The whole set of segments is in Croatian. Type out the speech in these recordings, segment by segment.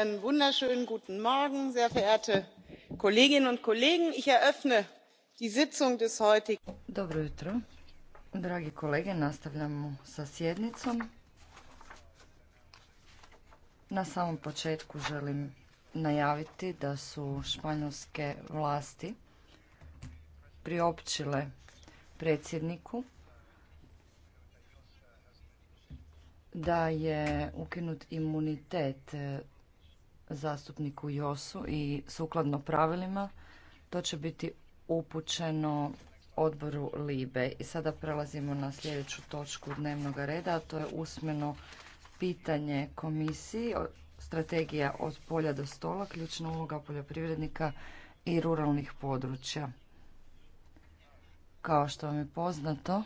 einen wunderschönen guten morgen sehr verehrte kolleginnen und kollegen! ich eröffne die sitzung des heutigen. dobro jutro dragi kolege nastavljamo sa sjednicom. na samom početku želim najaviti da su španjolske vlasti priopćile predsjedniku da je ukinut imunitet zastupniku Josu i sukladno pravilima to će biti upućeno odboru Libe. I sada prelazimo na sljedeću točku dnevnog reda, a to je usmeno pitanje komisiji strategija od polja do stola, ključna uloga poljoprivrednika i ruralnih područja. Kao što vam je poznato,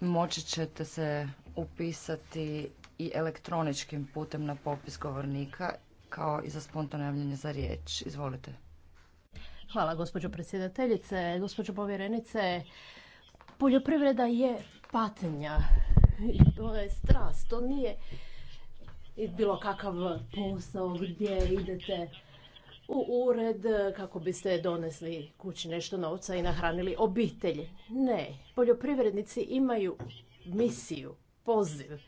moći ćete se upisati i elektroničkim putem na popis govornika kao i za spontano javljanje za riječ. Izvolite. Hvala gospođo predsjedateljice. Gospođo povjerenice, poljoprivreda je patnja. To je strast, to nije bilo kakav posao gdje idete u ured kako biste donesli kući nešto novca i nahranili obitelj. Ne, poljoprivrednici imaju misiju poziv.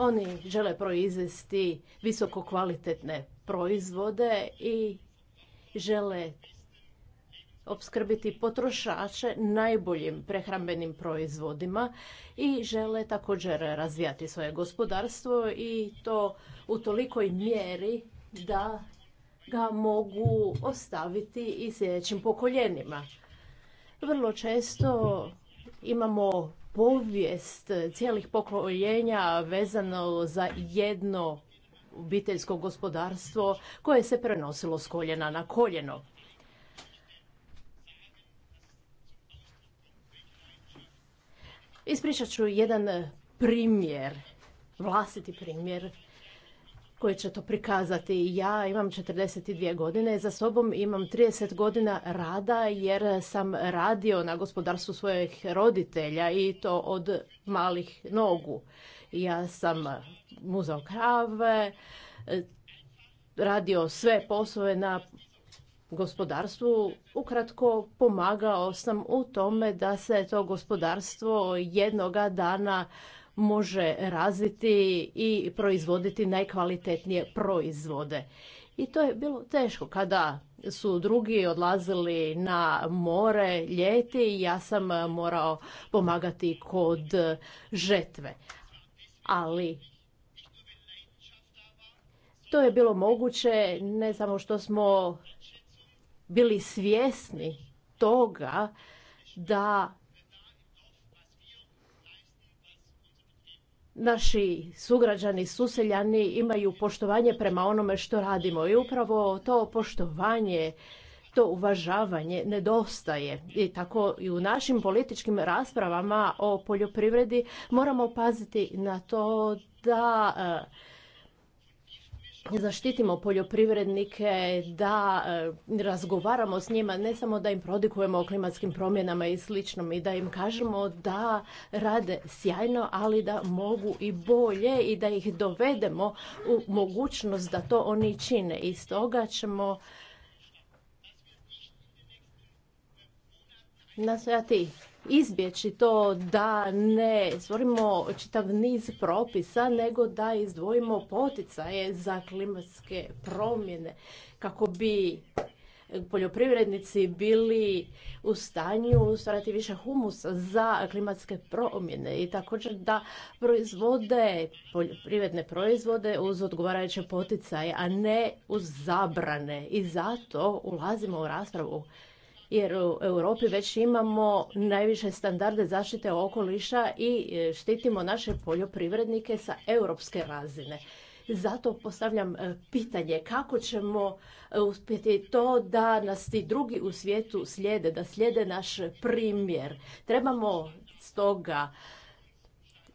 Oni žele proizvesti visoko kvalitetne proizvode i žele opskrbiti potrošače najboljim prehrambenim proizvodima i žele također razvijati svoje gospodarstvo i to u tolikoj mjeri da ga mogu ostaviti i sljedećim pokoljenima. Vrlo često imamo povijest cijelih pokoljenja vezano za jedno obiteljsko gospodarstvo koje se prenosilo s koljena na koljeno. Ispričat ću jedan primjer, vlastiti primjer koji će to prikazati. Ja imam 42 godine, za sobom imam 30 godina rada jer sam radio na gospodarstvu svojih roditelja i to od malih nogu. Ja sam muzao krave, radio sve poslove na gospodarstvu. Ukratko pomagao sam u tome da se to gospodarstvo jednoga dana može razviti i proizvoditi najkvalitetnije proizvode. I to je bilo teško kada su drugi odlazili na more ljeti i ja sam morao pomagati kod žetve. Ali to je bilo moguće ne samo što smo bili svjesni toga da naši sugrađani, suseljani imaju poštovanje prema onome što radimo i upravo to poštovanje, to uvažavanje nedostaje. I tako i u našim političkim raspravama o poljoprivredi moramo paziti na to da zaštitimo poljoprivrednike, da e, razgovaramo s njima, ne samo da im prodikujemo o klimatskim promjenama i sl. i da im kažemo da rade sjajno, ali da mogu i bolje i da ih dovedemo u mogućnost da to oni čine. I stoga ćemo nastojati izbjeći to da ne stvorimo čitav niz propisa, nego da izdvojimo poticaje za klimatske promjene kako bi poljoprivrednici bili u stanju stvarati više humusa za klimatske promjene i također da proizvode poljoprivredne proizvode uz odgovarajuće poticaje, a ne uz zabrane. I zato ulazimo u raspravu jer u Europi već imamo najviše standarde zaštite okoliša i e, štitimo naše poljoprivrednike sa europske razine. Zato postavljam e, pitanje kako ćemo e, uspjeti to da nas ti drugi u svijetu slijede, da slijede naš primjer. Trebamo stoga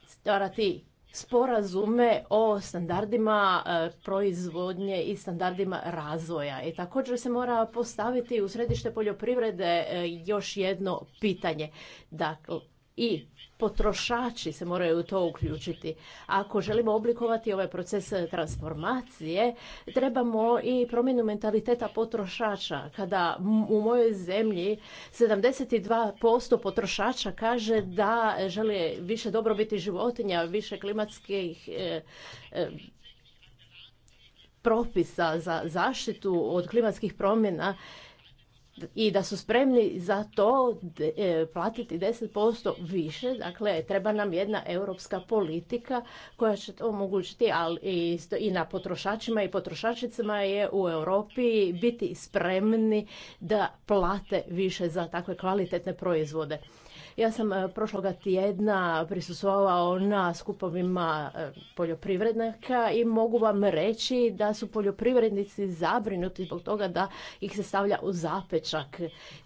stvarati sporazume o standardima e, proizvodnje i standardima razvoja. I također se mora postaviti u središte poljoprivrede e, još jedno pitanje. Dakle, i potrošači se moraju u to uključiti. Ako želimo oblikovati ovaj proces e, transformacije, trebamo i promjenu mentaliteta potrošača. Kada u mojoj zemlji 72% potrošača kaže da žele više dobrobiti životinja, više klimatskih e, e, propisa za zaštitu od klimatskih promjena i da su spremni za to e, platiti 10% više. Dakle, treba nam jedna europska politika koja će to omogućiti ali i na potrošačima i potrošačicama je u Europi biti spremni da plate više za takve kvalitetne proizvode. Ja sam e, prošloga tjedna prisustvovao na skupovima e, poljoprivrednika i mogu vam reći da su poljoprivrednici zabrinuti zbog toga da ih se stavlja u zapečak.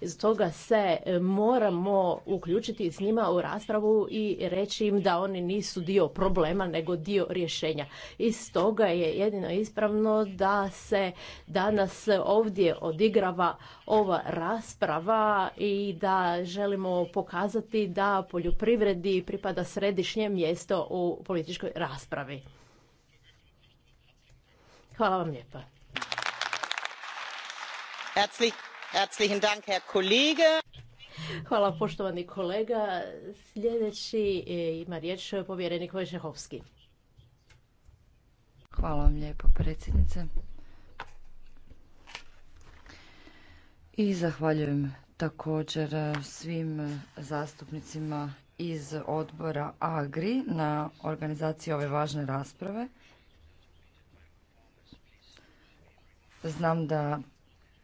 Stoga se e, moramo uključiti s njima u raspravu i reći im da oni nisu dio problema nego dio rješenja. I stoga je jedino ispravno da se danas ovdje odigrava ova rasprava i da želimo pokazati da poljoprivredi pripada središnje mjesto u političkoj raspravi. Hvala vam lijepa. Hvala poštovani kolega. Sljedeći e, ima riječ povjerenik Vojšehovski. Hvala vam lijepo predsjednice. I zahvaljujem također svim zastupnicima iz odbora AGRI na organizaciji ove važne rasprave. Znam da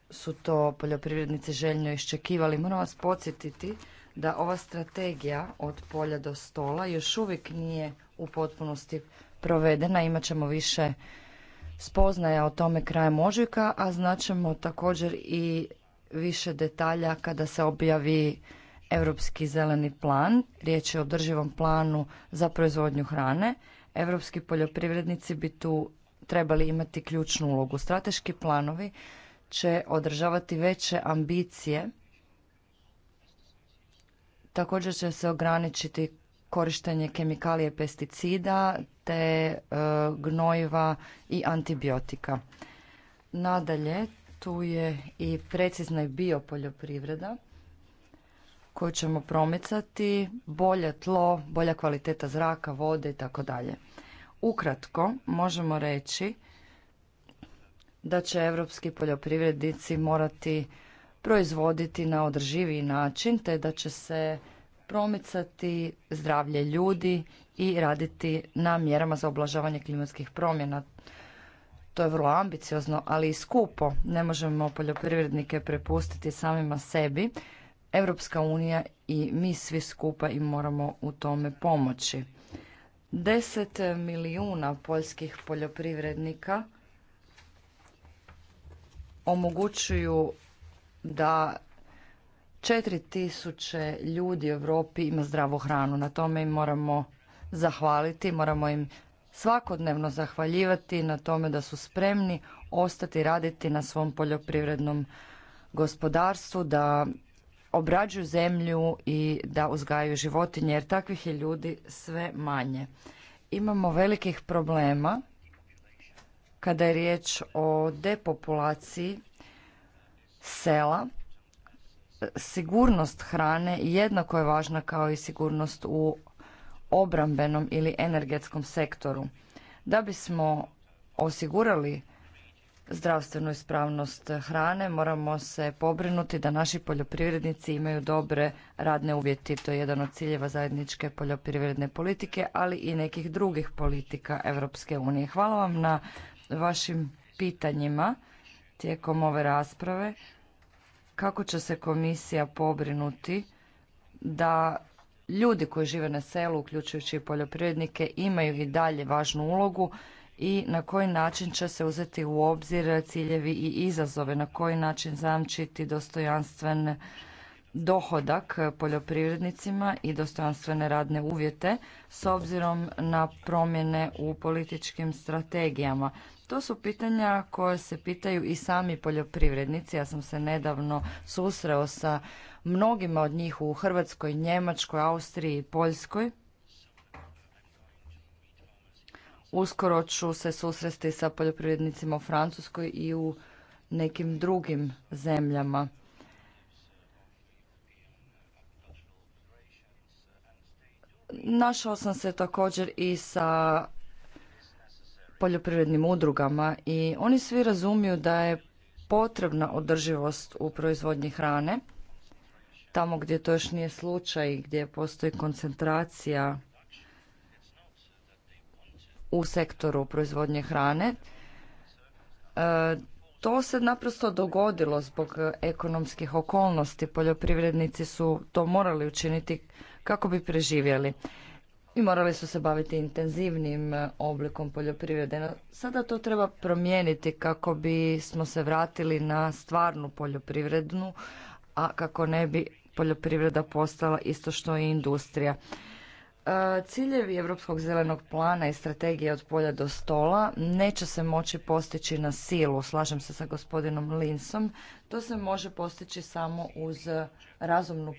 su to poljoprivrednici željno iščekivali. Moram vas podsjetiti da ova strategija od polja do stola još uvijek nije u potpunosti provedena. ćemo više spoznaja o tome krajem ožujka, a znaćemo također i više detalja kada se objavi Europski zeleni plan. Riječ je o drživom planu za proizvodnju hrane. Europski poljoprivrednici bi tu trebali imati ključnu ulogu. Strateški planovi će održavati veće ambicije. Također će se ograničiti korištenje kemikalije pesticida te e, gnojiva i antibiotika. Nadalje tu je i precizna i biopoljoprivreda koju ćemo promicati, bolje tlo, bolja kvaliteta zraka, vode i tako dalje. Ukratko možemo reći da će evropski poljoprivrednici morati proizvoditi na održiviji način te da će se promicati zdravlje ljudi i raditi na mjerama za oblažavanje klimatskih promjena. To je vrlo ambiciozno, ali i skupo. Ne možemo poljoprivrednike prepustiti samima sebi. Europska unija i mi svi skupa im moramo u tome pomoći. Deset milijuna poljskih poljoprivrednika omogućuju da 4000 ljudi u Europi ima zdravu hranu. Na tome im moramo zahvaliti, moramo im svakodnevno zahvaljivati na tome da su spremni ostati raditi na svom poljoprivrednom gospodarstvu, da obrađuju zemlju i da uzgajaju životinje, jer takvih je ljudi sve manje. Imamo velikih problema kada je riječ o depopulaciji sela. Sigurnost hrane jednako je važna kao i sigurnost u obrambenom ili energetskom sektoru. Da bismo osigurali zdravstvenu ispravnost hrane, moramo se pobrinuti da naši poljoprivrednici imaju dobre radne uvjeti. To je jedan od ciljeva zajedničke poljoprivredne politike, ali i nekih drugih politika Europske unije. Hvala vam na vašim pitanjima tijekom ove rasprave. Kako će se komisija pobrinuti da ljudi koji žive na selu, uključujući i poljoprivrednike, imaju i dalje važnu ulogu i na koji način će se uzeti u obzir ciljevi i izazove, na koji način zamčiti dostojanstven dohodak poljoprivrednicima i dostojanstvene radne uvjete s obzirom na promjene u političkim strategijama. To su pitanja koje se pitaju i sami poljoprivrednici. Ja sam se nedavno susreo sa mnogima od njih u Hrvatskoj, Njemačkoj, Austriji i Poljskoj. Uskoro ću se susresti sa poljoprivrednicima u Francuskoj i u nekim drugim zemljama. Našao sam se također i sa poljoprivrednim udrugama i oni svi razumiju da je potrebna održivost u proizvodnji hrane tamo gdje to još nije slučaj, gdje postoji koncentracija u sektoru proizvodnje hrane. E, to se naprosto dogodilo zbog ekonomskih okolnosti. Poljoprivrednici su to morali učiniti kako bi preživjeli. I morali su se baviti intenzivnim e, oblikom poljoprivrede. Sada to treba promijeniti kako bi smo se vratili na stvarnu poljoprivrednu, a kako ne bi poljoprivreda postala isto što i industrija. E, ciljevi Europskog zelenog plana i strategije od polja do stola neće se moći postići na silu, slažem se sa gospodinom Linsom. To se može postići samo uz razumnu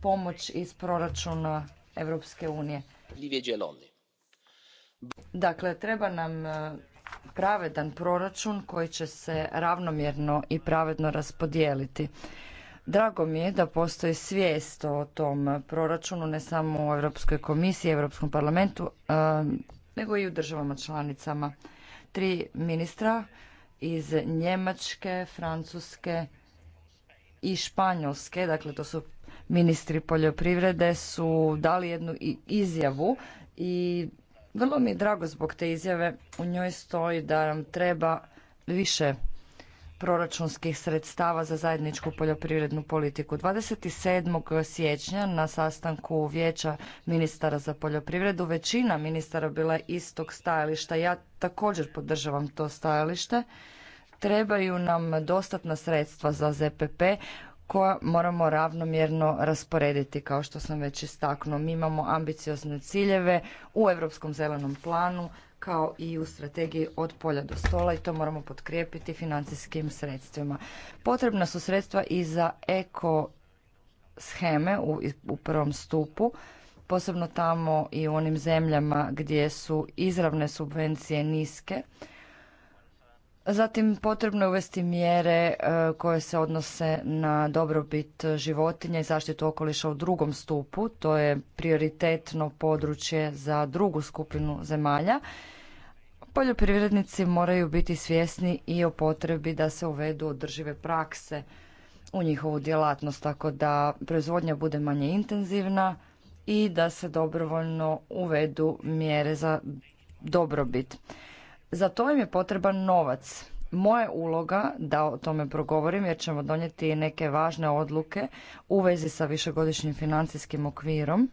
pomoć iz proračuna Europske unije. Dakle, treba nam e, pravedan proračun koji će se ravnomjerno i pravedno raspodijeliti. Drago mi je da postoji svijest o tom proračunu, ne samo u Europskoj komisiji, Europskom parlamentu, nego i u državama članicama. Tri ministra iz Njemačke, Francuske i Španjolske, dakle to su ministri poljoprivrede, su dali jednu izjavu i vrlo mi je drago zbog te izjave. U njoj stoji da nam treba više proračunskih sredstava za zajedničku poljoprivrednu politiku. 27. siječnja na sastanku vijeća ministara za poljoprivredu većina ministara bila istog stajališta. Ja također podržavam to stajalište. Trebaju nam dostatna sredstva za ZPP koja moramo ravnomjerno rasporediti, kao što sam već istaknuo. Mi imamo ambiciozne ciljeve u Europskom zelenom planu kao i u strategiji od polja do stola i to moramo potkrijepiti financijskim sredstvima. Potrebna su sredstva i za eko sheme u, u prvom stupu, posebno tamo i u onim zemljama gdje su izravne subvencije niske Zatim potrebno je uvesti mjere e, koje se odnose na dobrobit životinja i zaštitu okoliša u drugom stupu. To je prioritetno područje za drugu skupinu zemalja. Poljoprivrednici moraju biti svjesni i o potrebi da se uvedu održive prakse u njihovu djelatnost, tako da proizvodnja bude manje intenzivna i da se dobrovoljno uvedu mjere za dobrobit. Za to im je potreban novac. Moja uloga da o tome progovorim jer ćemo donijeti neke važne odluke u vezi sa višegodišnjim financijskim okvirom.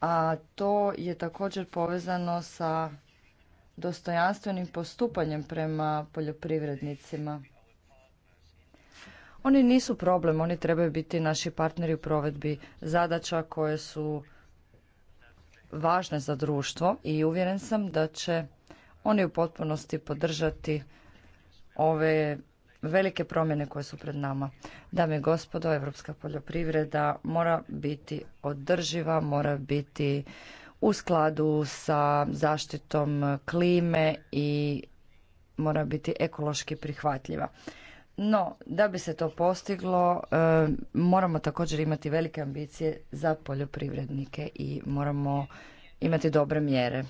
A to je također povezano sa dostojanstvenim postupanjem prema poljoprivrednicima. Oni nisu problem, oni trebaju biti naši partneri u provedbi zadaća koje su važne za društvo i uvjeren sam da će oni u potpunosti podržati ove velike promjene koje su pred nama. Dame i gospodo, evropska poljoprivreda mora biti održiva, mora biti u skladu sa zaštitom klime i mora biti ekološki prihvatljiva. No, da bi se to postiglo, e, moramo također imati velike ambicije za poljoprivrednike i moramo imati dobre mjere.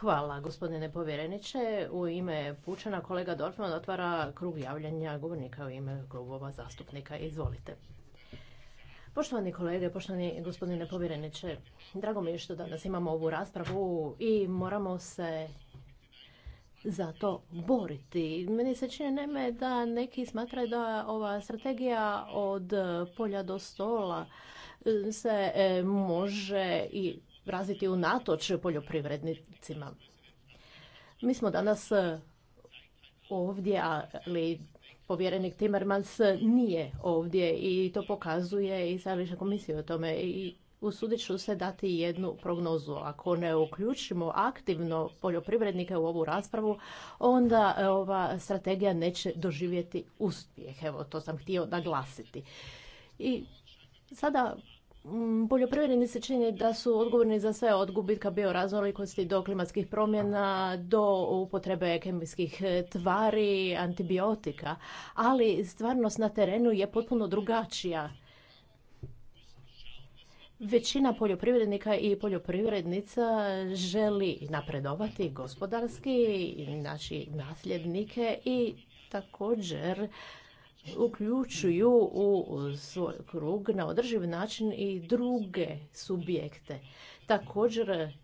Hvala, gospodine povjereniče. U ime Pučana kolega Dorfman otvara krug javljanja govornika u ime klubova zastupnika. Izvolite. Poštovani kolege, poštovani gospodine povjereniče, drago mi je što danas imamo ovu raspravu i moramo se za to boriti. Meni se čini neme da neki smatraju da ova strategija od polja do stola e, se e, može i razviti u natoč poljoprivrednicima. Mi smo danas ovdje, ali povjerenik Timmermans nije ovdje i to pokazuje i sadlična komisije o tome. I usudit ću se dati jednu prognozu. Ako ne uključimo aktivno poljoprivrednike u ovu raspravu, onda e, ova strategija neće doživjeti uspjeh. Evo, to sam htio naglasiti. I sada mm, Poljoprivredni se čini da su odgovorni za sve od gubitka bioraznolikosti do klimatskih promjena, do upotrebe kemijskih e, tvari, antibiotika, ali stvarnost na terenu je potpuno drugačija. Većina poljoprivrednika i poljoprivrednica želi napredovati gospodarski, naši nasljednike i također uključuju u svoj krug na održiv način i druge subjekte. Također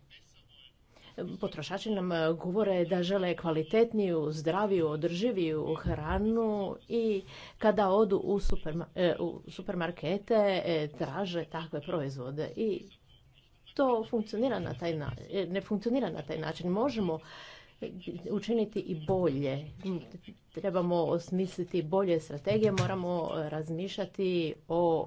Potrošači nam e, govore da žele kvalitetniju, zdraviju, održiviju hranu i kada odu u, super, e, u supermarkete e, traže takve proizvode i to funkcionira na taj način ne funkcionira na taj način. Možemo učiniti i bolje. Trebamo osmisliti bolje strategije, moramo razmišljati o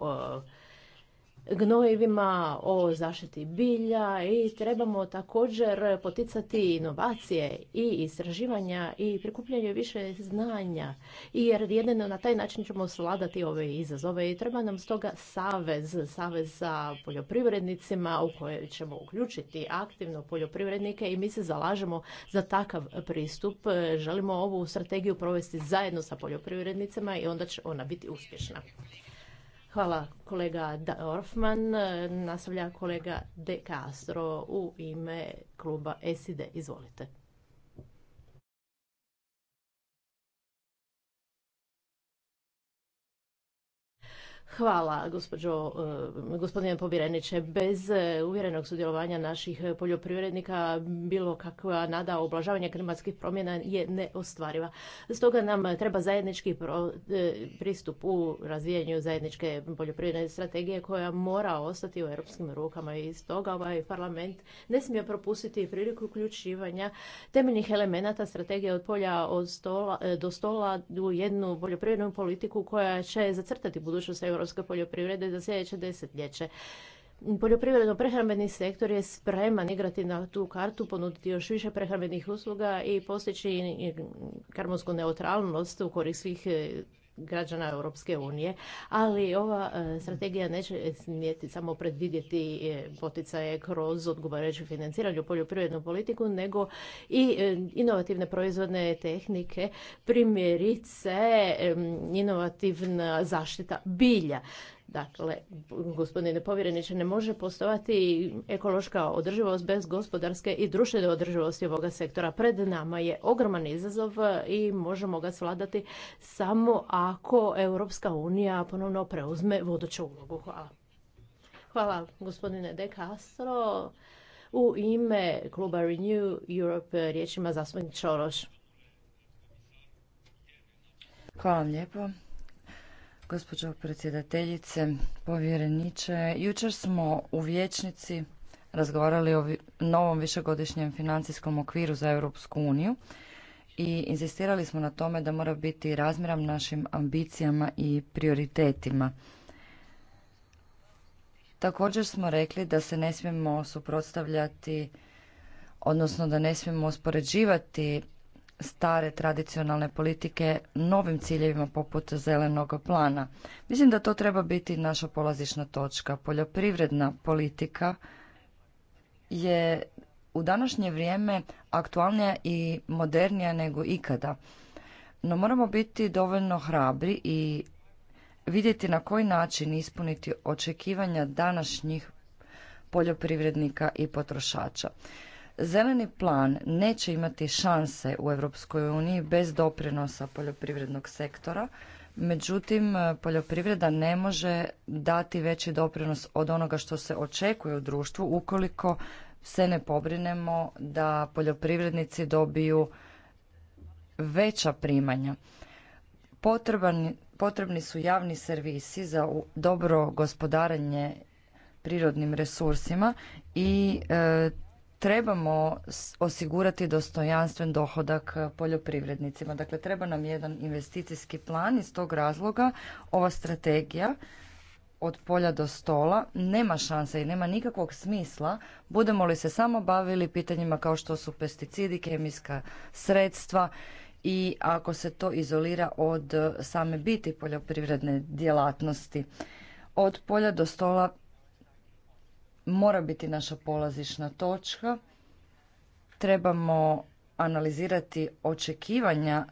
gnojevima, o zaštiti bilja i trebamo također poticati inovacije i istraživanja i prikupljanje više znanja jer jedino na taj način ćemo sladati ove izazove i treba nam stoga savez, savez sa poljoprivrednicima u koje ćemo uključiti aktivno poljoprivrednike i mi se zalažemo za takav pristup. Želimo ovu strategiju provesti zajedno sa poljoprivrednicima i onda će ona biti uspješna. Hvala kolega Dorfman. Nastavlja kolega De Castro u ime kluba SID. Izvolite. Hvala, eh, gospodine povjereniče. Bez eh, uvjerenog sudjelovanja naših poljoprivrednika bilo kakva nada oblažavanja klimatskih promjena je neostvariva. Stoga nam treba zajednički eh, pristup u razvijenju zajedničke poljoprivredne strategije koja mora ostati u europskim rukama i stoga ovaj parlament ne smije propustiti priliku uključivanja temeljnih elemenata strategije od polja od stola, do stola u jednu poljoprivrednu politiku koja će zacrtati budućnost Europske europske poljoprivrede za sljedeće desetljeće. Poljoprivredno-prehrambeni sektor je spreman igrati na tu kartu, ponuditi još više prehrambenih usluga i postići karmonsku neutralnost u korist svih građana Europske unije, ali ova e, strategija neće smijeti samo predvidjeti e, poticaje kroz odgovarajuću financiranju poljoprivrednu politiku, nego i e, inovativne proizvodne tehnike, primjerice inovativna zaštita bilja. Dakle, gospodine povjereniče, ne može postovati ekološka održivost bez gospodarske i društvene održivosti ovoga sektora. Pred nama je ogroman izazov i možemo ga svladati samo ako Europska unija ponovno preuzme vodoću ulogu. Hvala. Hvala gospodine De Castro. U ime kluba Renew Europe riječima zastupnik Čoroš. Hvala vam lijepo. Gospođo predsjedateljice, povjereniče, jučer smo u vječnici razgovarali o novom višegodišnjem financijskom okviru za Europsku uniju i insistirali smo na tome da mora biti razmjeran našim ambicijama i prioritetima. Također smo rekli da se ne smijemo suprotstavljati, odnosno da ne smijemo uspoređivati stare tradicionalne politike novim ciljevima poput zelenog plana. Mislim da to treba biti naša polazišna točka. Poljoprivredna politika je u današnje vrijeme aktualnija i modernija nego ikada. No moramo biti dovoljno hrabri i vidjeti na koji način ispuniti očekivanja današnjih poljoprivrednika i potrošača. Zeleni plan neće imati šanse u Europskoj uniji bez doprinosa poljoprivrednog sektora. Međutim, poljoprivreda ne može dati veći doprinos od onoga što se očekuje u društvu ukoliko se ne pobrinemo da poljoprivrednici dobiju veća primanja. potrebni su javni servisi za dobro gospodaranje prirodnim resursima i e, trebamo osigurati dostojanstven dohodak e, poljoprivrednicima. Dakle, treba nam jedan investicijski plan. Iz tog razloga ova strategija od polja do stola nema šanse i nema nikakvog smisla budemo li se samo bavili pitanjima kao što su pesticidi, kemijska sredstva i ako se to izolira od same biti poljoprivredne djelatnosti. Od polja do stola mora biti naša polazišna točka. Trebamo analizirati očekivanja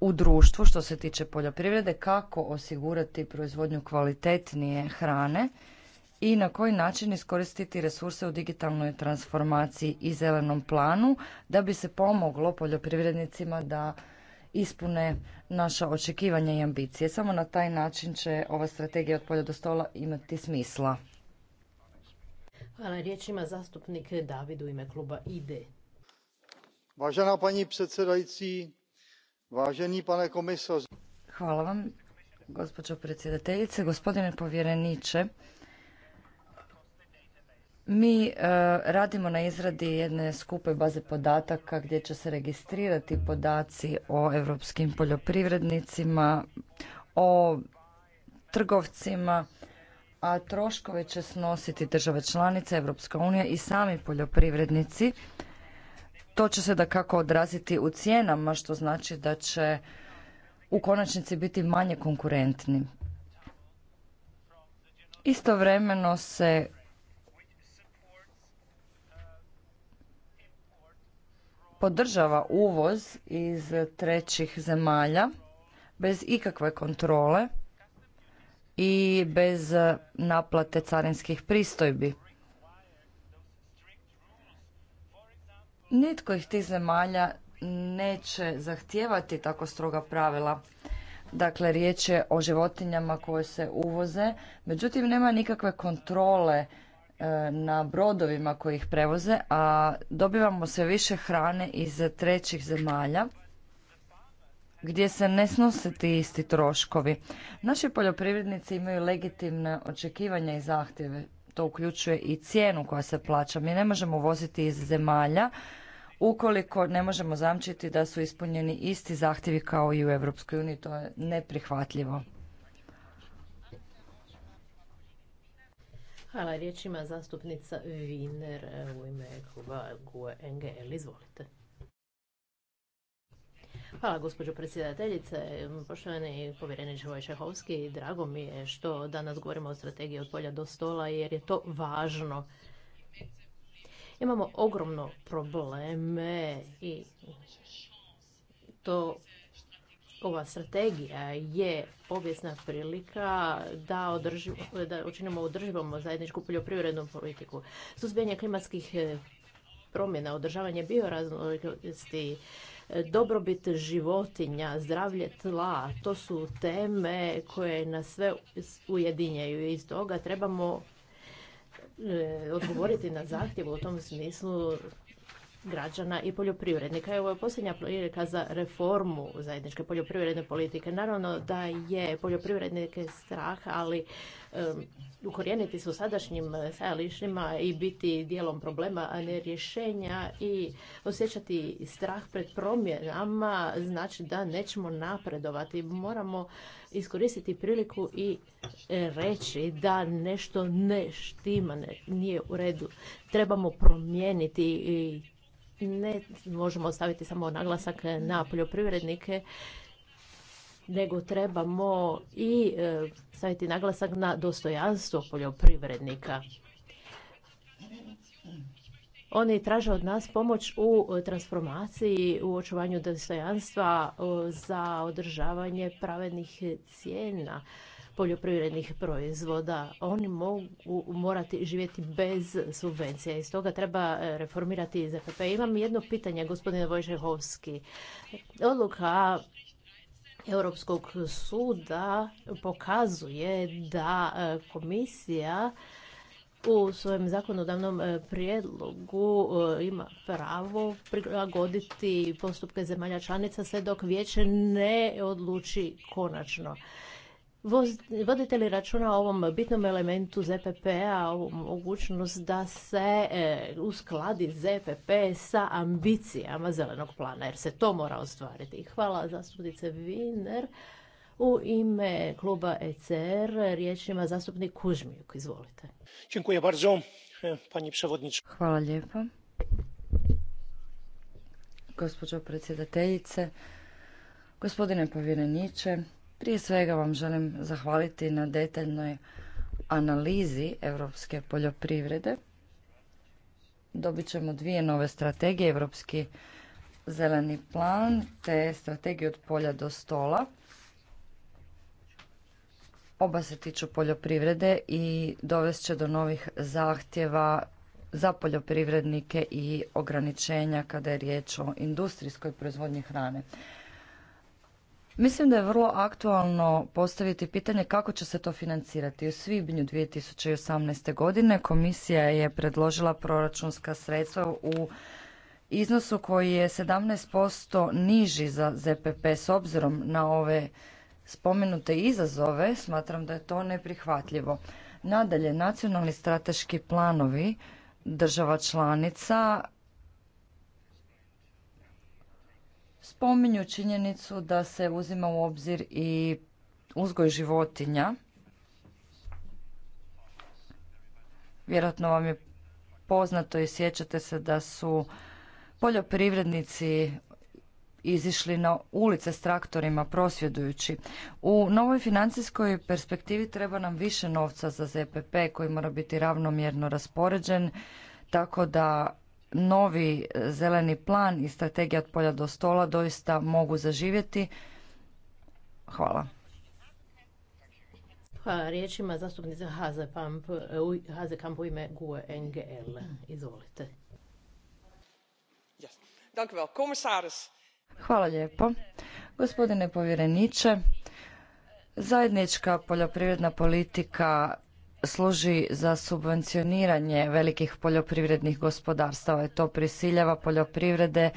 u društvu što se tiče poljoprivrede, kako osigurati proizvodnju kvalitetnije hrane i na koji način iskoristiti resurse u digitalnoj transformaciji i zelenom planu da bi se pomoglo poljoprivrednicima da ispune naša očekivanja i ambicije. Samo na taj način će ova strategija od polja do stola imati smisla. Hvala. Riječ ima zastupnik David ime kluba IDE. Važena pani predsjedajci, pane Hvala vam, gospođo predsjedateljice, gospodine povjereniče. Mi e, radimo na izradi jedne skupe baze podataka gdje će se registrirati podaci o europskim poljoprivrednicima, o trgovcima, a troškove će snositi države članice, Europska unija i sami poljoprivrednici. To će se da kako odraziti u cijenama, što znači da će u konačnici biti manje konkurentni. Istovremeno se podržava uvoz iz trećih zemalja bez ikakve kontrole i bez naplate carinskih pristojbi. Nitko ih tih zemalja neće zahtijevati tako stroga pravila. Dakle, riječ je o životinjama koje se uvoze, međutim nema nikakve kontrole e, na brodovima koji ih prevoze, a dobivamo sve više hrane iz trećih zemalja gdje se ne snose ti isti troškovi. Naši poljoprivrednici imaju legitimne očekivanja i zahtjeve. To uključuje i cijenu koja se plaća. Mi ne možemo voziti iz zemalja ukoliko ne možemo zamčiti da su ispunjeni isti zahtjevi kao i u EU. To je neprihvatljivo. Hvala, riječ zastupnica Viner u ime kluba NGL. Izvolite. Hvala gospođo predsjedateljice, poštovani povjereniče Vojšehovski. Drago mi je što danas govorimo o strategiji od polja do stola jer je to važno. Imamo ogromno probleme i to ova strategija je povijesna prilika da, da učinimo održivom zajedničku poljoprivrednu politiku. Suzbijanje klimatskih promjena, održavanje bioraznolikosti, dobrobit životinja, zdravlje tla, to su teme koje nas sve ujedinjaju i iz toga trebamo e, odgovoriti na zahtjev u tom smislu građana i poljoprivrednika. Evo je posljednja prilika za reformu zajedničke poljoprivredne politike. Naravno da je poljoprivrednike strah, ali ukorijeniti se sadašnjim stajalištima i biti dijelom problema, a ne rješenja i osjećati strah pred promjenama znači da nećemo napredovati. Moramo iskoristiti priliku i reći da nešto ne štima, nije u redu. Trebamo promijeniti i ne možemo staviti samo naglasak na poljoprivrednike, nego trebamo i e, staviti naglasak na dostojanstvo poljoprivrednika. Oni traže od nas pomoć u transformaciji, u očuvanju dostojanstva za održavanje pravednih cijena poljoprivrednih proizvoda. Oni mogu morati živjeti bez subvencija i stoga treba e, reformirati ZPP. Imam jedno pitanje, gospodine Vojšehovski. Odluka Europskog suda pokazuje da e, komisija u svojem zakonodavnom e, prijedlogu ima pravo prilagoditi postupke zemalja članica sve dok vijeće ne odluči konačno. Vodite li računa o ovom bitnom elementu ZPP-a, mogućnost da se e, uskladi ZPP sa ambicijama zelenog plana, jer se to mora ostvariti? Hvala zastupnice Viner. U ime kluba ECR riječ ima zastupnik Kužmijuk. Izvolite. Dziękuję bardzo, e, Hvala lijepa. Gospođo predsjedateljice, gospodine povjereniče, prije svega vam želim zahvaliti na detaljnoj analizi europske poljoprivrede. Dobit ćemo dvije nove strategije, europski zeleni plan te strategiju od polja do stola. Oba se tiču poljoprivrede i dovest će do novih zahtjeva za poljoprivrednike i ograničenja kada je riječ o industrijskoj proizvodnji hrane. Mislim da je vrlo aktualno postaviti pitanje kako će se to financirati. U svibnju 2018. godine komisija je predložila proračunska sredstva u iznosu koji je 17% niži za ZPP s obzirom na ove spomenute izazove, smatram da je to neprihvatljivo. Nadalje, nacionalni strateški planovi država članica spominju činjenicu da se uzima u obzir i uzgoj životinja. Vjerojatno vam je poznato i sjećate se da su poljoprivrednici izišli na ulice s traktorima prosvjedujući. U novoj financijskoj perspektivi treba nam više novca za ZPP koji mora biti ravnomjerno raspoređen tako da novi e, zeleni plan i strategija od polja do stola doista mogu zaživjeti. Hvala. Hvala riječima zastupnica Haze e, u ime GUE NGL. Izvolite. Hvala lijepo. Gospodine povjereniče, zajednička poljoprivredna politika služi za subvencioniranje velikih poljoprivrednih gospodarstava i to prisiljava poljoprivrede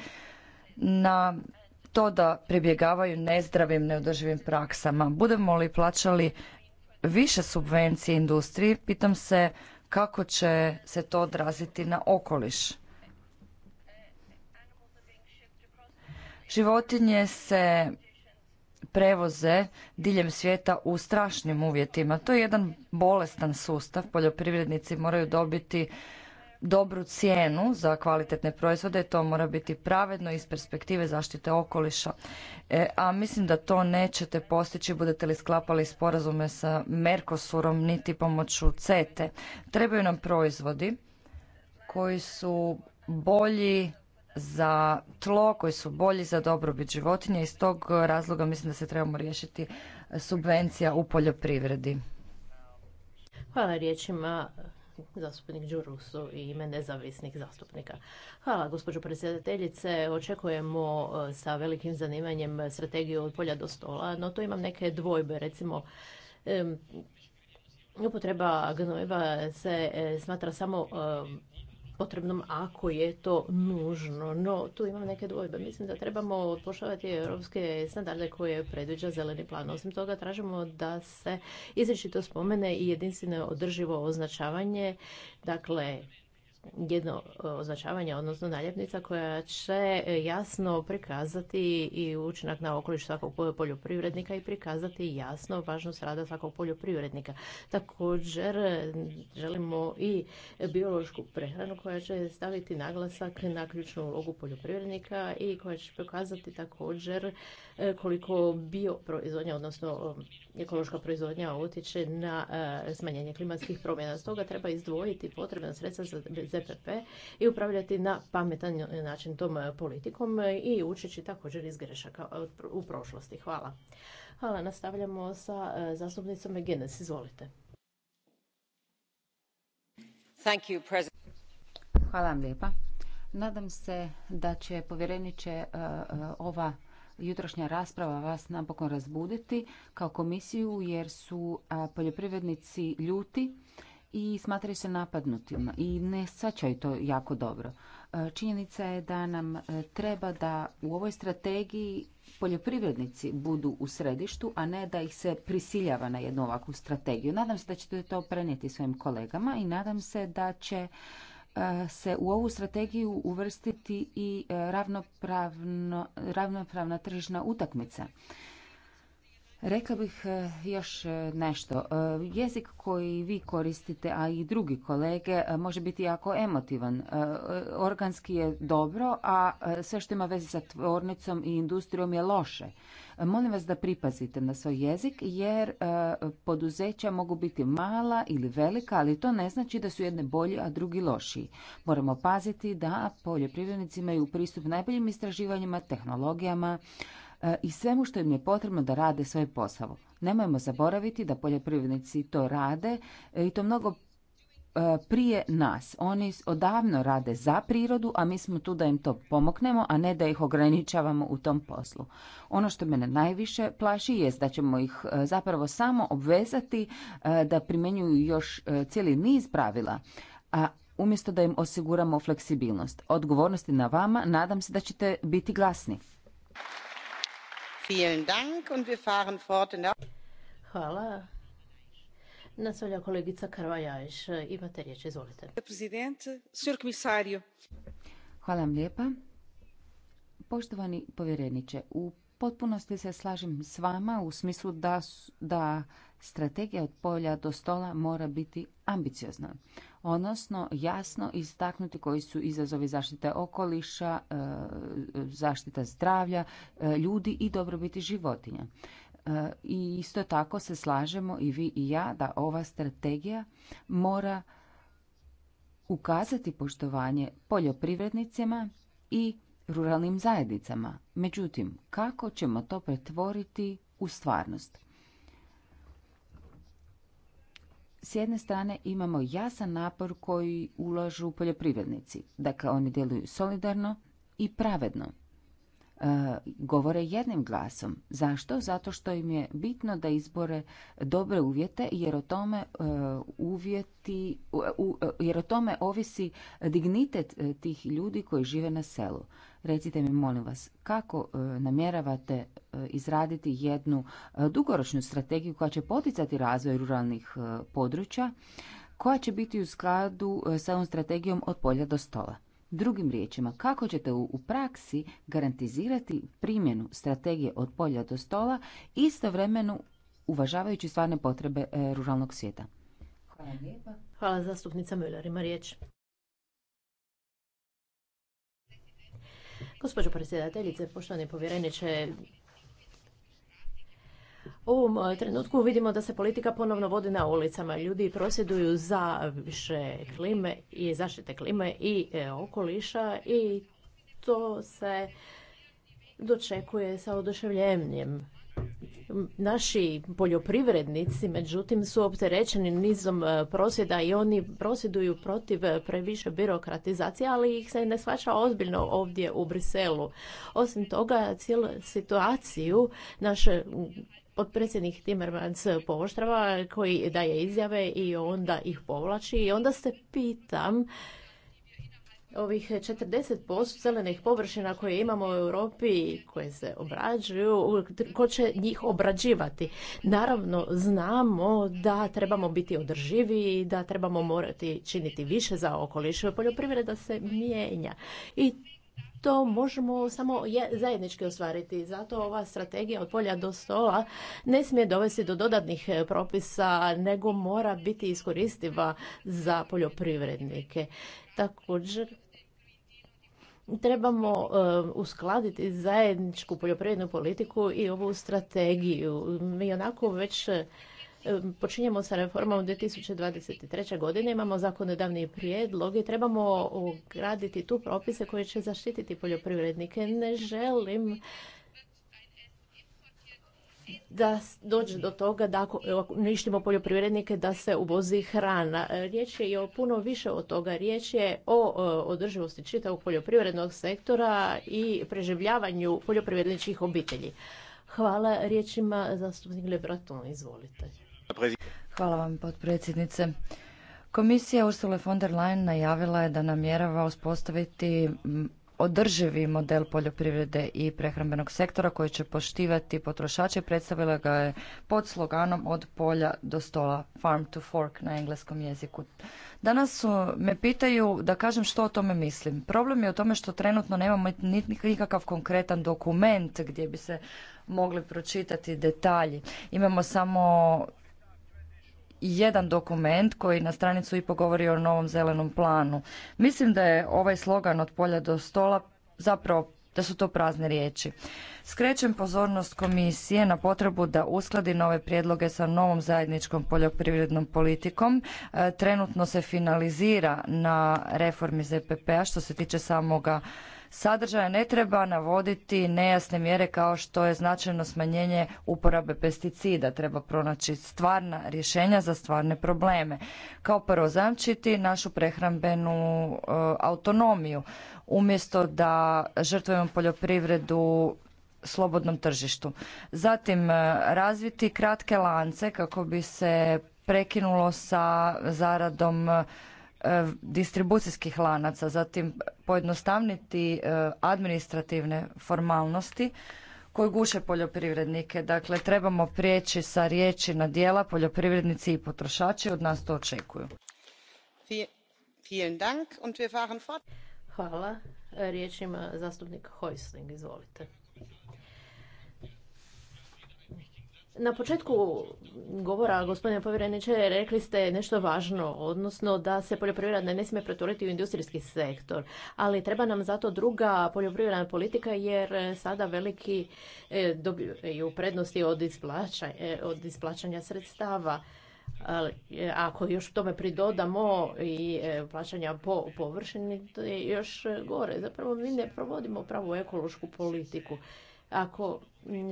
na to da pribjegavaju nezdravim, neodrživim praksama. Budemo li plaćali više subvencije industriji, pitam se kako će se to odraziti na okoliš. Životinje se prevoze diljem svijeta u strašnim uvjetima. To je jedan bolestan sustav. Poljoprivrednici moraju dobiti dobru cijenu za kvalitetne proizvode, to mora biti pravedno iz perspektive zaštite okoliša. E, a mislim da to nećete postići budete li sklapali sporazume sa Mercosurom niti pomoću CETE. Trebaju nam proizvodi koji su bolji za tlo, koji su bolji za dobrobit životinja. Iz tog razloga mislim da se trebamo riješiti subvencija u poljoprivredi. Hvala riječima zastupnik Đurusu i ime nezavisnih zastupnika. Hvala, gospođo predsjedateljice. Očekujemo e, sa velikim zanimanjem strategiju od polja do stola, no tu imam neke dvojbe. Recimo, upotreba gnojeva se e, smatra samo potrebnom ako je to nužno. No, tu imam neke dvojbe. Mislim da trebamo poštovati europske standarde koje predviđa zeleni plan. Osim toga, tražimo da se izričito spomene i jedinstveno održivo označavanje, dakle, jedno e, označavanje, odnosno naljepnica koja će e, jasno prikazati i učinak na okoliš svakog poljoprivrednika i prikazati jasno važnost rada svakog poljoprivrednika. Također želimo i biološku prehranu koja će staviti naglasak na ključnu ulogu poljoprivrednika i koja će prikazati također e, koliko bioproizvodnja, odnosno ekološka proizvodnja utječe na smanjenje klimatskih promjena. Stoga treba izdvojiti potrebna sredstva za ZPP i upravljati na pametan način tom e, politikom e, i učeći također iz grešaka e, u prošlosti. Hvala. Hvala, nastavljamo sa zastupnicom Genes. Izvolite. Hvala vam lijepa. Nadam se da će povjereniče ova jutrošnja rasprava vas napokon razbuditi kao komisiju jer su poljoprivrednici ljuti i smatraju se napadnutima i ne sačaju to jako dobro. E, činjenica je da nam e, treba da u ovoj strategiji poljoprivrednici budu u središtu, a ne da ih se prisiljava na jednu ovakvu strategiju. Nadam se da ćete to prenijeti svojim kolegama i nadam se da će e, se u ovu strategiju uvrstiti i ravnopravna tržišna utakmica. Rekla bih e, još e, nešto. E, jezik koji vi koristite, a i drugi kolege, može biti jako emotivan. Organski je dobro, a sve što ima veze sa tvornicom i industrijom je loše. Molim vas da pripazite na svoj jezik, jer poduzeća mogu biti mala ili velika, ali to ne znači da su jedne bolji, a drugi lošiji. Moramo paziti da poljoprivrednici imaju pristup najboljim istraživanjima, tehnologijama, E, i svemu što im je potrebno da rade svoj posao. Nemojmo zaboraviti da poljoprivrednici to rade e, i to mnogo e, prije nas. Oni odavno rade za prirodu, a mi smo tu da im to pomoknemo, a ne da ih ograničavamo u tom poslu. Ono što mene najviše plaši je da ćemo ih zapravo samo obvezati da primjenjuju još cijeli niz pravila, a umjesto da im osiguramo fleksibilnost. Odgovornosti na vama, nadam se da ćete biti glasni. Hvala. Nastavlja kolegica Jajš, Imate riječ, izvolite. Hvala vam lijepa. Poštovani povjereniče, u potpunosti se slažem s vama u smislu da, da Strategija od polja do stola mora biti ambiciozna, odnosno jasno istaknuti koji su izazovi zaštite okoliša, e, zaštita zdravlja, e, ljudi i dobrobiti životinja. E, I isto tako se slažemo i vi i ja da ova strategija mora ukazati poštovanje poljoprivrednicima i ruralnim zajednicama. Međutim, kako ćemo to pretvoriti u stvarnost? s jedne strane imamo jasan napor koji ulažu poljoprivrednici. Dakle, oni djeluju solidarno i pravedno. E, govore jednim glasom. Zašto? Zato što im je bitno da izbore dobre uvjete jer o tome e, uvjeti jer o tome ovisi dignitet e, tih ljudi koji žive na selu. Recite mi molim vas kako namjeravate izraditi jednu dugoročnu strategiju koja će poticati razvoj ruralnih područja koja će biti u skladu sa ovom strategijom od polja do stola. Drugim riječima, kako ćete u praksi garantizirati primjenu strategije od polja do stola istovremeno uvažavajući stvarne potrebe e, ruralnog svijeta? Hvala Hvala zastupnica Müller, ima riječ. Gospođo predsjedateljice, poštovani povjereniče, u ovom e, trenutku vidimo da se politika ponovno vodi na ulicama. Ljudi prosjeduju za više klime i zaštite klime i e, okoliša i to se dočekuje sa oduševljenjem. Naši poljoprivrednici, međutim, su opterećeni nizom e, prosjeda i oni prosjeduju protiv previše birokratizacije, ali ih se ne shvaća ozbiljno ovdje u Briselu. Osim toga, cijelu situaciju naše potpredsjednik Timmermans pooštrava koji daje izjave i onda ih povlači i onda se pitam ovih 40% zelenih površina koje imamo u Europi koje se obrađuju, ko će njih obrađivati. Naravno, znamo da trebamo biti održivi, da trebamo morati činiti više za okoliš. Poljoprivreda se mijenja i to možemo samo zajednički ostvariti. Zato ova strategija od polja do stola ne smije dovesti do dodatnih e, propisa, nego mora biti iskoristiva za poljoprivrednike. Također, trebamo e, uskladiti zajedničku poljoprivrednu politiku i ovu strategiju. Mi onako već počinjemo sa reformom 2023. godine, imamo zakonodavni prijedlog i trebamo ugraditi tu propise koje će zaštititi poljoprivrednike. Ne želim da dođe do toga da ako uništimo poljoprivrednike da se uvozi hrana. E, riječ je o puno više od toga. Riječ je o održivosti čitavog poljoprivrednog sektora i preživljavanju poljoprivredničkih obitelji. Hvala riječima zastupnik Lebraton, izvolite. Hvala vam, potpredsjednice. Komisija Ursula von der Leyen najavila je da namjerava uspostaviti održivi model poljoprivrede i prehrambenog sektora koji će poštivati potrošače. Predstavila ga je pod sloganom od polja do stola, farm to fork na engleskom jeziku. Danas me pitaju da kažem što o tome mislim. Problem je u tome što trenutno nemamo nikakav konkretan dokument gdje bi se mogli pročitati detalji. Imamo samo jedan dokument koji na stranicu i pogovori o novom zelenom planu. Mislim da je ovaj slogan od polja do stola zapravo da su to prazne riječi. Skrećem pozornost komisije na potrebu da uskladi nove prijedloge sa novom zajedničkom poljoprivrednom politikom. E, trenutno se finalizira na reformi ZPP-a što se tiče samoga sadržaja ne treba navoditi nejasne mjere kao što je značajno smanjenje uporabe pesticida. Treba pronaći stvarna rješenja za stvarne probleme. Kao prvo zajamčiti našu prehrambenu e, autonomiju. Umjesto da žrtvujemo poljoprivredu slobodnom tržištu. Zatim e, razviti kratke lance kako bi se prekinulo sa zaradom e, E, distribucijskih lanaca, zatim pojednostavniti e, administrativne formalnosti koji guše poljoprivrednike. Dakle, trebamo prijeći sa riječi na dijela, poljoprivrednici i potrošači od nas to očekuju. Hvala. Riječ ima zastupnik Hojsling, izvolite. Na početku govora, gospodine povjereniče, rekli ste nešto važno, odnosno da se poljoprivredna ne smije pretvoriti u industrijski sektor, ali treba nam zato druga poljoprivredna politika jer sada veliki e, dobiju prednosti od, e, od isplaćanja sredstava. E, ako još tome pridodamo i plaćanja po površini, to je još gore. Zapravo mi ne provodimo pravu ekološku politiku. Ako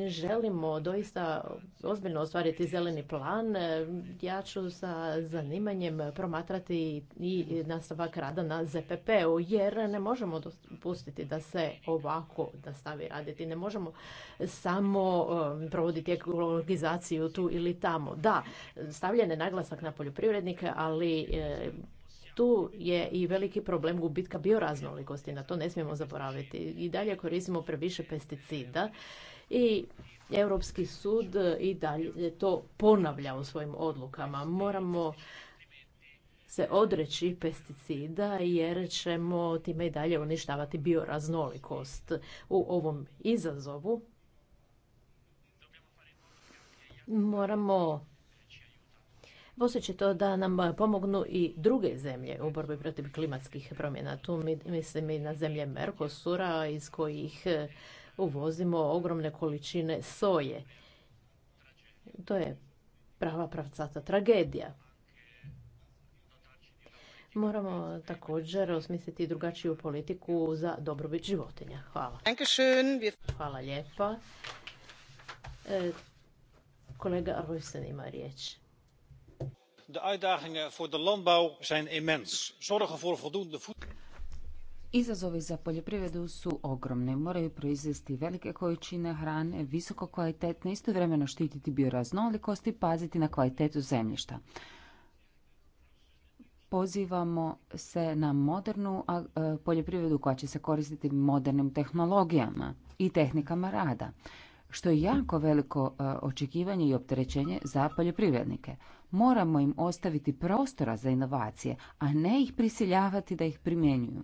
želimo doista ozbiljno ostvariti zeleni plan, e, ja ću sa zanimanjem promatrati i nastavak rada na ZPP-u, jer ne možemo dopustiti da se ovako nastavi raditi. Ne možemo samo e, provoditi ekologizaciju tu ili tamo. Da, stavljen je naglasak na poljoprivrednike, ali e, tu je i veliki problem gubitka bioraznolikosti, na to ne smijemo zaboraviti. I dalje koristimo previše pesticida i Europski sud i dalje to ponavlja u svojim odlukama. Moramo se odreći pesticida jer ćemo time i dalje uništavati bioraznolikost u ovom izazovu. Moramo postići to da nam e, pomognu i druge zemlje u borbi protiv klimatskih promjena. Tu mislim i na zemlje Mercosura iz kojih e, uvozimo ogromne količine soje. To je prava pravcata tragedija. Moramo također osmisliti drugačiju politiku za dobrobit životinja. Hvala. Hvala lijepa. E, kolega Arvojsen ima riječ. Izazovi za poljoprivredu su ogromni. Moraju proizvesti velike količine hrane, visoko kvalitetne, istovremeno štititi bioraznolikost i paziti na kvalitetu zemljišta. Pozivamo se na modernu e, poljoprivredu koja će se koristiti modernim tehnologijama i tehnikama rada, što je jako veliko e, očekivanje i opterećenje za poljoprivrednike. Moramo im ostaviti prostora za inovacije, a ne ih prisiljavati da ih primjenjuju.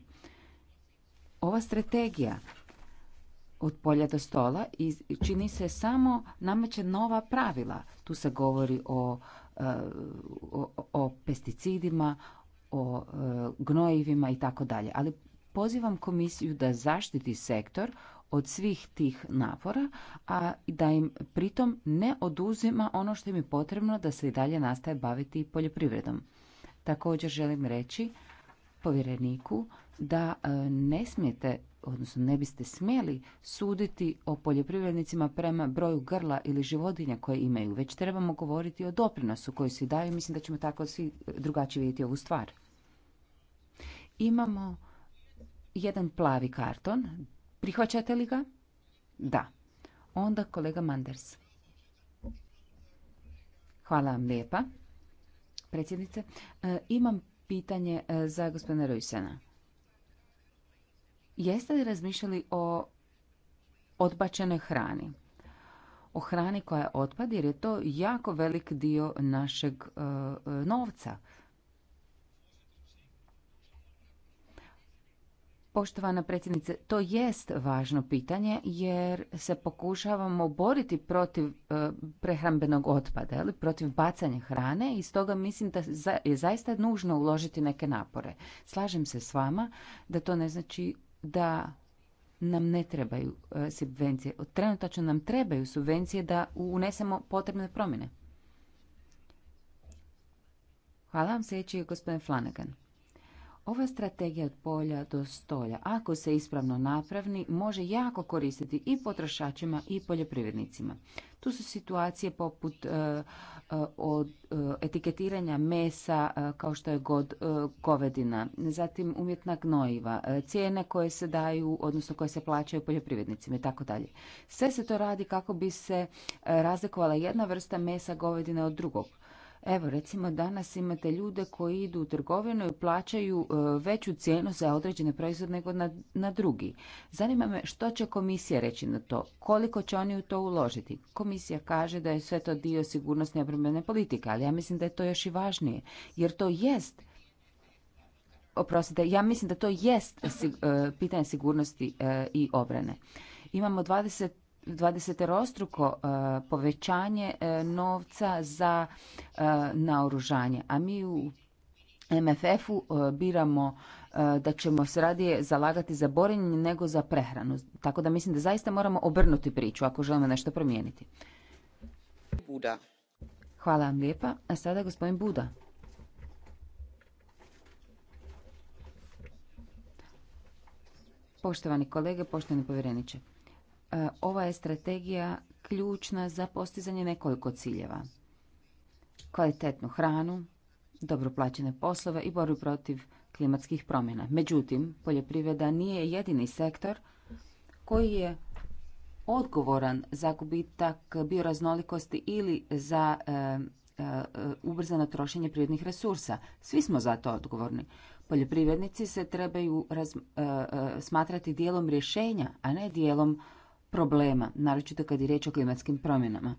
Ova strategija od polja do stola čini se samo nameće nova pravila. Tu se govori o, e, o, o pesticidima, o e, gnojivima i tako dalje. Ali pozivam komisiju da zaštiti sektor od svih tih napora, a da im pritom ne oduzima ono što im je potrebno da se i dalje nastaje baviti poljoprivredom. Također želim reći povjereniku da e, ne smijete odnosno ne biste smjeli suditi o poljoprivrednicima prema broju grla ili životinja koje imaju, već trebamo govoriti o doprinosu koji se daju. Mislim da ćemo tako svi drugačije vidjeti ovu stvar. Imamo jedan plavi karton, Prihvaćate li ga? Da. Onda kolega Manders. Hvala vam lijepa. Predsjednice, e, imam pitanje e, za gospodina Rojsena. Jeste li razmišljali o odbačenoj hrani? O hrani koja je otpad jer je to jako velik dio našeg e, novca. Poštovana predsjednice, to jest važno pitanje jer se pokušavamo boriti protiv e, prehrambenog otpada, ili protiv bacanja hrane i stoga mislim da je zaista nužno uložiti neke napore. Slažem se s vama da to ne znači da nam ne trebaju e, subvencije. Trenutačno nam trebaju subvencije da unesemo potrebne promjene. Hvala vam, sljedeći gospodin Flanagan. Ova strategija od polja do stolja, ako se ispravno napravni, može jako koristiti i potrošačima i poljoprivrednicima. Tu su situacije poput e, e, od e, etiketiranja mesa kao što je god govedina, zatim umjetna gnojiva, cijene koje se daju, odnosno koje se plaćaju poljoprivrednicima i tako dalje. Sve se to radi kako bi se razlikovala jedna vrsta mesa govedine od drugog. Evo recimo danas imate ljude koji idu u trgovinu i plaćaju e, veću cijenu za određene proizvode nego na, na drugi. Zanima me što će komisija reći na to, koliko će oni u to uložiti. Komisija kaže da je sve to dio sigurnosne obrambene politike, ali ja mislim da je to još i važnije jer to jest oprostite, ja mislim da to jest e, pitanje sigurnosti e, i obrane. Imamo 20 dvadeseterostruko e, povećanje e, novca za e, naoružanje, a mi u MFF-u biramo da ćemo se radije zalagati za borenje nego za prehranu. Tako da mislim da zaista moramo obrnuti priču ako želimo nešto promijeniti. Buda. Hvala vam lijepa. A sada gospodin Buda. Poštovani kolege, poštovani povjereniče. E, ova je strategija ključna za postizanje nekoliko ciljeva. Kvalitetnu hranu, dobro plaćene poslove i borbu protiv klimatskih promjena. Međutim, poljoprivreda nije jedini sektor koji je odgovoran za gubitak bioraznolikosti ili za e, e, ubrzano trošenje prirodnih resursa. Svi smo za to odgovorni. Poljoprivrednici se trebaju smatrati dijelom rješenja, a ne dijelom problema, naročito kad je riječ o klimatskim promjenama.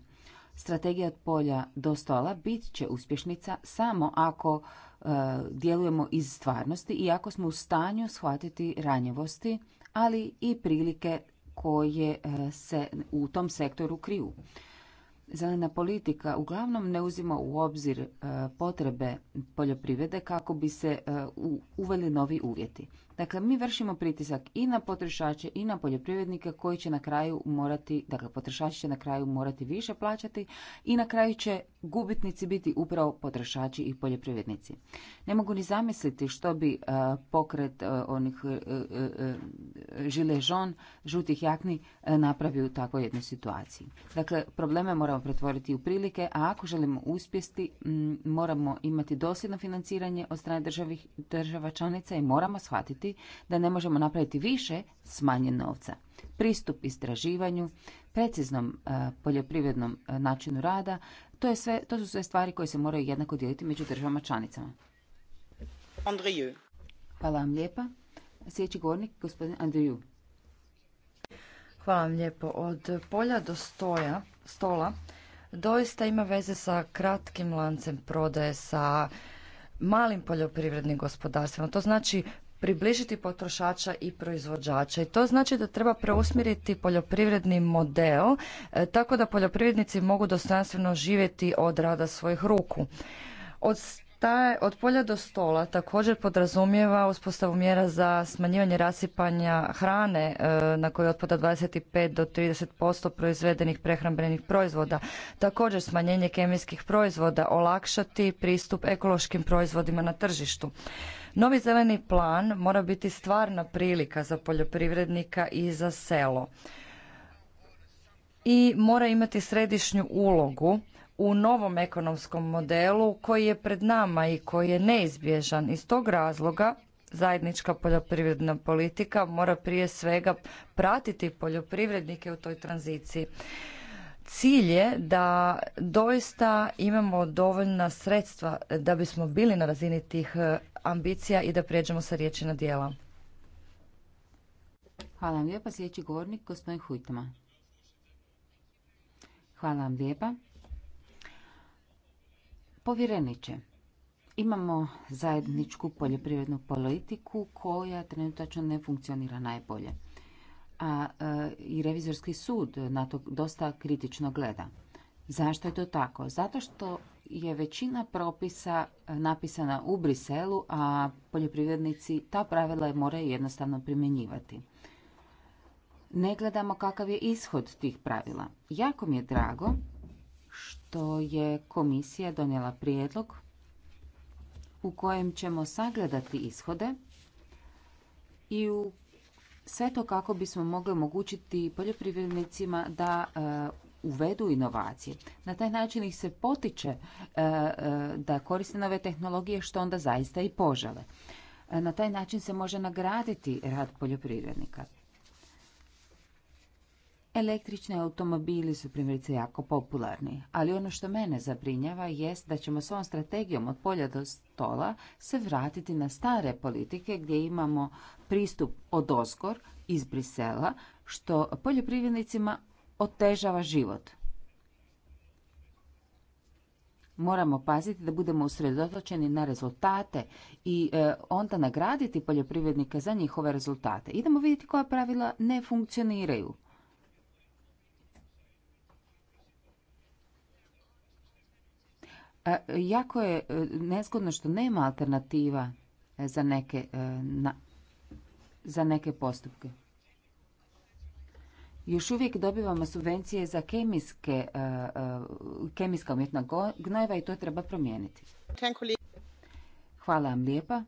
Strategija od polja do stola bit će uspješnica samo ako e, djelujemo iz stvarnosti i ako smo u stanju shvatiti ranjivosti, ali i prilike koje e, se u tom sektoru kriju. Zelena politika uglavnom ne uzima u obzir e, potrebe poljoprivrede kako bi se uveli novi uvjeti. Dakle, mi vršimo pritisak i na potrošače i na poljoprivrednike koji će na kraju morati, dakle potrošači će na kraju morati više plaćati i na kraju će gubitnici biti upravo potrošači i poljoprivrednici. Ne mogu ni zamisliti što bi e, pokret e, onih e, žiležon, žutih jakni napravio u takvoj jednoj situaciji. Dakle, probleme moramo pretvoriti u prilike, a ako želimo uspjesti, moramo imati dosljedno financiranje od strane državih država članica i moramo shvatiti da ne možemo napraviti više s manje novca. Pristup istraživanju, preciznom e, poljoprivrednom e, načinu rada, to, je sve, to su sve stvari koje se moraju jednako dijeliti među državama članicama. Andriju. Hvala vam lijepa. Sljedeći govornik, gospodin Andriju. Hvala vam lijepo. Od polja do stoja, stola doista ima veze sa kratkim lancem prodaje, sa malim poljoprivrednim gospodarstvima. To znači približiti potrošača i proizvođača i to znači da treba preusmjeriti poljoprivredni model e, tako da poljoprivrednici mogu dostojanstveno živjeti od rada svojih ruku. Od od polja do stola također podrazumijeva uspostavu mjera za smanjivanje rasipanja hrane e, na koju otpada 25 do 30% proizvedenih prehrambenih proizvoda. Također smanjenje kemijskih proizvoda, olakšati pristup ekološkim proizvodima na tržištu. Novi zeleni plan mora biti stvarna prilika za poljoprivrednika i za selo i mora imati središnju ulogu u novom ekonomskom modelu koji je pred nama i koji je neizbježan. Iz tog razloga zajednička poljoprivredna politika mora prije svega pratiti poljoprivrednike u toj tranziciji. Cilj je da doista imamo dovoljna sredstva da bismo bili na razini tih e, ambicija i da prijeđemo sa riječi na dijela. Hvala vam lijepa. Sljedeći govornik, gospodin Hujtama. Hvala vam lijepa. Povjereniče, imamo zajedničku poljoprivrednu politiku koja trenutačno ne funkcionira najbolje a e, i revizorski sud na to dosta kritično gleda. Zašto je to tako? Zato što je većina propisa e, napisana u Briselu, a poljoprivrednici ta pravila moraju jednostavno primjenjivati. Ne gledamo kakav je ishod tih pravila. Jako mi je drago što je komisija donijela prijedlog u kojem ćemo sagledati ishode i u sve to kako bismo mogli omogućiti poljoprivrednicima da e, uvedu inovacije. Na taj način ih se potiče e, e, da koriste nove tehnologije što onda zaista i požele. Na taj način se može nagraditi rad poljoprivrednika. Električni automobili su primjerice jako popularni, ali ono što mene zabrinjava jest da ćemo s ovom strategijom od polja do stola se vratiti na stare politike gdje imamo pristup od iz Brisela, što poljoprivrednicima otežava život. Moramo paziti da budemo usredotočeni na rezultate i e, onda nagraditi poljoprivrednike za njihove rezultate. Idemo vidjeti koja pravila ne funkcioniraju E, jako je e, nezgodno što nema alternativa e, za neke, za neke postupke. Još uvijek dobivamo subvencije za kemijske, kemijska umjetna gnojiva i to treba promijeniti. Hvala vam lijepa.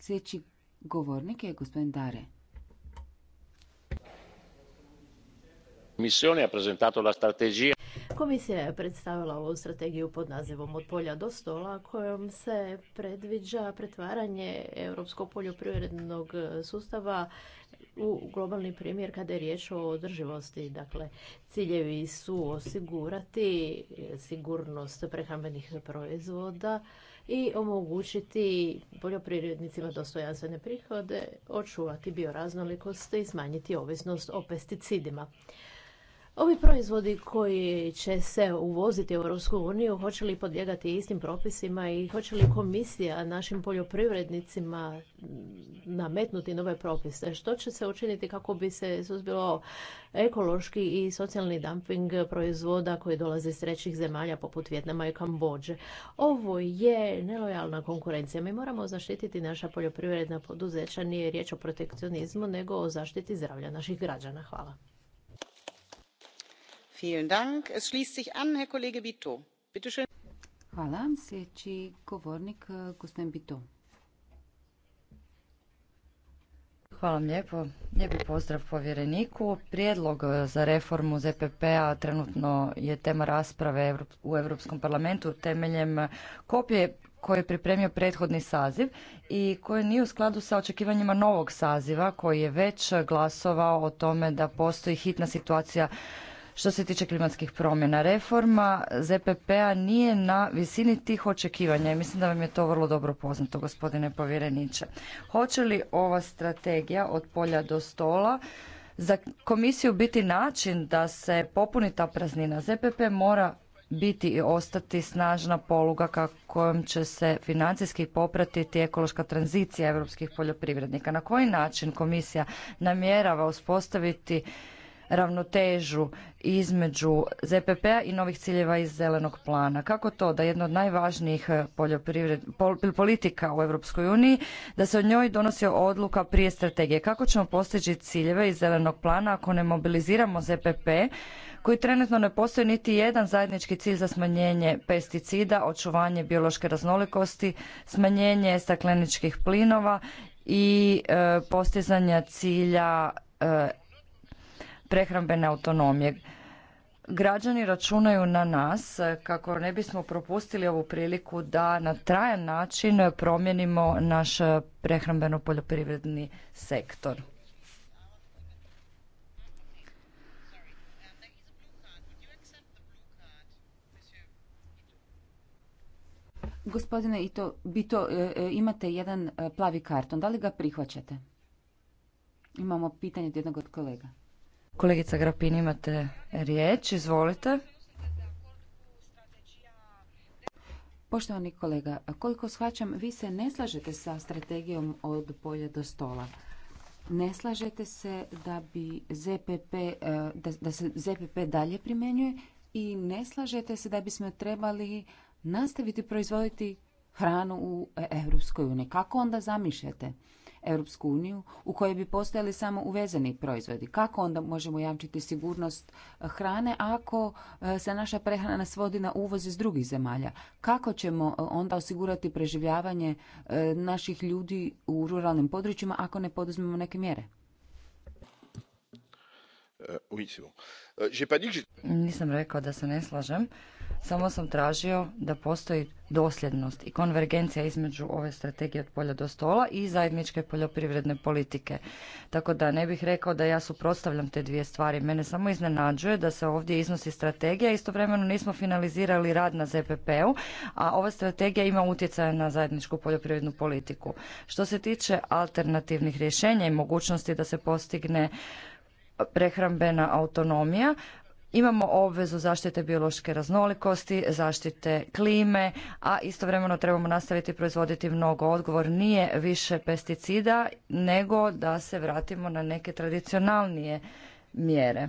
Sljedeći govornik je gospodin Dare. Komisija je predstavila ovu strategiju pod nazivom Od polja do stola kojom se predviđa pretvaranje europskog poljoprivrednog sustava u globalni primjer kada je riječ o održivosti. Dakle, ciljevi su osigurati sigurnost prehrambenih proizvoda i omogućiti poljoprivrednicima dostojanstvene prihode, očuvati bioraznolikost i smanjiti ovisnost o pesticidima. Ovi proizvodi koji će se uvoziti u Europsku uniju hoće li podlijegati istim propisima i hoće li komisija našim poljoprivrednicima nametnuti nove propise? Što će se učiniti kako bi se suzbilo ekološki i socijalni dumping proizvoda koji dolaze iz trećih zemalja poput Vjetnama i Kambođe? Ovo je nelojalna konkurencija. Mi moramo zaštititi naša poljoprivredna poduzeća. Nije riječ o protekcionizmu, nego o zaštiti zdravlja naših građana. Hvala. Hvala. Sljedeći govornik, e, gospodin Bito. Hvala vam lijepo. Lijepi pozdrav povjereniku. Prijedlog e, za reformu ZPP-a trenutno je tema rasprave u Europskom parlamentu temeljem e, kopije koje je pripremio prethodni saziv i koje nije u skladu sa očekivanjima novog saziva koji je već glasovao o tome da postoji hitna situacija što se tiče klimatskih promjena, reforma ZPP-a nije na visini tih očekivanja i mislim da vam je to vrlo dobro poznato, gospodine povjereniče. Hoće li ova strategija od polja do stola za komisiju biti način da se popuni ta praznina? ZPP mora biti i ostati snažna poluga kojom će se financijski popratiti ekološka tranzicija europskih poljoprivrednika. Na koji način komisija namjerava uspostaviti ravnotežu između ZPP-a i novih ciljeva iz zelenog plana. Kako to da jedna od najvažnijih eh, politika u EU da se od njoj donosi odluka prije strategije? Kako ćemo postići ciljeve iz zelenog plana ako ne mobiliziramo ZPP koji trenutno ne postoji niti jedan zajednički cilj za smanjenje pesticida, očuvanje biološke raznolikosti, smanjenje stakleničkih plinova i eh, postizanje postizanja cilja eh, prehrambene autonomije. Građani računaju na nas kako ne bismo propustili ovu priliku da na trajan način promijenimo naš prehrambeno poljoprivredni sektor. Gospodine Ito, to e, e, imate jedan e, plavi karton. Da li ga prihvaćate? Imamo pitanje od jednog od kolega. Kolegica Grapin, imate riječ, izvolite. Poštovani kolega, koliko shvaćam, vi se ne slažete sa strategijom od polja do stola. Ne slažete se da bi ZPP, e, da, se ZPP dalje primjenjuje i ne slažete se da bismo trebali nastaviti proizvoditi hranu u Europskoj uniji. Kako onda zamišljate? Europsku uniju u kojoj bi postojali samo uvezeni proizvodi. Kako onda možemo jamčiti sigurnost hrane ako e, se naša prehrana svodi na uvoz iz drugih zemalja? Kako ćemo e, onda osigurati preživljavanje e, naših ljudi u ruralnim područjima ako ne poduzmemo neke mjere? Euh, Nisam rekao da se ne slažem samo sam tražio da postoji dosljednost i konvergencija između ove strategije od polja do stola i zajedničke poljoprivredne politike. Tako da ne bih rekao da ja suprotstavljam te dvije stvari. Mene samo iznenađuje da se ovdje iznosi strategija, istovremeno nismo finalizirali rad na ZPP-u, a ova strategija ima utjecaj na zajedničku poljoprivrednu politiku. Što se tiče alternativnih rješenja i mogućnosti da se postigne prehrambena autonomija. Imamo obvezu zaštite biološke raznolikosti, zaštite klime, a istovremeno trebamo nastaviti proizvoditi mnogo. Odgovor nije više pesticida, nego da se vratimo na neke tradicionalnije mjere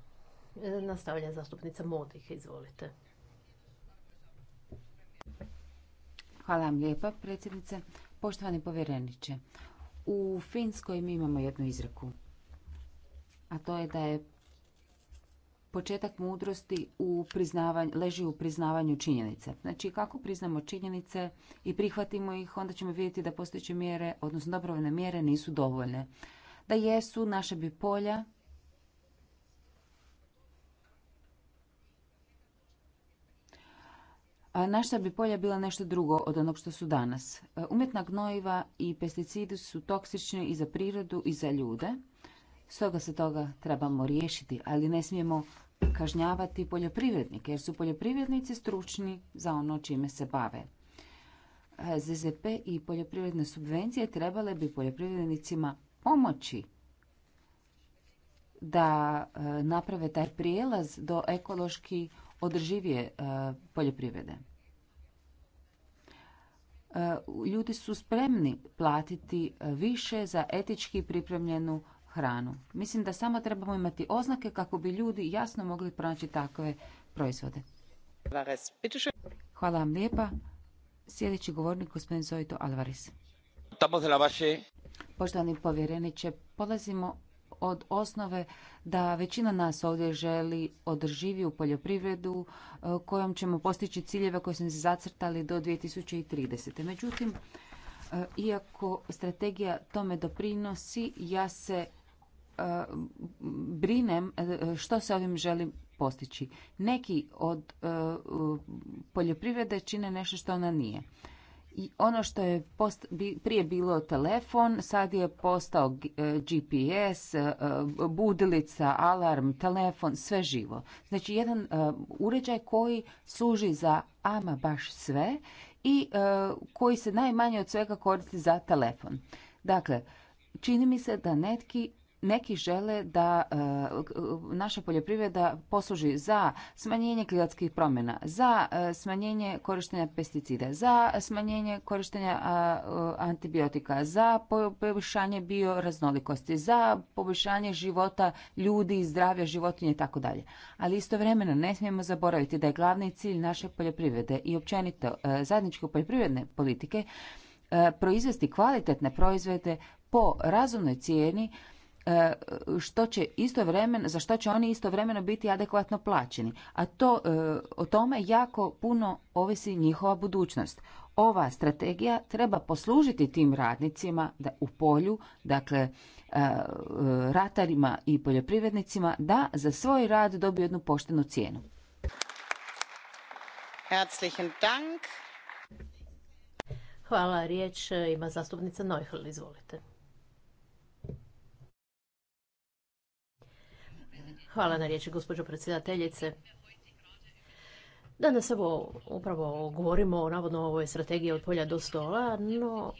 E, nastavlja zastupnica Modih, izvolite. Hvala vam lijepa, predsjednice. Poštovani povjereniče, u Finskoj mi imamo jednu izreku, a to je da je početak mudrosti u priznavanju, leži u priznavanju činjenice. Znači, kako priznamo činjenice i prihvatimo ih, onda ćemo vidjeti da postojeće mjere, odnosno dobrovoljne mjere, nisu dovoljne. Da jesu, naše bi polja, naša bi polja bila nešto drugo od onog što su danas. E, umjetna gnojiva i pesticidi su toksični i za prirodu i za ljude. Stoga se toga trebamo riješiti, ali ne smijemo kažnjavati poljoprivrednike, jer su poljoprivrednici stručni za ono čime se bave. E, ZZP i poljoprivredne subvencije trebale bi poljoprivrednicima pomoći da e, naprave taj prijelaz do ekološki održivije e, poljoprivrede. E, ljudi su spremni platiti e, više za etički pripremljenu hranu. Mislim da samo trebamo imati oznake kako bi ljudi jasno mogli pronaći takve proizvode. Hvala vam lijepa. Sljedeći govornik gospodin Zoito Alvarez. Poštovani povjereniče, polazimo od osnove da većina nas ovdje želi održiviju poljoprivredu e, kojom ćemo postići ciljeve koje smo se zacrtali do 2030. Međutim, e, iako strategija tome doprinosi, ja se e, brinem što se ovim želim postići. Neki od poljoprivrede čine nešto što ona nije. I ono što je post, prije bilo telefon, sad je postao GPS, e, e, budilica, alarm, telefon, sve živo. Znači jedan e, uređaj koji služi za ama baš sve i koji se najmanje od svega koristi za telefon. Dakle, čini mi se da netki neki žele da e, naša poljoprivreda posluži za smanjenje klimatskih promjena, za e, smanjenje korištenja pesticida, za smanjenje korištenja e, antibiotika, za poboljšanje bioraznolikosti, za poboljšanje života ljudi zdravlja životinje i tako dalje. Ali istovremeno ne smijemo zaboraviti da je glavni cilj naše poljoprivrede i općenito zajedničke poljoprivredne politike proizvesti kvalitetne proizvode po razumnoj cijeni E, što će istovremeno, za što će oni istovremeno biti adekvatno plaćeni. A to, e, o tome jako puno ovisi njihova budućnost. Ova strategija treba poslužiti tim radnicima da u polju, dakle e, ratarima i poljoprivrednicima, da za svoj rad dobiju jednu poštenu cijenu. Hvala, riječ ima zastupnica Neuhl, izvolite. Hvala na riječi, gospođo predsjedateljice. Danas evo upravo govorimo o navodno ovoj strategiji od polja do stola, no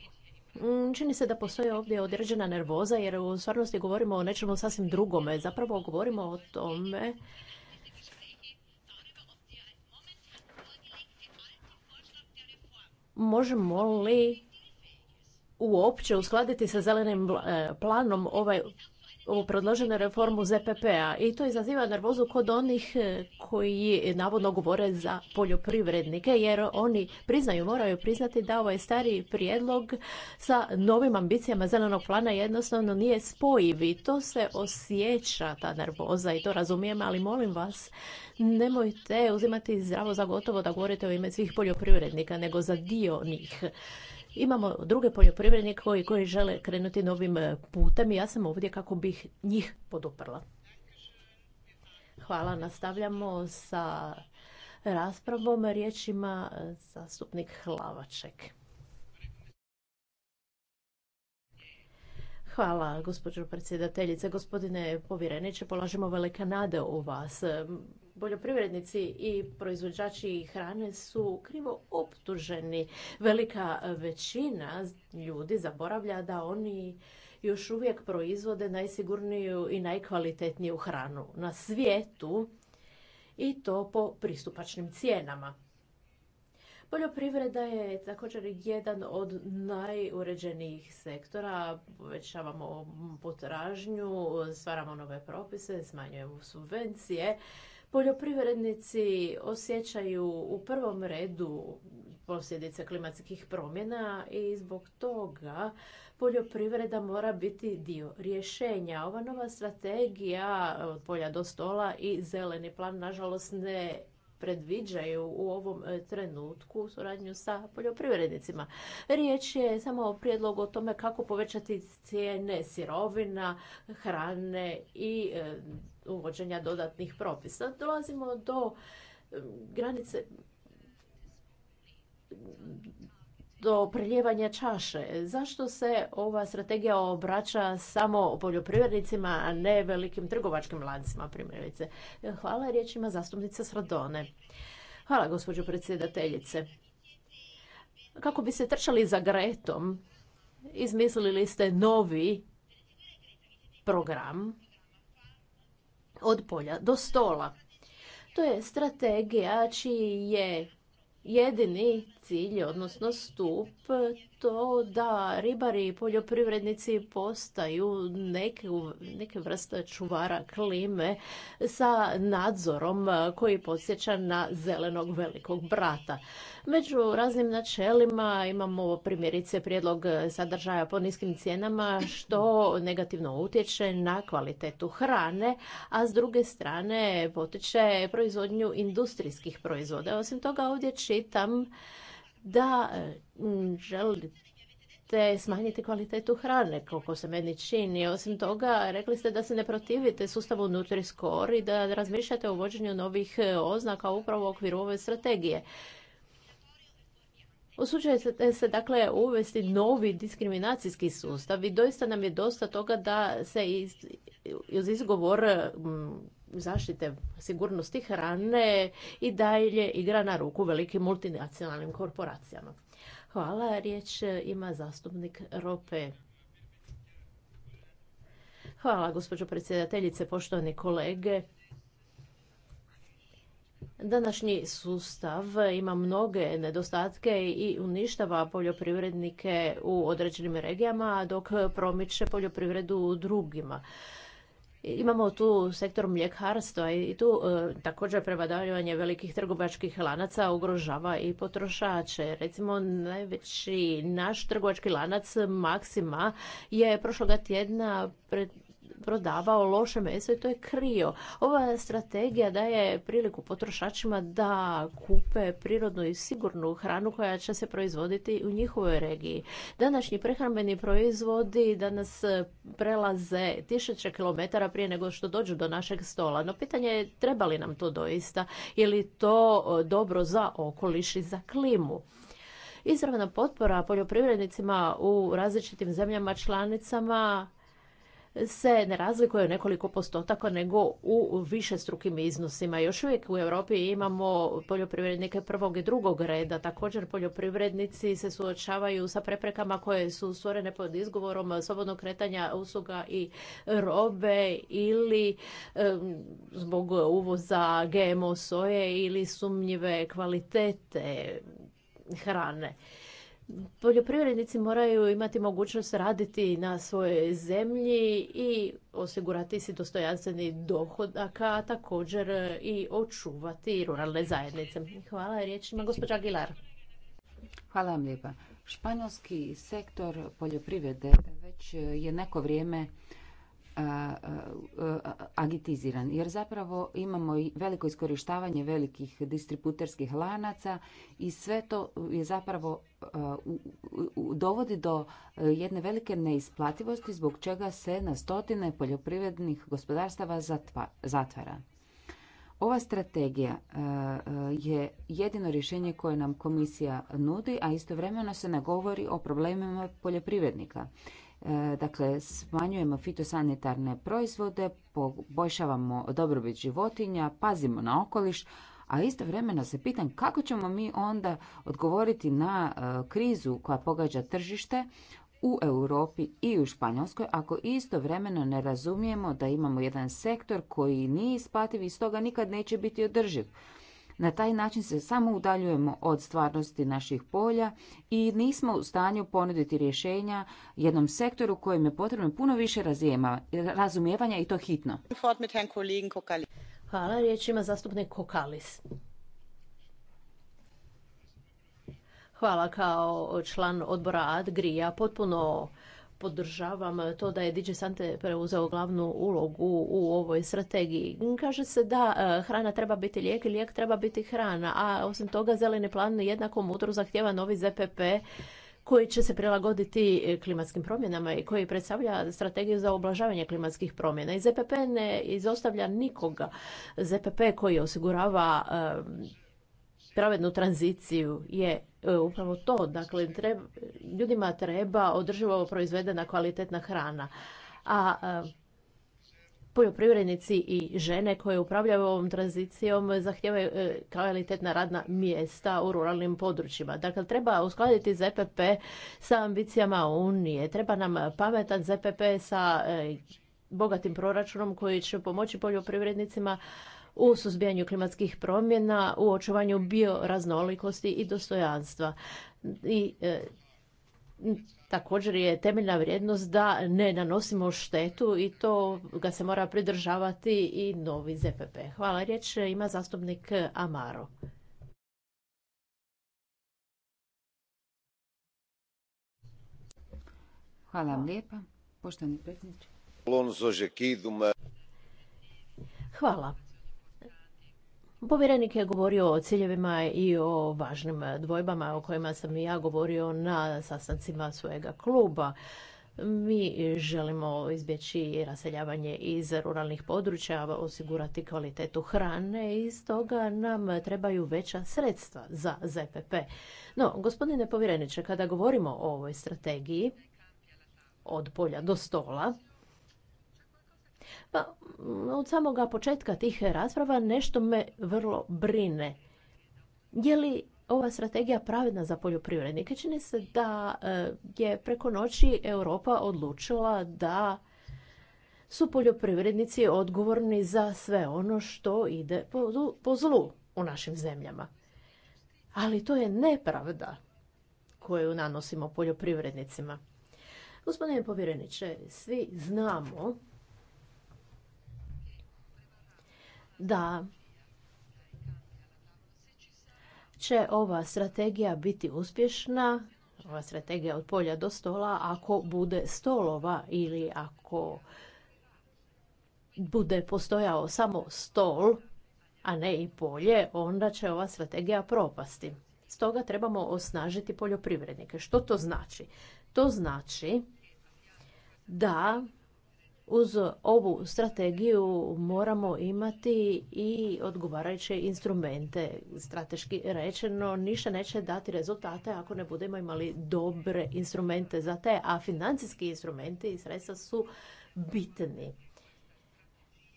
mm, Čini se da postoji ovdje određena nervoza jer u stvarnosti govorimo o nečemu sasvim drugome. Zapravo govorimo o tome možemo li uopće uskladiti sa zelenim eh, planom ovaj u predloženu reformu ZPP-a i to izaziva nervozu kod onih e, koji navodno govore za poljoprivrednike jer oni priznaju, moraju priznati da ovaj stari prijedlog sa novim ambicijama zelenog plana jednostavno nije spojiv i to se osjeća ta nervoza i to razumijem, ali molim vas nemojte uzimati zdravo za gotovo da govorite u ime svih poljoprivrednika nego za dio njih. Imamo druge poljoprivrednike koji, koji žele krenuti novim e, putem i ja sam ovdje kako bih njih poduprla. Hvala, nastavljamo sa raspravom riječima e, zastupnik Hlavaček. Hvala, gospođo predsjedateljice. Gospodine povjereniče, polažimo velike nade u vas poljoprivrednici i proizvođači hrane su krivo optuženi. Velika većina ljudi zaboravlja da oni još uvijek proizvode najsigurniju i najkvalitetniju hranu na svijetu i to po pristupačnim cijenama. Poljoprivreda je također jedan od najuređenijih sektora. Povećavamo potražnju, stvaramo nove propise, smanjujemo subvencije Poljoprivrednici osjećaju u prvom redu posljedice klimatskih promjena i zbog toga poljoprivreda mora biti dio rješenja. Ova nova strategija od polja do stola i zeleni plan nažalost ne predviđaju u ovom trenutku suradnju sa poljoprivrednicima. Riječ je samo o prijedlogu o tome kako povećati cijene sirovina, hrane i e, uvođenja dodatnih propisa. Dolazimo do granice do prelijevanja čaše. Zašto se ova strategija obraća samo poljoprivrednicima, a ne velikim trgovačkim lancima, primjerice? Hvala riječima zastupnica Sradone. Hvala, gospođo predsjedateljice. Kako bi se trčali za Gretom, izmislili ste novi program od polja do stola. To je strategija čiji je jedini cilj, odnosno stup, to da ribari i poljoprivrednici postaju neke, vrste čuvara klime sa nadzorom koji podsjeća na zelenog velikog brata. Među raznim načelima imamo primjerice prijedlog sadržaja po niskim cijenama što negativno utječe na kvalitetu hrane, a s druge strane potiče proizvodnju industrijskih proizvoda. Osim toga ovdje čitam da e, želite smanjiti kvalitetu hrane, koliko se meni čini. Osim toga, rekli ste da se ne protivite sustavu Nutri-Score i da razmišljate o uvođenju novih e, oznaka upravo u okviru ove strategije. Usuđujete se dakle uvesti novi diskriminacijski sustav i doista nam je dosta toga da se iz, izgovor zaštite sigurnosti hrane i dalje igra na ruku velikim multinacionalnim korporacijama. Hvala, riječ ima zastupnik Rope. Hvala, gospođo predsjedateljice, poštovani kolege. Današnji sustav ima mnoge nedostatke i uništava poljoprivrednike u određenim regijama, dok promiče poljoprivredu u drugima. Imamo tu sektor mljekarstva i tu e, također prevladavanje velikih trgovačkih lanaca ugrožava i potrošače. Recimo najveći naš trgovački lanac Maksima je prošloga tjedna pred, prodavao loše meso i to je krio. Ova strategija daje priliku potrošačima da kupe prirodnu i sigurnu hranu koja će se proizvoditi u njihovoj regiji. Današnji prehrambeni proizvodi danas eh, prelaze tisuće kilometara prije nego što dođu do našeg stola. No pitanje je treba li nam to doista? Je li to eh, dobro za okoliš i za klimu? Izravna potpora poljoprivrednicima u različitim zemljama članicama se ne razlikuje nekoliko postotaka nego u višestrukim iznosima. Još uvijek u Europi imamo poljoprivrednike prvog i drugog reda. Također poljoprivrednici se suočavaju sa preprekama koje su stvorene pod izgovorom slobodnog kretanja usluga i robe ili zbog uvoza GMO soje ili sumnjive kvalitete hrane poljoprivrednici moraju imati mogućnost raditi na svojoj zemlji i osigurati si dostojanstveni dohodak, a također i očuvati ruralne zajednice. Hvala riječima gospođa Aguilar. Hvala vam lijepa. Španjolski sektor poljoprivrede već je neko vrijeme agitiziran. Jer zapravo imamo i veliko iskorištavanje velikih distributerskih lanaca i sve to je zapravo dovodi do jedne velike neisplativosti zbog čega se na stotine poljoprivrednih gospodarstava zatvara. Ova strategija je jedino rješenje koje nam komisija nudi, a istovremeno se ne govori o problemima poljoprivrednika. E, dakle, smanjujemo fitosanitarne proizvode, poboljšavamo dobrobit životinja, pazimo na okoliš, a istovremeno se pitam kako ćemo mi onda odgovoriti na e, krizu koja pogađa tržište u Europi i u Španjolskoj ako istovremeno ne razumijemo da imamo jedan sektor koji nije isplativ i stoga nikad neće biti održiv. Na taj način se samo udaljujemo od stvarnosti naših polja i nismo u stanju ponuditi rješenja jednom sektoru kojem je potrebno puno više razumijevanja i to hitno. Hvala, riječ zastupnik Kokalis. Hvala kao član odbora Adgrija, potpuno podržavam to da je DJ Sante preuzeo glavnu ulogu u ovoj strategiji. Kaže se da e, hrana treba biti lijek i lijek treba biti hrana, a osim toga zeleni plan jednako mudro zahtjeva novi ZPP koji će se prilagoditi klimatskim promjenama i koji predstavlja strategiju za oblažavanje klimatskih promjena. I ZPP ne izostavlja nikoga. ZPP koji osigurava pravednu tranziciju je e, upravo to. Dakle, ljudima treba održivo proizvedena kvalitetna hrana. A poljoprivrednici i žene koje upravljaju ovom tranzicijom zahtijevaju e, kvalitetna radna mjesta u ruralnim područjima. Dakle, treba uskladiti ZPP sa ambicijama Unije. Treba nam pametan ZPP sa e, bogatim proračunom koji će pomoći poljoprivrednicima u suzbijanju klimatskih promjena, u očuvanju bioraznolikosti i dostojanstva. I e, također je temeljna vrijednost da ne nanosimo štetu i to ga se mora pridržavati i novi ZPP. Hvala. Riječ ima zastupnik Amaro. Hvala vam lijepa. Hvala. Povjerenik je govorio o ciljevima i o važnim dvojbama o kojima sam i ja govorio na sastancima svojega kluba. Mi želimo izbjeći raseljavanje iz ruralnih područja, osigurati kvalitetu hrane i stoga nam trebaju veća sredstva za ZPP. No, gospodine povjereniče, kada govorimo o ovoj strategiji od polja do stola, pa, mm, od samoga početka tih rasprava nešto me vrlo brine. Je li ova strategija pravedna za poljoprivrednike? Čini se da e, je preko noći Europa odlučila da su poljoprivrednici odgovorni za sve ono što ide po zlu u našim zemljama. Ali to je nepravda koju nanosimo poljoprivrednicima. Gospodine povjereniče, svi znamo da će ova strategija biti uspješna, ova strategija od polja do stola, ako bude stolova ili ako bude postojao samo stol, a ne i polje, onda će ova strategija propasti. Stoga trebamo osnažiti poljoprivrednike. Što to znači? To znači da uz ovu strategiju moramo imati i odgovarajuće instrumente. Strateški rečeno, ništa neće dati rezultate ako ne budemo imali dobre instrumente za te, a financijski instrumenti i sredstva su bitni.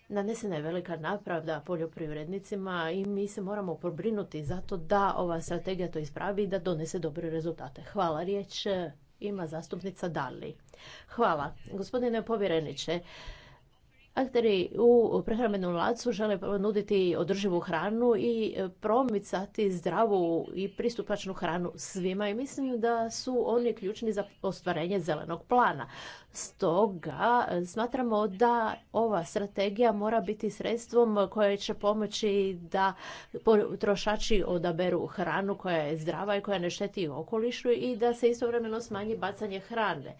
Nanesena je velika napravda poljoprivrednicima i mi se moramo pobrinuti zato da ova strategija to ispravi i da donese dobre rezultate. Hvala riječ ima zastupnica Dali. Hvala. Gospodine povjereniče, Akteri u prehrambenom lacu žele nuditi održivu hranu i e, promicati zdravu i pristupačnu hranu svima i mislim da su oni ključni za ostvarenje zelenog plana. Stoga e, smatramo da ova strategija mora biti sredstvom koje će pomoći da potrošači odaberu hranu koja je zdrava i koja ne šteti okolišu i da se istovremeno smanji bacanje hrane.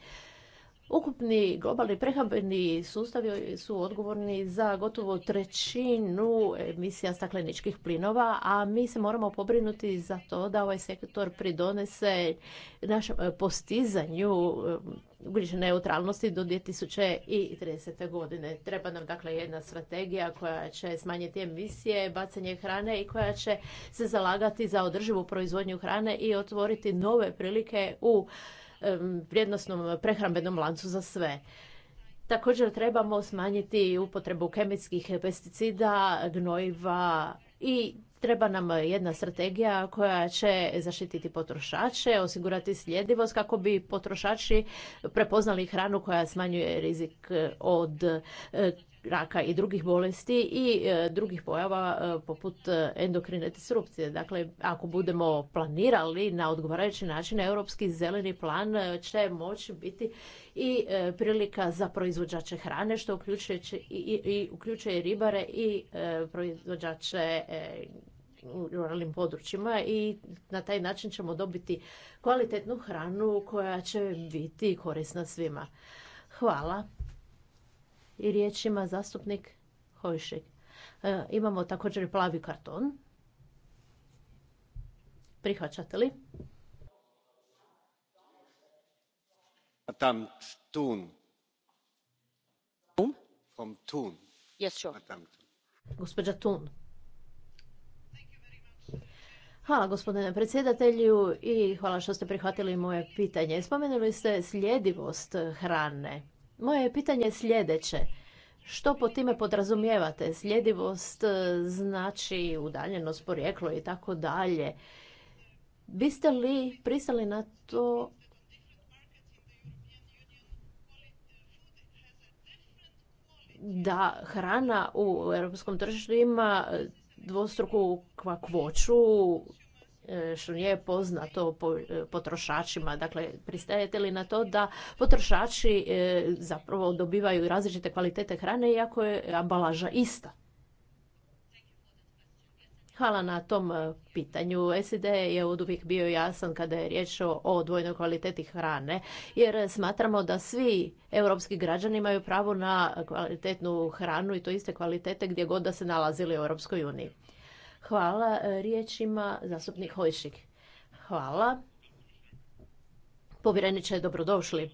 Ukupni globalni prehrambeni sustavi su odgovorni za gotovo trećinu emisija stakleničkih plinova, a mi se moramo pobrinuti za to da ovaj sektor pridonese našem postizanju um, ugljične neutralnosti do 2030. godine. Treba nam dakle jedna strategija koja će smanjiti emisije, bacanje hrane i koja će se zalagati za održivu proizvodnju hrane i otvoriti nove prilike u vrijednostnom prehrambenom lancu za sve. Također trebamo smanjiti upotrebu kemijskih pesticida, gnojiva i treba nam jedna strategija koja će zaštititi potrošače, osigurati sljedivost kako bi potrošači prepoznali hranu koja smanjuje rizik od raka i drugih bolesti i e, drugih pojava e, poput e, endokrine disrupcije. Dakle, ako budemo planirali na odgovarajući način, europski zeleni plan će moći biti i prilika za proizvođače hrane, što uključuje, i, ribare i proizvođače u ruralnim područjima i na taj način ćemo dobiti kvalitetnu hranu koja će biti korisna svima. Hvala. I riječ ima zastupnik Hojšek. E, imamo također plavi karton. Prihvaćate li? Tam Tun. From Gospođa Tun. Hvala gospodine predsjedatelju i hvala što ste prihvatili moje pitanje. Spomenuli ste sljedivost hrane. Moje pitanje sljedeće. Što po time podrazumijevate? Sljedivost e, znači udaljenost, porijeklo i tako dalje. Biste li pristali na to da hrana u europskom tržištu ima dvostruku kakvoću E, što nije poznato e, potrošačima. Dakle, pristajete li na to da potrošači e, zapravo dobivaju različite kvalitete hrane iako je ambalaža ista? Hvala na tom pitanju. SID je od uvijek bio jasan kada je riječ o dvojnoj kvaliteti hrane, jer smatramo da svi europski građani imaju pravo na kvalitetnu hranu i to iste kvalitete gdje god da se nalazili u Europskoj uniji. Hvala e, riječima zastupnik Hojšik. Hvala. Povjereniče, dobrodošli.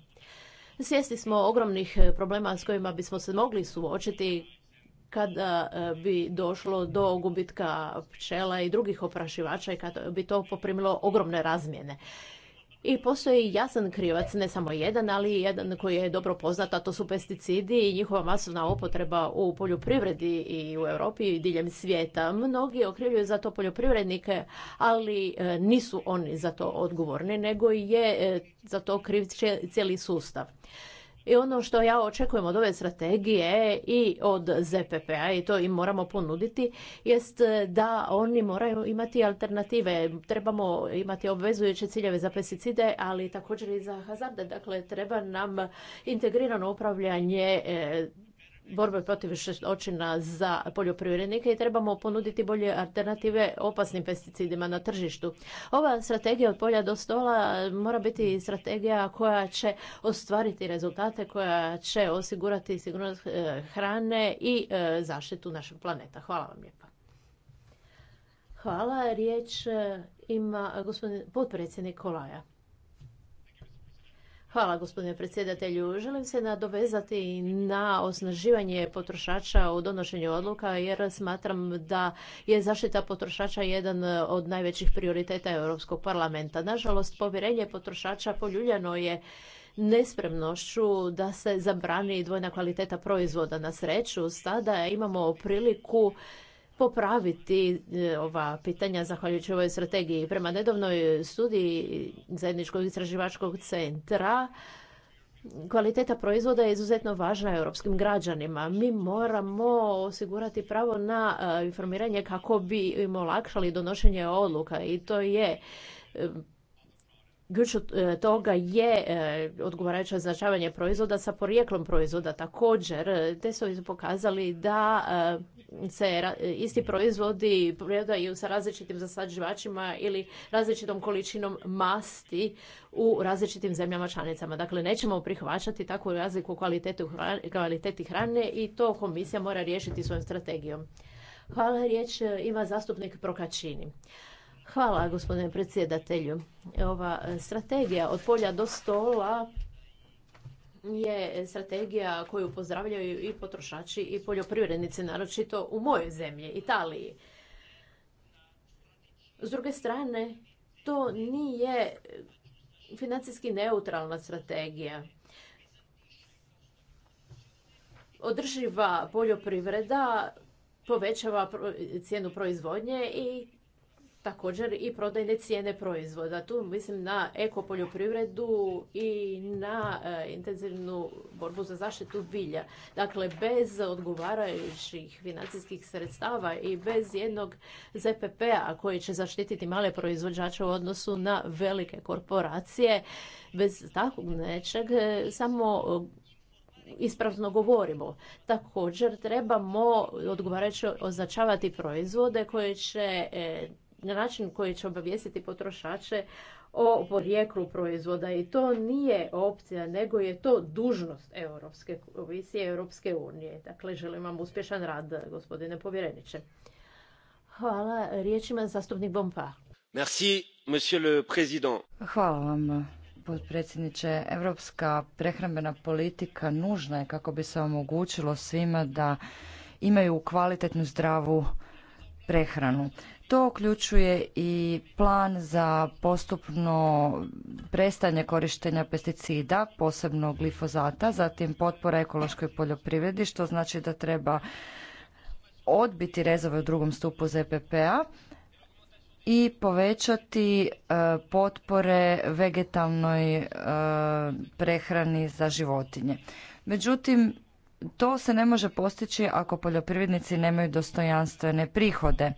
Svjesni smo ogromnih e, problema s kojima bismo se mogli suočiti kada e, bi došlo do gubitka pčela i drugih oprašivača i kada bi to poprimilo ogromne razmjene. I postoji jasan krivac, ne samo jedan, ali i jedan koji je dobro poznat, a to su pesticidi i njihova masovna upotreba u poljoprivredi i u Europi i diljem svijeta. Mnogi okrivljuju za to poljoprivrednike, ali e, nisu oni za to odgovorni, nego je e, za to kriv cijeli sustav i ono što ja očekujem od ove strategije i od ZPP-a i to im moramo ponuditi jest e, da oni moraju imati alternative. Trebamo imati obvezujuće ciljeve za pesticide, ali također i za hazarde. Dakle, treba nam integrirano upravljanje e, borbe protiv šestočina za poljoprivrednike i trebamo ponuditi bolje alternative opasnim pesticidima na tržištu. Ova strategija od polja do stola mora biti strategija koja će ostvariti rezultate, koja će osigurati sigurnost e, hrane i e, zaštitu našeg planeta. Hvala vam lijepa. Hvala. Riječ e, ima gospodin potpredsjednik Kolaja. Hvala gospodine predsjedatelju. Želim se nadovezati na osnaživanje potrošača u donošenju odluka jer smatram da je zaštita potrošača jedan od najvećih prioriteta Europskog parlamenta. Nažalost, povjerenje potrošača poljuljano je nespremnošću da se zabrani dvojna kvaliteta proizvoda na sreću. Sada imamo priliku popraviti e, ova pitanja zahvaljujući ovoj strategiji. Prema nedavnoj studiji Zajedničkog istraživačkog centra Kvaliteta proizvoda je izuzetno važna europskim građanima. Mi moramo osigurati pravo na e, informiranje kako bi im olakšali donošenje odluka i to je e, Ključ toga je odgovarajuće označavanje proizvoda sa porijeklom proizvoda također. te su pokazali da se isti proizvodi prodaju sa različitim zasađivačima ili različitom količinom masti u različitim zemljama članicama. Dakle, nećemo prihvaćati takvu razliku kvalitetu, kvaliteti hrane i to komisija mora riješiti svojom strategijom. Hvala, riječ ima zastupnik Prokačini. Hvala, gospodine predsjedatelju. Ova strategija od polja do stola je strategija koju pozdravljaju i potrošači i poljoprivrednici, naročito u mojoj zemlji, Italiji. S druge strane, to nije financijski neutralna strategija. Održiva poljoprivreda povećava cijenu proizvodnje i također i prodajne cijene proizvoda. Tu mislim na ekopoljoprivredu i na e, intenzivnu borbu za zaštitu bilja. Dakle, bez odgovarajućih financijskih sredstava i bez jednog ZPP-a koji će zaštititi male proizvođače u odnosu na velike korporacije, bez takvog nečeg e, samo e, ispravno govorimo. Također trebamo odgovarajuće označavati proizvode koje će na način koji će obavijestiti potrošače o porijeklu proizvoda i to nije opcija, nego je to dužnost Europske komisije, Europske unije. Dakle, želim vam uspješan rad, gospodine povjereniče. Hvala. Riječ ima zastupnik Bompa. Merci, monsieur le président. Hvala vam, potpredsjedniče. Europska prehrambena politika nužna je kako bi se omogućilo svima da imaju kvalitetnu zdravu prehranu. To uključuje i plan za postupno prestanje korištenja pesticida, posebno glifozata, zatim potpora ekološkoj poljoprivredi, što znači da treba odbiti rezove u drugom stupu ZPP-a i povećati e, potpore vegetalnoj e, prehrani za životinje. Međutim, to se ne može postići ako poljoprivrednici nemaju dostojanstvene prihode.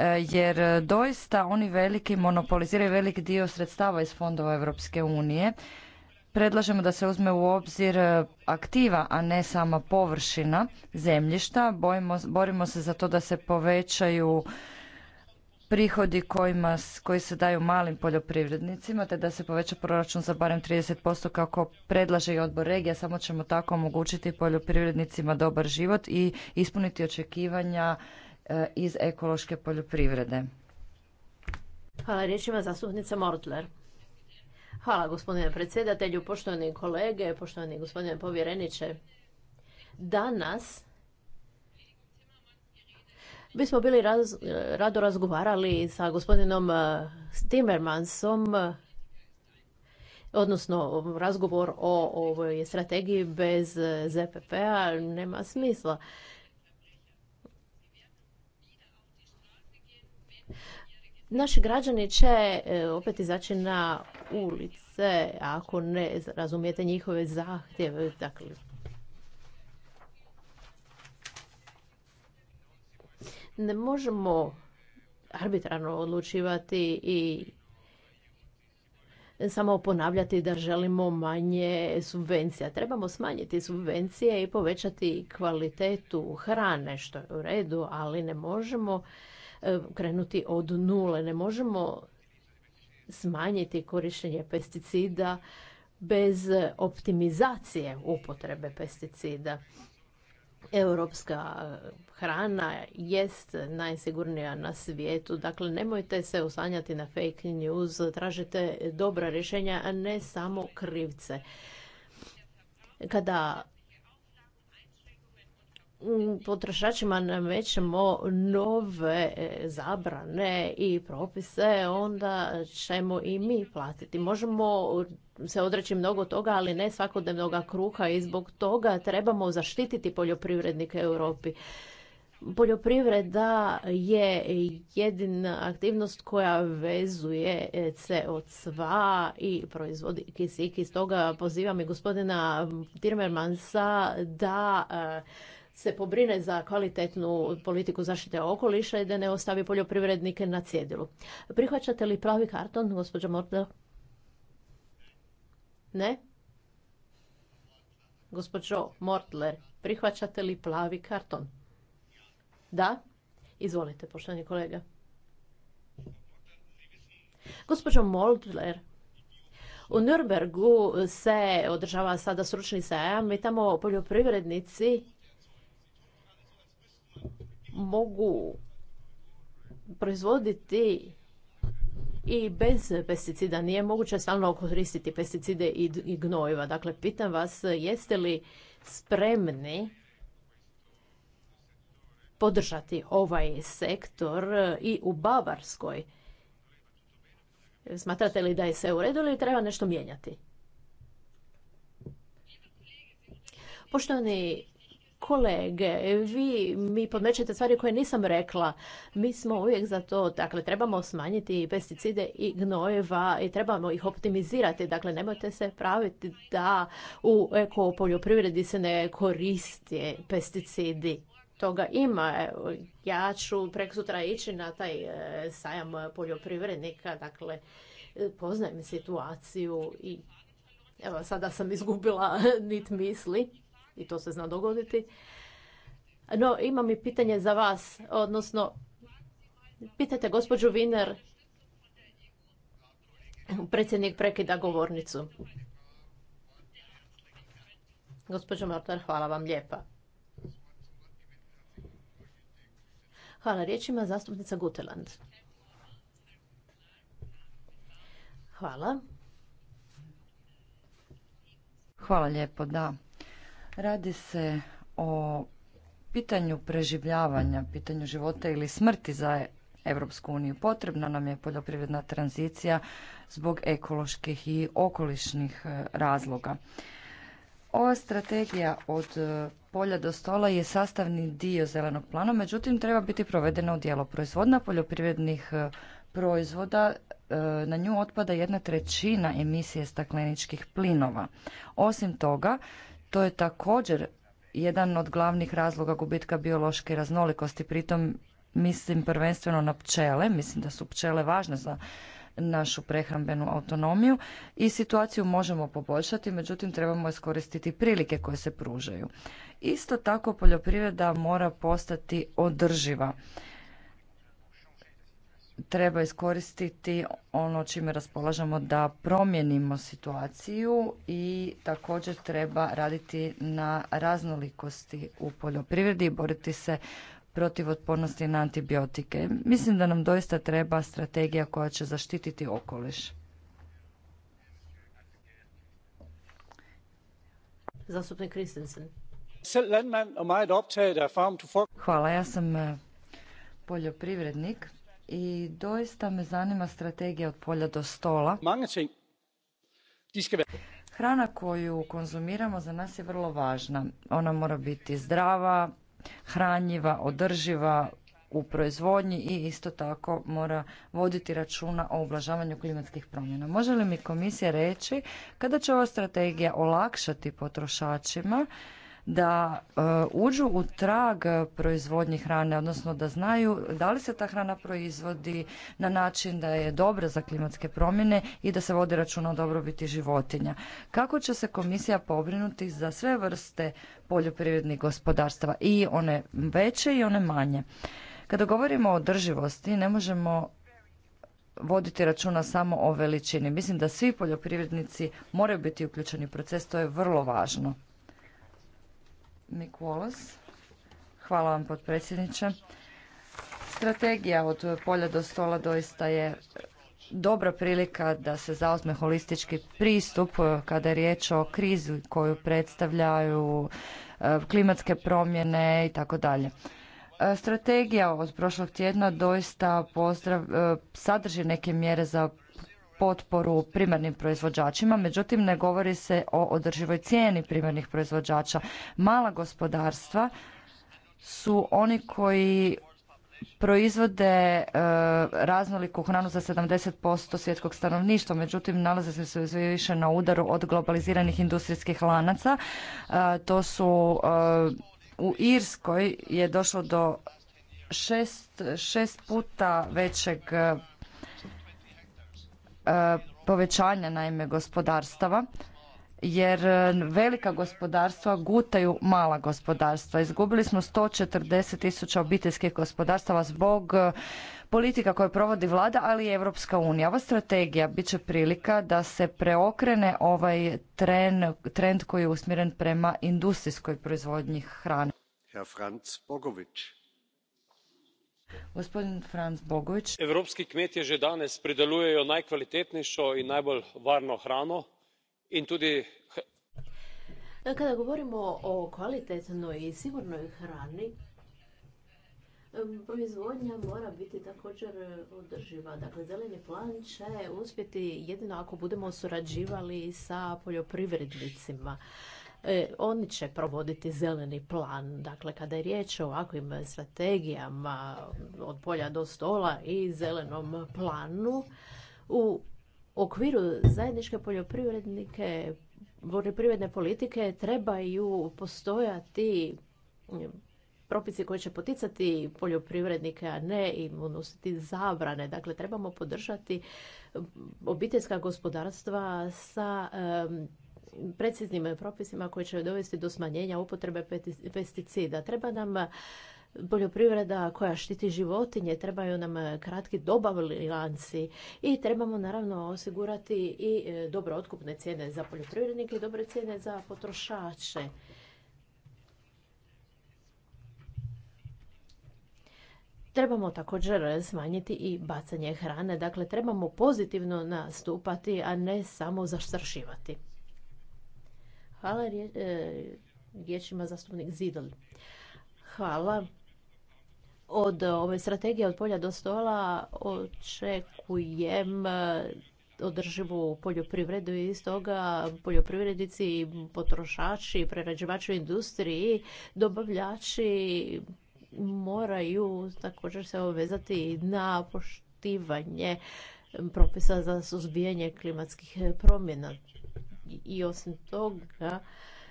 E, jer e, doista oni veliki monopoliziraju velik dio sredstava iz fondova Europske unije. Predlažemo da se uzme u obzir e, aktiva, a ne sama površina zemljišta. Bojimo, borimo se za to da se povećaju prihodi kojima, koji se daju malim poljoprivrednicima te da se poveća proračun za barem 30% kako predlaže i odbor regija. Samo ćemo tako omogućiti poljoprivrednicima dobar život i ispuniti očekivanja E, iz ekološke poljoprivrede. Hvala za zastupnica Mortler. Hvala gospodine predsjedatelju, poštovani kolege, poštovani gospodine povjereniče. Danas bismo bili rado razgovarali sa gospodinom e, Timmermansom, odnosno razgovor o ovoj strategiji bez ZPP-a nema smisla. Naši građani će e, opet izaći na ulice ako ne razumijete njihove zahtjeve. Dakle. ne možemo arbitrarno odlučivati i samo ponavljati da želimo manje subvencija. Trebamo smanjiti subvencije i povećati kvalitetu hrane, što je u redu, ali ne možemo E, krenuti od nule. Ne možemo smanjiti korištenje pesticida bez optimizacije upotrebe pesticida. Europska hrana jest najsigurnija na svijetu. Dakle, nemojte se osanjati na fake news, tražite dobra rješenja, a ne samo krivce. Kada potrošačima namećemo nove e, zabrane i propise, onda ćemo i mi platiti. Možemo se odreći mnogo toga, ali ne svakodnevnoga kruha i zbog toga trebamo zaštititi poljoprivrednike u Europi. Poljoprivreda je jedina aktivnost koja vezuje e, CO2 i proizvodi kisik. Iz toga pozivam i gospodina Tirmermansa da e, se pobrine za kvalitetnu politiku zaštite okoliša i da ne ostavi poljoprivrednike na cjedilu. Prihvaćate li plavi karton, gospođa Mortler? Ne? Gospođo Mortler, prihvaćate li plavi karton? Da? Izvolite, poštovani kolega. Gospođo Mortler, u Nürnbergu se održava sada sručni sajam i tamo poljoprivrednici mogu proizvoditi i bez pesticida. Nije moguće stalno koristiti pesticide i gnojiva. Dakle, pitam vas, jeste li spremni podržati ovaj sektor i u Bavarskoj? Smatrate li da je sve u redu ili treba nešto mijenjati? Poštovani kolege, vi mi podmećete stvari koje nisam rekla. Mi smo uvijek za to, dakle, trebamo smanjiti pesticide i gnojeva i trebamo ih optimizirati. Dakle, nemojte se praviti da u eko se ne koriste pesticidi. Toga ima. Ja ću prek sutra ići na taj e, sajam poljoprivrednika, dakle, e, poznajem situaciju i evo, sada sam izgubila nit misli i to se zna dogoditi. No, imam i pitanje za vas, odnosno, pitajte gospođu Viner, predsjednik prekida govornicu. Gospođo Mortar, hvala vam lijepa. Hvala riječima, zastupnica Guteland. Hvala. Hvala lijepo, da. Radi se o pitanju preživljavanja, pitanju života ili smrti za Europsku uniju. Potrebna nam je poljoprivredna tranzicija zbog ekoloških i okolišnih e, razloga. Ova strategija od e, polja do stola je sastavni dio zelenog plana, međutim treba biti provedena u djelo. Proizvodna poljoprivrednih e, proizvoda, na nju otpada jedna trećina emisije stakleničkih plinova. Osim toga, to je također jedan od glavnih razloga gubitka biološke raznolikosti. Pritom mislim prvenstveno na pčele, mislim da su pčele važne za našu prehrambenu autonomiju i situaciju možemo poboljšati, međutim trebamo iskoristiti prilike koje se pružaju. Isto tako poljoprivreda mora postati održiva treba iskoristiti ono čime raspolažemo da promijenimo situaciju i također treba raditi na raznolikosti u poljoprivredi i boriti se protiv otpornosti na antibiotike. Mislim da nam doista treba strategija koja će zaštititi okoliš. Zastupnik Hvala, ja sam eh, poljoprivrednik i doista me zanima strategija od polja do stola. Hrana koju konzumiramo za nas je vrlo važna. Ona mora biti zdrava, hranjiva, održiva u proizvodnji i isto tako mora voditi računa o ublažavanju klimatskih promjena. Može li mi komisija reći kada će ova strategija olakšati potrošačima da e, uđu u trag proizvodnje hrane, odnosno da znaju da li se ta hrana proizvodi na način da je dobra za klimatske promjene i da se vodi računa o dobrobiti životinja. Kako će se komisija pobrinuti za sve vrste poljoprivrednih gospodarstava i one veće i one manje? Kada govorimo o održivosti, ne možemo voditi računa samo o veličini. Mislim da svi poljoprivrednici moraju biti uključeni u proces, to je vrlo važno. Nikolas, Hvala vam potpredsjedniče. Strategija od polja do stola doista je dobra prilika da se zauzme holistički pristup kada je riječ o krizi koju predstavljaju e, klimatske promjene i tako dalje. E, strategija od prošlog tjedna doista pozdrav, e, sadrži neke mjere za potporu primarnim proizvođačima, međutim ne govori se o održivoj cijeni primarnih proizvođača. Mala gospodarstva su oni koji proizvode e, raznoliku hranu za 70% svjetskog stanovništva, međutim nalaze se sve više na udaru od globaliziranih industrijskih lanaca. E, to su e, u Irskoj je došlo do šest, šest puta većeg E, povećanja naime gospodarstava jer e, velika gospodarstva gutaju mala gospodarstva. Izgubili smo 140 tisuća obiteljskih gospodarstava zbog e, politika koje provodi vlada, ali i Europska unija. Ova strategija bit će prilika da se preokrene ovaj trend koji je usmjeren prema industrijskoj proizvodnji hrane. Gospodin Franz Bogović. Evropski kmetje že danes pridelujejo najkvalitetnejšo i najbolj varno hrano in tudi kada govorimo o kvalitetnoj i sigurnoj hrani, proizvodnja mora biti također održiva. Dakle, zeleni plan će uspjeti jedino ako budemo surađivali sa poljoprivrednicima e, oni će provoditi zeleni plan. Dakle, kada je riječ o ovakvim strategijama od polja do stola i zelenom planu, u okviru zajedničke poljoprivrednike, poljoprivredne politike trebaju postojati mm, propisi koji će poticati poljoprivrednike, a ne im unositi zabrane. Dakle, trebamo podržati obiteljska gospodarstva sa preciznim propisima koji će dovesti do smanjenja upotrebe pesticida. Treba nam poljoprivreda koja štiti životinje, trebaju nam kratki dobavni lanci i trebamo naravno osigurati i e, dobro otkupne cijene za poljoprivrednike i dobre cijene za potrošače. Trebamo također smanjiti i bacanje hrane, dakle trebamo pozitivno nastupati, a ne samo zaštršivati. Hvala e, riječima zastupnik Zidol. Hvala. Od e, ove strategije od polja do stola očekujem e, održivu poljoprivredu i stoga poljoprivrednici, potrošači, prerađivači u industriji, dobavljači moraju također se obvezati na poštivanje propisa za suzbijanje klimatskih promjena i osim toga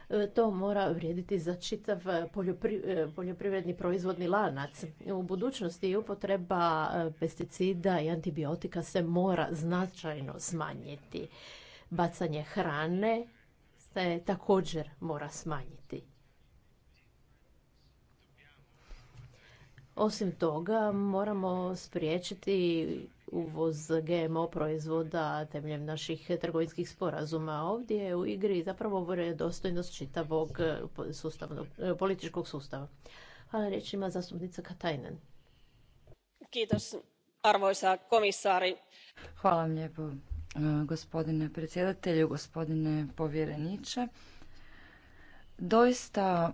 e, to mora vrijediti za čitav e, e, poljoprivredni proizvodni lanac. U budućnosti upotreba pesticida i antibiotika se mora značajno smanjiti. Bacanje hrane se također mora smanjiti. Osim toga, moramo spriječiti uvoz GMO proizvoda temeljem naših trgovinskih sporazuma. Ovdje je u igri zapravo dostojnost čitavog e, e, političkog sustava. Hvala ima zastupnica Katajnen. Kiitos, arvoisa komisari. Hvala vam lijepo, e, gospodine predsjedatelju, gospodine povjereniče. Doista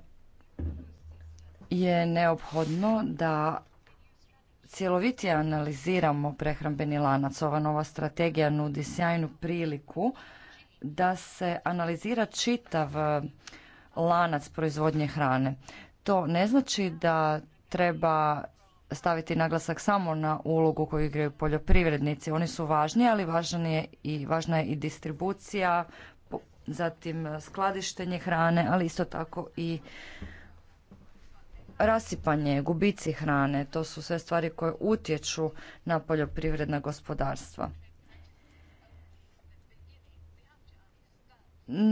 je neophodno da cjelovitije analiziramo prehrambeni lanac, ova nova strategija nudi sjajnu priliku da se analizira čitav e, lanac proizvodnje hrane. To ne znači da treba staviti naglasak samo na ulogu koju igraju poljoprivrednici. Oni su važni, ali važan je i, važna je i distribucija, zatim skladištenje hrane, ali isto tako i rasipanje, gubici hrane, to su sve stvari koje utječu na poljoprivredna gospodarstva.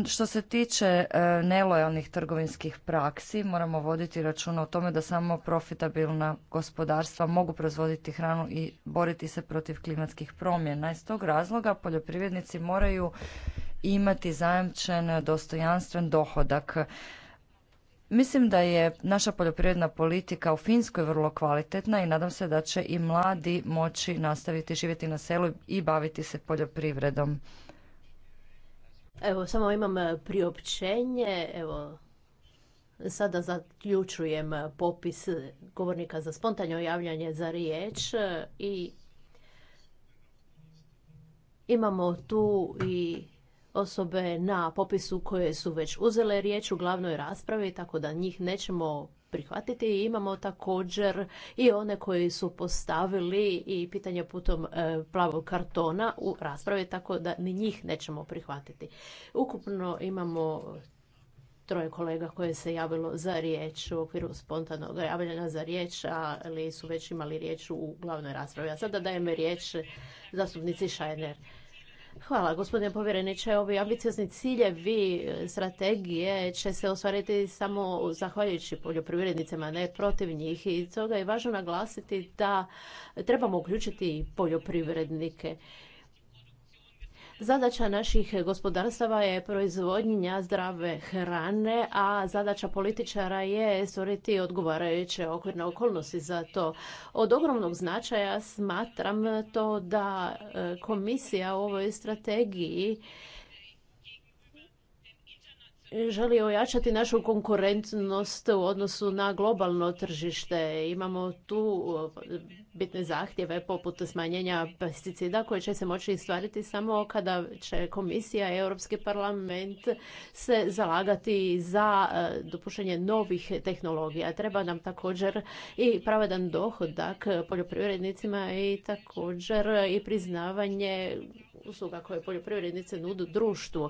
Što se tiče e, nelojalnih trgovinskih praksi, moramo voditi računa o tome da samo profitabilna gospodarstva mogu proizvoditi hranu i boriti se protiv klimatskih promjena. Iz tog razloga poljoprivrednici moraju imati zajamčen dostojanstven dohodak. Mislim da je naša poljoprivredna politika u Finskoj vrlo kvalitetna i nadam se da će i mladi moći nastaviti živjeti na selu i baviti se poljoprivredom. Evo, samo imam e, priopćenje. Evo, sada zaključujem e, popis e, govornika za spontano javljanje za riječ i imamo tu i osobe na popisu koje su već uzele riječ u glavnoj raspravi, tako da njih nećemo prihvatiti. I imamo također i one koji su postavili i pitanje putom e, plavog kartona u raspravi, tako da ni njih nećemo prihvatiti. Ukupno imamo troje kolega koje se javilo za riječ u okviru spontanog javljanja za riječ, ali su već imali riječ u glavnoj raspravi. A sada dajem riječ zastupnici Šajner. Hvala, gospodine povjereniče. Ovi ambiciozni ciljevi e, strategije će se ostvariti samo zahvaljujući poljoprivrednicima, ne protiv njih. I toga je važno naglasiti da trebamo uključiti poljoprivrednike. Zadaća naših gospodarstava je proizvodnja zdrave hrane, a zadaća političara je stvoriti odgovarajuće okvirne okolnosti za to. Od ogromnog značaja smatram to da e, komisija u ovoj strategiji želi ojačati našu konkurentnost u odnosu na globalno tržište. Imamo tu bitne zahtjeve poput smanjenja pesticida koje će se moći ostvariti samo kada će komisija i Europski parlament se zalagati za e, dopuštenje novih tehnologija. Treba nam također i pravedan dohodak poljoprivrednicima i također i priznavanje usluga koje poljoprivrednice nudu društvu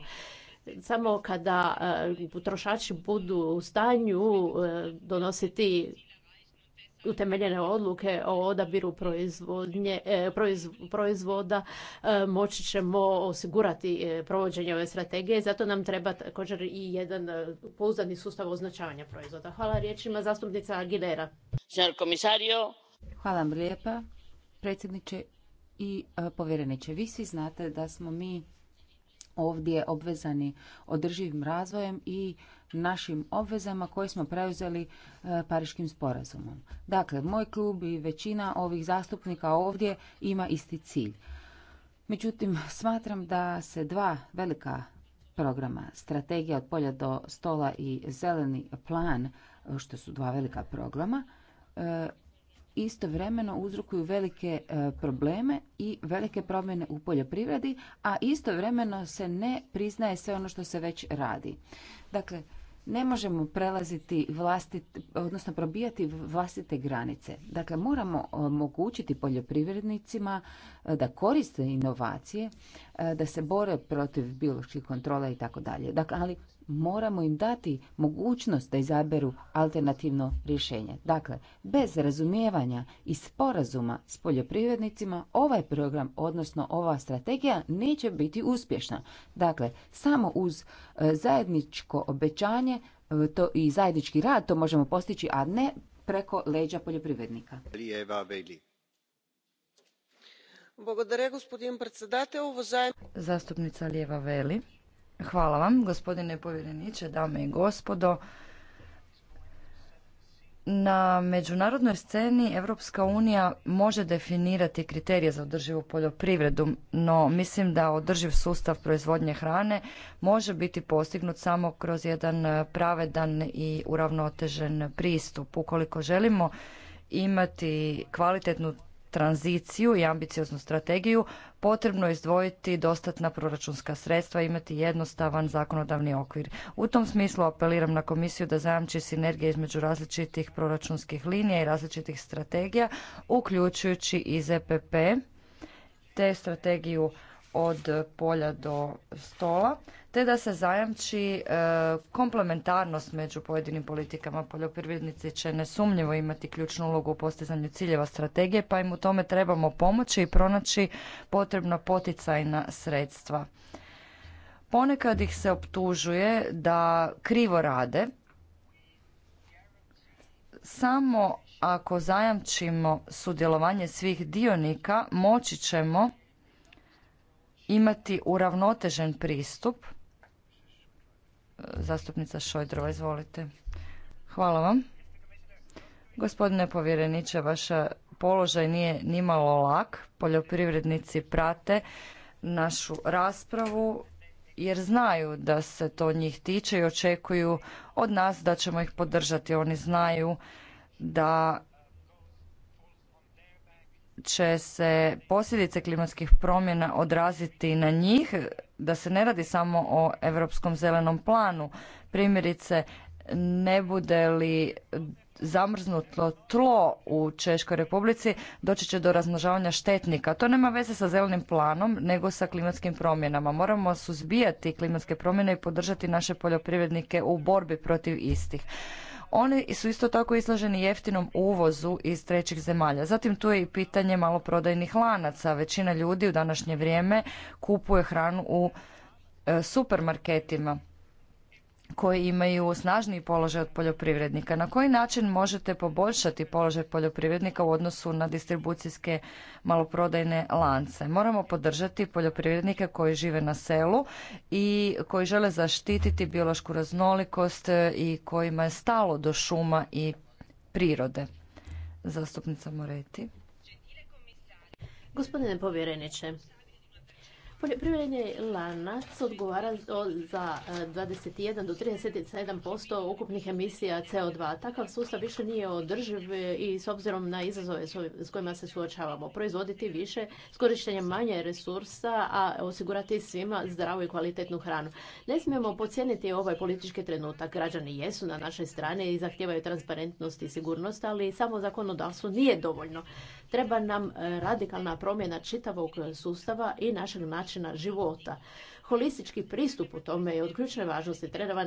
samo kada e, potrošači budu u stanju e, donositi utemeljene odluke o odabiru proizvodnje, e, proizvoda e, moći ćemo osigurati e, provođenje ove strategije. Zato nam treba također i jedan pouzdani sustav označavanja proizvoda. Hvala riječima zastupnica Aguilera. Hvala vam lijepa, predsjedniče i povjereniče. Vi svi znate da smo mi ovdje obvezani održivim razvojem i našim obvezama koje smo preuzeli e, Pariškim sporazumom. Dakle, moj klub i većina ovih zastupnika ovdje ima isti cilj. Međutim, smatram da se dva velika programa, strategija od polja do stola i zeleni plan, što su dva velika programa, e, istovremeno uzrokuju velike e, probleme i velike promjene u poljoprivredi, a istovremeno se ne priznaje sve ono što se već radi. Dakle, ne možemo prelaziti vlastit, odnosno probijati vlastite granice. Dakle, moramo omogućiti poljoprivrednicima eh, da koriste inovacije, eh, da se bore protiv bioloških kontrola i tako dalje. Dakle, ali moramo im dati mogućnost da izaberu alternativno rješenje. Dakle, bez razumijevanja i sporazuma s poljoprivrednicima ovaj program, odnosno ova strategija, neće biti uspješna. Dakle, samo uz e, zajedničko obećanje e, to i zajednički rad to možemo postići, a ne preko leđa poljoprivrednika. Zastupnica Lijeva Veli. Hvala vam, gospodine povjereniče, dame i gospodo. Na međunarodnoj sceni Europska unija može definirati kriterije za održivu poljoprivredu, no mislim da održiv sustav proizvodnje hrane može biti postignut samo kroz jedan pravedan i uravnotežen pristup. Ukoliko želimo imati kvalitetnu tranziciju i ambicioznu strategiju potrebno je izdvojiti dostatna proračunska sredstva i imati jednostavan zakonodavni okvir. U tom smislu apeliram na komisiju da zajamči sinergije između različitih proračunskih linija i različitih strategija, uključujući i ZPP, te strategiju od polja do stola, te da se zajamči e, komplementarnost među pojedinim politikama. Poljoprivrednici će nesumnjivo imati ključnu ulogu u postizanju ciljeva strategije, pa im u tome trebamo pomoći i pronaći potrebna poticajna sredstva. Ponekad ih se optužuje da krivo rade, samo ako zajamčimo sudjelovanje svih dionika moći ćemo imati uravnotežen pristup. Zastupnica Šojdrova, izvolite. Hvala vam. Gospodine povjereniče, vaš položaj nije nimalo lak. Poljoprivrednici prate našu raspravu jer znaju da se to njih tiče i očekuju od nas da ćemo ih podržati. Oni znaju da će se posljedice klimatskih promjena odraziti na njih, da se ne radi samo o Europskom zelenom planu. Primjerice, ne bude li zamrznuto tlo u Češkoj republici, doći će do razmnožavanja štetnika. To nema veze sa zelenim planom, nego sa klimatskim promjenama. Moramo suzbijati klimatske promjene i podržati naše poljoprivrednike u borbi protiv istih. Oni su isto tako izloženi jeftinom uvozu iz trećih zemalja. Zatim tu je i pitanje maloprodajnih lanaca. Većina ljudi u današnje vrijeme kupuje hranu u e, supermarketima koji imaju snažniji položaj od poljoprivrednika. Na koji način možete poboljšati položaj poljoprivrednika u odnosu na distribucijske maloprodajne lance? Moramo podržati poljoprivrednike koji žive na selu i koji žele zaštititi biološku raznolikost i kojima je stalo do šuma i prirode. Zastupnica Moreti. Gospodine povjereniče, Poljoprivredni lanac odgovara za 21 e, do 37% ukupnih emisija CO2. Takav sustav više nije održiv i s obzirom na izazove s kojima se suočavamo. Proizvoditi više s manje resursa, a osigurati svima zdravu i kvalitetnu hranu. Ne smijemo pocijeniti ovaj politički trenutak. Građani jesu na našoj strani i zahtijevaju transparentnost i sigurnost, ali samo zakonodavstvo nije dovoljno. Treba nam e, radikalna promjena čitavog sustava i našeg načina načina života holistički pristup u tome je od ključne važnosti. Treba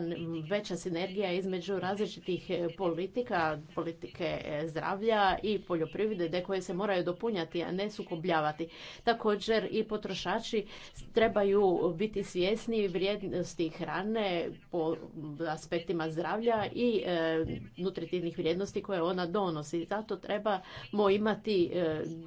veća sinergija između različitih e, politika, politike e, zdravlja i poljoprivrede, koje se moraju dopunjati, a ne sukobljavati. Također i potrošači trebaju biti svjesni vrijednosti hrane po aspektima zdravlja i e, nutritivnih vrijednosti koje ona donosi. Zato trebamo imati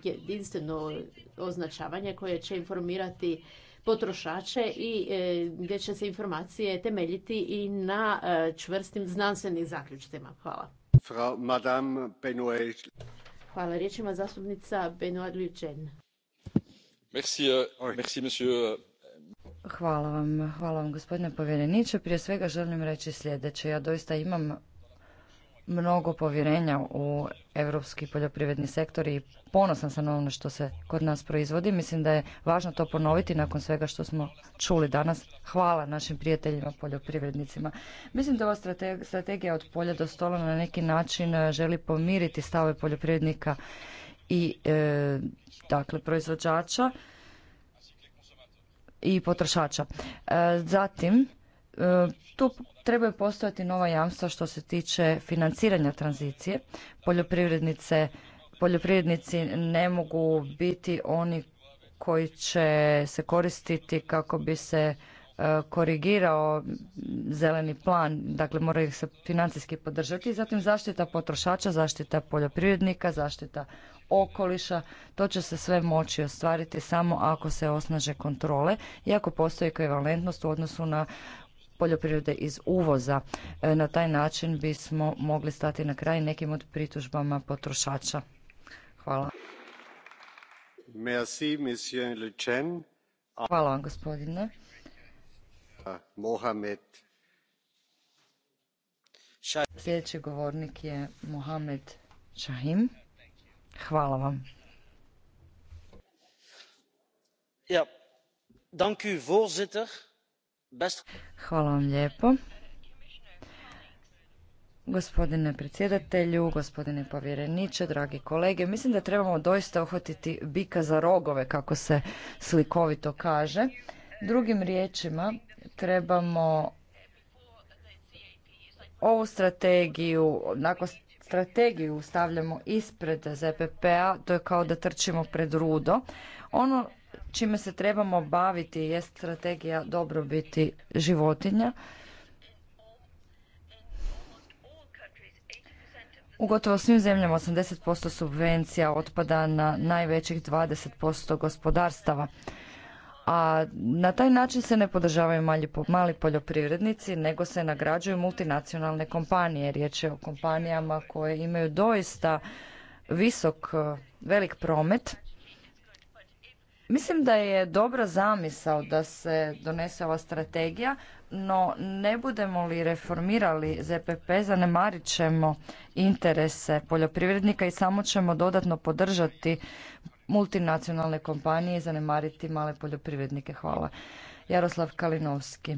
jedinstveno označavanje koje će informirati potrošače i e, gdje će se informacije temeljiti i na e, čvrstim znanstvenim zaključcima. Hvala. Frau, Madame Hvala. Riječ ima zastupnica Benoit Lučen. Merci, e, merci, monsieur. Hvala vam, hvala vam gospodine povjereniče. Prije svega želim reći sljedeće. Ja doista imam mnogo povjerenja u europski poljoprivredni sektor i ponosan sam na ono što se kod nas proizvodi. Mislim da je važno to ponoviti nakon svega što smo čuli danas. Hvala našim prijateljima poljoprivrednicima. Mislim da ova strategija od polja do stola na neki način e, želi pomiriti stave poljoprivrednika i e, dakle proizvođača i potrošača. E, zatim tu trebaju postojati nova jamstva što se tiče financiranja tranzicije. Poljoprivrednice, poljoprivrednici ne mogu biti oni koji će se koristiti kako bi se e, korigirao zeleni plan, dakle mora ih se financijski podržati. Zatim zaštita potrošača, zaštita poljoprivrednika, zaštita okoliša, to će se sve moći ostvariti samo ako se osnaže kontrole Iako postoji ekvivalentnost u odnosu na poljoprivrede iz uvoza. E, na taj način bismo mogli stati na kraj nekim od pritužbama potrošača. Hvala. Merci, Hvala vam, gospodine. Mohamed. Sljedeći govornik je Mohamed Shahim. Hvala vam. Ja, dank u voorzitter. Hvala vam lijepo. Gospodine predsjedatelju, gospodine povjereniče, dragi kolege, mislim da trebamo doista uhvatiti bika za rogove, kako se slikovito kaže. Drugim riječima, trebamo ovu strategiju, nakon strategiju stavljamo ispred ZPP-a, to je kao da trčimo pred rudo. Ono čime se trebamo baviti je strategija dobrobiti životinja. U gotovo svim zemljama 80% subvencija otpada na najvećih 20% gospodarstava. A na taj način se ne podržavaju mali poljoprivrednici, nego se nagrađuju multinacionalne kompanije. Riječ je o kompanijama koje imaju doista visok, velik promet Mislim da je dobra zamisao da se donese ova strategija, no ne budemo li reformirali ZPP, zanemarit ćemo interese poljoprivrednika i samo ćemo dodatno podržati multinacionalne kompanije i zanemariti male poljoprivrednike. Hvala. Jaroslav Kalinovski.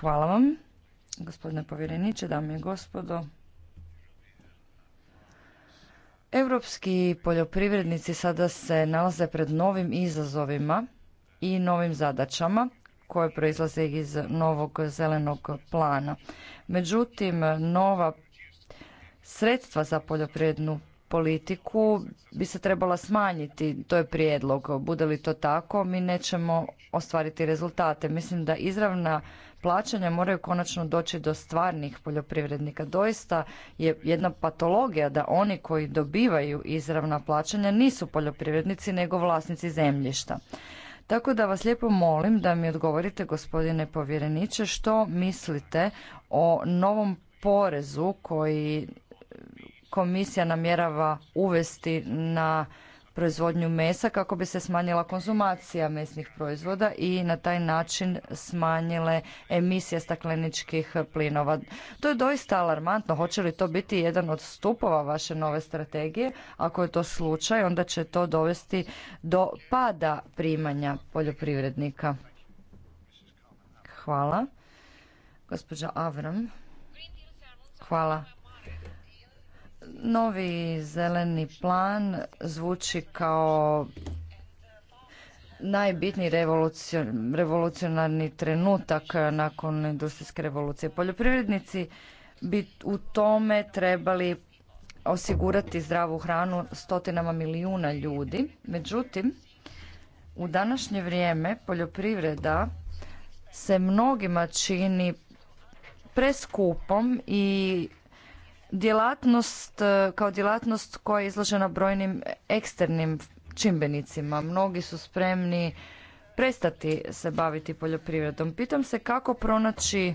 Hvala vam, gospodine povjereniče, dame i gospodo. Europski poljoprivrednici sada se nalaze pred novim izazovima i novim zadaćama koje proizlaze iz novog zelenog plana. Međutim, nova sredstva za poljoprivrednu politiku bi se trebala smanjiti, to je prijedlog. Bude li to tako, mi nećemo ostvariti rezultate. Mislim da izravna plaćanja moraju konačno doći do stvarnih poljoprivrednika. Doista je jedna patologija da oni koji dobivaju izravna plaćanja nisu poljoprivrednici nego vlasnici zemljišta. Tako da vas lijepo molim da mi odgovorite gospodine povjereniče što mislite o novom porezu koji komisija namjerava uvesti na proizvodnju mesa kako bi se smanjila konzumacija mesnih proizvoda i na taj način smanjile emisije stakleničkih plinova. To je doista alarmantno. Hoće li to biti jedan od stupova vaše nove strategije? Ako je to slučaj, onda će to dovesti do pada primanja poljoprivrednika. Hvala. Gospođa Avram. Hvala. Novi zeleni plan zvuči kao najbitniji revolucionarni trenutak nakon industrijske revolucije. Poljoprivrednici bi u tome trebali osigurati zdravu hranu stotinama milijuna ljudi. Međutim, u današnje vrijeme poljoprivreda se mnogima čini preskupom i djelatnost e, kao djelatnost koja je izložena brojnim eksternim čimbenicima. Mnogi su spremni prestati se baviti poljoprivredom. Pitam se kako pronaći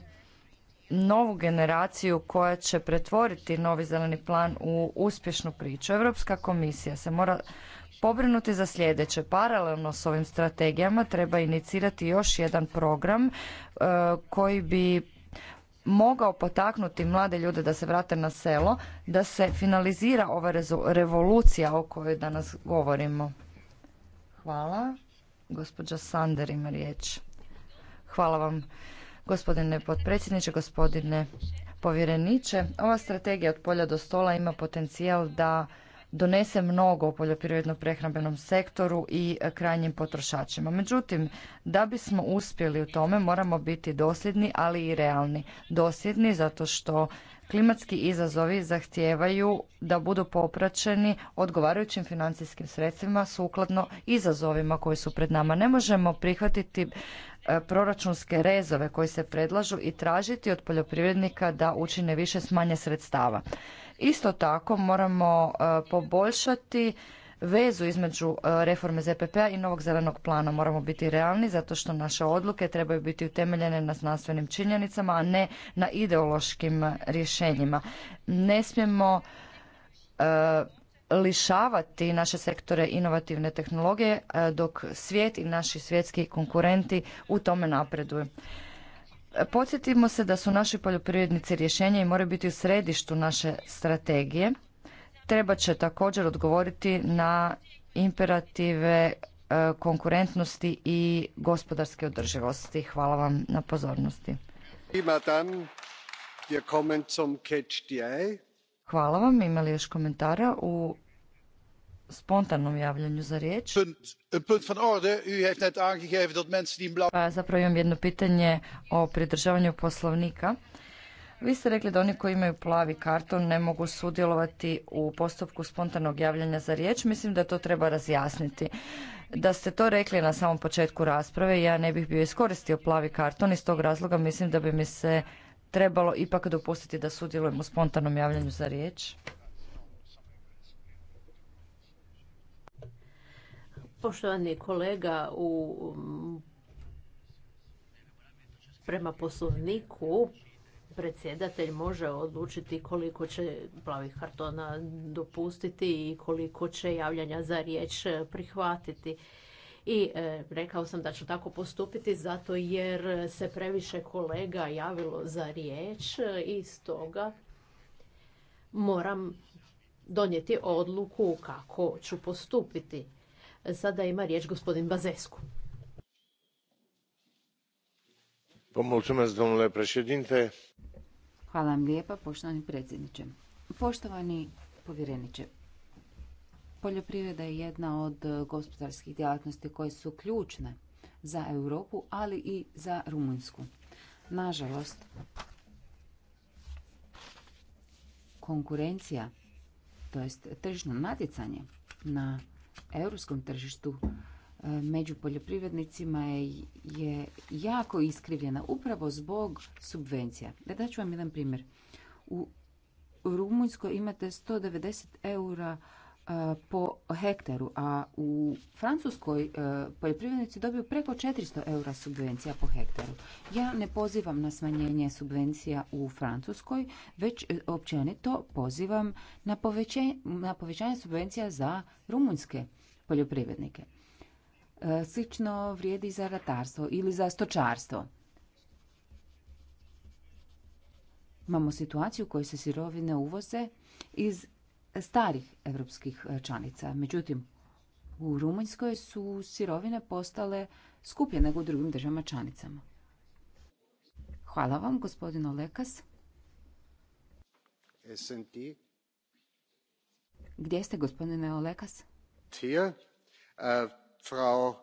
novu generaciju koja će pretvoriti novi zeleni plan u uspješnu priču. Europska komisija se mora pobrinuti za sljedeće. Paralelno s ovim strategijama treba inicirati još jedan program e, koji bi mogao potaknuti mlade ljude da se vrate na selo, da se finalizira ova revolucija o kojoj danas govorimo. Hvala. Gospođa Sander ima riječ. Hvala vam, gospodine potpredsjedniče, gospodine povjereniče. Ova strategija od polja do stola ima potencijal da donese mnogo u poljoprivredno prehrambenom sektoru i e, krajnjim potrošačima. Međutim, da bismo uspjeli u tome moramo biti dosljedni, ali i realni. Dosljedni zato što klimatski izazovi zahtijevaju da budu popraćeni odgovarajućim financijskim sredstvima sukladno izazovima koji su pred nama. Ne možemo prihvatiti e, proračunske rezove koji se predlažu i tražiti od poljoprivrednika da učine više smanje sredstava. Isto tako moramo e, poboljšati vezu između e, reforme ZPP-a i novog zelenog plana. Moramo biti realni zato što naše odluke trebaju biti utemeljene na znanstvenim činjenicama, a ne na ideološkim rješenjima. Ne smijemo e, lišavati naše sektore inovativne tehnologije dok svijet i naši svjetski konkurenti u tome napreduju. Podsjetimo se da su naši poljoprivrednici rješenja i moraju biti u središtu naše strategije. Treba će također odgovoriti na imperative e, konkurentnosti i gospodarske održivosti. Hvala vam na pozornosti. Hvala vam. Ima li još komentara u spontanom javljanju za riječ. zapravo imam jedno pitanje o pridržavanju poslovnika. Vi ste rekli da oni koji imaju plavi karton ne mogu sudjelovati u postupku spontanog javljanja za riječ. Mislim da to treba razjasniti. Da ste to rekli na samom početku rasprave, ja ne bih bio iskoristio plavi karton. Iz tog razloga mislim da bi mi se trebalo ipak dopustiti da sudjelujem u spontanom javljanju za riječ. Poštovani kolega, u, prema poslovniku predsjedatelj može odlučiti koliko će plavih kartona dopustiti i koliko će javljanja za riječ prihvatiti. I e, rekao sam da ću tako postupiti zato jer se previše kolega javilo za riječ i stoga moram donijeti odluku kako ću postupiti. Sada ima riječ gospodin Bazescu. Hvala vam lijepa, poštovani predsjedniče. Poštovani povjereniče, poljoprivreda je jedna od gospodarskih djelatnosti koje su ključne za Europu, ali i za Rumunjsku. Nažalost, konkurencija, to jest tržno natjecanje na europskom tržištu e, među poljoprivrednicima je, je jako iskrivljena upravo zbog subvencija. Da e, daću vam jedan primjer. U Rumunjskoj imate 190 eura po hektaru, a u Francuskoj e, poljoprivrednici dobiju preko 400 eura subvencija po hektaru. Ja ne pozivam na smanjenje subvencija u Francuskoj, već e, općenito pozivam na, na povećanje subvencija za rumunjske poljoprivrednike. E, slično vrijedi za ratarstvo ili za stočarstvo. Imamo situaciju u kojoj se sirovine uvoze iz starih europskih e, članica. Međutim, u Rumunjskoj su sirovine postale skuplje nego u drugim državama članicama. Hvala vam, gospodin Olekas. Gdje ste, gospodine Olekas? E, frau...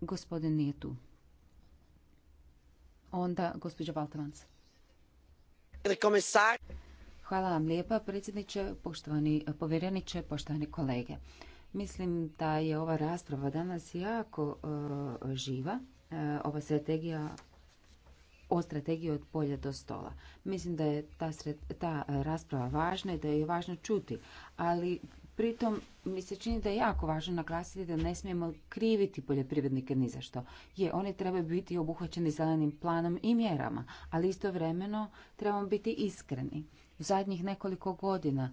Gospodin nije tu. Onda, gospođa Baltavans. Komisar... Hvala vam lijepa, predsjedniče, poštovani povjereniče, poštovani kolege. Mislim da je ova rasprava danas jako e, živa. E, ova strategija o strategiji od polja do stola. Mislim da je ta, ta rasprava važna i da je važno čuti, ali pritom mi se čini da je jako važno naglasiti da ne smijemo kriviti poljoprivrednike ni za što. Je, oni trebaju biti obuhvaćeni zelenim planom i mjerama, ali istovremeno trebamo biti iskreni u zadnjih nekoliko godina.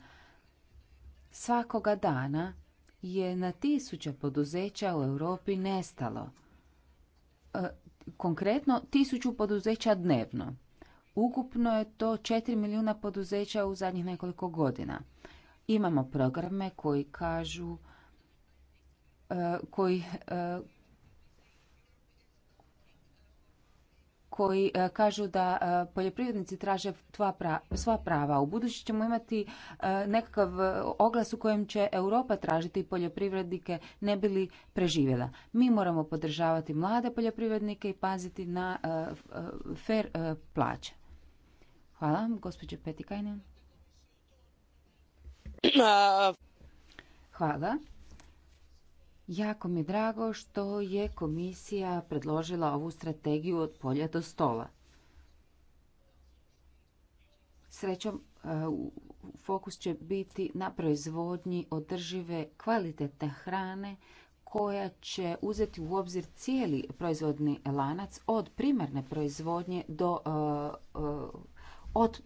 Svakoga dana je na tisuće poduzeća u Europi nestalo. E, konkretno tisuću poduzeća dnevno. Ukupno je to 4 milijuna poduzeća u zadnjih nekoliko godina. Imamo programe koji kažu e, koji e, koji e, kažu da e, poljoprivrednici traže sva prava. U budući ćemo imati e, nekakav oglas u kojem će Europa tražiti poljoprivrednike ne bi li preživjela. Mi moramo podržavati mlade poljoprivrednike i paziti na fer plaće. Hvala, gospođo Petikajne. Hvala. Jako mi je drago što je komisija predložila ovu strategiju od polja do stola. Srećom, e, fokus će biti na proizvodnji održive kvalitetne hrane koja će uzeti u obzir cijeli proizvodni lanac od primarne proizvodnje do, e, e, od,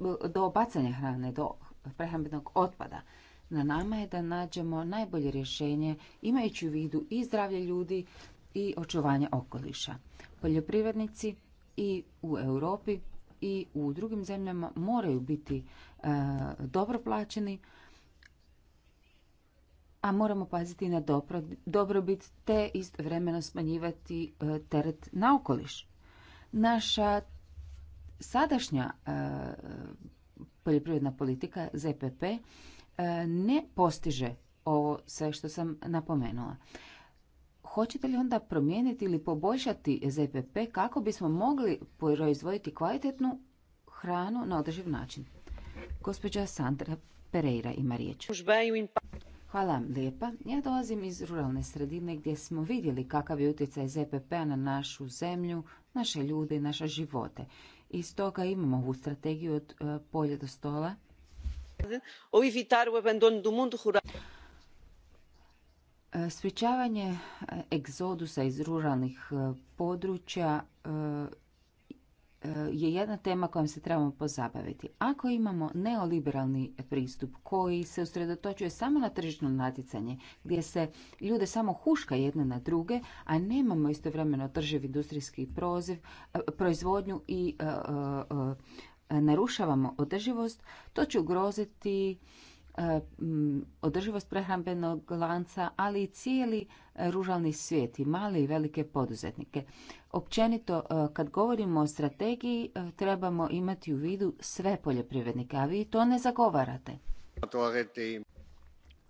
bacanja hrane, do prehrambenog otpada. Na nama je da nađemo najbolje rješenje imajući u vidu i zdravlje ljudi i očuvanje okoliša. Poljoprivrednici i u Europi i u drugim zemljama moraju biti e, dobro plaćeni, a moramo paziti na dobro, dobrobit te istovremeno smanjivati e, teret na okoliš. Naša sadašnja e, poljoprivredna politika ZPP E, ne postiže ovo sve što sam napomenula. Hoćete li onda promijeniti ili poboljšati ZPP kako bismo mogli proizvoditi kvalitetnu hranu na održiv način? Gospođa Sandra Pereira ima riječ. Hvala vam lijepa. Ja dolazim iz ruralne sredine gdje smo vidjeli kakav je utjecaj ZPP-a na našu zemlju, naše ljude i naše živote. I stoga imamo ovu strategiju od e, polja do stola E, sprječavanje e, egzodusa iz ruralnih e, područja je jedna tema kojom se trebamo pozabaviti. Ako imamo neoliberalni pristup koji se usredotočuje samo na tržišno natjecanje, gdje se ljude samo huška jedne na druge, a nemamo istovremeno održiv industrijski proziv, proizvodnju i narušavamo održivost, to će ugroziti e, održivost prehrambenog lanca, ali i cijeli e, ruralni svijet i male i velike poduzetnike. Općenito, e, kad govorimo o strategiji, trebamo imati u vidu sve poljoprivrednike, a vi to ne zagovarate.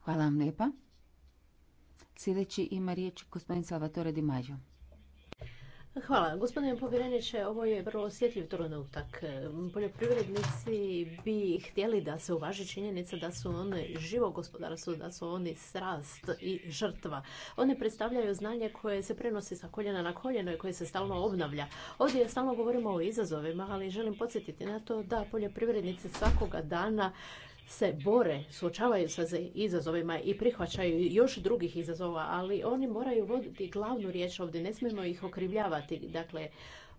Hvala vam lijepa. Sljedeći ima riječ gospodin Salvatore Di Maggio. Hvala. Gospodine povjereniče, ovo je vrlo osjetljiv trenutak. Poljoprivrednici bi htjeli da se uvaži činjenica da su one živo gospodarstvo, da su oni srast i žrtva. Oni predstavljaju znanje koje se prenosi sa koljena na koljeno i koje se stalno obnavlja. Ovdje stalno govorimo o izazovima, ali želim podsjetiti na to da poljoprivrednici svakoga dana se bore, suočavaju sa izazovima i prihvaćaju još drugih izazova, ali oni moraju voditi glavnu riječ ovdje, ne smijemo ih okrivljavati. Dakle,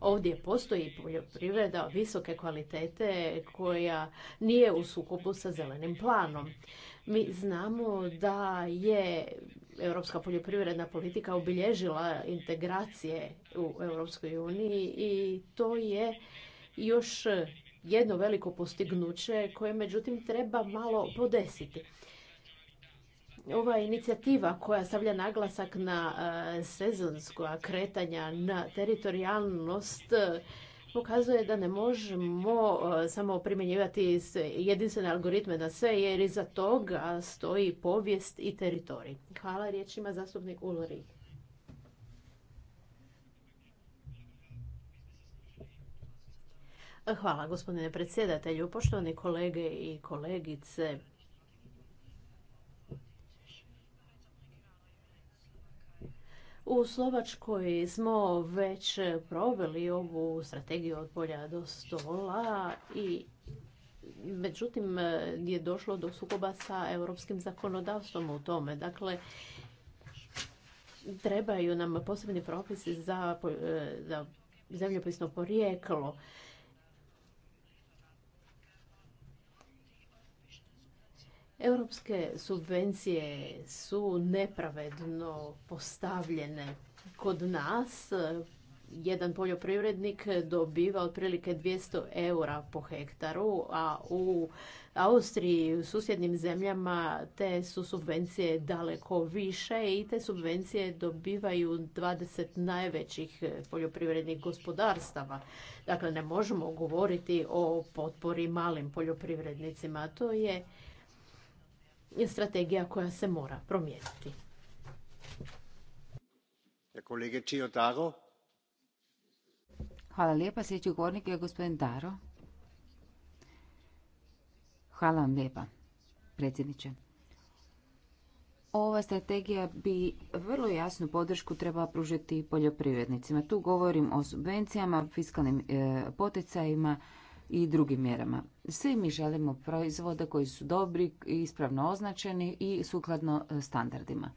ovdje postoji poljoprivreda visoke kvalitete koja nije u sukobu sa zelenim planom. Mi znamo da je europska poljoprivredna politika obilježila integracije u Europskoj uniji i to je još jedno veliko postignuće koje međutim treba malo podesiti. Ova inicijativa koja stavlja naglasak na e, sezonsko kretanja, na teritorijalnost, e, pokazuje da ne možemo e, samo primjenjivati jedinstvene algoritme na sve, jer iza toga stoji povijest i teritorij. Hvala, riječ zastupnik Ulrich. Hvala gospodine predsjedatelju, poštovani kolege i kolegice. U Slovačkoj smo već proveli ovu strategiju od polja do stola i međutim je došlo do sukoba sa europskim zakonodavstvom u tome. Dakle, trebaju nam posebni propisi za, za zemljopisno porijeklo. Europske subvencije su nepravedno postavljene kod nas. Eh, jedan poljoprivrednik dobiva otprilike 200 eura po hektaru, a u Austriji i u susjednim zemljama te su subvencije daleko više i te subvencije dobivaju 20 najvećih eh, poljoprivrednih gospodarstava. Dakle, ne možemo govoriti o potpori malim poljoprivrednicima. To je je strategija koja se mora promijeniti. E, Hvala lijepa. Sljedeći govornik je gospodin Daro. Hvala vam lijepa, predsjedniče. Ova strategija bi vrlo jasnu podršku trebala pružiti poljoprivrednicima. Tu govorim o subvencijama, fiskalnim e, poticajima, i drugim mjerama. Svi mi želimo proizvode koji su dobri, ispravno označeni i sukladno e, standardima.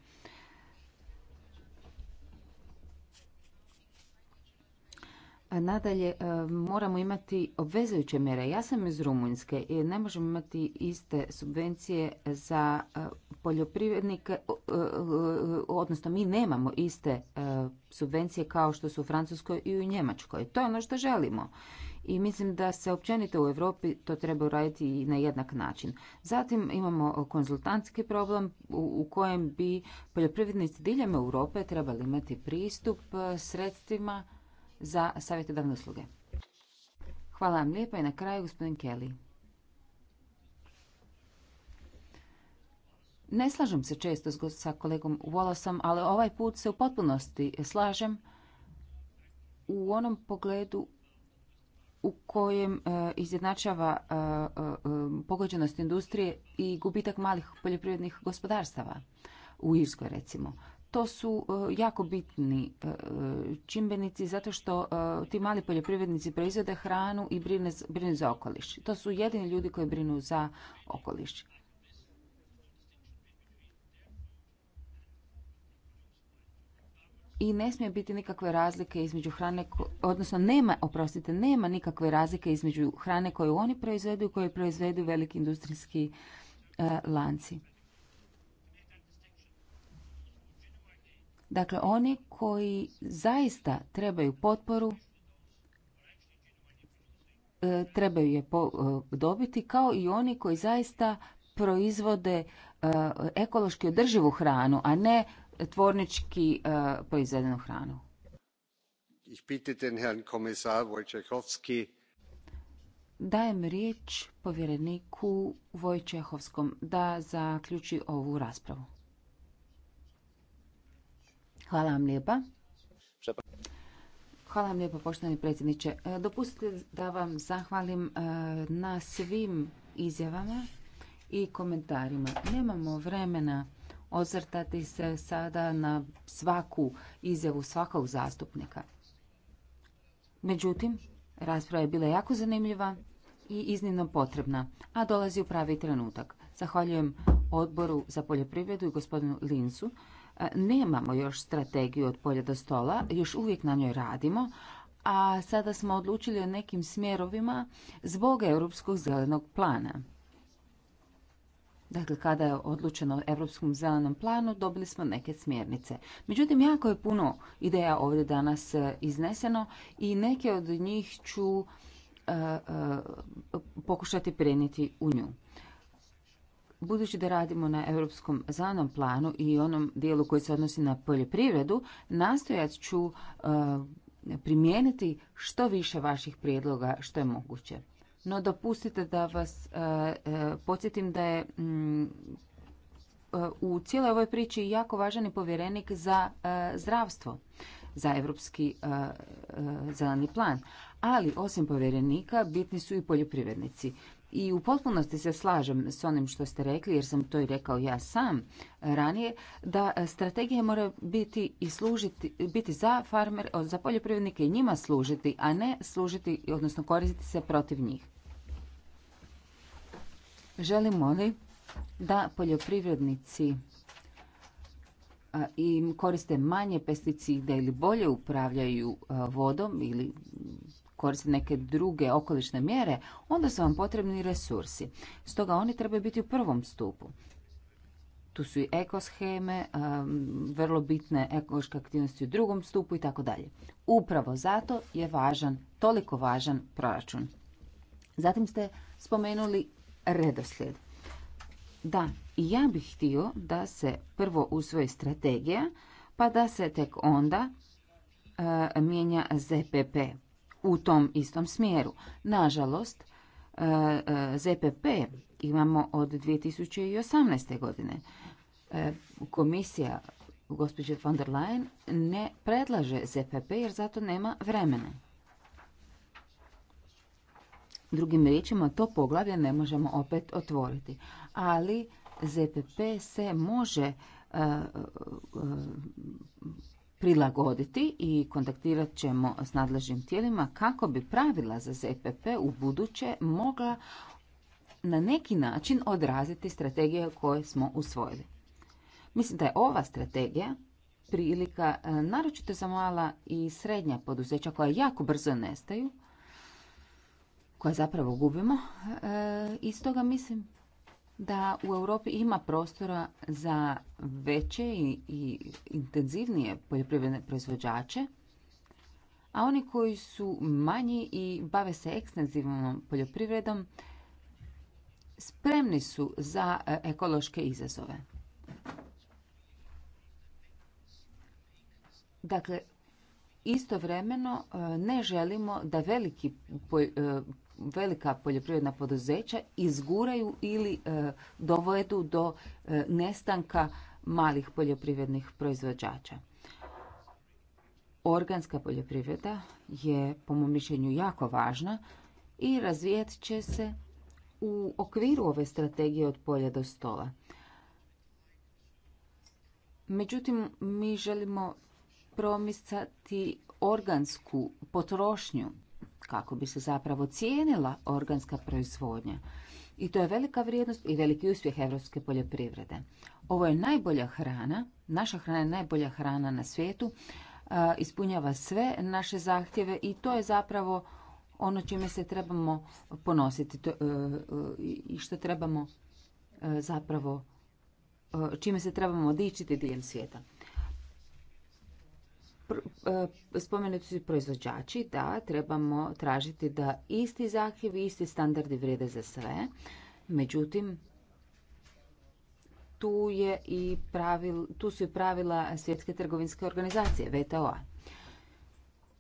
Nadalje, e, moramo imati obvezujuće mjere. Ja sam iz Rumunjske i ne možemo imati iste subvencije za e, poljoprivrednike, odnosno mi nemamo iste subvencije kao što su u Francuskoj i u Njemačkoj. To je ono što želimo i mislim da se općenito u Europi to treba uraditi i na jednak način. Zatim imamo konzultantski problem u kojem bi poljoprivrednici diljem Europe trebali imati pristup e, sredstvima za savjetodavne usluge. Hvala vam lijepa i na kraju gospodin Kelly. Ne slažem se često sa kolegom Wallaceom, ali ovaj put se u potpunosti slažem u onom pogledu u kojem e, izjednačava e, e, pogođenost industrije i gubitak malih poljoprivrednih gospodarstava u Irskoj recimo. To su jako bitni čimbenici zato što ti mali poljoprivrednici proizvode hranu i brinu za okoliš. To su jedini ljudi koji brinu za okoliš. i ne smije biti nikakve razlike između hrane, odnosno nema, oprostite, nema nikakve razlike između hrane koju oni proizvedu i koju proizvedu veliki industrijski e, lanci. Dakle, oni koji zaista trebaju potporu, e, trebaju je e, dobiti, kao i oni koji zaista proizvode ekološki održivu hranu, a ne tvornički e, proizvedenu hranu. dajem riječ povjereniku Vojčehovskom da zaključi ovu raspravu. Hvala vam lijepa. Hvala vam lijepa, poštovani predsjedniče. E, dopustite da vam zahvalim e, na svim izjavama i komentarima. Nemamo vremena ozrtati se sada na svaku izjavu svakog zastupnika. Međutim, rasprava je bila jako zanimljiva i iznimno potrebna, a dolazi u pravi trenutak. Zahvaljujem odboru za poljoprivredu i gospodinu Linsu. E, nemamo još strategiju od polja do stola, još uvijek na njoj radimo, a sada smo odlučili o nekim smjerovima zbog Europskog zelenog plana. Dakle, kada je odlučeno o Europskom zelenom planu, dobili smo neke smjernice. Međutim, jako je puno ideja ovdje danas e, izneseno i neke od njih ću e, e, pokušati prenijeti u nju. Budući da radimo na Europskom zelenom planu i onom dijelu koji se odnosi na poljoprivredu, nastojat ću primijeniti što više vaših prijedloga što je moguće. No dopustite da vas e, e, podsjetim da je mm, e, u cijeloj ovoj priči jako važan i povjerenik za zdravstvo, za Europski zelani plan. Ali osim povjerenika bitni su i poljoprivrednici i u potpunosti se slažem s onim što ste rekli, jer sam to i rekao ja sam ranije, da strategije mora biti i služiti, biti za farmer, za poljoprivrednike i njima služiti, a ne služiti, odnosno koristiti se protiv njih. Želimo li da poljoprivrednici i koriste manje pesticide ili bolje upravljaju vodom ili koriste neke druge okolišne mjere, onda su vam potrebni resursi. Stoga oni trebaju biti u prvom stupu. Tu su i ekosheme, vrlo bitne ekološke aktivnosti u drugom stupu i tako dalje. Upravo zato je važan, toliko važan proračun. Zatim ste spomenuli redoslijed. Da, ja bih htio da se prvo usvoji strategija, pa da se tek onda mijenja ZPP u tom istom smjeru. Nažalost, e, e, ZPP imamo od 2018. godine. E, komisija gospođe von der Leyen ne predlaže ZPP jer zato nema vremena. Drugim riječima, to poglavlje ne možemo opet otvoriti. Ali ZPP se može prilagoditi i kontaktirat ćemo s nadležnim tijelima kako bi pravila za ZPP u buduće mogla na neki način odraziti strategije koje smo usvojili. Mislim da je ova strategija prilika e, naročito za mala i srednja poduzeća koja jako brzo nestaju, koja zapravo gubimo. E, iz toga mislim da u Europi ima prostora za veće i, i intenzivnije poljoprivredne proizvođače, a oni koji su manji i bave se ekstenzivnom poljoprivredom spremni su za e, ekološke izazove. Dakle, istovremeno e, ne želimo da veliki e, velika poljoprivredna poduzeća izguraju ili e, dovedu do e, nestanka malih poljoprivrednih proizvođača. Organska poljoprivreda je po mom mišljenju jako važna i razvijet će se u okviru ove strategije od polja do stola. Međutim, mi želimo promicati organsku potrošnju kako bi se zapravo cijenila organska proizvodnja. I to je velika vrijednost i veliki uspjeh evropske poljoprivrede. Ovo je najbolja hrana, naša hrana je najbolja hrana na svijetu, ispunjava sve naše zahtjeve i to je zapravo ono čime se trebamo ponositi e, e, i što trebamo e, zapravo, čime se trebamo dičiti diljem svijeta. E, spomenuti su proizvođači da trebamo tražiti da isti zahtjevi, isti standardi vrijede za sve. Međutim, tu, je i tu su i pravila Svjetske trgovinske organizacije, VTO-a,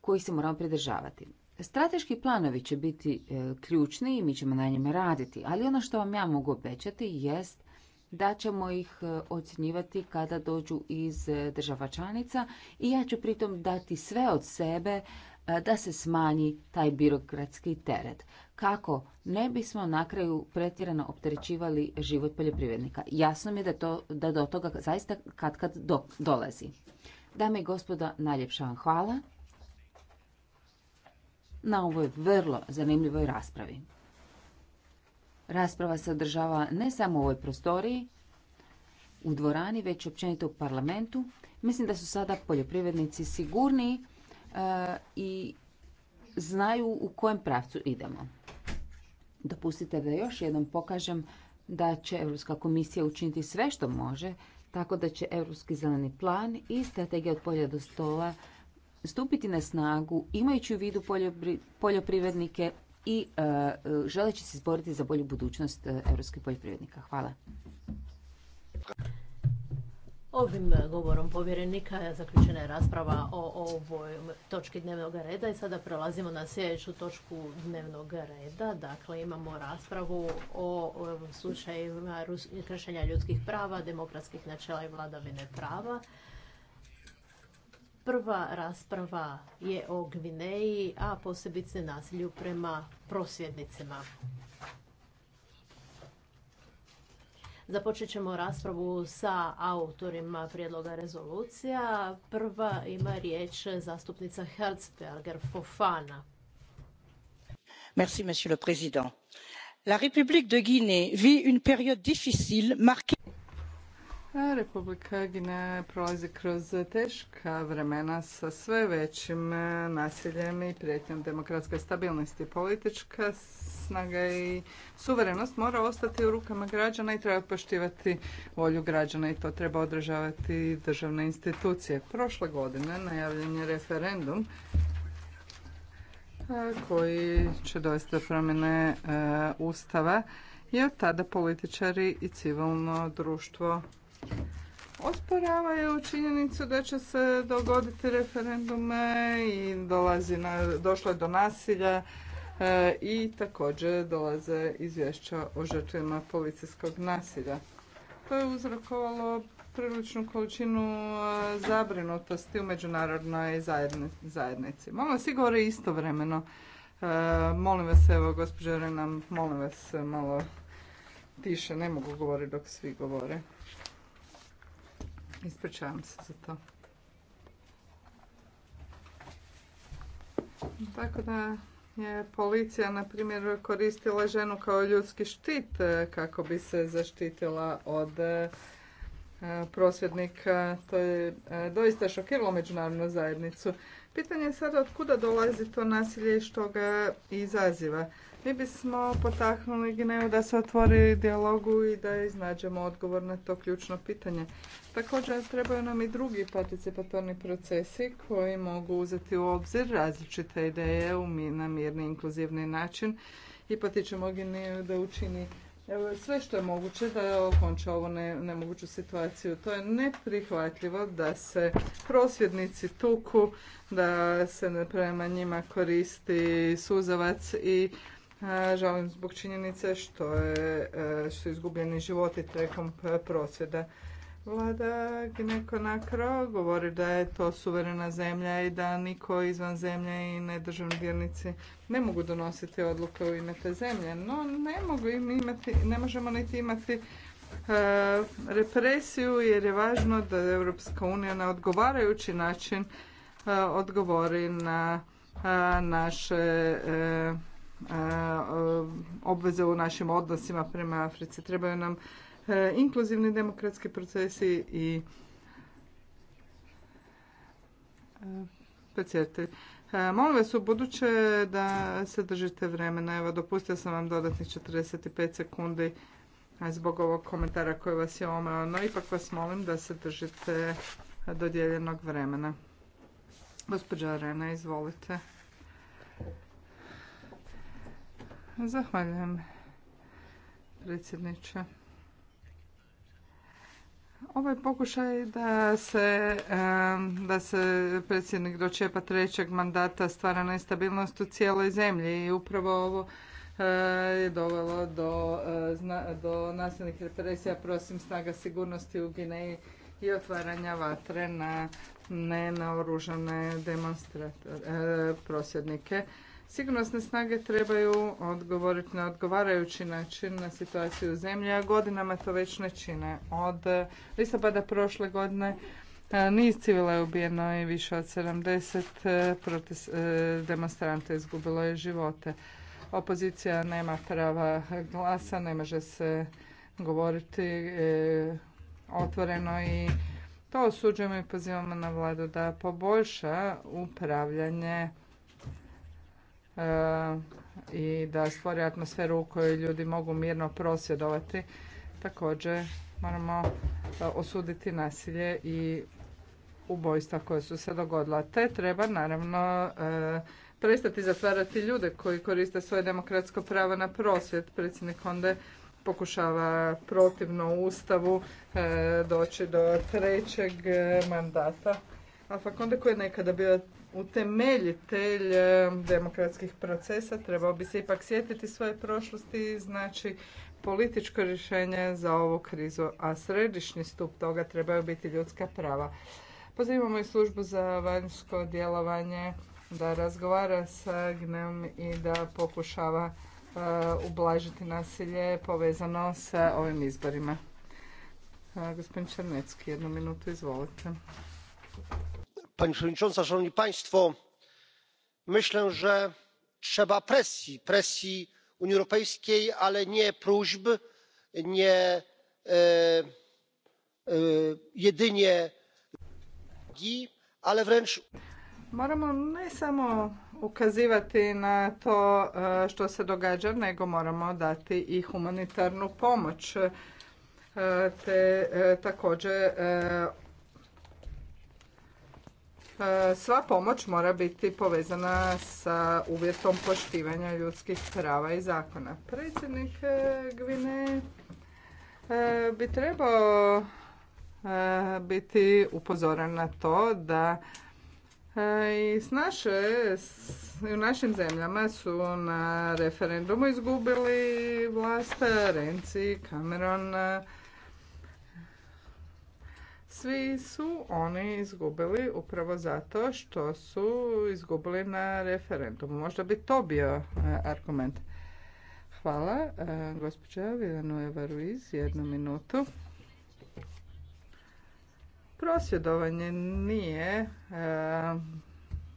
koji se moramo pridržavati. Strateški planovi će biti e, ključni i mi ćemo na njima raditi, ali ono što vam ja mogu obećati jest da ćemo ih e, ocjenjivati kada dođu iz e, država članica i ja ću pritom dati sve od sebe e, da se smanji taj birokratski teret. Kako ne bismo na kraju pretjerano opterećivali život poljoprivrednika. Jasno mi je da, to, da do toga zaista kad dolazi. Dame i gospoda, najljepša vam hvala na ovoj vrlo zanimljivoj raspravi. Rasprava se održava ne samo u ovoj prostoriji, u dvorani, već općenito u parlamentu. Mislim da su sada poljoprivrednici sigurniji e, i znaju u kojem pravcu idemo. Dopustite da još jednom pokažem da će Europska komisija učiniti sve što može, tako da će Europski zeleni plan i strategija od polja do stola stupiti na snagu imajući u vidu poljoprivrednike i e, želeći se izboriti za bolju budućnost europskih poljoprivrednika. Hvala. Ovim govorom povjerenika zaključena je rasprava o ovoj točki dnevnog reda i sada prelazimo na sljedeću točku dnevnog reda. Dakle, imamo raspravu o slučajevima kršenja ljudskih prava, demokratskih načela i vladavine prava. Prva rasprava je o Gvineji, a posebice nasilju prema prosvjednicima. Započet ćemo raspravu sa autorima prijedloga rezolucija. Prva ima riječ zastupnica Herzberger Fofana. Merci, monsieur le président. La République de Guinée vit une période difficile marquée Republika Gine prolazi kroz teška vremena sa sve većim e, nasiljem i prijetnjom demokratske stabilnosti. Politička snaga i suverenost mora ostati u rukama građana i treba poštivati volju građana i to treba održavati državne institucije. Prošle godine najavljen je referendum e, koji će doista promjene e, Ustava i od tada političari i civilno društvo osporavaju činjenicu da će se dogoditi referendume i dolazi na, došlo je do nasilja e, i također dolaze izvješća o žrtvima policijskog nasilja. To je uzrokovalo priličnu količinu e, zabrinutosti u međunarodnoj zajednici. Molim vas, svi govore istovremeno. E, molim vas, evo, gospođa Renam, molim vas malo tiše, ne mogu govoriti dok svi govore. Ispričavam se za to. Tako da je policija, na primjer, koristila ženu kao ljudski štit e, kako bi se zaštitila od e, prosvjednika. To je e, doista šokiralo međunarodnu zajednicu. Pitanje je sada od kuda dolazi to nasilje i što ga izaziva mi bismo potaknuli Gineju da se otvori dijalogu i da iznađemo odgovor na to ključno pitanje. Također trebaju nam i drugi participatorni procesi koji mogu uzeti u obzir različite ideje u na mirni inkluzivni način i potičemo Gineju da učini sve što je moguće da okonča ovu nemoguću situaciju. To je neprihvatljivo da se prosvjednici tuku, da se prema njima koristi suzavac i Žalim zbog činjenice što e, su izgubljeni životi tijekom prosvjeda. Vlada Gineko govori da je to suverena zemlja i da niko izvan zemlje i nedržavni djelnici ne mogu donositi odluke u ime te zemlje. No ne, mogu ne možemo niti imati e, represiju jer je važno da Europska unija na odgovarajući način e, odgovori na naše obveze u našim odnosima prema Africi. Trebaju nam e, inkluzivni demokratski procesi i e, predsjedatelj. E, molim vas u buduće da se držite vremena. Evo, dopustio sam vam dodatnih 45 sekundi zbog ovog komentara koji vas je omeo, no ipak vas molim da se držite dodijeljenog vremena. Gospođa Arena, izvolite. Zahvaljujem predsjedniče. Ovaj pokušaj da se, da se predsjednik dočepa trećeg mandata stvara nestabilnost u cijeloj zemlji i upravo ovo e, je dovelo do, e, do nasilnih represija prosim snaga sigurnosti u Gineji i otvaranja vatre na nenaoružane demonstratore, e, prosvjednike. Sigurnosne snage trebaju odgovoriti na odgovarajući način na situaciju u zemlji, a godinama to već ne čine. Od listopada prošle godine e, niz civila je ubijeno i više od 70 e, protest, demonstranta izgubilo je živote. Opozicija nema prava glasa, ne može se govoriti e, otvoreno i to osuđujemo i pozivamo na vladu da poboljša upravljanje E, i da stvori atmosferu u kojoj ljudi mogu mirno prosvjedovati. Također moramo e, osuditi nasilje i ubojstva koje su se dogodila. Te treba naravno e, prestati zatvarati ljude koji koriste svoje demokratsko pravo na prosvjed. Predsjednik onda pokušava protivno ustavu doći do trećeg mandata pa Konde koji je nekada bio utemeljitelj eh, demokratskih procesa trebao bi se ipak sjetiti svoje prošlosti i znači političko rješenje za ovu krizu, a središnji stup toga trebaju biti ljudska prava. Pozivamo i službu za vanjsko djelovanje da razgovara sa GNEM i da pokušava eh, ublažiti nasilje povezano sa ovim izborima. Eh, gospodin Černecki, jednu minutu, izvolite pani przewodnicząca! myślę że trzeba presji presji unii europejskiej ale nie próśb nie e, e, jedynie uwagi ale wręcz. moramo ne samo ukazivati na to e, što se događa nego moramo dati i humanitarnu pomoć te također E, sva pomoć mora biti povezana sa uvjetom poštivanja ljudskih prava i zakona. Predsjednik e, Gvine e, bi trebao biti upozoren na to da i s naše, u našim zemljama su na referendumu izgubili vlast Renci, Cameron, svi su oni izgubili upravo zato što su izgubili na referendumu. Možda bi to bio e, argument. Hvala. E, gospođa Villanueva Ruiz, jednu minutu. Prosvjedovanje nije e,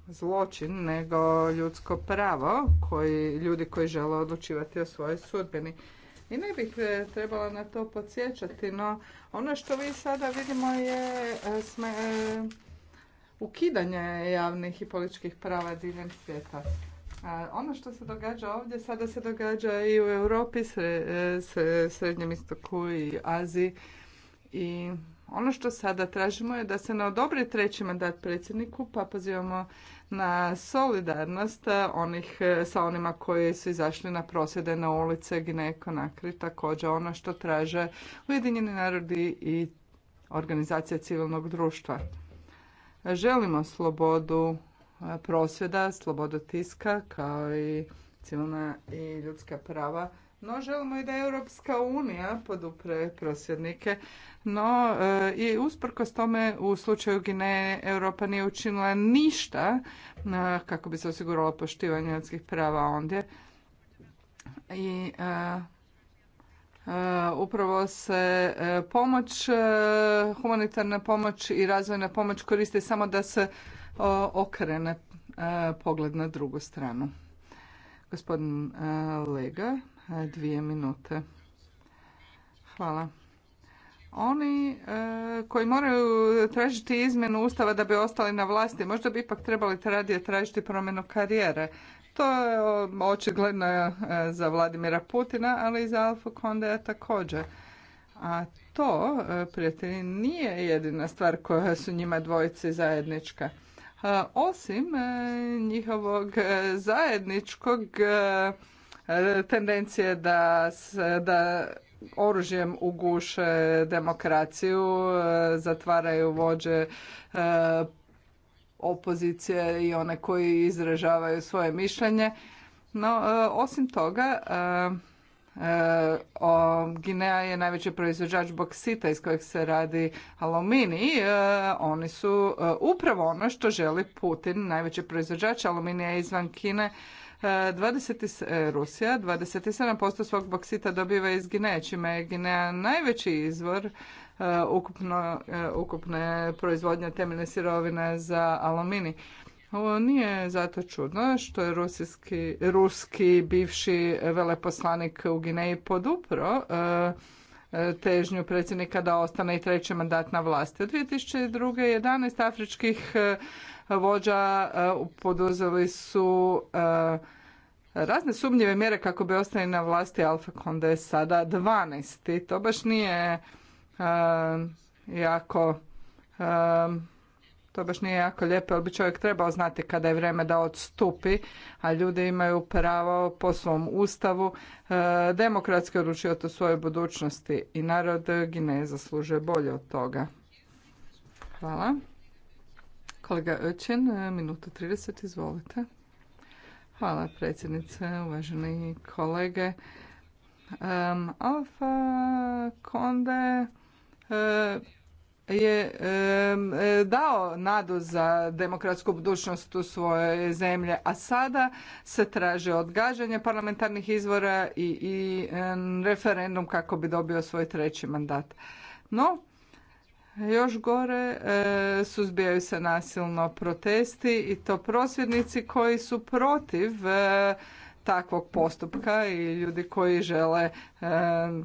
zločin, nego ljudsko pravo koji ljudi koji žele odlučivati o svojoj sudbini i ne bih e, trebala na to podsjećati, no ono što vi sada vidimo je e, sme, e, ukidanje javnih i političkih prava diljem svijeta. ono što se događa ovdje, sada se događa i u Europi, Srednjem istoku i Aziji. I ono što sada tražimo je da se ne odobri treći mandat predsjedniku, pa pozivamo na solidarnost eh, onih eh, sa onima koji su izašli na prosjede na ulice nakri, također ono što traže Ujedinjeni narodi i organizacija civilnog društva. Želimo slobodu eh, prosvjeda, slobodu tiska kao i civilna i ljudska prava no, želimo i da Europska unija podupre prosvjednike, no e, i usprkos tome u slučaju Gineje Europa nije učinila ništa e, kako bi se osiguralo poštivanje ljudskih prava ondje. I e, upravo se pomoć, humanitarna pomoć i razvojna pomoć koriste samo da se okrene pogled na drugu stranu. Gospodin Lega dvije minute. Hvala. Oni e, koji moraju tražiti izmjenu Ustava da bi ostali na vlasti, možda bi ipak trebali radije tražiti promjenu karijere. To je očigledno e, za Vladimira Putina, ali i za Alfa Kondeja također. A to, e, prijatelji, nije jedina stvar koja su njima dvojice zajednička. Osim njihovog zajedničkog tendencije da, da oružjem uguše demokraciju, zatvaraju vođe e, opozicije i one koji izražavaju svoje mišljenje. No, e, osim toga, e, Ginea je najveći proizvođač boksita iz kojeg se radi aluminij. Oni su upravo ono što želi Putin, najveći proizvođač aluminija izvan Kine, 20, e, e, Rusija 27% svog boksita dobiva iz Gineje, čime je Gineja najveći izvor e, ukupne proizvodnje temeljne sirovine za alumini. Ovo nije zato čudno što je ruski bivši veleposlanik u Gineji podupro težnju predsjednika da ostane i treći mandat na vlasti. Od 2002. 11 afričkih vođa poduzeli su razne sumnjive mjere kako bi ostali na vlasti Alfa konde je sada 12. to baš nije jako to baš nije jako lijepo, ali bi čovjek trebao znati kada je vrijeme da odstupi, a ljudi imaju pravo po svom ustavu e, demokratski odlučivati o svojoj budućnosti i narod gine zaslužuje bolje od toga. Hvala. Kolega Ećen, minuta 30, izvolite. Hvala predsjednice, uvaženi kolege. Um, Alfa e, Konde e, je e, dao nadu za demokratsku budućnost u svoje zemlje, a sada se traže odgađanje parlamentarnih izvora i, i referendum kako bi dobio svoj treći mandat. No, još gore e, suzbijaju se nasilno protesti i to prosvjednici koji su protiv e, takvog postupka i ljudi koji žele e,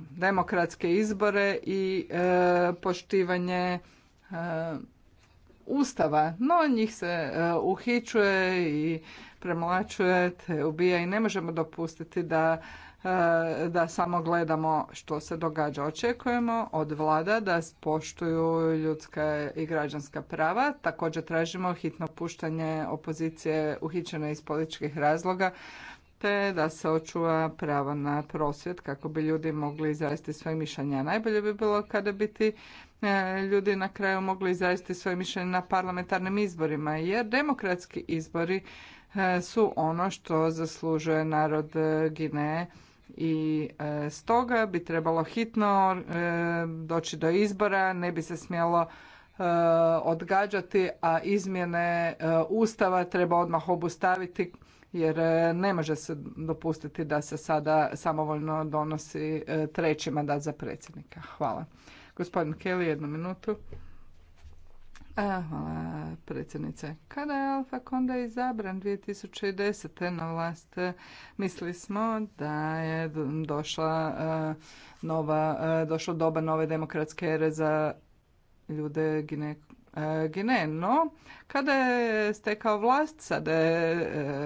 demokratske izbore i poštivanje ustava, no njih se uhićuje i premlačuje, te ubija i ne možemo dopustiti da E, da samo gledamo što se događa. Očekujemo od vlada da poštuju ljudska i građanska prava. Također tražimo hitno puštanje opozicije uhićene iz političkih razloga te da se očuva pravo na prosvjet kako bi ljudi mogli izraziti svoje mišljenje. Najbolje bi bilo kada bi ti e, ljudi na kraju mogli izraziti svoje mišljenje na parlamentarnim izborima jer demokratski izbori e, su ono što zaslužuje narod Gineje i e, stoga bi trebalo hitno e, doći do izbora, ne bi se smjelo e, odgađati, a izmjene Ustava treba odmah obustaviti jer ne može se dopustiti da se sada samovoljno donosi treći mandat za predsjednika. Hvala. Gospodin Kelly, jednu minutu hvala predsjednice. Kada je Alfa Konda izabran 2010. na vlast, mislili smo da je došla e, nova, e, došlo doba nove demokratske ere za ljude Gine, e, Gine. No, kada je stekao vlast, sada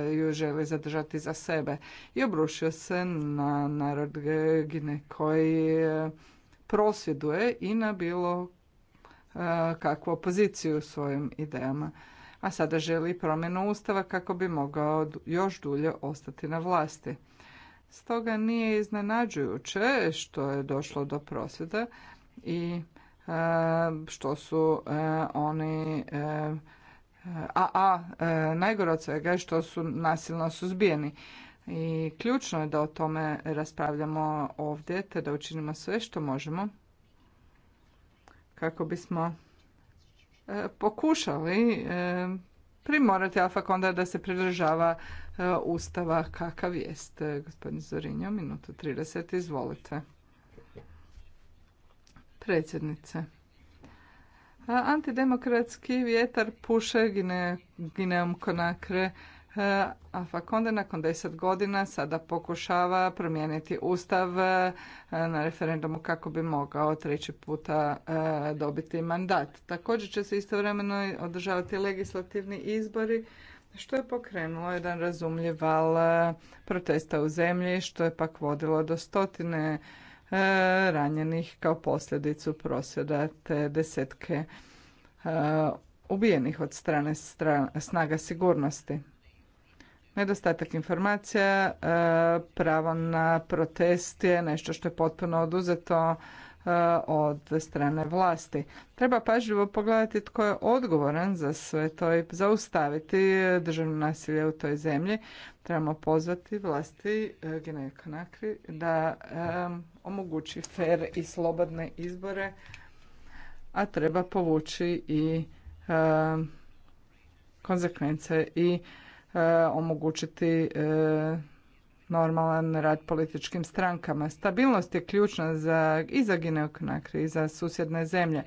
ju želi zadržati za sebe i obrušio se na narod Gine koji prosvjeduje i na bilo kakvu opoziciju svojim idejama, a sada želi promjenu ustava kako bi mogao još dulje ostati na vlasti. Stoga nije iznenađujuće što je došlo do prosvjeda i e, što su e, oni e, a, a najgore od svega je što su nasilno suzbijeni. I ključno je da o tome raspravljamo ovdje te da učinimo sve što možemo kako bismo e, pokušali e, primorati Alfa Konda da se pridržava e, ustava kakav jest. Gospodin Zorinjo, minutu 30, izvolite. Predsjednice. Antidemokratski vjetar puše Gineom Konakre E, fa onda nakon deset godina sada pokušava promijeniti ustav e, na referendumu kako bi mogao treći puta e, dobiti mandat. Također će se istovremeno održavati legislativni izbori što je pokrenulo jedan razumljiv val protesta u zemlji što je pak vodilo do stotine ranjenih kao posljedicu prosvjeda te desetke ubijenih od strane snaga sigurnosti. Nedostatak informacija, e, pravo na protest je nešto što je potpuno oduzeto e, od strane vlasti. Treba pažljivo pogledati tko je odgovoran za sve to i zaustaviti državno nasilje u toj zemlji. Trebamo pozvati vlasti e, Gineje da omogući fer i slobodne izbore, a treba povući i konsekvence i E, omogućiti e, normalan rad političkim strankama. Stabilnost je ključna za, i za Gineokonakri i za susjedne zemlje.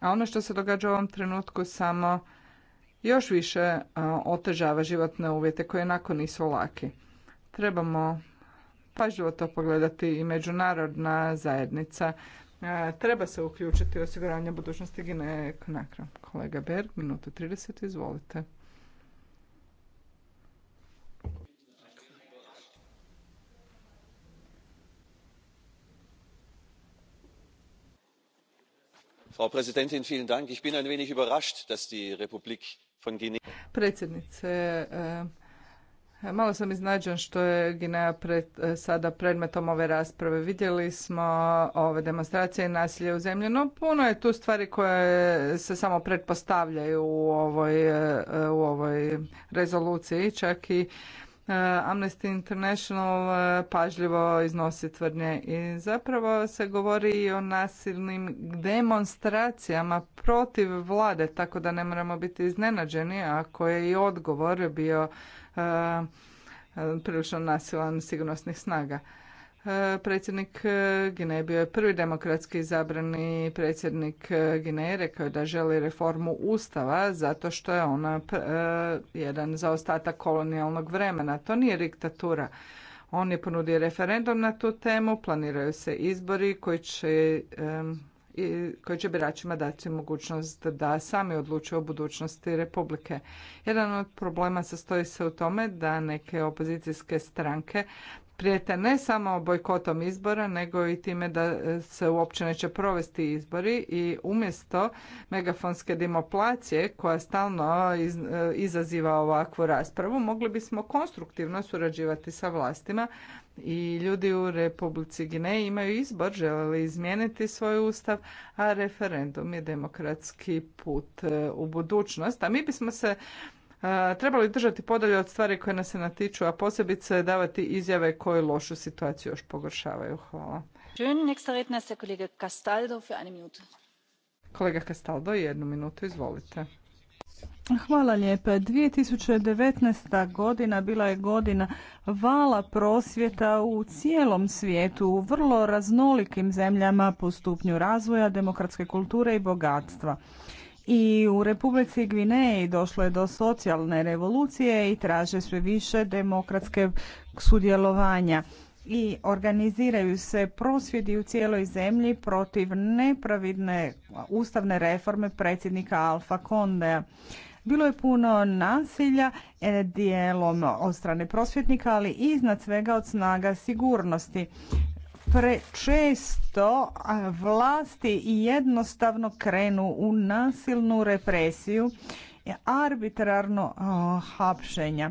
A ono što se događa u ovom trenutku samo još više e, otežava životne uvjete koje nakon nisu laki. Trebamo pažljivo to pogledati i međunarodna zajednica treba se uključiti u osiguranje budućnosti Gine Kolega Berg, minuta 30, izvolite. frau präsidentin vielen dank! ich predsjednice malo sam iznenađen što je Gineja eh, sada predmetom ove rasprave. Vidjeli smo ove demonstracije i nasilje u zemlji, no puno je tu stvari koje se samo pretpostavljaju u ovoj, eh, u ovoj rezoluciji, čak i Eh, Amnesty International eh, pažljivo iznosi tvrdnje i zapravo se govori i o nasilnim demonstracijama protiv vlade, tako da ne moramo biti iznenađeni ako je i odgovor bio eh, prilično nasilan sigurnosnih snaga. E, predsjednik e, Gineje bio je prvi demokratski izabrani predsjednik e, Gineje, rekao da želi reformu ustava zato što je ona jedan zaostatak kolonijalnog vremena. To nije diktatura. On je ponudio referendum na tu temu, planiraju se izbori koji će koji će biračima dati mogućnost da sami odlučuju o budućnosti Republike. Jedan od problema sastoji se u tome da neke opozicijske stranke prijete ne samo bojkotom izbora nego i time da e, se uopće neće provesti izbori i umjesto megafonske demoplacije koja stalno e, e, izaziva ovakvu raspravu mogli bismo konstruktivno surađivati sa vlastima i ljudi u Republici Gineji imaju izbor žele li izmijeniti svoj ustav, a referendum je demokratski put u budućnost. A mi bismo se trebali držati podalje od stvari koje nas se natiču, a posebice davati izjave koje lošu situaciju još pogoršavaju. Hvala. Kolega Castaldo, jednu minutu, izvolite. Hvala lijepa. 2019. godina bila je godina vala prosvjeta u cijelom svijetu, u vrlo raznolikim zemljama po stupnju razvoja, demokratske kulture i bogatstva. I u Republici Gvineji došlo je do socijalne revolucije i traže sve više demokratske sudjelovanja i organiziraju se prosvjedi u cijeloj zemlji protiv nepravidne ustavne reforme predsjednika Alfa Kondeja. Bilo je puno nasilja e, dijelom od strane prosvjetnika, ali iznad svega od snaga sigurnosti prečesto vlasti jednostavno krenu u nasilnu represiju arbitrarno hapšenja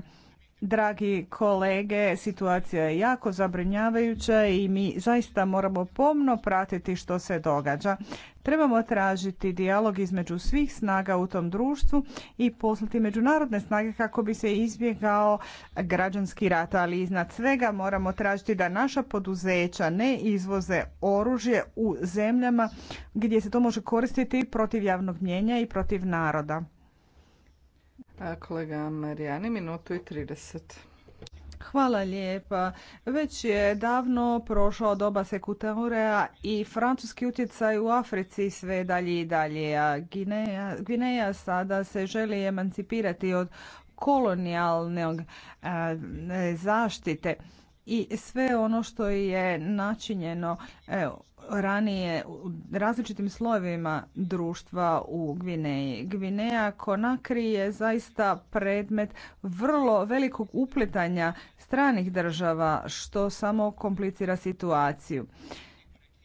Dragi kolege, situacija je jako zabrinjavajuća i mi zaista moramo pomno pratiti što se događa. Trebamo tražiti dijalog između svih snaga u tom društvu i poslati međunarodne snage kako bi se izbjegao građanski rat, ali iznad svega moramo tražiti da naša poduzeća ne izvoze oružje u zemljama gdje se to može koristiti protiv javnog mjenja i protiv naroda. Kolega Marijani, minutu i 30. Hvala lijepa. Već je davno prošao doba sekutaurea i francuski utjecaj u Africi sve dalje i dalje. A Gineja, Gineja sada se želi emancipirati od kolonijalne zaštite i sve ono što je načinjeno evo, ranije u različitim slojevima društva u Gvineji. Gvineja Konakri je zaista predmet vrlo velikog uplitanja stranih država što samo komplicira situaciju.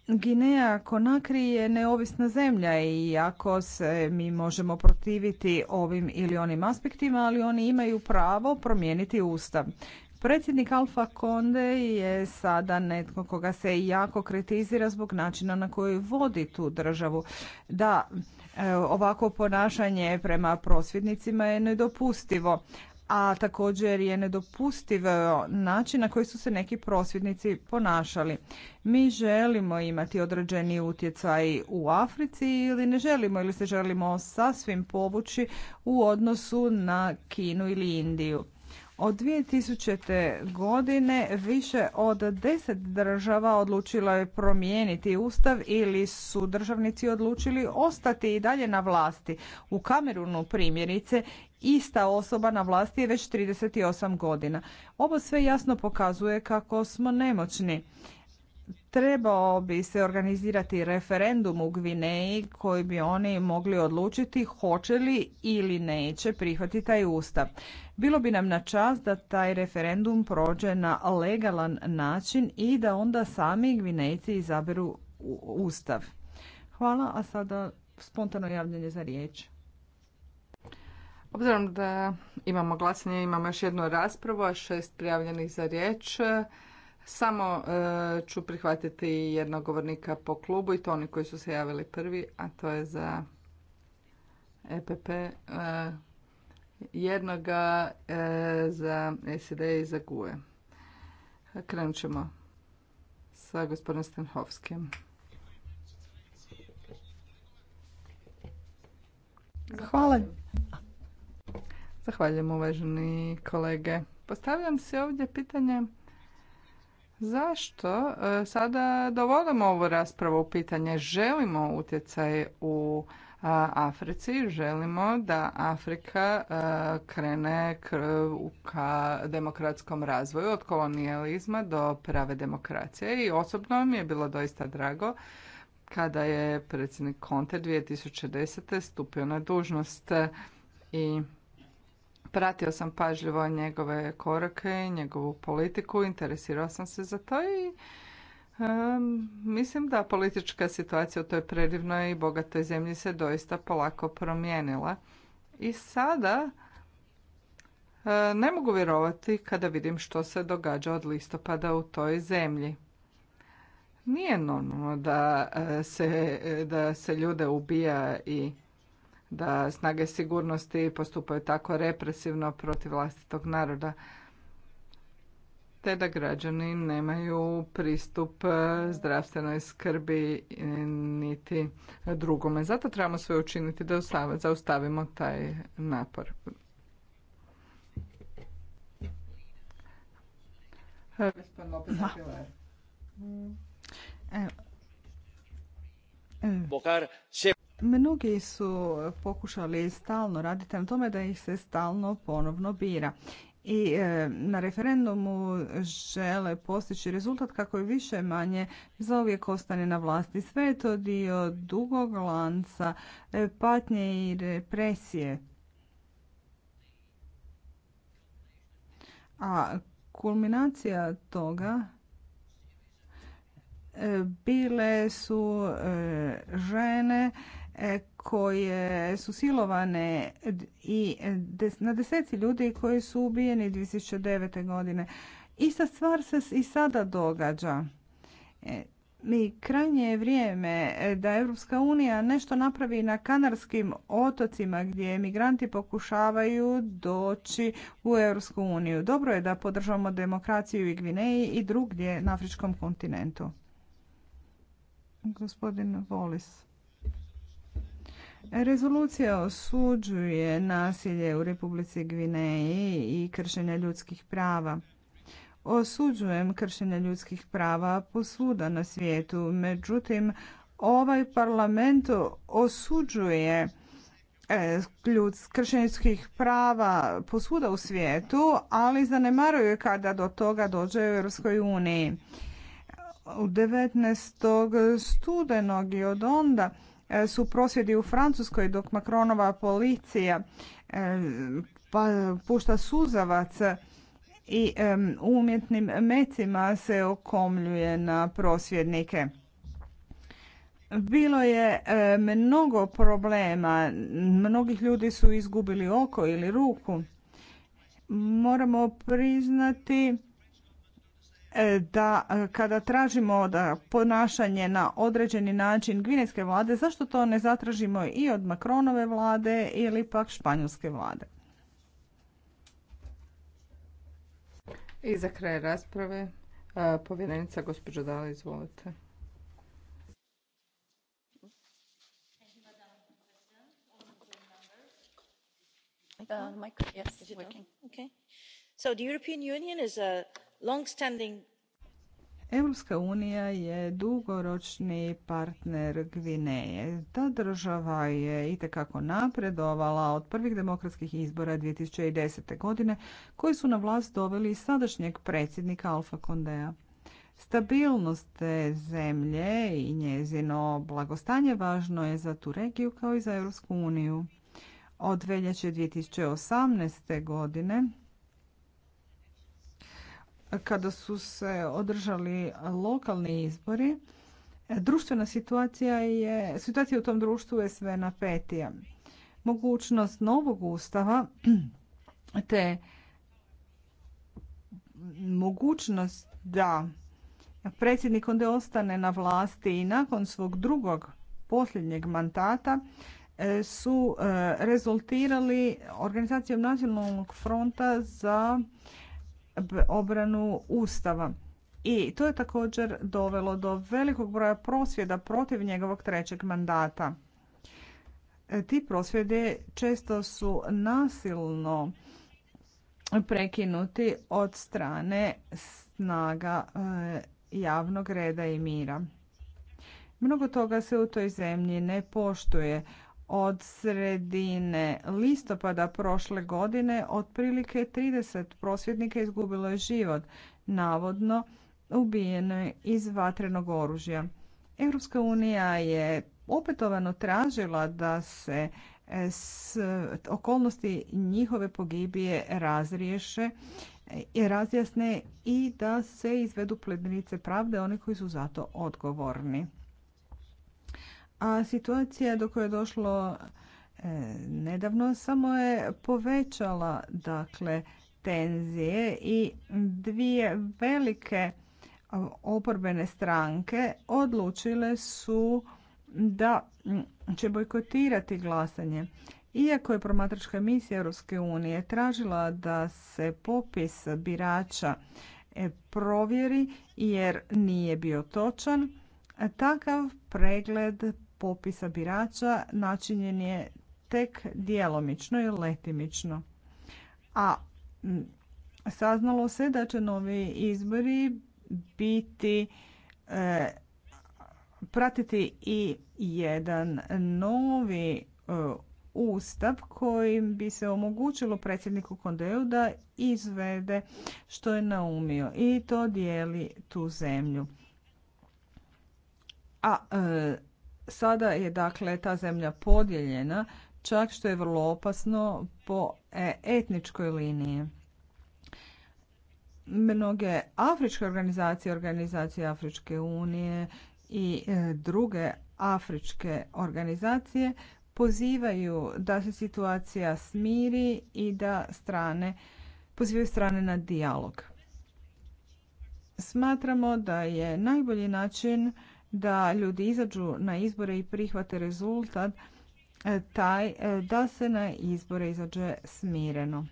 Gineja Konakri je neovisna zemlja i ako se mi možemo protiviti ovim ili onim aspektima, ali oni imaju pravo promijeniti ustav. Predsjednik Alfa Konde je sada netko koga se jako kritizira zbog načina na koji vodi tu državu. Da, e, ovako ponašanje prema prosvjednicima je nedopustivo, a također je nedopustivo e, način na koji su se neki prosvjednici ponašali. Mi želimo imati određeni utjecaj u Africi ili ne želimo ili se želimo sasvim povući u odnosu na Kinu ili Indiju. Od 2000. godine više od 10 država odlučilo je promijeniti ustav ili su državnici odlučili ostati i dalje na vlasti. U Kamerunu primjerice ista osoba na vlasti je već 38 godina. Ovo sve jasno pokazuje kako smo nemoćni. Trebao bi se organizirati referendum u Gvineji koji bi oni mogli odlučiti hoće li ili neće prihvatiti taj ustav. Bilo bi nam na čast da taj referendum prođe na legalan način i da onda sami Gvinejci izaberu ustav. Hvala, a sada spontano javljanje za riječ. Obzirom da imamo glasanje, imamo još jednu raspravu, a šest prijavljenih za riječ. Samo e, ću prihvatiti jednog govornika po klubu i to oni koji su se javili prvi, a to je za EPP e, jednoga e, za SED i za GUE. Krenut ćemo sa gospodinom Stenhovskim. Hvala. Zahvaljujem uvaženi kolege. Postavljam se ovdje pitanje Zašto e, sada dovodimo ovu raspravu u pitanje? Želimo utjecaj u Africi, želimo da Afrika e, krene ka demokratskom razvoju od kolonijalizma do prave demokracije i osobno mi je bilo doista drago kada je predsjednik Conte 2010. stupio na dužnost i Pratio sam pažljivo njegove korake, njegovu politiku, interesirao sam se za to i mislim da politička situacija u toj predivnoj i bogatoj zemlji se doista polako promijenila. I sada ne mogu vjerovati kada vidim što se događa od listopada u toj zemlji. Nije normalno da se, da se ljude ubija i da snage sigurnosti postupaju tako represivno protiv vlastitog naroda te da građani nemaju pristup e, zdravstvenoj skrbi e, niti drugome. Zato trebamo sve učiniti da zaustavimo taj napor. E, Mnogi su pokušali stalno raditi na tome da ih se stalno ponovno bira. I e, na referendumu žele postići rezultat kako je više manje zauvijek ostane na vlasti. Sve je to dio dugog lanca e, patnje i represije. A kulminacija toga e, bile su žene E, koje su silovane i na deseci ljudi koji su ubijeni 2009. godine. Ista stvar se i sada događa. E, mi krajnje je vrijeme da Europska unija nešto napravi na Kanarskim otocima gdje migranti pokušavaju doći u Europsku uniju. Dobro je da podržamo demokraciju i Gvineji i drugdje na afričkom kontinentu. Gospodin Volis. Rezolucija osuđuje nasilje u Republici Gvineji i kršenje ljudskih prava. Osuđujem kršenje ljudskih prava posvuda na svijetu, međutim ovaj parlament osuđuje e, kršenje ljudskih prava posvuda u svijetu, ali zanemaruje kada do toga dođe u Europskoj uniji. U 19. studenog i od onda E, su prosvjedi u Francuskoj dok Makronova policija e, pa, pušta suzavac i e, umjetnim mecima se okomljuje na prosvjednike. Bilo je mnogo problema, mnogih ljudi su izgubili oko ili ruku. Moramo priznati E, da e, kada tražimo da ponašanje na određeni način gvinejske vlade, zašto to ne zatražimo i od Makronove vlade ili pak španjolske vlade? I za kraj rasprave, e, povjerenica gospođa Dala, izvolite. Uh, yes, Okay. So the European Union is a Europska unija je dugoročni partner Gvineje. Ta država je itekako napredovala od prvih demokratskih izbora 2010. godine koji su na vlast doveli sadašnjeg predsjednika Alfa Kondea. Stabilnost te zemlje i njezino blagostanje važno je za tu regiju kao i za Europsku uniju. Od veljače 2018. godine kada su se održali lokalni izbori, e, društvena situacija je, situacija u tom društvu je sve napetija. Mogućnost novog ustava te mogućnost da predsjednik onda ostane na vlasti i nakon svog drugog posljednjeg mandata e, su e, rezultirali organizacijom nacionalnog fronta za obranu Ustava. I to je također dovelo do velikog broja prosvjeda protiv njegovog trećeg mandata. E, ti prosvjede često su nasilno prekinuti od strane snaga e, javnog reda i mira. Mnogo toga se u toj zemlji ne poštuje od sredine listopada prošle godine otprilike 30 prosvjednika izgubilo je život, navodno ubijeno iz vatrenog oružja. Europska unija je opetovano tražila da se e, s okolnosti njihove pogibije razriješe i e, razjasne i da se izvedu plednice pravde oni koji su za to odgovorni a situacija do koje je došlo e, nedavno samo je povećala dakle tenzije i dvije velike e, oporbene stranke odlučile su da će bojkotirati glasanje. Iako je promatračka misija Europske unije tražila da se popis birača e, provjeri jer nije bio točan, takav pregled popisa birača načinjen je tek djelomično ili letimično. A saznalo se da će novi izbori biti e, pratiti i jedan novi e, ustav kojim bi se omogućilo predsjedniku Kondeju da izvede što je naumio i to dijeli tu zemlju. A e, Sada je dakle ta zemlja podijeljena, čak što je vrlo opasno po e, etničkoj liniji. Mnoge afričke organizacije, organizacije Afričke unije i e, druge afričke organizacije pozivaju da se situacija smiri i da strane pozivaju strane na dijalog. Smatramo da je najbolji način da ljudi izađu na izbore i prihvate rezultat e, taj e, da se na izbore izađe smireno.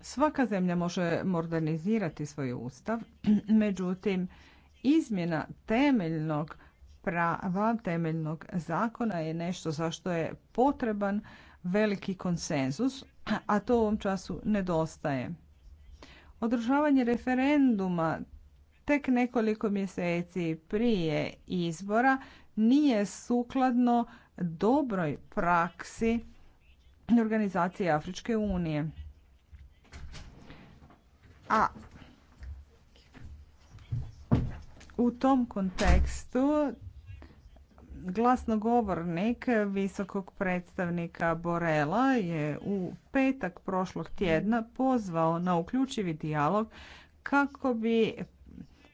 Svaka zemlja može modernizirati svoj ustav, međutim izmjena temeljnog prava, temeljnog zakona je nešto za što je potreban veliki konsenzus, a to u ovom času nedostaje. Održavanje referenduma tek nekoliko mjeseci prije izbora nije sukladno dobroj praksi organizacije Afričke unije. A u tom kontekstu glasnogovornik visokog predstavnika Borela je u petak prošlog tjedna pozvao na uključivi dijalog kako bi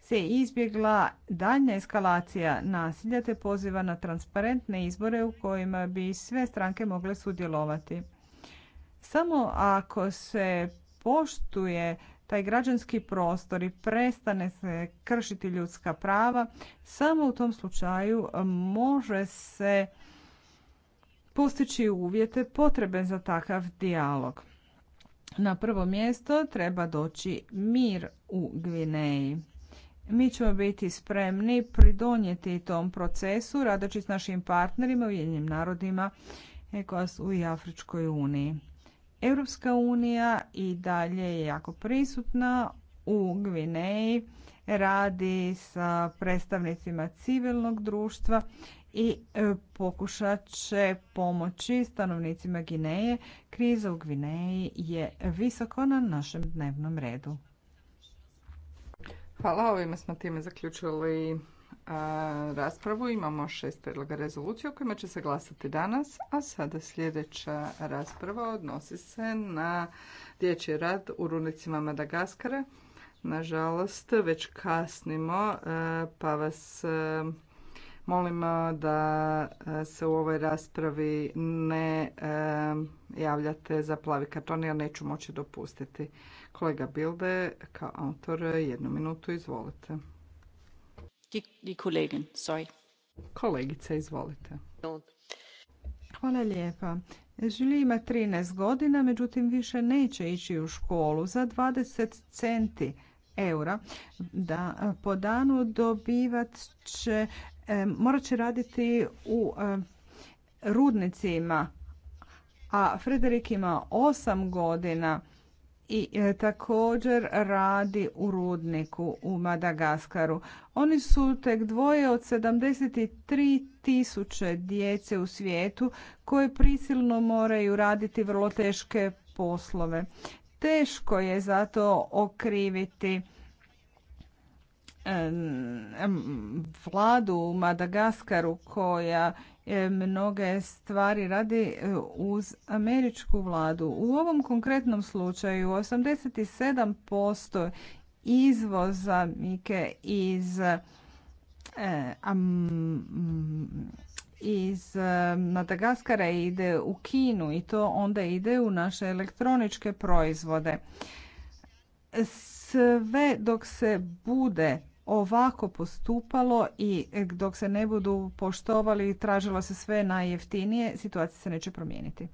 se izbjegla daljnja eskalacija nasilja te poziva na transparentne izbore u kojima bi sve stranke mogle sudjelovati. Samo ako se poštuje taj građanski prostor i prestane se kršiti ljudska prava, samo u tom slučaju može se postići uvjete potrebe za takav dijalog. Na prvo mjesto treba doći mir u Gvineji. Mi ćemo biti spremni pridonijeti tom procesu radeći s našim partnerima u jednim narodima e, u i Afričkoj uniji. Europska unija i dalje je jako prisutna u Gvineji, radi sa predstavnicima civilnog društva i e, pokušat će pomoći stanovnicima Gineje. Kriza u Gvineji je visoko na našem dnevnom redu. Hvala, ovime smo time zaključili e, raspravu. Imamo šest predloga rezolucije o kojima će se glasati danas, a sada sljedeća rasprava odnosi se na dječji rad u runicima Madagaskara. Nažalost, već kasnimo, e, pa vas e, molim da se u ovoj raspravi ne javljate za plavi karton, ja neću moći dopustiti. Kolega Bilde, kao autor, jednu minutu, izvolite. Die Kollegin, sorry. Kolegice, izvolite. Hvala lijepa. Žili ima 13 godina, međutim više neće ići u školu za 20 centi eura. Da, po danu dobivat će, morat će raditi u rudnicima, a Frederik ima 8 godina i e, također radi u rudniku u Madagaskaru. Oni su tek dvoje od 73 tisuće djece u svijetu koje prisilno moraju raditi vrlo teške poslove. Teško je zato okriviti vladu u Madagaskaru koja E, mnoge stvari radi e, uz američku vladu. U ovom konkretnom slučaju 87% izvoza Mike iz e, iz Madagaskara ide u Kinu i to onda ide u naše elektroničke proizvode. Sve dok se bude ovako postupalo i dok se ne budu poštovali i tražilo se sve najjeftinije, situacija se neće promijeniti.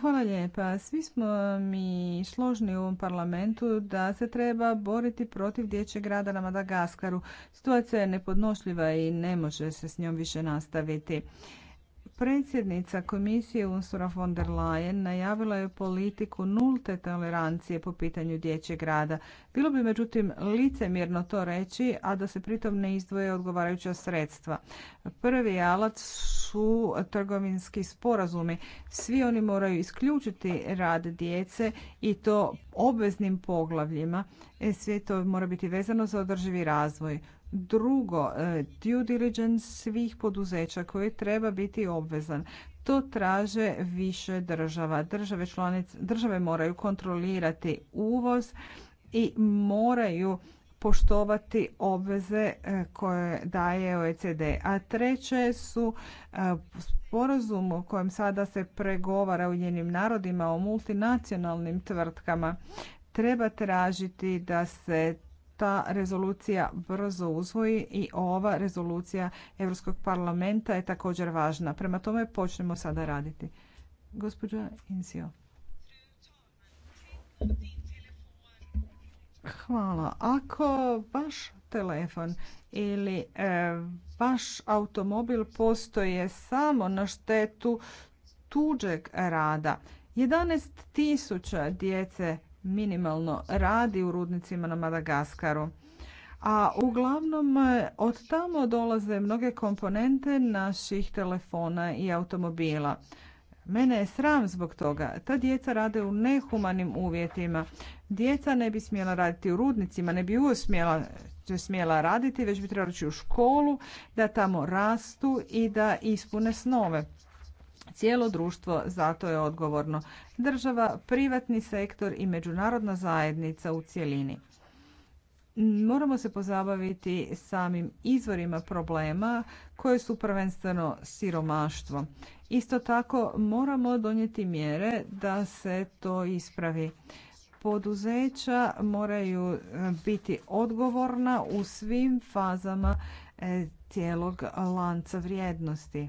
Hvala lijepa. Svi smo mi složni u ovom parlamentu da se treba boriti protiv dječjeg grada na Madagaskaru. Situacija je nepodnošljiva i ne može se s njom više nastaviti. Predsjednica komisije Ursula von der Leyen najavila je politiku nulte tolerancije po pitanju dječjeg rada. Bilo bi međutim licemjerno to reći, a da se pritom ne izdvoje odgovarajuća sredstva. Prvi alat su trgovinski sporazumi. Svi oni moraju isključiti rad djece i to obveznim poglavljima. E, sve to mora biti vezano za održivi razvoj. Drugo, e, due diligence svih poduzeća koji treba biti obvezan. To traže više država. Države, države moraju kontrolirati uvoz i moraju poštovati obveze e, koje daje OECD. A treće su e, sporazum o kojem sada se pregovara u njenim narodima o multinacionalnim tvrtkama. Treba tražiti da se ta rezolucija brzo uzvoji i ova rezolucija Europskog parlamenta je također važna. Prema tome počnemo sada raditi. Gospođa Insio. Hvala. Ako vaš telefon ili e, vaš automobil postoje samo na štetu tuđeg rada, 11.000 djece minimalno radi u rudnicima na Madagaskaru. A uglavnom e, od tamo dolaze mnoge komponente naših telefona i automobila. Mene je sram zbog toga. Ta djeca rade u nehumanim uvjetima. Djeca ne bi smjela raditi u rudnicima, ne bi uvijek smjela, smjela raditi, već bi trebali ići u školu, da tamo rastu i da ispune snove. Cijelo društvo zato je odgovorno. Država, privatni sektor i međunarodna zajednica u cjelini. Moramo se pozabaviti samim izvorima problema koje su prvenstveno siromaštvo. Isto tako moramo donijeti mjere da se to ispravi. Poduzeća moraju e, biti odgovorna u svim fazama e, cijelog lanca vrijednosti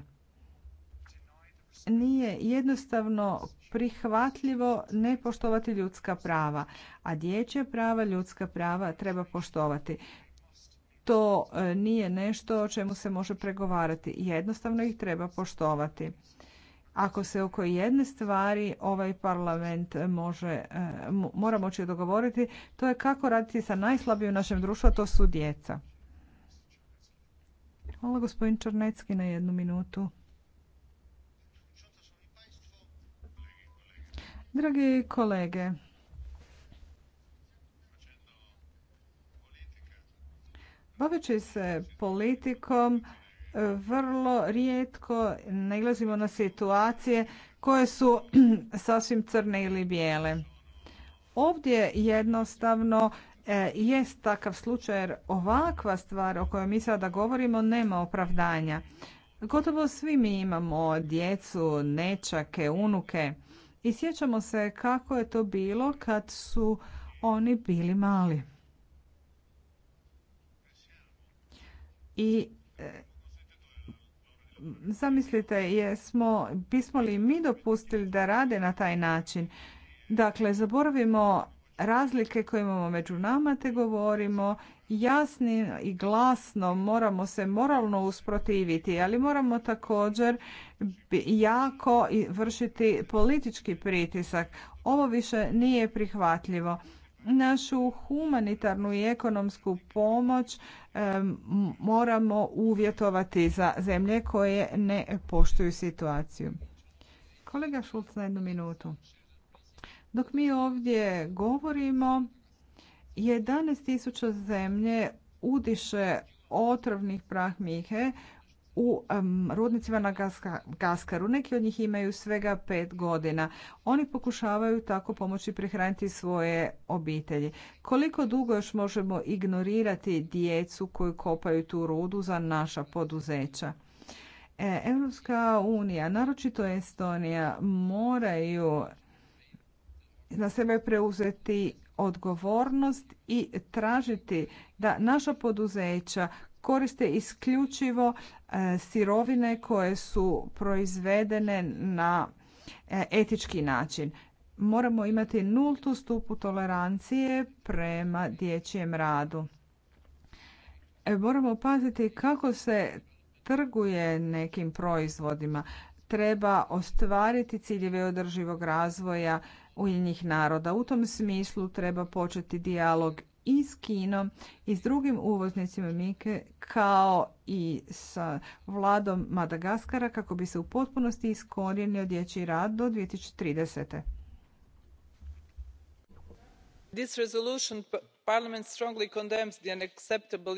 nije jednostavno prihvatljivo ne poštovati ljudska prava, a dječja prava, ljudska prava treba poštovati. To e, nije nešto o čemu se može pregovarati. Jednostavno ih treba poštovati. Ako se oko jedne stvari ovaj parlament može, e, mora moći dogovoriti, to je kako raditi sa najslabijim u našem društvu, a to su djeca. Hvala gospodin Črnecki na jednu minutu. Dragi kolege, baveći se politikom, e, vrlo rijetko nailazimo na situacije koje su sasvim crne ili bijele. Ovdje jednostavno e, jest takav slučaj jer ovakva stvar o kojoj mi sada govorimo nema opravdanja. Gotovo svi mi imamo djecu, nečake, unuke i sjećamo se kako je to bilo kad su oni bili mali. I e, zamislite, jesmo, bismo li mi dopustili da rade na taj način? Dakle, zaboravimo razlike koje imamo među nama, te govorimo jasni i glasno, moramo se moralno usprotiviti, ali moramo također jako vršiti politički pritisak. Ovo više nije prihvatljivo. Našu humanitarnu i ekonomsku pomoć moramo uvjetovati za zemlje koje ne poštuju situaciju. Kolega Šulc na jednu minutu. Dok mi ovdje govorimo, 11.000 zemlje udiše otrovnih prah mihe u rudnicima na Gaskaru. Neki od njih imaju svega pet godina. Oni pokušavaju tako pomoći prihraniti svoje obitelji. Koliko dugo još možemo ignorirati djecu koju kopaju tu rudu za naša poduzeća? E, Europska unija, naročito Estonija, moraju na sebe preuzeti odgovornost i tražiti da naša poduzeća koriste isključivo e, sirovine koje su proizvedene na e, etički način. Moramo imati nultu stupu tolerancije prema dječjem radu. E, moramo paziti kako se trguje nekim proizvodima. Treba ostvariti ciljeve održivog razvoja, Ujedinjenih naroda. U tom smislu treba početi dijalog i s Kinom i s drugim uvoznicima Mike kao i sa vladom Madagaskara kako bi se u potpunosti iskorijenio dječji rad do 2030. This resolution parliament strongly condemns the unacceptable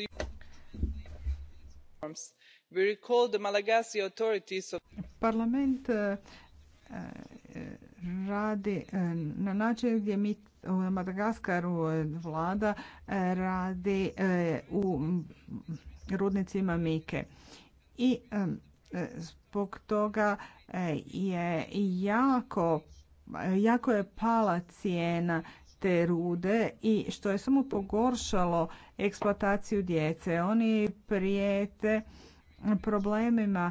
We recall the Malagasy authorities of... Parlament eh, eh, radi e, na način gdje mi u Madagaskaru e, vlada e, radi u rudnicima Mike. I zbog toga je jako, jako je pala cijena te rude i što je samo pogoršalo eksploataciju djece. Oni prijete problemima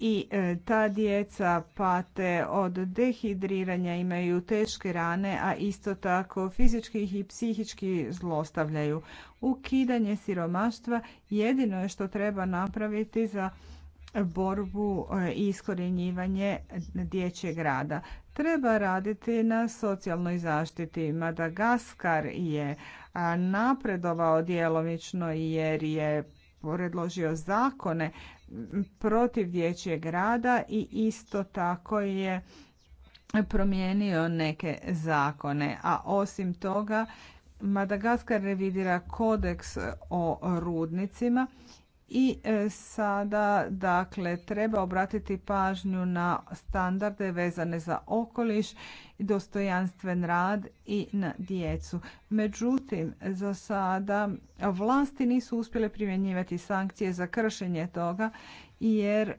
i e, ta djeca pate od dehidriranja, imaju teške rane, a isto tako fizički i psihički zlostavljaju. Ukidanje siromaštva jedino je što treba napraviti za borbu e, i iskorjenjivanje dječjeg rada. Treba raditi na socijalnoj zaštiti. Madagaskar je napredovao djelomično jer je predložio zakone protiv dječjeg rada i isto tako je promijenio neke zakone. A osim toga, Madagaskar revidira kodeks o rudnicima i e, sada dakle treba obratiti pažnju na standarde vezane za okoliš dostojanstven rad i na djecu. Međutim, za sada vlasti nisu uspjele primjenjivati sankcije za kršenje toga jer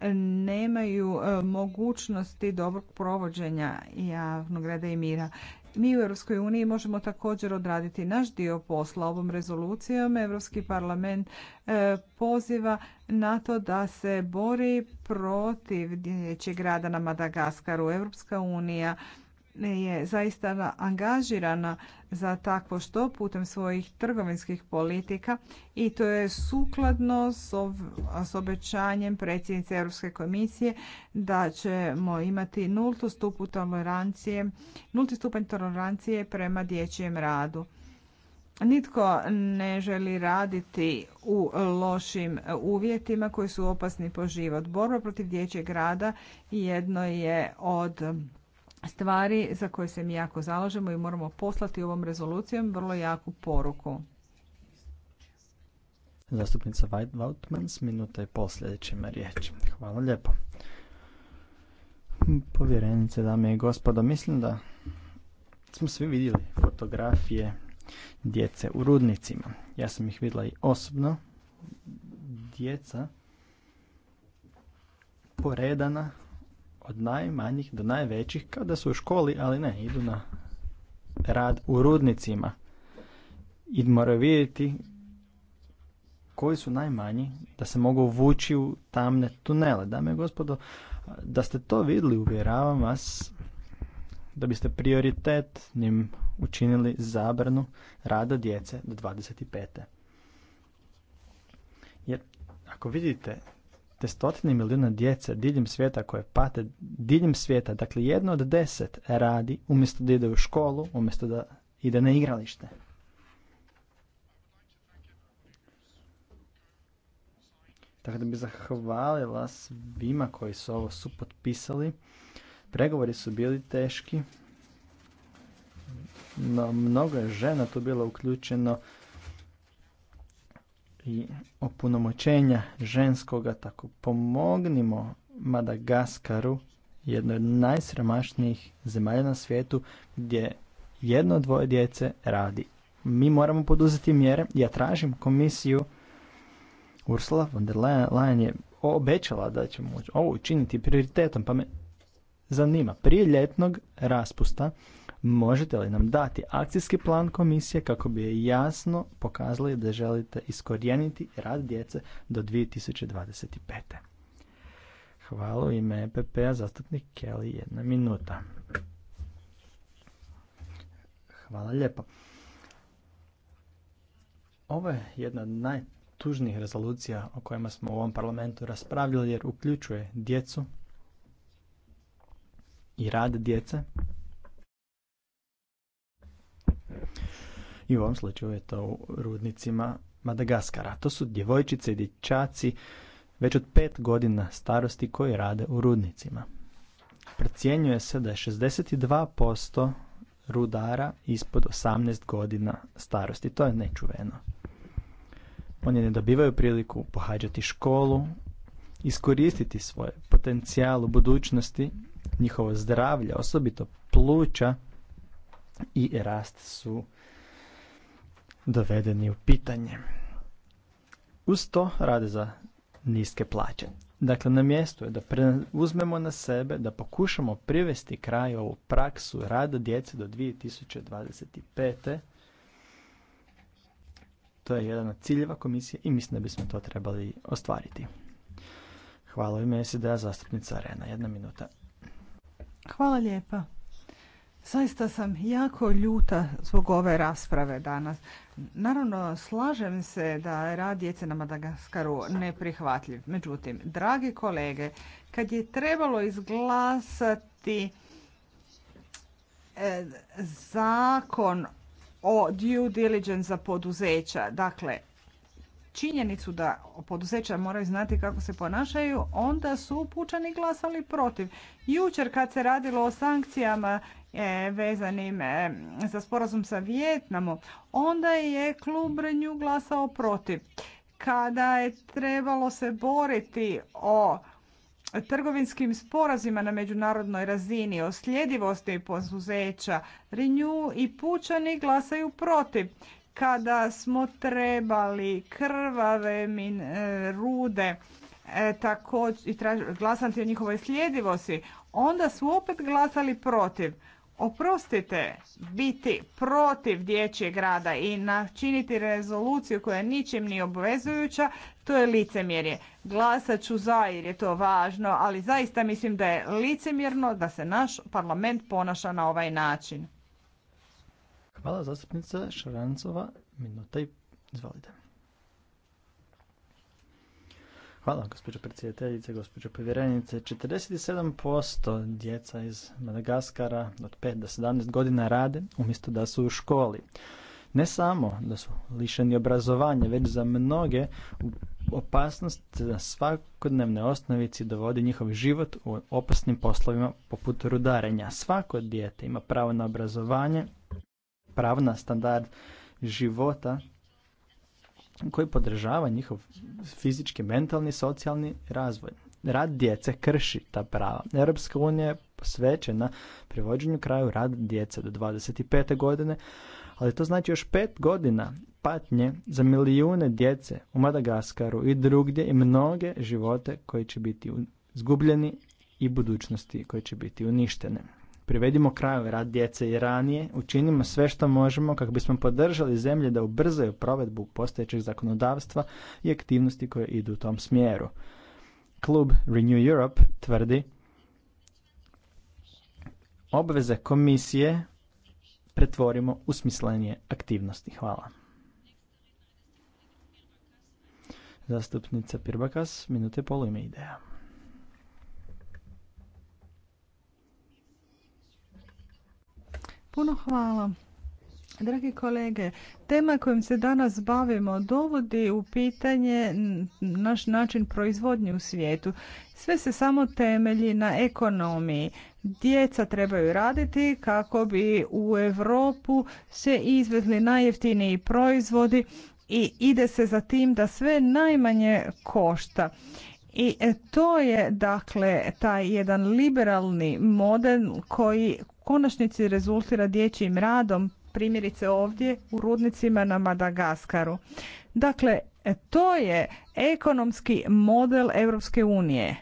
nemaju e, mogućnosti dobrog provođenja javnog reda i mira. Mi u Europskoj uniji možemo također odraditi naš dio posla ovom rezolucijom. Europski parlament e, poziva na to da se bori protiv dječjeg rada na Madagaskaru. Europska unija je zaista angažirana za takvo što putem svojih trgovinskih politika i to je sukladno s obećanjem predsjednice Europske komisije da ćemo imati nultu stupu tolerancije, nulti stupanj tolerancije prema dječjem radu. Nitko ne želi raditi u lošim uvjetima koji su opasni po život. Borba protiv dječjeg rada jedno je od stvari za koje se mi jako zalažemo i moramo poslati ovom rezolucijom vrlo jaku poruku. Zastupnica Vautmans, minuta pol sljedećima riječ. Hvala lijepo. Povjerenice, dame i gospodo, mislim da smo svi vidjeli fotografije djece u rudnicima. Ja sam ih vidjela i osobno. Djeca poredana od najmanjih do najvećih kada su u školi, ali ne, idu na rad u rudnicima. I moraju vidjeti koji su najmanji da se mogu vući u tamne tunele. Dame i gospodo, da ste to vidjeli, uvjeravam vas da biste prioritetnim učinili zabranu rada djece do 25. Jer ako vidite stotine milijuna djece diljem svijeta koje pate, diljem svijeta, dakle jedno od deset radi umjesto da ide u školu, umjesto da ide na igralište. Tako da bi zahvalila svima koji su ovo su potpisali. Pregovori su bili teški, no mnogo je žena tu bilo uključeno i opunomoćenja ženskoga, tako pomognimo Madagaskaru, jednoj od najsramašnijih zemalja na svijetu, gdje jedno dvoje djece radi. Mi moramo poduzeti mjere, ja tražim komisiju, Ursula von der Leyen je obećala da ćemo ovo učiniti prioritetom, pa me zanima, prije ljetnog raspusta Možete li nam dati akcijski plan komisije kako bi jasno pokazali da želite iskorijeniti rad djece do 2025. Hvala u ime EPP-a zastupnik Kelly jedna minuta. Hvala lijepo. Ovo je jedna od najtužnijih rezolucija o kojima smo u ovom parlamentu raspravljali jer uključuje djecu i rad djece i u ovom slučaju je to u rudnicima Madagaskara. To su djevojčice i dječaci već od pet godina starosti koji rade u rudnicima. Procjenjuje se da je 62% rudara ispod 18 godina starosti. To je nečuveno. Oni ne dobivaju priliku pohađati školu, iskoristiti svoj potencijal u budućnosti, njihovo zdravlje, osobito pluća i rast su dovedeni u pitanje. Uz to rade za niske plaće. Dakle, na mjestu je da uzmemo na sebe, da pokušamo privesti kraj ovu praksu rada djece do 2025. To je jedan od ciljeva komisije i mislim da bismo to trebali ostvariti. Hvala ime da zastupnica Arena. Jedna minuta. Hvala lijepa. Zaista sam jako ljuta zbog ove rasprave danas. Naravno, slažem se da je rad djece na Madagaskaru neprihvatljiv. Međutim, dragi kolege, kad je trebalo izglasati e, zakon o due diligence za poduzeća, dakle, činjenicu da poduzeća moraju znati kako se ponašaju, onda su pučani glasali protiv. Jučer kad se radilo o sankcijama e, vezanim e, za sporazum sa Vijetnamom, onda je klub Renju glasao protiv. Kada je trebalo se boriti o trgovinskim sporazima na međunarodnoj razini, o sljedivosti poduzeća, Renju i Pučani glasaju protiv kada smo trebali krvave min, e, rude e, i traž, glasati o njihovoj sljedivosti, onda su opet glasali protiv. Oprostite, biti protiv dječjeg rada i načiniti rezoluciju koja ničim nije obvezujuća, to je licemjerje. Glasat ću za jer je to važno, ali zaista mislim da je licemjerno da se naš parlament ponaša na ovaj način. Hvala zastupnica Šarancova, minuta i izvolite. Hvala, gospođo predsjedateljice, gospođo povjerenice. 47% djeca iz Madagaskara od 5 do 17 godina rade umjesto da su u školi. Ne samo da su lišeni obrazovanja, već za mnoge opasnost na svakodnevne osnovici dovodi njihov život u opasnim poslovima poput rudarenja. Svako dijete ima pravo na obrazovanje pravna standard života koji podržava njihov fizički, mentalni, socijalni razvoj. Rad djece krši ta prava. Europska unija je posvećena privođenju kraju rad djece do 25. godine, ali to znači još pet godina patnje za milijune djece u Madagaskaru i drugdje i mnoge živote koji će biti izgubljeni i budućnosti koje će biti uništene. Privedimo kraju rad djece i ranije, učinimo sve što možemo kako bismo podržali zemlje da ubrzaju provedbu postojećeg zakonodavstva i aktivnosti koje idu u tom smjeru. Klub Renew Europe tvrdi obveze komisije pretvorimo u smislenije aktivnosti. Hvala. Zastupnica Pirbakas, minute polu ime ideja. Puno hvala. Dragi kolege, tema kojom se danas bavimo dovodi u pitanje naš način proizvodnje u svijetu. Sve se samo temelji na ekonomiji. Djeca trebaju raditi kako bi u Europu se izvezli najjeftiniji proizvodi i ide se za tim da sve najmanje košta. I e, to je dakle taj jedan liberalni model koji konačnici rezultira dječjim radom, primjerice ovdje u rudnicima na Madagaskaru. Dakle, to je ekonomski model Europske unije,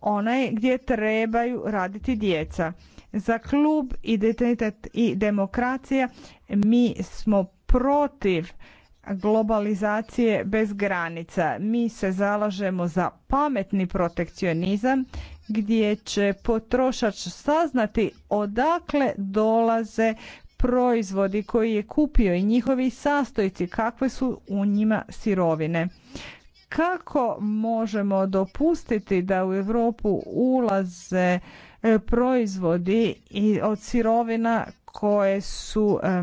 onaj gdje trebaju raditi djeca. Za klub identitet i demokracija mi smo protiv globalizacije bez granica. Mi se zalažemo za pametni protekcionizam gdje će potrošač saznati odakle dolaze proizvodi koji je kupio i njihovi sastojci, kakve su u njima sirovine. Kako možemo dopustiti da u Europu ulaze e, proizvodi od sirovina koje su e,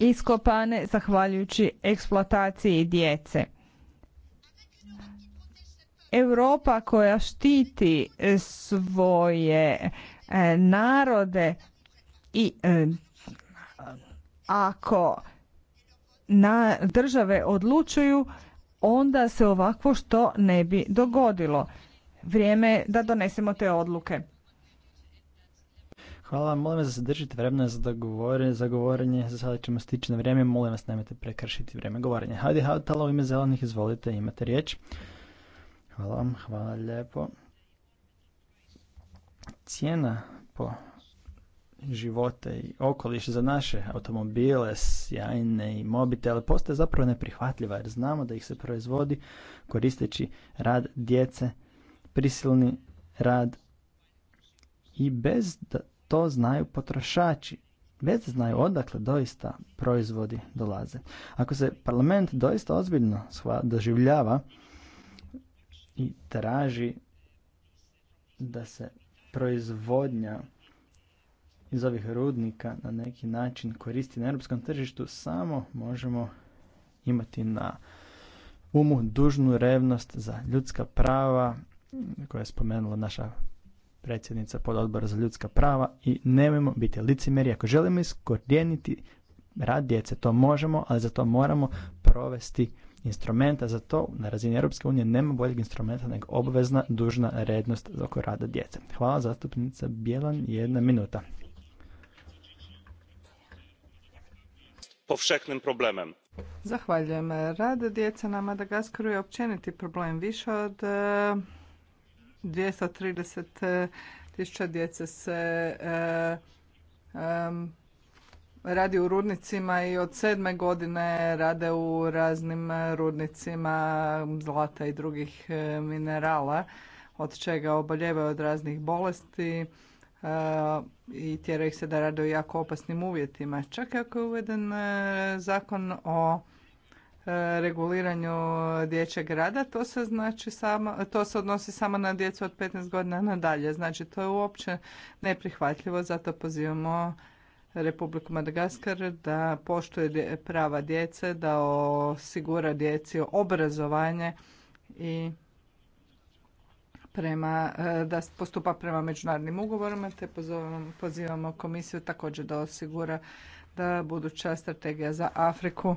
iskopane zahvaljujući eksploataciji djece. Europa koja štiti svoje e, narode i e, ako na države odlučuju onda se ovakvo što ne bi dogodilo. Vrijeme je da donesemo te odluke. Hvala, vam, molim vas da se držite vremena za, govore, za govorenje, za sada ćemo stići na vrijeme, molim vas nemojte prekršiti vrijeme govorenja. Hajde, Hautala, u ime zelenih, izvolite, imate riječ. Hvala vam, hvala lijepo. Cijena po živote i okoliš za naše automobile, sjajne i mobitele postaje zapravo neprihvatljiva jer znamo da ih se proizvodi koristeći rad djece, prisilni rad i bez da to znaju potrošači, bez znaju odakle doista proizvodi dolaze. Ako se parlament doista ozbiljno doživljava i traži da se proizvodnja iz ovih rudnika na neki način koristi na europskom tržištu, samo možemo imati na umu dužnu revnost za ljudska prava koja je spomenula naša predsjednica pododbora za ljudska prava i nemojmo biti licimeri. Ako želimo iskorijeniti rad djece, to možemo, ali za to moramo provesti instrumenta. Za to na razini Europske unije nema boljeg instrumenta nego obvezna dužna rednost oko rada djece. Hvala zastupnica Bjelan, jedna minuta. problemem. Zahvaljujem. Rad djece na Madagaskaru je općeniti problem. Više od 230 tisuća djece se eh, radi u rudnicima i od sedme godine rade u raznim eh, rudnicima zlata i drugih eh, minerala od čega oboljevaju od raznih bolesti i tjera ih se da rade u jako opasnim uvjetima. Čak ako je uveden zakon o E, reguliranju dječjeg rada, to se znači samo, to se odnosi samo na djecu od 15 godina nadalje. Znači to je uopće neprihvatljivo, zato pozivamo Republiku Madagaskar da poštuje prava djece, da osigura djeci obrazovanje i prema, e, da postupa prema međunarodnim ugovorima te pozivamo, pozivamo komisiju također da osigura da buduća strategija za Afriku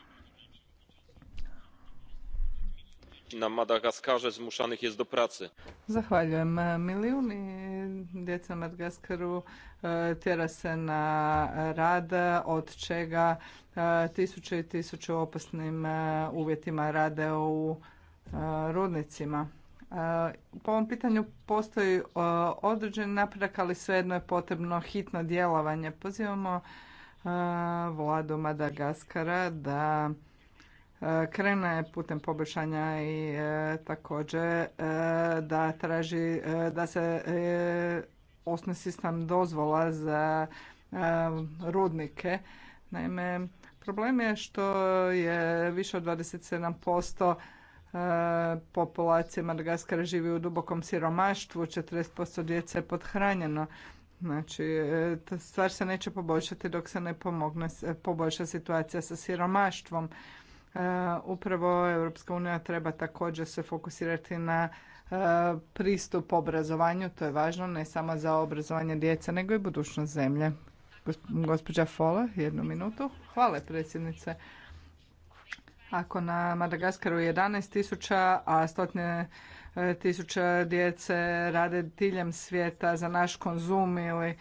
na madagaskarze zmuszanych jest do pracy. Zahvaljujem. Milijuni dzieci Madagaskaru e, tjera se na rad, od čega e, tisuće i tisuće opasnim e, uvjetima rade u rudnicima. Po ovom pitanju postoji određen napredak, ali svejedno je potrebno hitno djelovanje. Pozivamo vladu Madagaskara da krene putem poboljšanja i e, također e, da traži e, da se osnovi sistem dozvola za rudnike. Naime, problem je što je više od 27% populacije Madagaskara živi u dubokom siromaštvu, 40% djece je podhranjeno. Znači, stvar se neće poboljšati dok se ne pomogne, poboljša situacija sa siromaštvom. Uh, upravo Europska unija treba također se fokusirati na uh, pristup obrazovanju, to je važno ne samo za obrazovanje djece, nego i budućnost zemlje. Gospođa Fola, jednu minutu. Hvala predsjednice. Ako na Madagaskaru tisuća, a stotine uh, tisuća djece rade diljem svijeta za naš konzum ili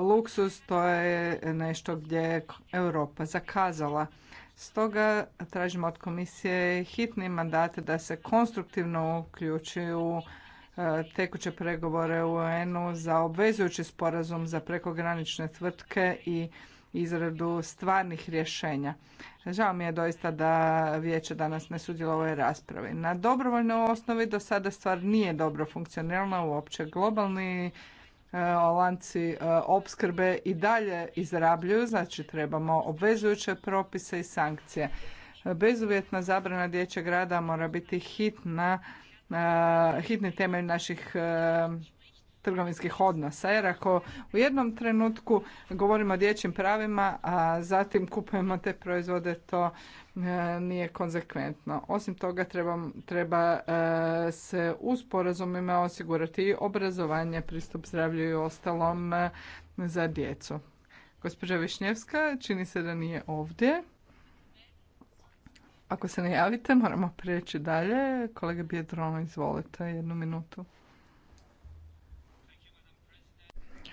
luksus, to je nešto gdje je Europa zakazala. Stoga tražimo od komisije hitni mandat da se konstruktivno uključuju u e, tekuće pregovore u UN-u za obvezujući sporazum za prekogranične tvrtke i izradu stvarnih rješenja. Žao mi je doista da vijeće danas ne sudjelo u ovoj raspravi. Na dobrovoljnoj osnovi do sada stvar nije dobro funkcionirala uopće. Globalni E, lanci e, opskrbe i dalje izrabljuju, znači trebamo obvezujuće propise i sankcije. Bezuvjetna zabrana dječjeg rada mora biti hitna, e, hitni temelj naših trgovinskih odnosa. Jer ako u jednom trenutku govorimo o dječjim pravima, a zatim kupujemo te proizvode, to e, nije konzekventno. Osim toga treba, treba e, se u sporazumima osigurati i obrazovanje, pristup zdravlju i ostalom e, za djecu. Gospođa Višnjevska čini se da nije ovdje. Ako se ne javite, moramo prijeći dalje. Kolega Bjedrona, izvolite jednu minutu.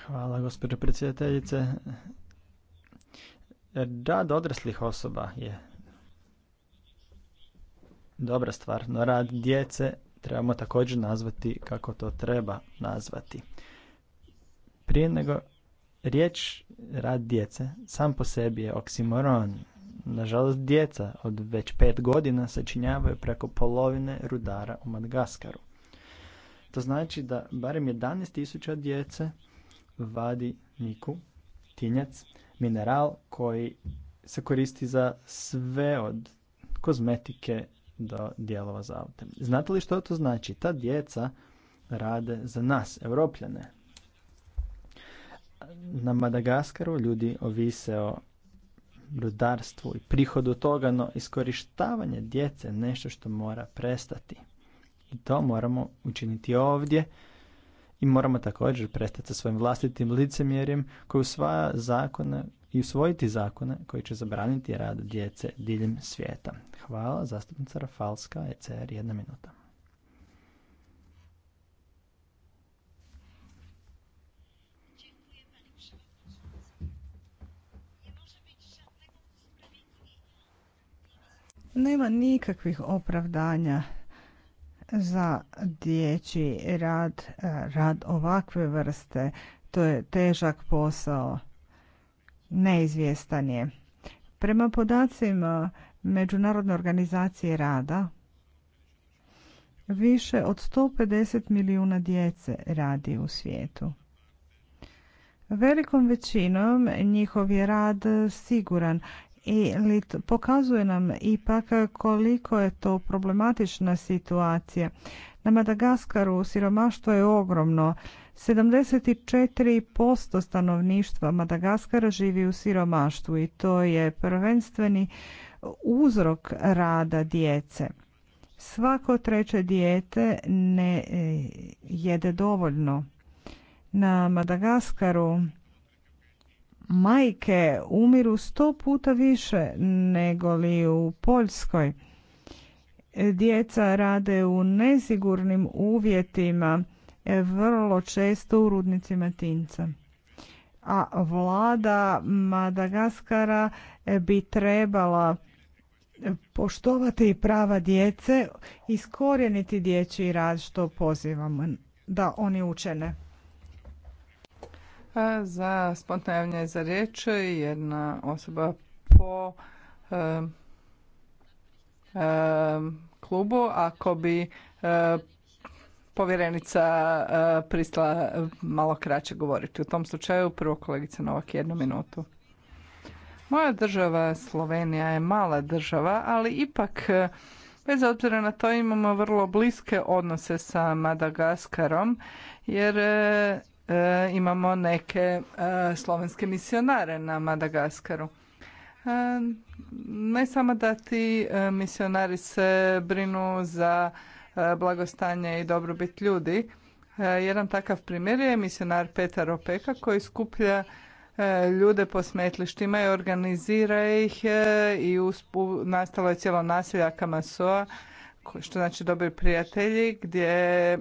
Hvala gospođo predsjedateljice. Rad odraslih osoba je dobra stvar, no rad djece trebamo također nazvati kako to treba nazvati. Prije nego riječ rad djece sam po sebi je oksimoron. Nažalost, djeca od već pet godina sačinjavaju preko polovine rudara u Madagaskaru. To znači da barem 11.000 djece vadi niku, tinjac, mineral koji se koristi za sve od kozmetike do dijelova za autem. Znate li što to znači? Ta djeca rade za nas, evropljane. Na Madagaskaru ljudi ovise o rudarstvu i prihodu toga, no iskorištavanje djece je nešto što mora prestati. I to moramo učiniti ovdje i moramo također prestati sa svojim vlastitim licemjerjem koji usvaja zakone i usvojiti zakone koji će zabraniti rad djece diljem svijeta. Hvala, zastupnica Rafalska, ECR, jedna minuta. Nema nikakvih opravdanja za dječji rad, e, rad ovakve vrste. To je težak posao, neizvjestan je. Prema podacima Međunarodne organizacije rada, više od 150 milijuna djece radi u svijetu. Velikom većinom njihov je rad siguran i pokazuje nam ipak koliko je to problematična situacija. Na Madagaskaru siromaštvo je ogromno. 74% stanovništva Madagaskara živi u siromaštvu i to je prvenstveni uzrok rada djece. Svako treće dijete ne e, jede dovoljno. Na Madagaskaru majke umiru sto puta više nego li u Poljskoj. Djeca rade u nesigurnim uvjetima, e, vrlo često u rudnicima tinca. A vlada Madagaskara e, bi trebala poštovati prava djece, iskorijeniti dječji rad što pozivamo da oni učene za spontano javljanje za riječ. Jedna osoba po klubu. Ako bi povjerenica pristala malo kraće govoriti. U tom slučaju prvo kolegica Novak jednu minutu. Moja država Slovenija je mala država, ali ipak bez obzira na to imamo vrlo bliske odnose sa Madagaskarom jer E, imamo neke e, slovenske misionare na Madagaskaru. E, ne samo da ti misionari se brinu za blagostanje i dobrobit ljudi. Jedan takav primjer je misionar Petar Opeka koji skuplja ljude po smetlištima i organizira ih i nastalo je cijelo nasilje Akamasoa što znači dobri prijatelji, gdje e,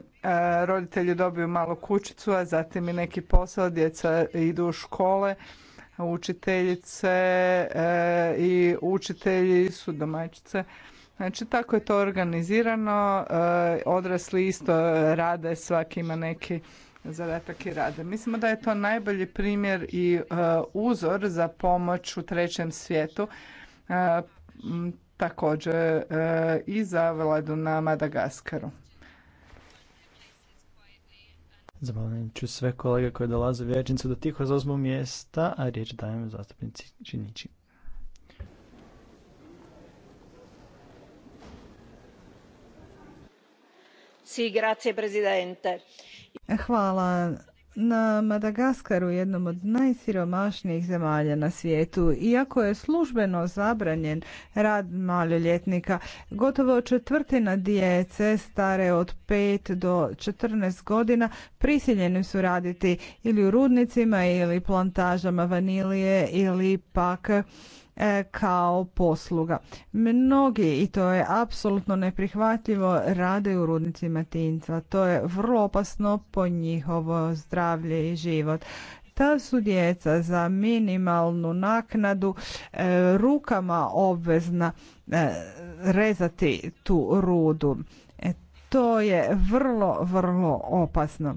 roditelji dobiju malu kućicu, a zatim i neki posao, djeca idu u škole, učiteljice e, i učitelji su domaćice. Znači tako je to organizirano, e, odrasli isto rade, svaki ima neki zadatak i rade. Mislimo da je to najbolji primjer i uzor za pomoć u trećem svijetu također e, i za vladu na Madagaskaru. Zabavljam ću sve kolege koje dolaze u vječnicu da tiho zauzmu mjesta, a riječ dajem zastupnici Činići. Hvala na Madagaskaru, jednom od najsiromašnijih zemalja na svijetu, iako je službeno zabranjen rad maloljetnika, gotovo četvrtina djece stare od 5 do 14 godina prisiljeni su raditi ili u rudnicima ili plantažama vanilije ili pak E, kao posluga. Mnogi, i to je apsolutno neprihvatljivo, rade u rudnici matinca. To je vrlo opasno po njihovo zdravlje i život. Ta su djeca za minimalnu naknadu e, rukama obvezna e, rezati tu rudu. to je vrlo, vrlo opasno.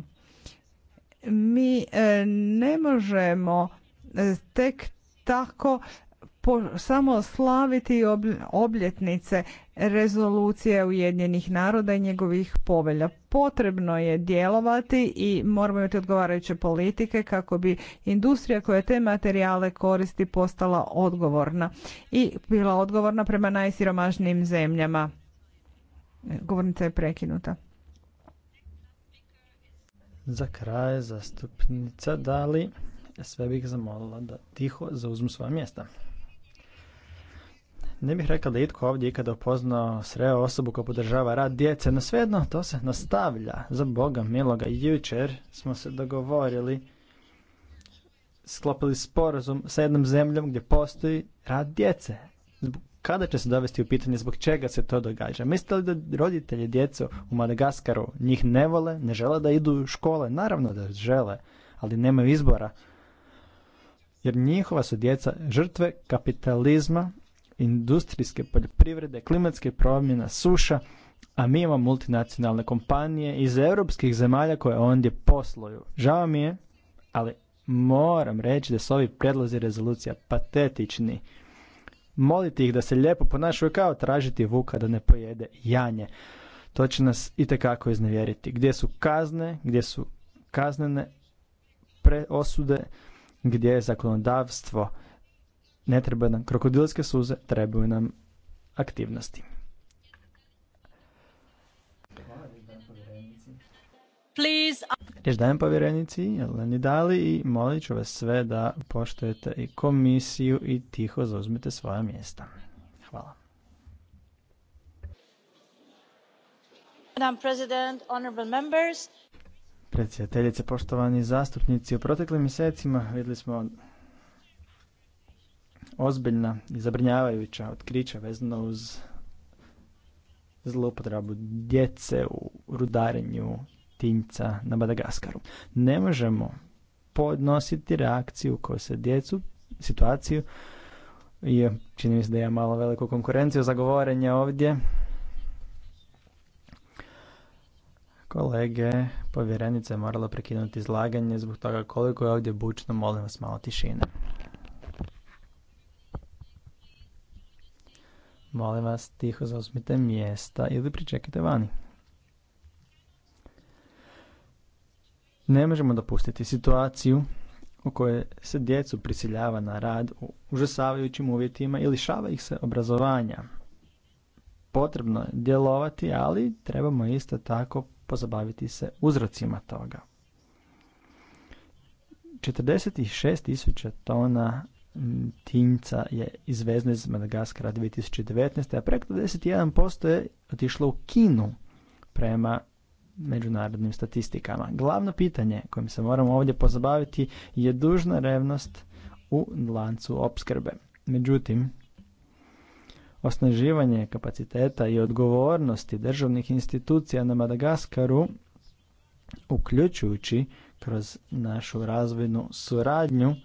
Mi ne možemo tek tako samo slaviti obljetnice rezolucije Ujedinjenih naroda i njegovih povelja. Potrebno je djelovati i moramo imati odgovarajuće politike kako bi industrija koja te materijale koristi postala odgovorna i bila odgovorna prema najsiromašnijim zemljama. Govornica je prekinuta. Za kraj zastupnica Dali sve bih zamolila da tiho zauzmu svoja mjesta. Ne bih rekao da itko ovdje ikada upoznao sreo osobu koja podržava rad djece, no svejedno to se nastavlja. Za Boga miloga, jučer smo se dogovorili, sklopili sporazum sa jednom zemljom gdje postoji rad djece. Kada će se dovesti u pitanje zbog čega se to događa? Mislite li da roditelji djece u Madagaskaru njih ne vole, ne žele da idu u škole? Naravno da žele, ali nemaju izbora jer njihova su djeca žrtve kapitalizma industrijske poljoprivrede, klimatske promjene, suša, a mi imamo multinacionalne kompanije iz europskih zemalja koje ondje posluju. Žao mi je, ali moram reći da su ovi predlozi rezolucija patetični. Moliti ih da se lijepo ponašaju kao tražiti vuka da ne pojede janje. To će nas i kako iznevjeriti. Gdje su kazne, gdje su kaznene preosude, gdje je zakonodavstvo ne trebaju nam krokodilske suze, trebaju nam aktivnosti. Uh, Riječ dajem povjerenici Jeleni Dali i molit ću vas sve da poštujete i komisiju i tiho zauzmite svoja mjesta. Hvala. Madam Predsjedateljice, poštovani zastupnici, u proteklim mjesecima vidjeli smo ozbiljna i zabrinjavajuća otkrića vezano uz zloupotrebu djece u rudarenju tinca na Madagaskaru. Ne možemo podnositi reakciju koju se djecu, situaciju, i čini mi se da je malo veliku konkurenciju za govorenje ovdje. Kolege, povjerenica je morala prekinuti izlaganje zbog toga koliko je ovdje bučno, molim vas malo tišine. Molim vas, tiho zauzmite mjesta ili pričekajte vani. Ne možemo dopustiti situaciju u kojoj se djecu prisiljava na rad u užasavajućim uvjetima ili šava ih se obrazovanja. Potrebno je djelovati, ali trebamo isto tako pozabaviti se uzrocima toga. 46.000 tona tinca je izvezno iz Madagaskara 2019. a preko posto je otišlo u Kinu prema međunarodnim statistikama. Glavno pitanje kojim se moramo ovdje pozabaviti je dužna revnost u lancu opskrbe. Međutim, osnaživanje kapaciteta i odgovornosti državnih institucija na Madagaskaru, uključujući kroz našu razvojnu suradnju,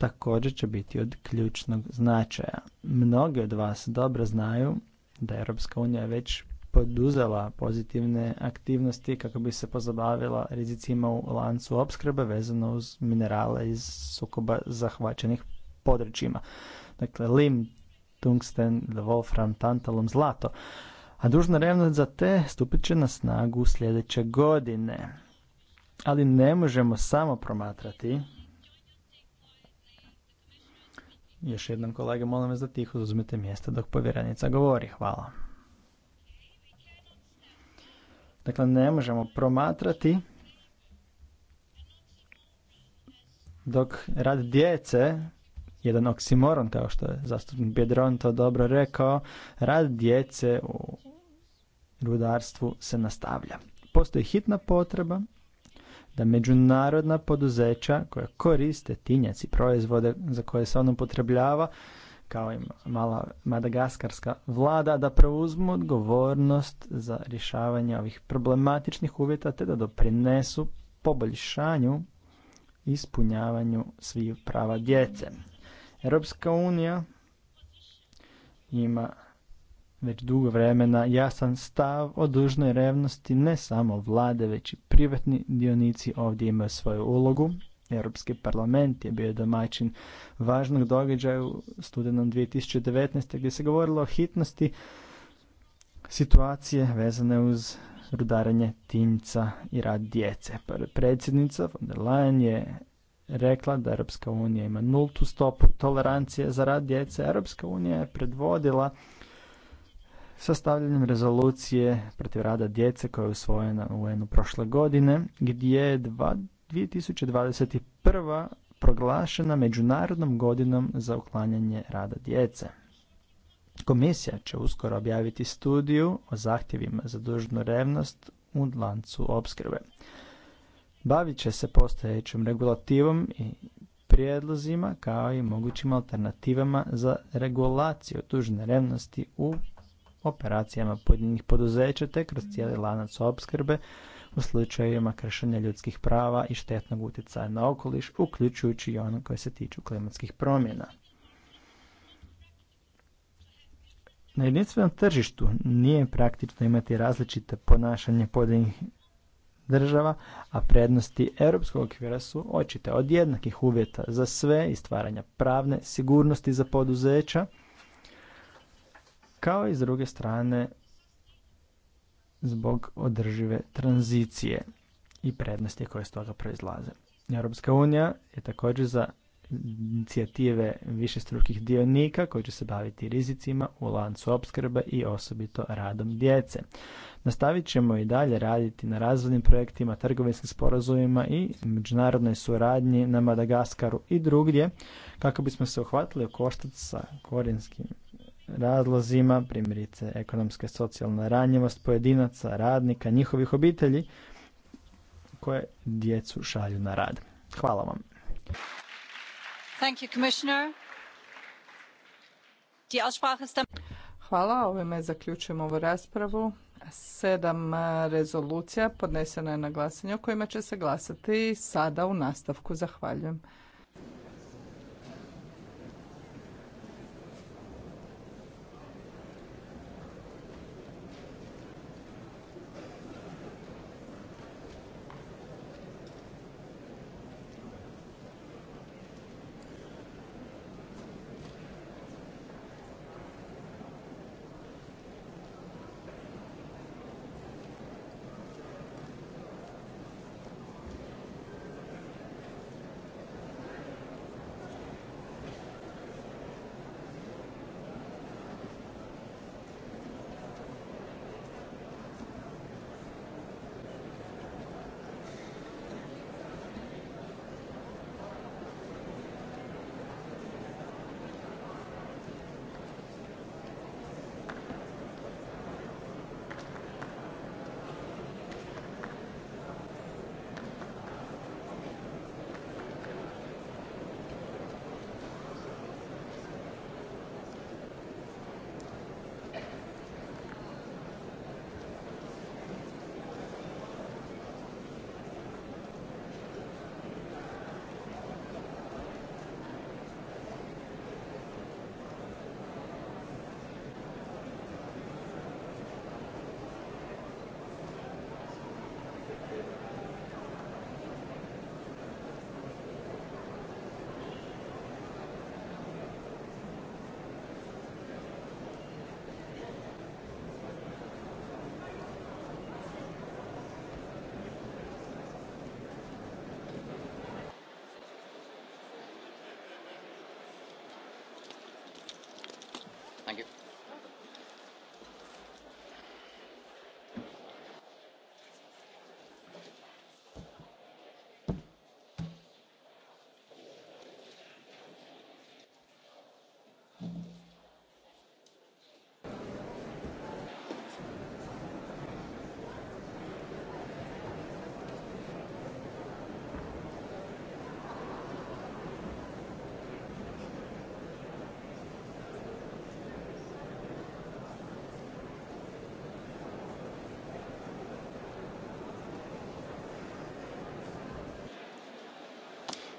također će biti od ključnog značaja. Mnogi od vas dobro znaju da je Europska unija već poduzela pozitivne aktivnosti kako bi se pozabavila rizicima u lancu opskrbe vezano uz minerale iz sukoba zahvaćenih područjima. Dakle, lim, tungsten, wolfram, tantalum, zlato. A dužna revnost za te stupit će na snagu sljedeće godine. Ali ne možemo samo promatrati još jednom kolege, molim vas da tiho uzmete mjesta dok povjerenica govori. Hvala. Dakle, ne možemo promatrati dok rad djece, jedan oksimoron kao što je zastupnik Bjedron to dobro rekao, rad djece u rudarstvu se nastavlja. Postoji hitna potreba da međunarodna poduzeća koja koriste tinjac i proizvode za koje se on upotrebljava, kao i mala madagaskarska vlada, da preuzmu odgovornost za rješavanje ovih problematičnih uvjeta te da doprinesu poboljšanju ispunjavanju svih prava djece. Europska unija ima već dugo vremena jasan stav o dužnoj revnosti ne samo vlade, već i privatni dionici ovdje imaju svoju ulogu. Europski parlament je bio domaćin važnog događaja u studenom 2019. gdje se govorilo o hitnosti situacije vezane uz rudaranje tinca i rad djece. Predsjednica von der Leyen je rekla da Europska unija ima nultu stopu tolerancije za rad djece. Europska unija je predvodila sastavljanjem rezolucije protiv rada djece koja je usvojena u UN-u prošle godine, gdje je 2021. proglašena Međunarodnom godinom za uklanjanje rada djece. Komisija će uskoro objaviti studiju o zahtjevima za dužnu revnost u lancu opskrbe. Bavit će se postojećom regulativom i prijedlozima kao i mogućim alternativama za regulaciju dužne revnosti u operacijama pojedinih poduzeća te kroz cijeli lanac opskrbe u slučajevima kršenja ljudskih prava i štetnog utjecaja na okoliš, uključujući i ono koje se tiču klimatskih promjena. Na jedinstvenom tržištu nije praktično imati različite ponašanje pojedinih država, a prednosti europskog okvira su očite od jednakih uvjeta za sve i stvaranja pravne sigurnosti za poduzeća kao i s druge strane zbog održive tranzicije i prednosti koje s toga proizlaze. Europska unija je također za inicijative višestrukih dionika koji će se baviti rizicima u lancu opskrbe i osobito radom djece. Nastavit ćemo i dalje raditi na razvojnim projektima, trgovinskim sporazumima i međunarodnoj suradnji na Madagaskaru i drugdje kako bismo se uhvatili u koštac sa korijenskim razlozima, primjerice ekonomska i socijalna ranjivost pojedinaca, radnika, njihovih obitelji koje djecu šalju na rad. Hvala vam. Thank you, Hvala, ovime zaključujemo ovu raspravu. Sedam eh, rezolucija podnesena je na glasanje o kojima će se glasati sada u nastavku. Zahvaljujem.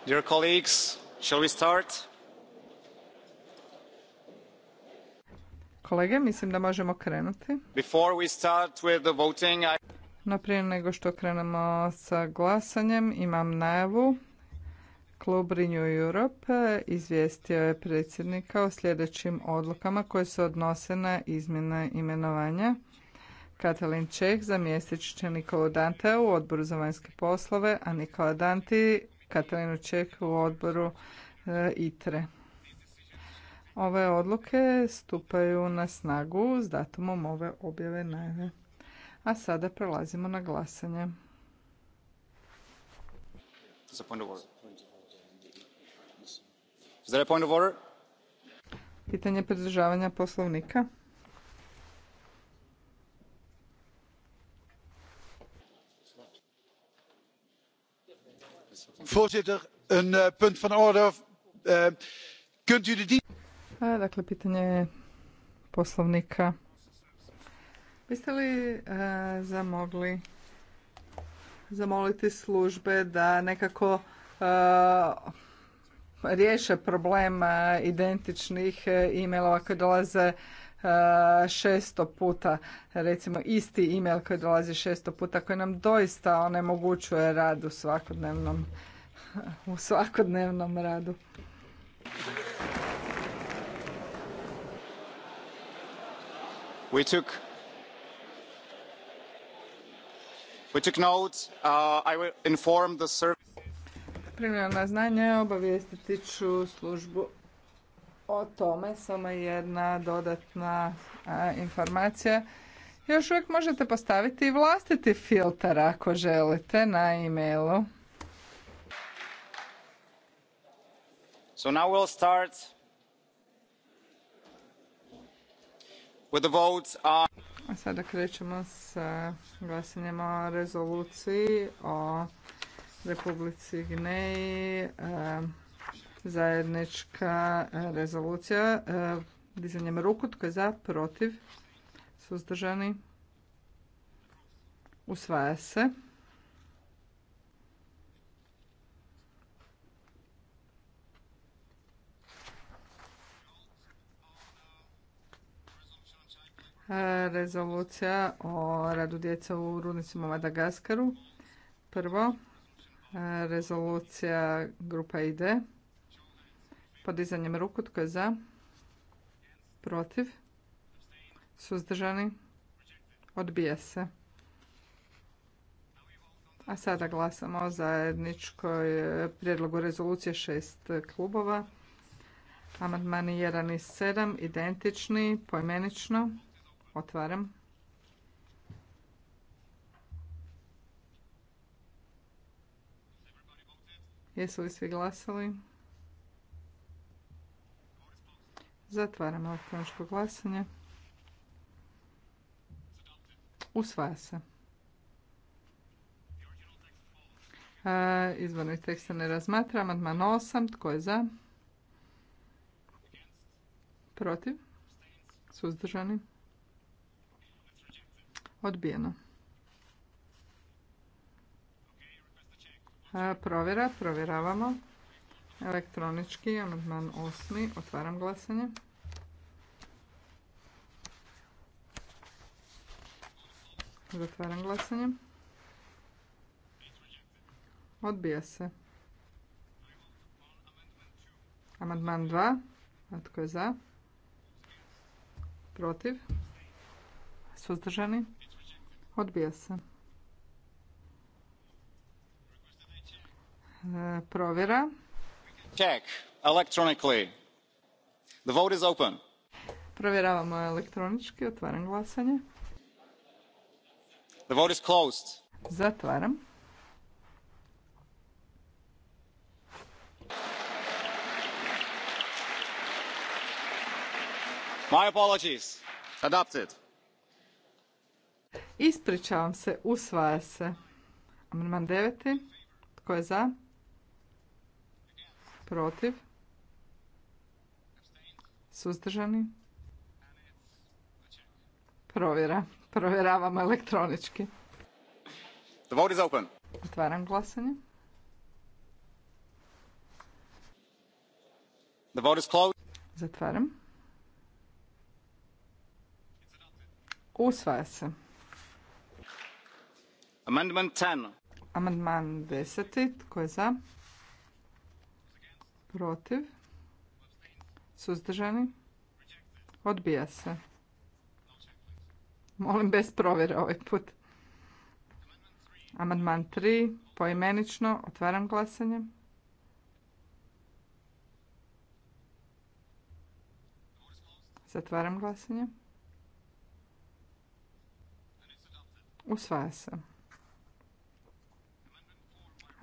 Dear colleagues, shall we start? Kolege, mislim da možemo krenuti. Before we start with the voting, I... No prije nego što krenemo sa glasanjem, imam najavu. Klub Renew Europe izvijestio je predsjednika o sljedećim odlukama koje se odnose na izmjene imenovanja. Katalin Čeh za mjesec će Nikolu Dante u odboru za vanjske poslove, a Nikola Danti Katarinu u odboru e, ITRE. Ove odluke stupaju na snagu s datumom ove objave najave. A sada prelazimo na glasanje. Pitanje pridržavanja poslovnika. Voorzitter, een eh, punt van orde. Eh, kunt u de eh, Dakle, pitanje poslovnika. Biste li zamogli zamoliti službe da nekako riješe problem identičnih e-mailova koji dolaze 600 puta, recimo isti e-mail koji dolazi 600 puta, koji nam doista onemogućuje rad u svakodnevnom u svakodnevnom radu. We took We took notes. Uh, I will inform the service. Primljeno na znanje obavijestiti ću službu o tome, samo jedna dodatna informacija. Još uvijek možete postaviti i vlastiti filter, ako želite na e-mailu. so now we'll start with the votes A sada krećemo sa glasanjem o rezoluciji o Republici Gneji. Zajednička rezolucija. Dizanjem ruku, tko je za, protiv, suzdržani. Usvaja se. rezolucija o radu djeca u rudnicima Madagaskaru. Prvo, rezolucija grupa ID. Podizanjem ruku tko je za? Protiv? Suzdržani? Odbija se. A sada glasamo o zajedničkoj prijedlogu rezolucije šest klubova. Amandmani 1 i 7 identični, poimenično. Otvaram. Jesu li svi glasali? Zatvaram elektroničko glasanje. Usvaja se. E, izvorni teksta ne razmatra. Amandman 8. Tko je za? Protiv? Suzdržani? Odbijeno. E, provjera, provjeravamo. Elektronički, amandman osmi. Otvaram glasanje. Zatvaram glasanje. Odbija se. Amandman 2. A tko je za? Protiv? Suzdržani? Odbija se. E, provjera. Check. Electronically. The vote is open. Provjeravamo elektronički. Otvaram glasanje. The vote is closed. Zatvaram. My apologies. Adopted. Ispričavam se, usvaja se. Amandman 9. Tko je za? Protiv? Suzdržani? Provjera. Provjeravamo elektronički. The Otvaram glasanje. The Zatvaram. Usvaja se. Amandman 10. Amandman 10. Tko je za? Protiv? Suzdržani? Odbija se. Molim bez provjera ovaj put. Amandman 3. Poimenično. Otvaram glasanje. Zatvaram glasanje. Usvaja se.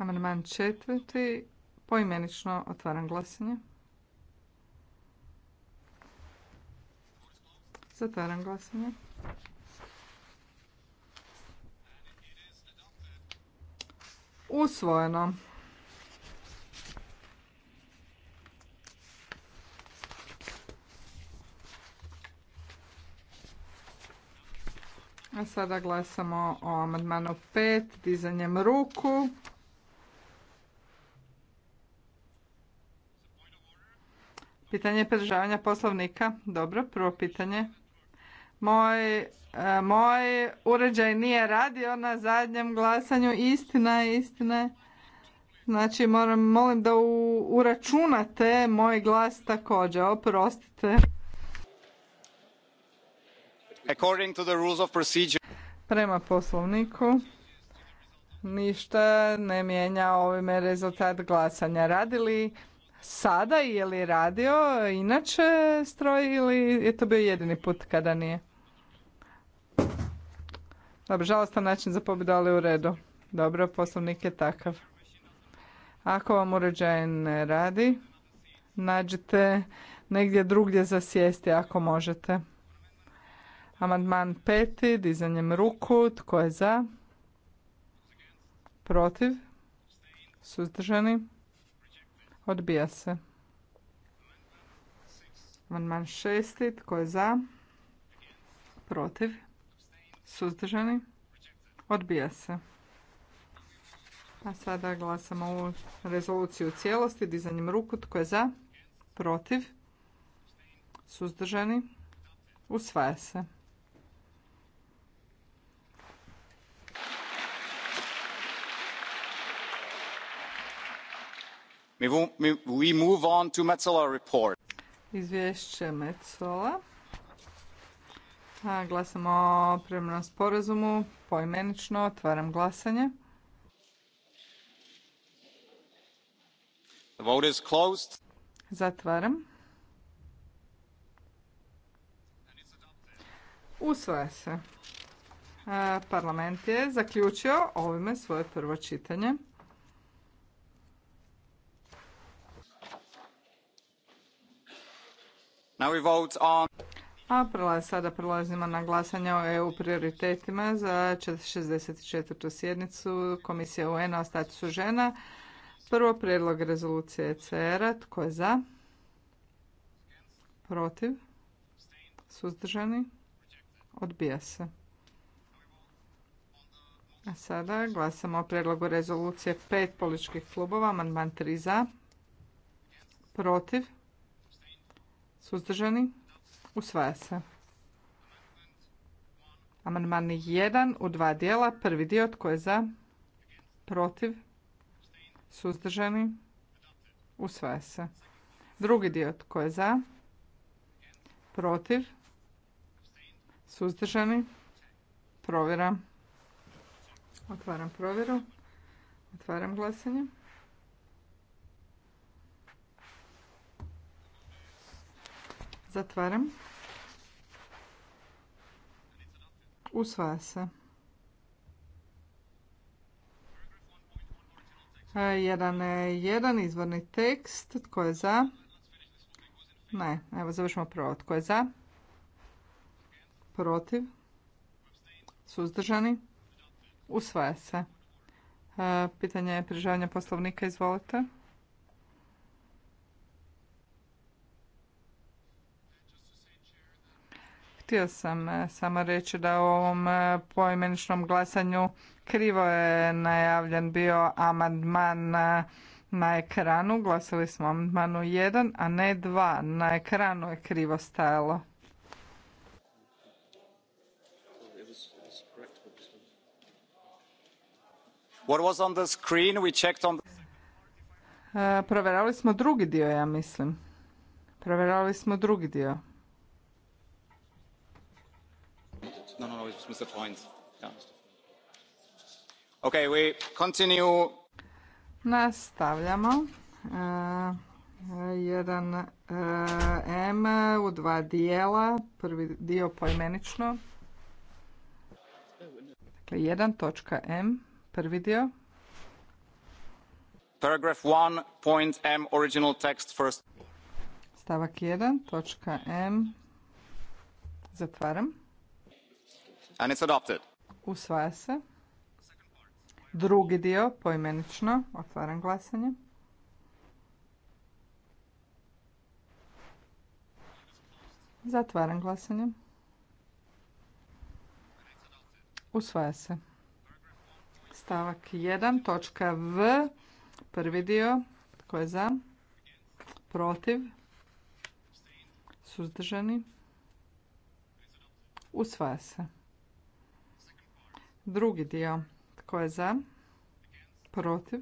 Amandman četvrti, poimenično otvaram glasanje. Zatvaram glasanje. Usvojeno. A sada glasamo o amandmanu pet, dizanjem ruku. Pitanje pridržavanja poslovnika. Dobro, prvo pitanje. Moj, e, moj uređaj nije radio na zadnjem glasanju. Istina je, istina je. Znači, moram, molim da uračunate moj glas također. Oprostite. Prema poslovniku ništa ne mijenja ovime rezultat glasanja. Radili sada je li radio inače stroj ili je to bio jedini put kada nije? Dobro, žalostan način za pobjedu, ali u redu. Dobro, poslovnik je takav. Ako vam uređaj ne radi, nađite negdje drugdje za sjesti ako možete. Amandman peti, dizanjem ruku, tko je za? Protiv? Suzdržani? Odbija se. Amandman šesti. Tko je za? Protiv? Suzdržani? Odbija se. A sada glasamo ovu rezoluciju u cijelosti. Dizanjem ruku. Tko je za? Protiv? Suzdržani? Usvaja se. Izvješće Metzola. glasamo o sporazumu. Poimenično otvaram glasanje. The vote Zatvaram. Usvaja se. Parlament je zaključio ovime svoje prvo čitanje. Now we A sada prelazimo na glasanje o EU prioritetima za 64. sjednicu Komisije UN-a o statusu žena. Prvo prijedlog rezolucije ecr Tko je za? Protiv? Suzdržani? Odbija se. A sada glasamo o predlogu rezolucije pet političkih klubova. Amandman 3 za. Protiv? Suzdržani? Usvaja se. Amandman jedan u dva dijela. Prvi dio tko je za? Protiv? Suzdržani? Usvaja se. Drugi dio tko je za? Protiv? Suzdržani? Provjera. Otvaram provjeru. Otvaram glasanje. Zatvaram. Usvaja se. Jedan jedan izvorni tekst. Tko je za? Ne, evo završimo prvo. Tko je za? Protiv? Suzdržani? Usvaja se. E, pitanje je prižavanja poslovnika. Izvolite. Htio sam e, samo reći da u ovom e, poimeničnom glasanju krivo je najavljen bio amandman e, na, ekranu. Glasili smo o amandmanu 1, a ne 2. Na ekranu je krivo stajalo. What was on the screen? We checked on... Provjeravali smo drugi dio, ja mislim. Provjeravali smo drugi dio. no no no mr freund yeah. okay we continue nastavljamo eh, jedan eh, m u dva dijela prvi dio poimenično dakle jedan točka m prvi dio paragraph one point m original text first stavak jedan točka M, zatvaram and it's adopted. Usvaja se. Drugi dio poimenično. Otvaram glasanje. Zatvaram glasanje. Usvaja se. Stavak 1, točka V, prvi dio, tko je za, protiv, suzdržani, usvaja se. Drugi dio. Tko je za? Protiv?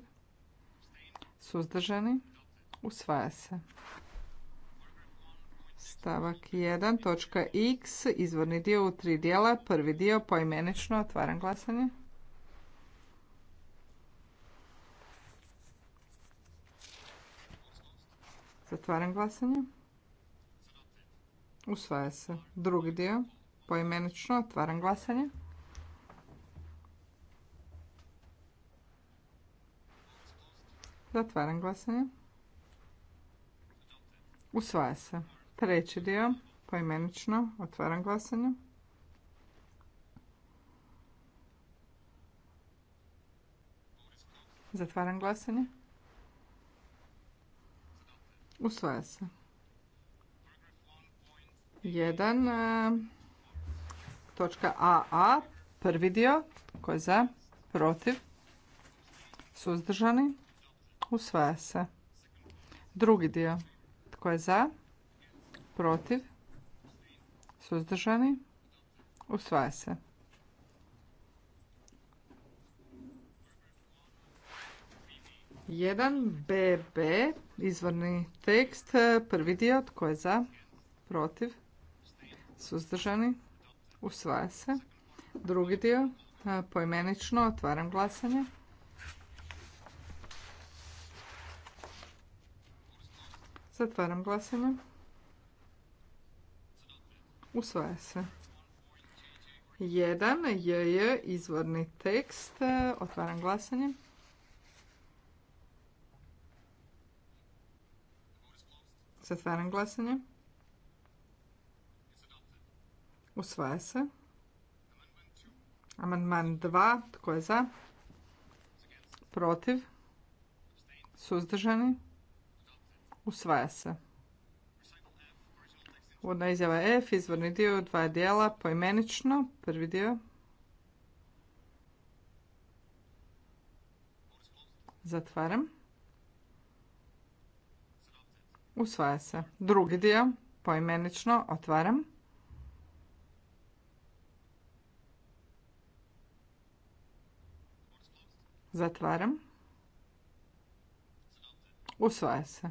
Suzdržani? Usvaja se. Stavak 1. Točka x. Izvorni dio u tri dijela. Prvi dio poimenično. Otvaram glasanje. Zatvaram glasanje. Usvaja se. Drugi dio. Poimenično. Otvaram glasanje. Zatvaram glasanje. Usvaja se. Treći dio, poimenično, otvaram glasanje. Zatvaram glasanje. Usvaja se. Jedan, e, točka AA, prvi dio, koji je za, protiv, suzdržani, Usvaja se. Drugi dio. Tko je za? Protiv? Suzdržani? Usvaja se. Jedan BB, izvorni tekst, prvi dio, tko je za, protiv, suzdržani, usvaja se. Drugi dio, poimenično, otvaram glasanje. Zatvaram glasanje. Usvaja se. 1 je je izvorni tekst. Otvaram glasanje. Zatvaram glasanje. Usvaja se. Amandman 2. Tko je za? Protiv? Suzdržani? Usvaja se. Uvodna izjava F, izvorni dio, dva dijela, poimenično, prvi dio. Zatvaram. Usvaja se. Drugi dio, poimenično, otvaram. Zatvaram. Usvaja se.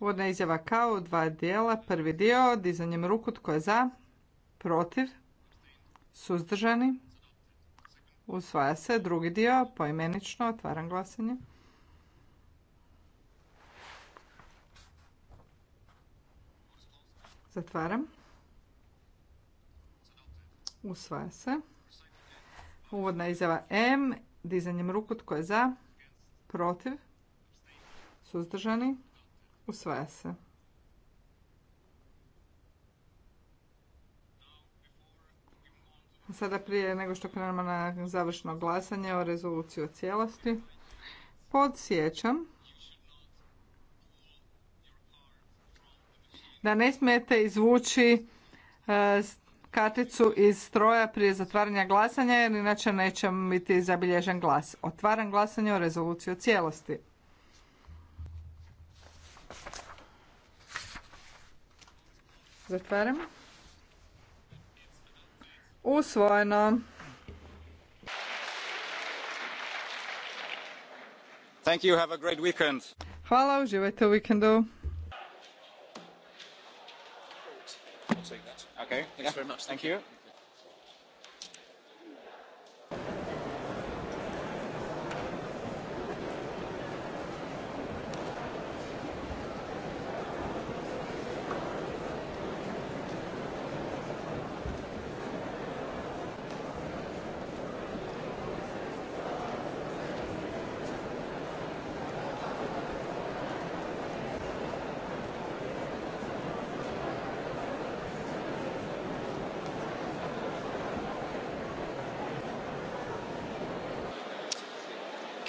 Uvodna izjava kao u dva dijela. Prvi dio, dizanjem ruku, tko je za, protiv, suzdržani, usvaja se. Drugi dio, poimenično, otvaram glasanje. Zatvaram. Usvaja se. Uvodna izjava M. Dizanjem ruku tko je za? Protiv? Suzdržani? Usvaja se. Sada prije nego što krenemo na završno glasanje o rezoluciji o cijelosti, podsjećam da ne smijete izvući e, karticu iz stroja prije zatvaranja glasanja jer inače neće biti zabilježen glas. Otvaram glasanje o rezoluciji o cijelosti. Zatvaram. Usvojeno. Thank you. Have a great weekend. Hvala, uživajte u vikendu. Okay. Thanks very much. Thank you.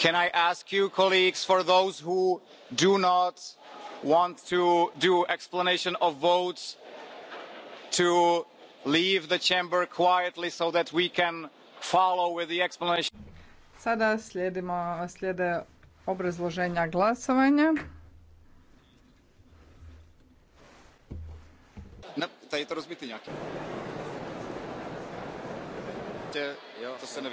can i ask you colleagues for those who do not want to do explanation of votes to leave the chamber quietly so that we can follow with the explanation Sada slijedimo slijede obrazloženja glasovanja. Ne, taj je to To se ne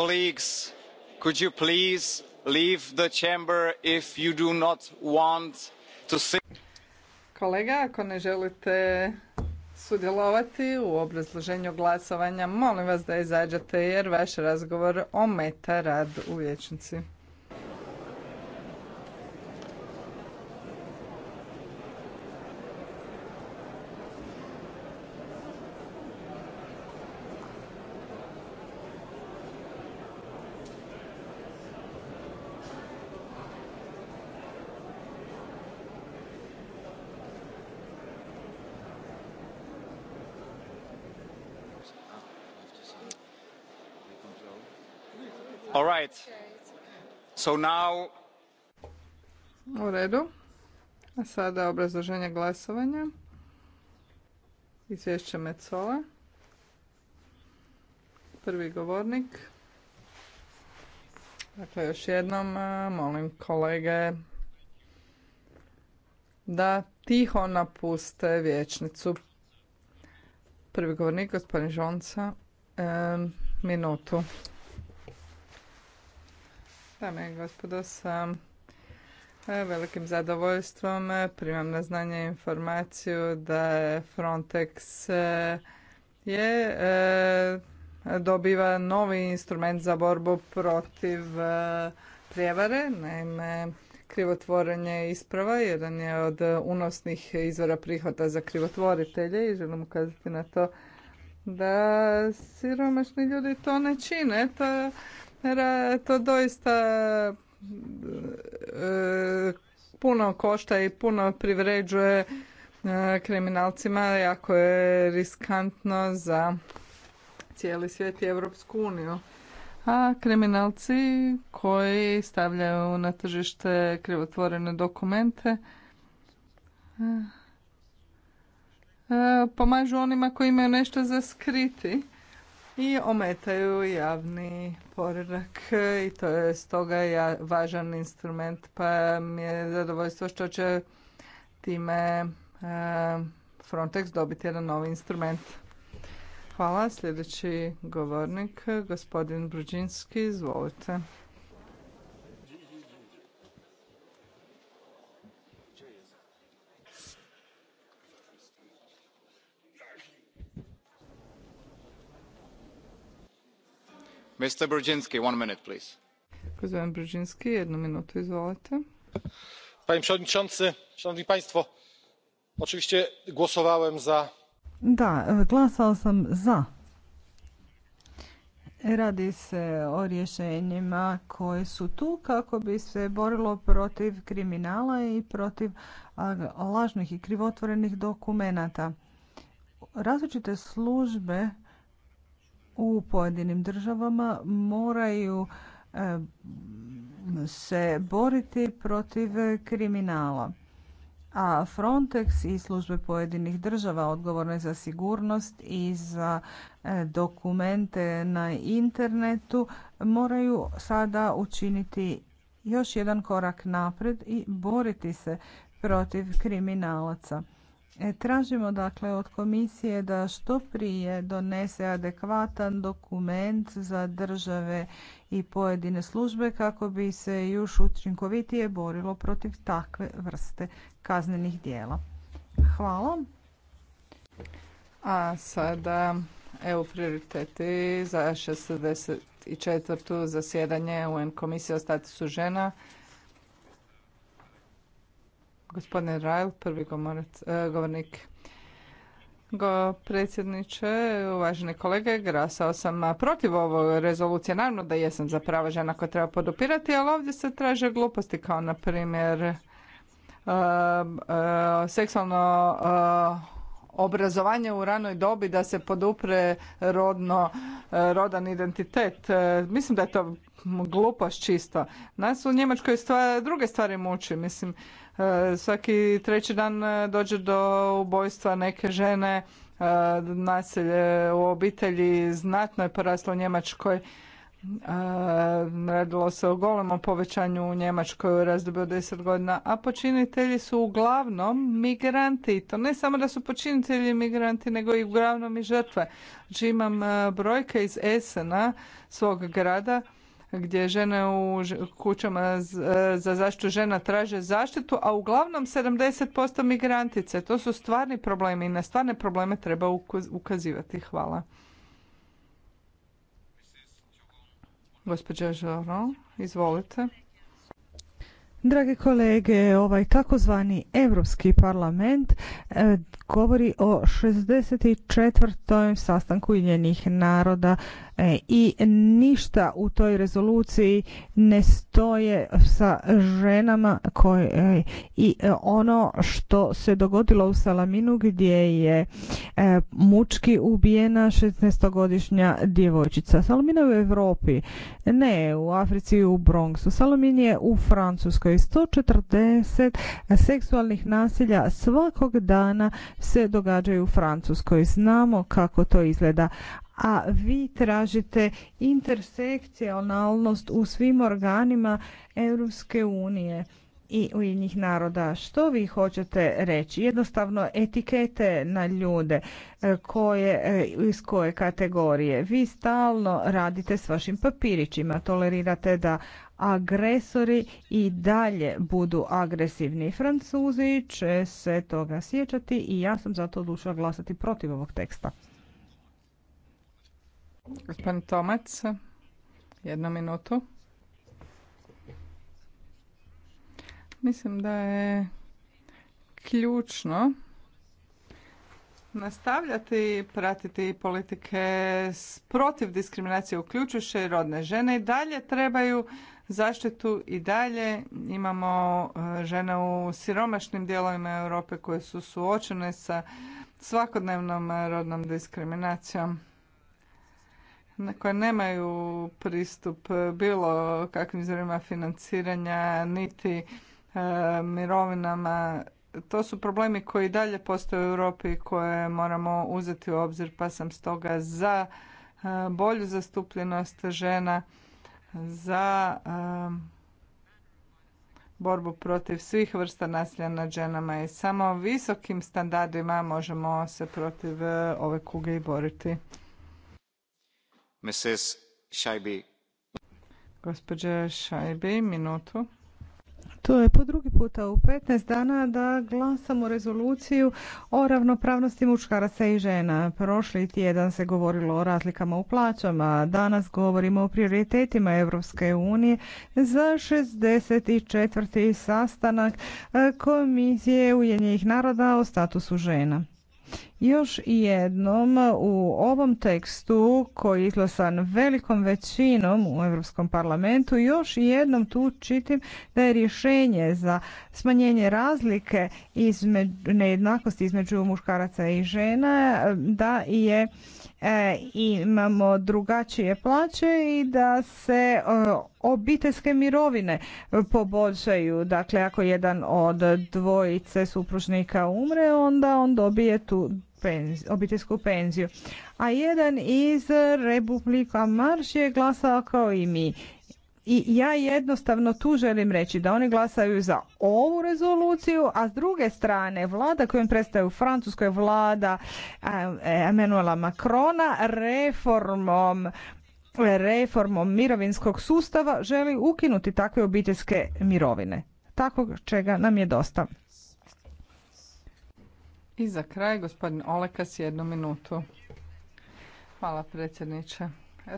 colleagues could you please leave the chamber if you do not want to Kolega, ako ne želite sudjelovati u obrazloženju glasovanja, molim vas da izađete jer vaš razgovor ometa rad u vijećnici. U redu. A sada obrazloženje glasovanja. Izvješće Mecola. Prvi govornik. Dakle, još jednom molim kolege da tiho napuste vječnicu. Prvi govornik, gospodin Žonca, minutu. Dame i gospodo, sa e, velikim zadovoljstvom e, primam na znanje informaciju da Frontex e, je dobiva novi instrument za borbu protiv prijevare, naime krivotvorenje isprava, jedan je od unosnih izvora prihvata za krivotvoritelje i želim ukazati na to da siromašni ljudi to ne čine. To partnera to doista e, puno košta i puno privređuje e, kriminalcima, jako je riskantno za cijeli svijet i Evropsku uniju. A kriminalci koji stavljaju na tržište krivotvorene dokumente e, pomažu onima koji imaju nešto za skriti i ometaju javni poredak i to je stoga ja, važan instrument pa mi je zadovoljstvo što će time e, Frontex dobiti jedan novi instrument. Hvala. Sljedeći govornik, gospodin Bruđinski, izvolite. Mr. Brzezinski, one minute, please. Gospodin jednu minutu, izvolite. Panie przewodniczący, szanowni państwo, oczywiście głosowałem za. Da, glasao sam za. Radi se o rješenjima koje su tu kako bi se borilo protiv kriminala i protiv lažnih i krivotvorenih dokumenata. Različite službe u pojedinim državama moraju eh, se boriti protiv kriminala. A Frontex i službe pojedinih država odgovorne za sigurnost i za eh, dokumente na internetu moraju sada učiniti još jedan korak naprijed i boriti se protiv kriminalaca. E, tražimo dakle od komisije da što prije donese adekvatan dokument za države i pojedine službe kako bi se još učinkovitije borilo protiv takve vrste kaznenih dijela. Hvala. A sada EU prioriteti za 64. zasjedanje UN komisije o statusu žena Gospodine Rajl, prvi e, govornik. Go predsjedniče, uvaženi kolege, grasao sam protiv ovo rezolucije. Naravno da jesam za prava žena koja treba podupirati, ali ovdje se traže gluposti kao na primjer e, e, seksualno obrazovanje u ranoj dobi da se podupre rodno, rodan identitet. Mislim da je to glupost čista. Nas u Njemačkoj druge stvari muči, mislim. E, svaki treći dan e, dođe do ubojstva neke žene, e, nasilje u obitelji znatno je poraslo u Njemačkoj. Radilo se o golemom povećanju u Njemačkoj u razdoblju od 10 godina, a počinitelji su uglavnom migranti. to ne samo da su počinitelji migranti, nego i uglavnom i žrtve. Znači imam brojke iz Esena, svog grada, gdje žene u kućama e, za zaštitu žena traže zaštitu, a uglavnom 70% migrantice. To su stvarni problemi i na stvarne probleme treba ukazivati. Hvala. Gospođa Žaron, izvolite. Drage kolege, ovaj takozvani Europski parlament e, govori o 64. sastanku iljenih naroda E, i ništa u toj rezoluciji ne stoje sa ženama koje e, i e, ono što se dogodilo u Salaminu gdje je mučki ubijena 16-godišnja djevojčica. Salamina u Europi, ne u Africi i u Bronxu. Salamin je u Francuskoj. 140 seksualnih nasilja svakog dana se događaju u Francuskoj. Znamo kako to izgleda a vi tražite intersekcionalnost u svim organima Europske unije i njih naroda. Što vi hoćete reći? Jednostavno etikete na ljude e, koje, e, iz koje kategorije. Vi stalno radite s vašim papirićima, tolerirate da agresori i dalje budu agresivni. Francuzi će se toga sjećati i ja sam zato odlučila glasati protiv ovog teksta. Gospodin Tomac, jednu minutu. Mislim da je ključno nastavljati pratiti politike protiv diskriminacije uključujući i rodne žene i dalje trebaju zaštitu i dalje imamo eh, žene u siromašnim dijelovima Europe koje su suočene sa svakodnevnom eh, rodnom diskriminacijom na koje nemaju pristup bilo kakvim izvorima financiranja niti e, mirovinama. To su problemi koji dalje postoje u Europi koje moramo uzeti u obzir pa sam stoga za e, bolju zastupljenost žena, za e, borbu protiv svih vrsta nasilja nad ženama i samo visokim standardima možemo se protiv ove kuge i boriti. To je po drugi puta u 15 dana da glasamo rezoluciju o ravnopravnosti muškaraca i žena. Prošli tjedan se govorilo o razlikama u plaćama, danas govorimo o prioritetima Europske unije za 64. sastanak e, Komisije Ujedinjenih naroda o statusu žena. Još jednom u ovom tekstu koji je izglasan velikom većinom u Europskom parlamentu još jednom tu čitim da je rješenje za smanjenje razlike između, nejednakosti između muškaraca i žena da je E, imamo drugačije plaće i da se e, obiteljske mirovine poboljšaju. Dakle, ako jedan od dvojice supružnika umre, onda on dobije tu obiteljsku penziju. A jedan iz Republika Marš je glasao kao i mi i ja jednostavno tu želim reći da oni glasaju za ovu rezoluciju, a s druge strane vlada kojom prestaje u Francuskoj vlada eh, Emanuela Macrona reformom reformom mirovinskog sustava želi ukinuti takve obiteljske mirovine. Tako čega nam je dosta. I za kraj gospodin Olekas jednu minutu. Hvala predsjedniče.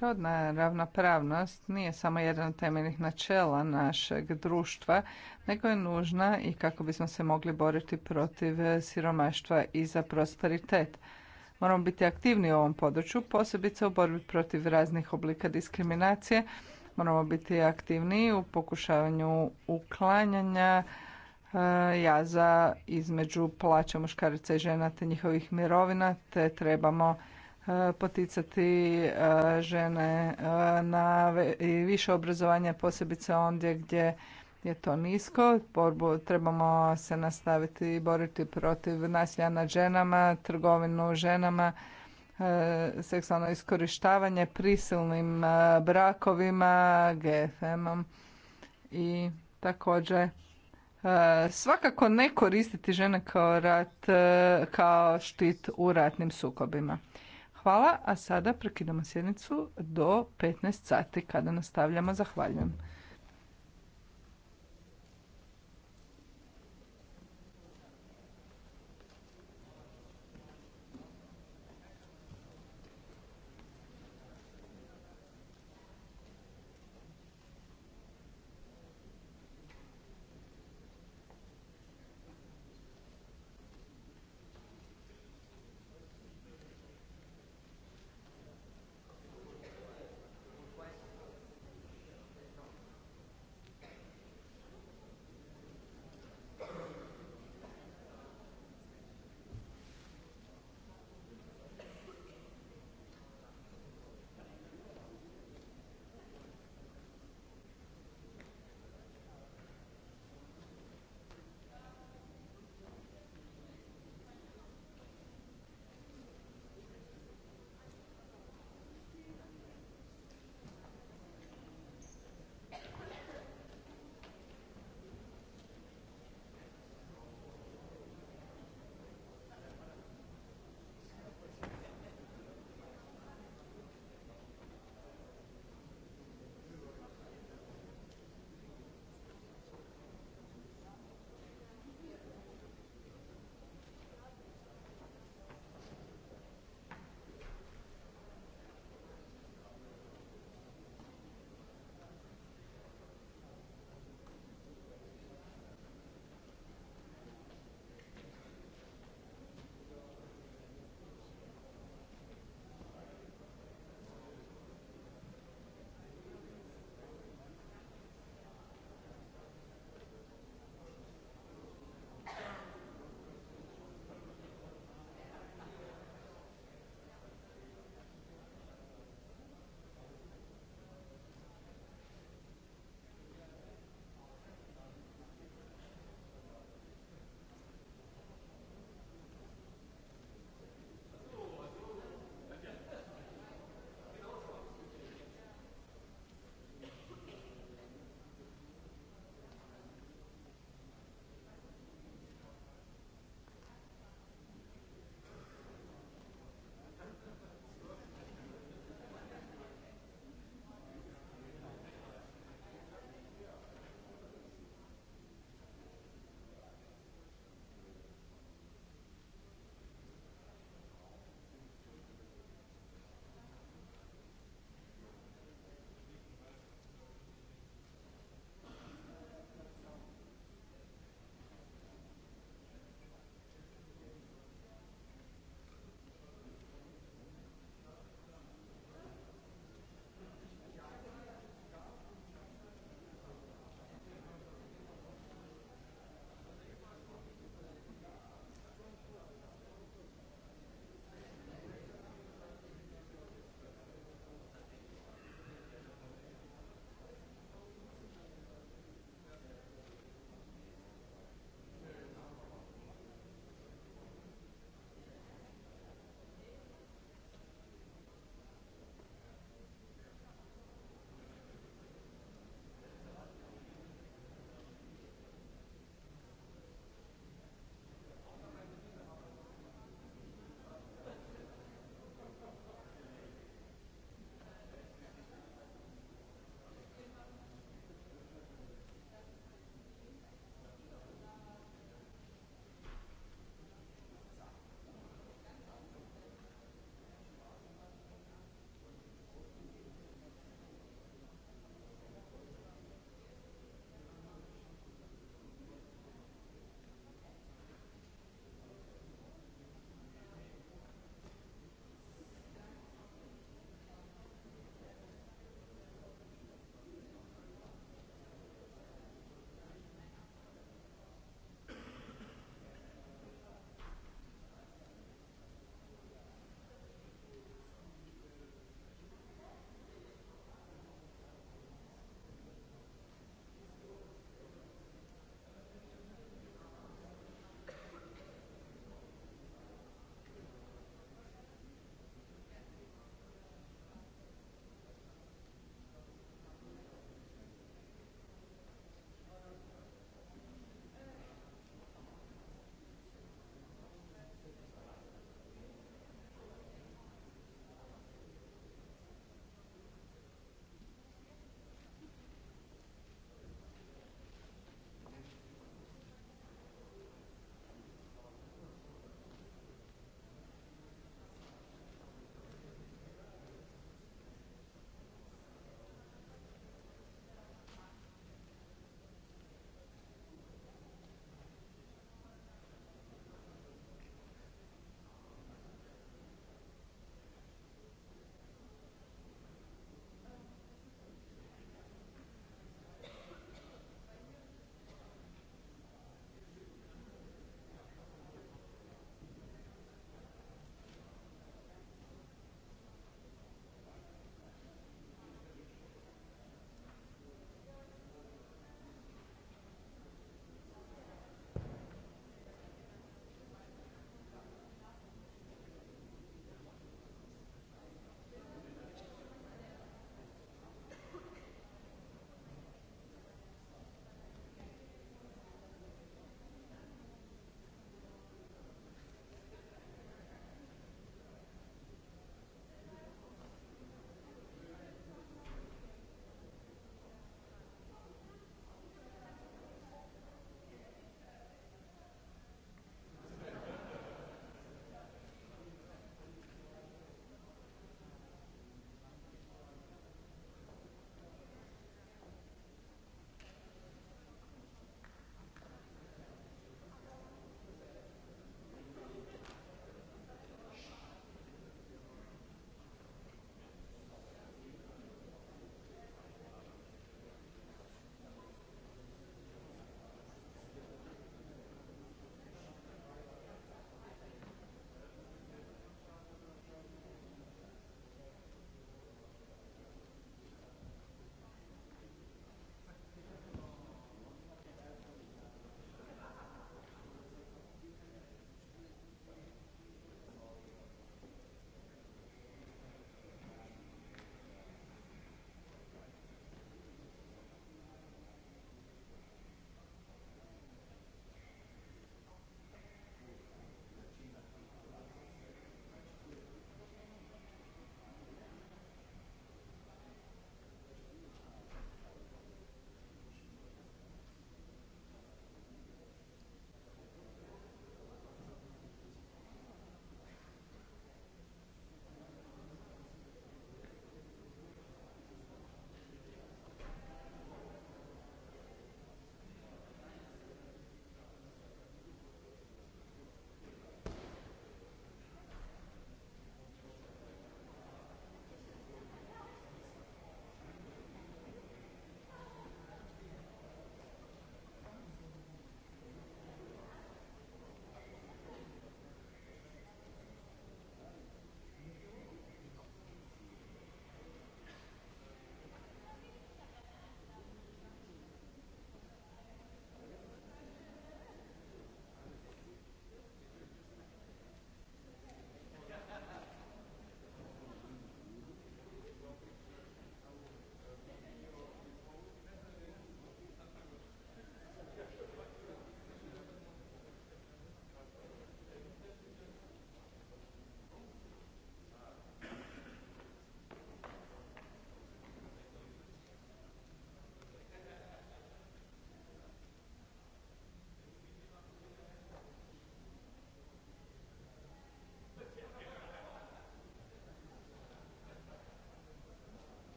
Rodna ravnopravnost nije samo jedan od temeljnih načela našeg društva, nego je nužna i kako bismo se mogli boriti protiv siromaštva i za prosperitet. Moramo biti aktivni u ovom području, posebice u borbi protiv raznih oblika diskriminacije. Moramo biti aktivniji u pokušavanju uklanjanja eh, jaza između plaća muškarica i žena te njihovih mirovina, te trebamo E, poticati e, žene e, na više obrazovanja, posebice ondje gdje je to nisko. Borbu, trebamo se nastaviti i boriti protiv nasilja nad ženama, trgovinu ženama, seksualno iskorištavanje prisilnim brakovima, GFM-om i također svakako ne koristiti žene kao, rat, kao štit u ratnim sukobima. Hvala, a sada prekidamo sjednicu do 15 sati kada nastavljamo. Zahvaljujem.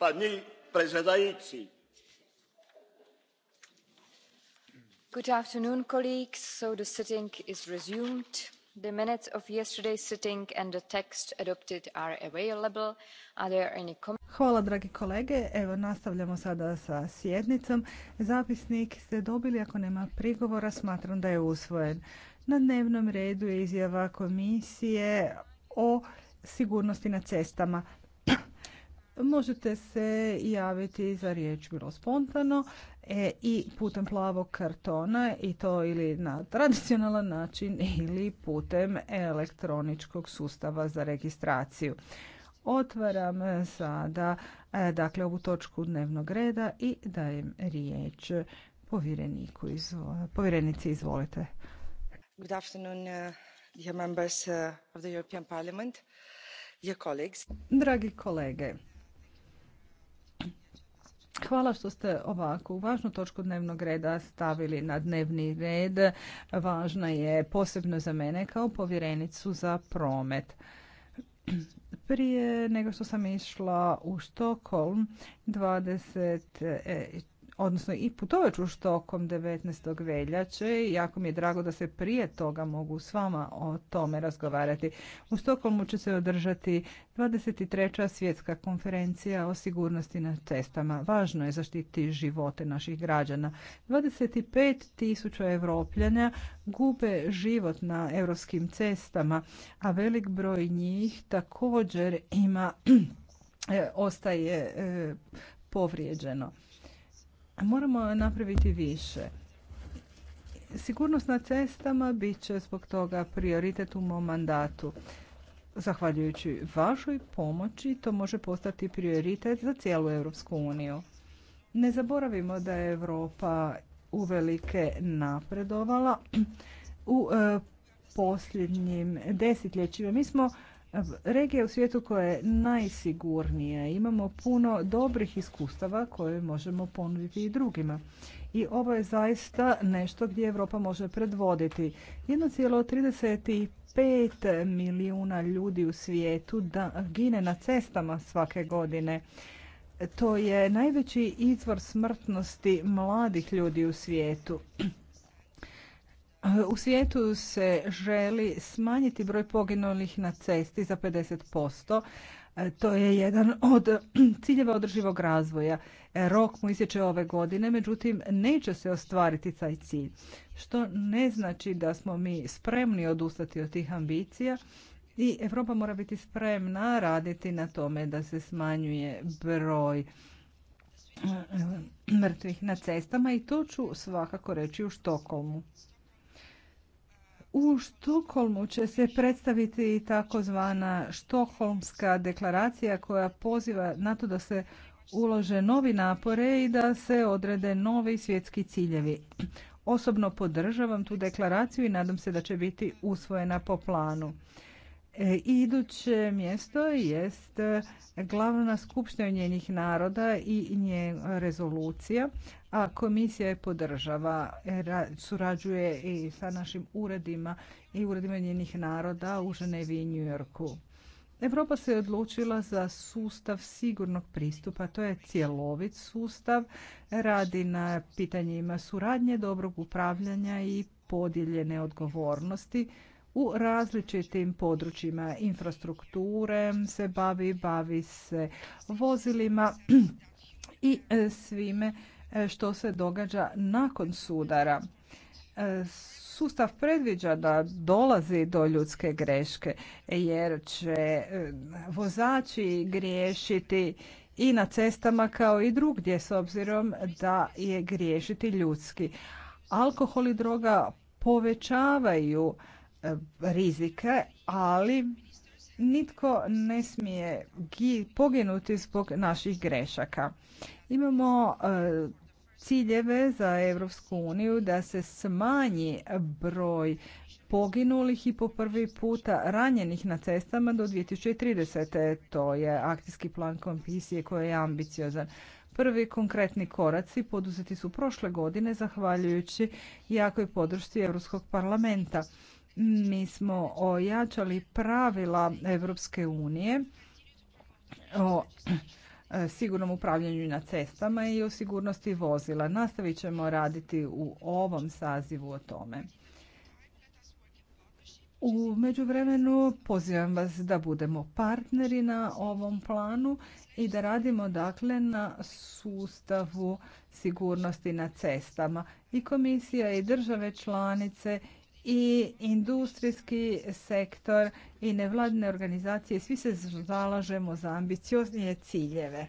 pani predsedající good afternoon colleagues so the sitting is resumed the minutes of yesterday's sitting and the text adopted are available are there any Hvala dragi kolege. Evo nastavljamo sada sa sjednicom. Zapisnik ste dobili ako nema prigovora smatram da je usvojen. Na dnevnom redu je izjava komisije o sigurnosti na cestama možete se javiti za riječ bilo spontano e, i putem plavog kartona i to ili na tradicionalan način ili putem elektroničkog sustava za registraciju. Otvaram sada e, dakle, ovu točku dnevnog reda i dajem riječ povjereniku. Izvo, povjerenici, izvolite. Good afternoon, uh, dear members uh, of the European Parliament, dear colleagues. Dragi kolege, Hvala što ste ovako važnu točku dnevnog reda stavili na dnevni red. Važna je posebno za mene kao povjerenicu za promet. Prije nego što sam išla u Štokholm, 24 odnosno i putovat ću štokom 19. veljače i jako mi je drago da se prije toga mogu s vama o tome razgovarati. U Stokomu će se održati 23. svjetska konferencija o sigurnosti na cestama. Važno je zaštiti živote naših građana. 25 tisuća evropljana gube život na europskim cestama, a velik broj njih također ima e, ostaje e, povrijeđeno. Moramo napraviti više. Sigurnost na cestama bit će zbog toga prioritet u mom mandatu. Zahvaljujući vašoj pomoći to može postati prioritet za cijelu Europsku uniju. Ne zaboravimo da je Europa uvelike napredovala u e, posljednjim desetljećima. Mi smo regija u svijetu koja je najsigurnija. Imamo puno dobrih iskustava koje možemo ponuditi i drugima. I ovo je zaista nešto gdje Europa može predvoditi. 1,35 milijuna ljudi u svijetu da gine na cestama svake godine. To je najveći izvor smrtnosti mladih ljudi u svijetu. U svijetu se želi smanjiti broj poginulih na cesti za 50%. E, to je jedan od ciljeva održivog razvoja. E, rok mu isječe ove godine, međutim neće se ostvariti taj cilj. Što ne znači da smo mi spremni odustati od tih ambicija i Europa mora biti spremna raditi na tome da se smanjuje broj e, mrtvih na cestama i to ću svakako reći u Štokomu. U Štokholmu će se predstaviti takozvana Štokholmska deklaracija koja poziva na to da se ulože novi napore i da se odrede novi svjetski ciljevi. Osobno podržavam tu deklaraciju i nadam se da će biti usvojena po planu. E, iduće mjesto jest e, glavna skupština njenih naroda i nje e, rezolucija, a komisija je podržava, surađuje i sa našim uredima i uredima njenih naroda u Ženevi i Yorku. Europa se odlučila za sustav sigurnog pristupa, to je cjelovit sustav, radi na pitanjima suradnje, dobrog upravljanja i podijeljene odgovornosti u različitim područjima infrastrukture se bavi, bavi se vozilima i e, svime e, što se događa nakon sudara. E, sustav predviđa da dolazi do ljudske greške jer će vozači griješiti i na cestama kao i drugdje s obzirom da je griješiti ljudski. Alkohol i droga povećavaju E, rizike, ali nitko ne smije poginuti zbog naših grešaka. Imamo e, ciljeve za Europsku uniju da se smanji broj poginulih i po prvi puta ranjenih na cestama do 2030. To je akcijski plan komisije koji je ambiciozan. Prvi konkretni koraci poduzeti su prošle godine zahvaljujući jakoj podršci Europskog parlamenta. Mi smo ojačali pravila Europske unije o e, sigurnom upravljanju na cestama i o sigurnosti vozila. Nastavit ćemo raditi u ovom sazivu o tome. U međuvremenu pozivam vas da budemo partneri na ovom planu i da radimo dakle na sustavu sigurnosti na cestama. I komisija i države članice i industrijski sektor i nevladne organizacije, svi se zalažemo za ambicioznije ciljeve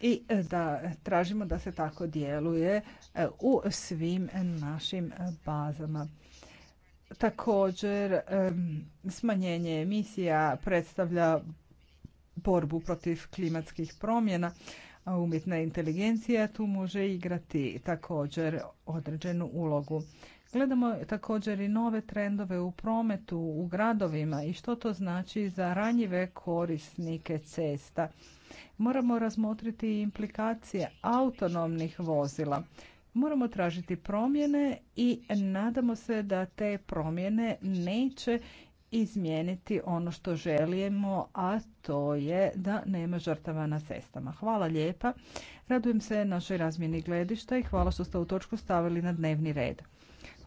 i e, da tražimo da se tako djeluje e, u svim našim bazama. Također, smanjenje emisija predstavlja borbu protiv klimatskih promjena, umjetna inteligencija tu može igrati također određenu ulogu. Gledamo također i nove trendove u prometu u gradovima i što to znači za ranjive korisnike cesta. Moramo razmotriti implikacije autonomnih vozila. Moramo tražiti promjene i nadamo se da te promjene neće izmijeniti ono što želimo, a to je da nema žrtava na cestama. Hvala lijepa. Radujem se našoj razmjeni gledišta i hvala što ste u točku stavili na dnevni red.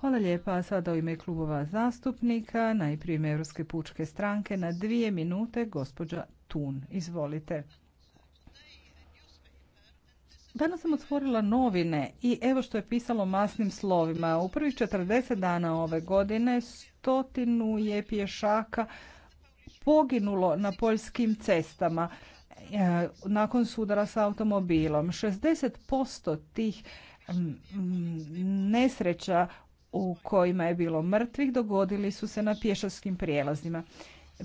Hvala lijepa. sada u ime klubova zastupnika, najprije ime Europske pučke stranke, na dvije minute gospođa Tun. Izvolite. Danas sam otvorila novine i evo što je pisalo masnim slovima. U prvih 40 dana ove godine stotinu je pješaka poginulo na poljskim cestama e, nakon sudara s automobilom. 60% tih nesreća u kojima je bilo mrtvih dogodili su se na pješačkim prijelazima.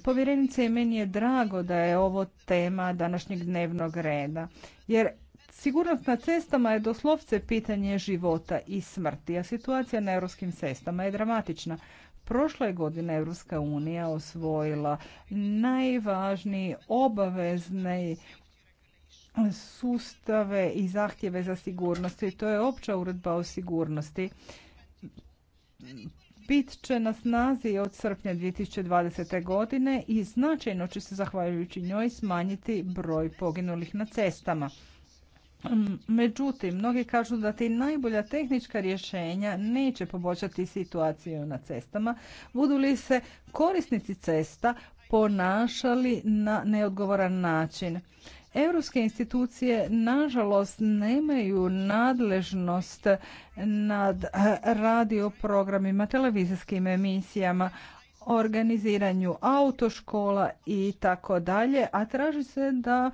Povjerenice, meni je drago da je ovo tema današnjeg dnevnog reda, jer sigurnost na cestama je doslovce pitanje života i smrti, a situacija na europskim cestama je dramatična. Prošle godine Europska unija osvojila najvažniji obavezne sustave i zahtjeve za sigurnost i to je opća uredba o sigurnosti bit će na snazi od srpnja 2020. godine i značajno će se zahvaljujući njoj smanjiti broj poginulih na cestama. Međutim, mnogi kažu da ti najbolja tehnička rješenja neće poboljšati situaciju na cestama, budu li se korisnici cesta ponašali na neodgovoran način. Europske institucije nažalost nemaju nadležnost nad radioprogramima, televizijskim emisijama, organiziranju autoškola i tako dalje, a traži se da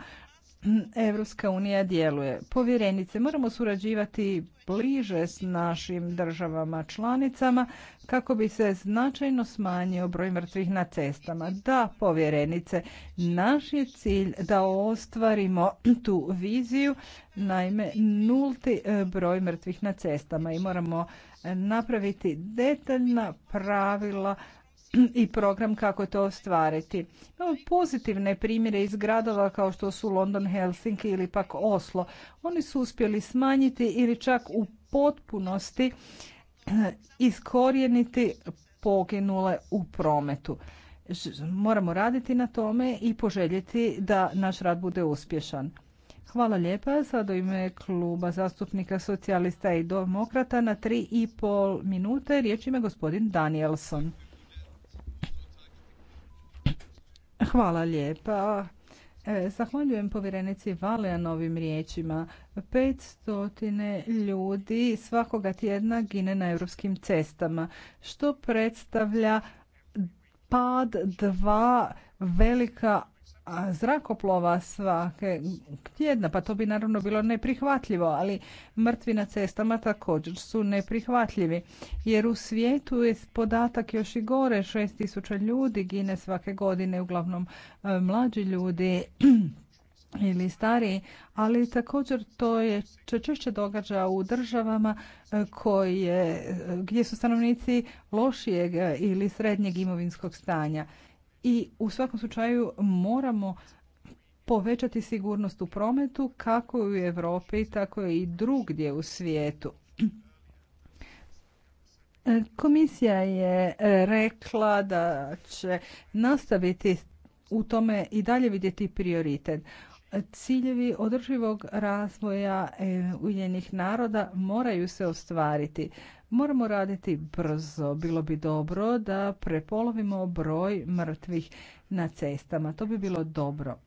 Evropska unija djeluje. Povjerenice, moramo surađivati bliže s našim državama članicama kako bi se značajno smanjio broj mrtvih na cestama. Da, povjerenice, naš je cilj da ostvarimo tu viziju, naime nulti e, broj mrtvih na cestama i moramo e, napraviti detaljna pravila i program kako to ostvariti. Imamo pozitivne primjere iz gradova kao što su London, Helsinki ili pak Oslo. Oni su uspjeli smanjiti ili čak u potpunosti eh, iskorijeniti poginule u prometu. Moramo raditi na tome i poželjeti da naš rad bude uspješan. Hvala lijepa. Sada u ime kluba zastupnika socijalista i demokrata na tri i pol minute riječ ima gospodin Danielson. Hvala lijepa. E, zahvaljujem povjerenici Vale na ovim riječima. 500 ljudi svakoga tjedna gine na europskim cestama, što predstavlja pad dva velika a zrakoplova svake tjedna, pa to bi naravno bilo neprihvatljivo, ali mrtvi na cestama također su neprihvatljivi. Jer u svijetu je podatak još i gore, tisuća ljudi gine svake godine, uglavnom e, mlađi ljudi ili stariji, ali također to je češće događa u državama e, koje, e, gdje su stanovnici lošijeg ili srednjeg imovinskog stanja i u svakom slučaju moramo povećati sigurnost u prometu kako i u Europi, tako i drugdje u svijetu. Komisija je e, rekla da će nastaviti u tome i dalje vidjeti prioritet. Ciljevi održivog razvoja e, Ujedinjenih naroda moraju se ostvariti. Moramo raditi brzo. Bilo bi dobro da prepolovimo broj mrtvih na cestama. To bi bilo dobro.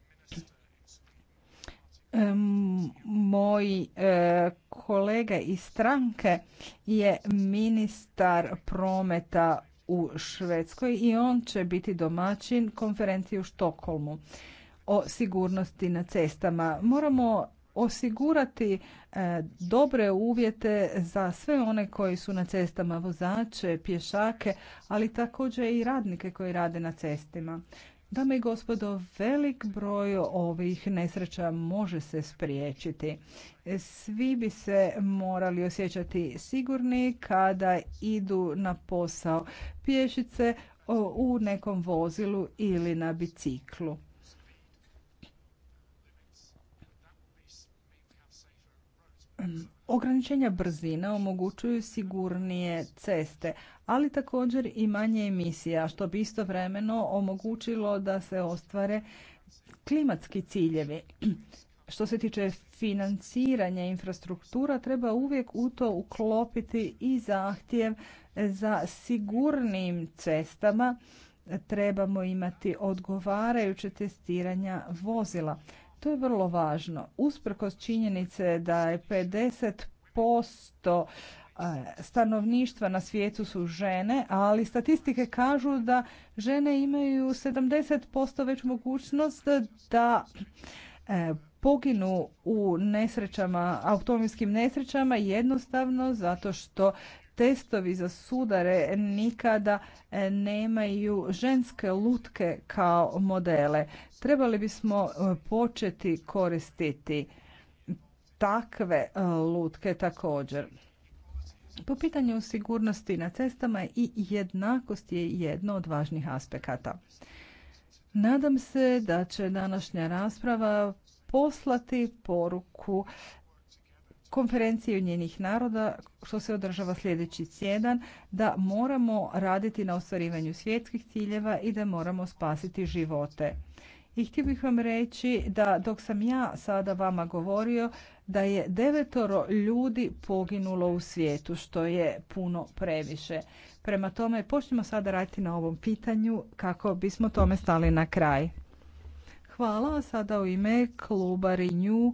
Moj e, kolega iz stranke je ministar prometa u Švedskoj i on će biti domaćin konferencije u Stokholmu o sigurnosti na cestama. Moramo osigurati e, dobre uvjete za sve one koji su na cestama, vozače, pješake, ali također i radnike koji rade na cestima. Dame i gospodo, velik broj ovih nesreća može se spriječiti. Svi bi se morali osjećati sigurni kada idu na posao pješice u nekom vozilu ili na biciklu. Ograničenja brzina omogućuju sigurnije ceste, ali također i manje emisija, što bi istovremeno omogućilo da se ostvare klimatski ciljevi. Što se tiče financiranja infrastruktura, treba uvijek u to uklopiti i zahtjev za sigurnim cestama. Trebamo imati odgovarajuće testiranja vozila. To je vrlo važno. Usprkos činjenice da je 50% e, stanovništva na svijetu su žene, ali statistike kažu da žene imaju 70% već mogućnost da e, poginu u nesrećama, automobilskim nesrećama jednostavno zato što testovi za sudare nikada e, nemaju ženske lutke kao modele. Trebali bismo e, početi koristiti takve e, lutke također. Po pitanju sigurnosti na cestama i jednakost je jedno od važnih aspekata. Nadam se da će današnja rasprava poslati poruku konferencije njenih naroda što se održava sljedeći sjedan da moramo raditi na ostvarivanju svjetskih ciljeva i da moramo spasiti živote. I htio bih vam reći da dok sam ja sada vama govorio da je devetoro ljudi poginulo u svijetu, što je puno previše. Prema tome, počnemo sada raditi na ovom pitanju kako bismo tome stali na kraj. Hvala. Sada u ime kluba Renew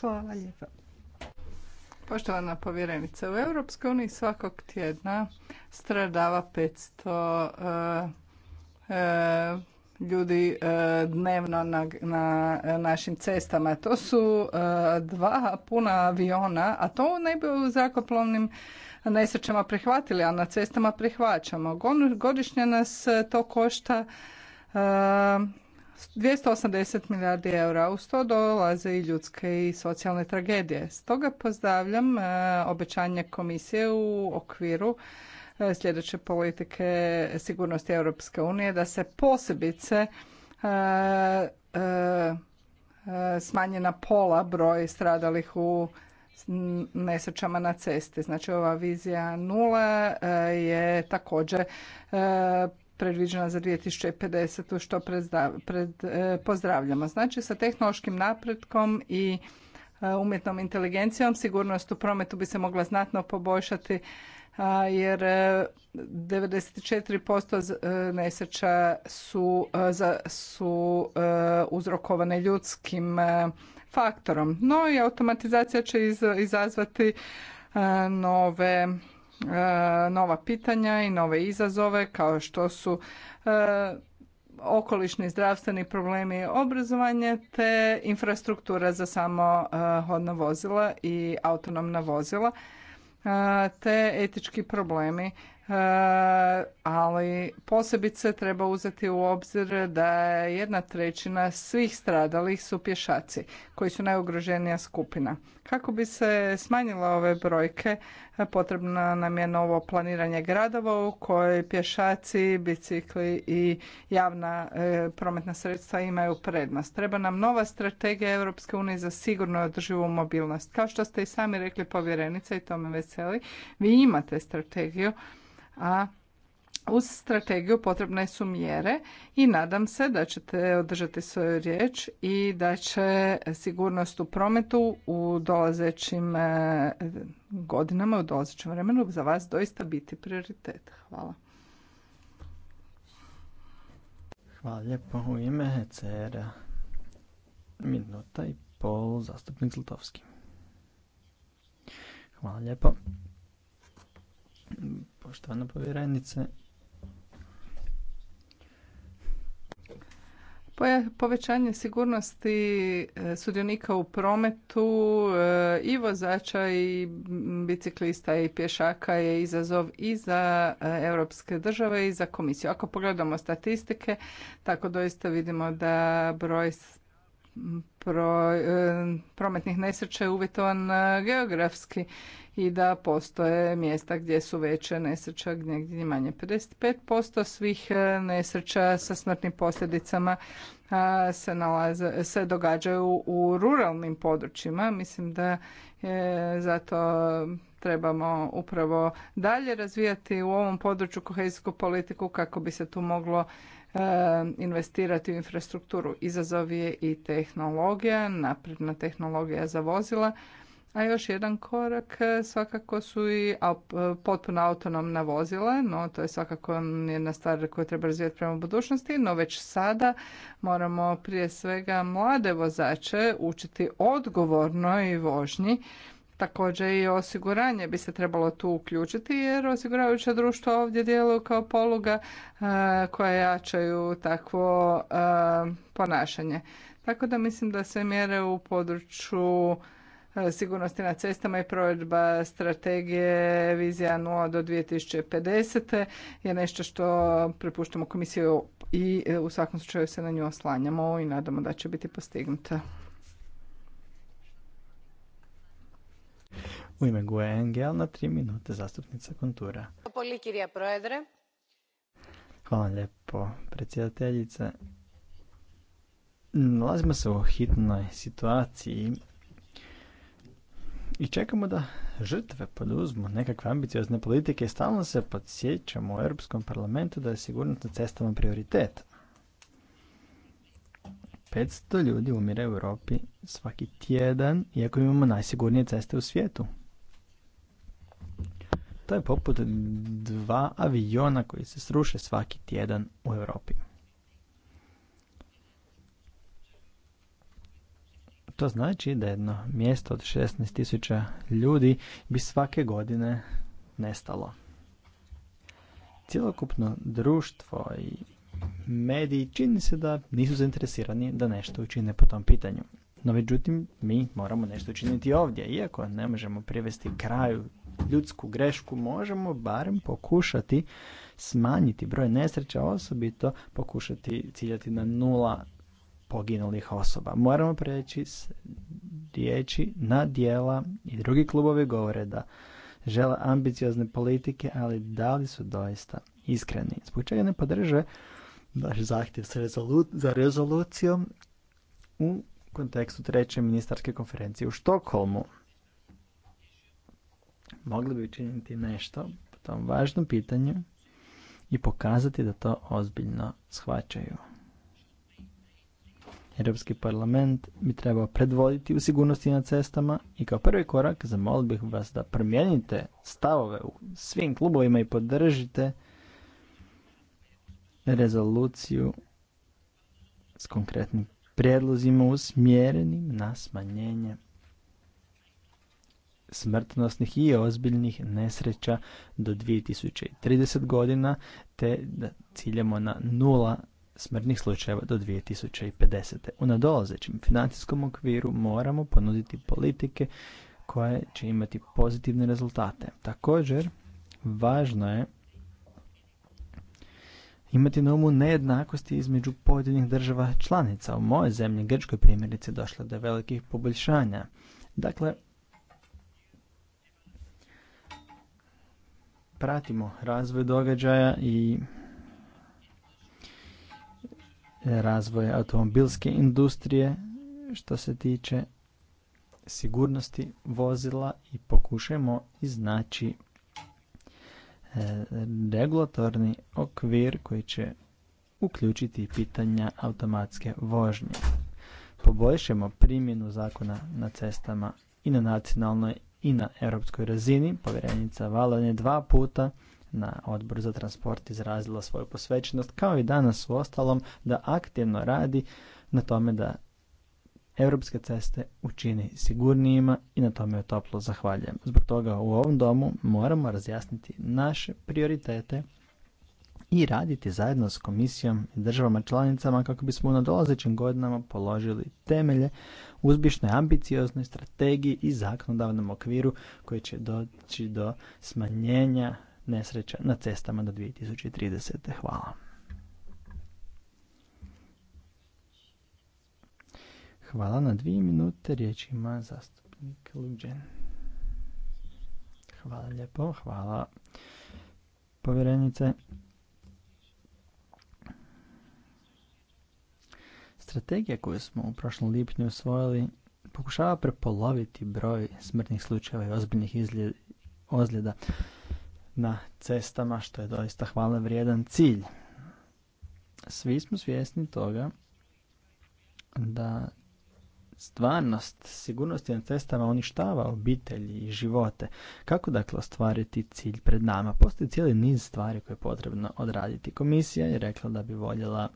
Hvala lijepa. Poštovana povjerenice, u Europskoj uniji svakog tjedna stradava 500 e, e, ljudi e, dnevno na, našim cestama. To su dva puna aviona, a to ne bi u zrakoplovnim nesrećama prihvatili, a na cestama prihvaćamo. Godišnje nas to košta 280 milijardi eura. Uz to dolaze i ljudske i socijalne tragedije. Stoga pozdravljam e, obećanje komisije u okviru e, sljedeće politike sigurnosti Europske unije da se posebice e, smanje na pola broj stradalih u nesrećama na cesti. Znači ova vizija nula je također predviđena za 2050. što pred, e, pozdravljamo. Znači sa tehnološkim napretkom i e, umjetnom inteligencijom sigurnost u prometu bi se mogla znatno poboljšati e, jer 94% nesreća su, su uzrokovane ljudskim faktorom. No i automatizacija će izazvati nove E, nova pitanja i nove izazove kao što su e, okolišni zdravstveni problemi obrazovanje te infrastruktura za samo e, hodna vozila i autonomna vozila te etički problemi E, ali posebice treba uzeti u obzir da je jedna trećina svih stradalih su pješaci koji su najugroženija skupina. Kako bi se smanjile ove brojke potrebno nam je novo planiranje gradova u kojoj pješaci, bicikli i javna e, prometna sredstva imaju prednost. Treba nam nova strategija Europske unije za sigurno održivu mobilnost. Kao što ste i sami rekli povjerenica i to me veseli, vi imate strategiju a uz strategiju potrebne su mjere i nadam se da ćete održati svoju riječ i da će sigurnost u prometu u dolazećim e, godinama, u dolazećem vremenu za vas doista biti prioritet. Hvala. Hvala lijepo. U ime e minuta i pol zastupnik Zlatovski. Hvala lijepo. Poštovana povjerenice. Povećanje sigurnosti e, sudionika u prometu e, i vozača i biciklista i pješaka je izazov i za e, europske države i za komisiju. Ako pogledamo statistike, tako doista vidimo da broj prometnih nesreća je uvjetovan geografski i da postoje mjesta gdje su veće nesreća, negdje manje. 55% svih e, nesreća sa smrtnim posljedicama se, nalaze, se događaju u ruralnim područjima. Mislim da e, zato trebamo upravo dalje razvijati u ovom području kohezijsku politiku kako bi se tu moglo e, investirati u infrastrukturu. Izazov je i tehnologija, napredna tehnologija za vozila, a još jedan korak e, svakako su i e, potpuno autonomna vozila, no to je svakako jedna stvar koju treba razvijati prema budućnosti, no već sada moramo prije svega mlade vozače učiti odgovornoj vožnji, Također i osiguranje bi se trebalo tu uključiti jer osiguravajuća društva ovdje djeluju kao poluga e, koja jačaju takvo ponašanje. Tako da mislim da se mjere u području sigurnosti na cestama i provedba strategije Vizija 0 do 2050. je nešto što prepuštamo komisiju i u svakom slučaju se na nju oslanjamo i nadamo da će biti postignuta. U ime Gue Engel na tri minute zastupnica Kontura. Hvala lijepo predsjedateljice. Nalazimo se u hitnoj situaciji i čekamo da žrtve poduzmu nekakve ambiciozne politike i stalno se podsjećamo u Europskom parlamentu da je sigurnost na cestama prioritet. 500 ljudi umire u Europi svaki tjedan, iako imamo najsigurnije ceste u svijetu. To je poput dva aviona koji se sruše svaki tjedan u Europi. To znači da jedno mjesto od 16.000 ljudi bi svake godine nestalo. Cjelokupno društvo i mediji čini se da nisu zainteresirani da nešto učine po tom pitanju. No međutim, mi moramo nešto učiniti ovdje. Iako ne možemo privesti kraju ljudsku grešku, možemo barem pokušati smanjiti broj nesreća, osobito pokušati ciljati na nula poginulih osoba. Moramo preći s riječi na dijela i drugi klubovi govore da žele ambiciozne politike, ali da li su doista iskreni? Zbog čega ne podrže naš zahtjev za rezolucijom u kontekstu treće ministarske konferencije u Štokholmu? Mogli bi učiniti nešto po tom važnom pitanju i pokazati da to ozbiljno shvaćaju. Europski parlament bi trebao predvoditi u sigurnosti na cestama i kao prvi korak zamolio bih vas da promijenite stavove u svim klubovima i podržite rezoluciju s konkretnim prijedlozima usmjerenim na smanjenje smrtnosnih i ozbiljnih nesreća do 2030 godina te da ciljamo na nula smrtnih slučajeva do 2050. U nadolazećem financijskom okviru moramo ponuditi politike koje će imati pozitivne rezultate. Također, važno je imati na umu nejednakosti između pojedinih država članica. U moje zemlji, Grčkoj primjerice, došlo do velikih poboljšanja. Dakle, pratimo razvoj događaja i razvoja automobilske industrije što se tiče sigurnosti vozila i pokušajmo iznaći e, regulatorni okvir koji će uključiti pitanja automatske vožnje. Poboljšajmo primjenu zakona na cestama i na nacionalnoj i na europskoj razini. Povjerenica Valan je dva puta na odboru za transport izrazila svoju posvećenost, kao i danas u ostalom, da aktivno radi na tome da europske ceste učini sigurnijima i na tome je toplo zahvaljujem. Zbog toga u ovom domu moramo razjasniti naše prioritete i raditi zajedno s komisijom i državama članicama kako bismo u nadolazećim godinama položili temelje uzbišnoj ambicioznoj strategiji i zakonodavnom okviru koji će doći do smanjenja nesreća na cestama do 2030. Hvala. Hvala na dvije minute. Riječ ima zastupnik Luđen. Hvala lijepo, hvala povjerenice. Strategija koju smo u prošlom lipnju osvojili pokušava prepoloviti broj smrtnih slučajeva i ozbiljnih ozljeda na cestama, što je doista hvale vrijedan cilj. Svi smo svjesni toga da stvarnost sigurnosti na cestama uništava obitelji i živote. Kako dakle ostvariti cilj pred nama? Postoji cijeli niz stvari koje je potrebno odraditi. Komisija je rekla da bi voljela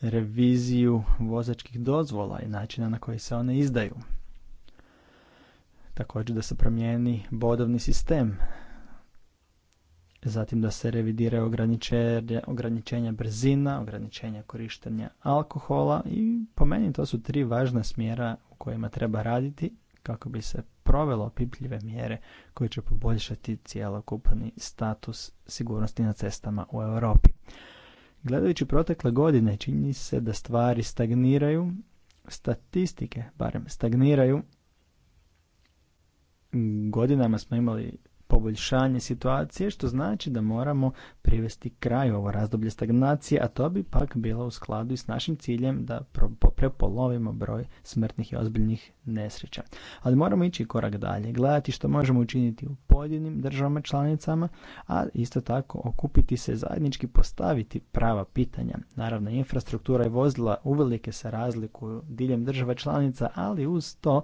reviziju vozačkih dozvola i načina na koji se one izdaju također da se promijeni bodovni sistem, zatim da se revidira ograničenja brzina, ograničenja korištenja alkohola i po meni to su tri važna smjera u kojima treba raditi kako bi se provelo opipljive mjere koje će poboljšati cjelokupni status sigurnosti na cestama u Europi. Gledajući protekle godine čini se da stvari stagniraju, statistike barem stagniraju godinama smo imali poboljšanje situacije, što znači da moramo privesti kraj ovo razdoblje stagnacije, a to bi pak bilo u skladu i s našim ciljem da prepolovimo broj smrtnih i ozbiljnih nesreća. Ali moramo ići korak dalje, gledati što možemo učiniti u pojedinim državama članicama, a isto tako okupiti se zajednički postaviti prava pitanja. Naravno, infrastruktura i vozila uvelike se razlikuju diljem država članica, ali uz to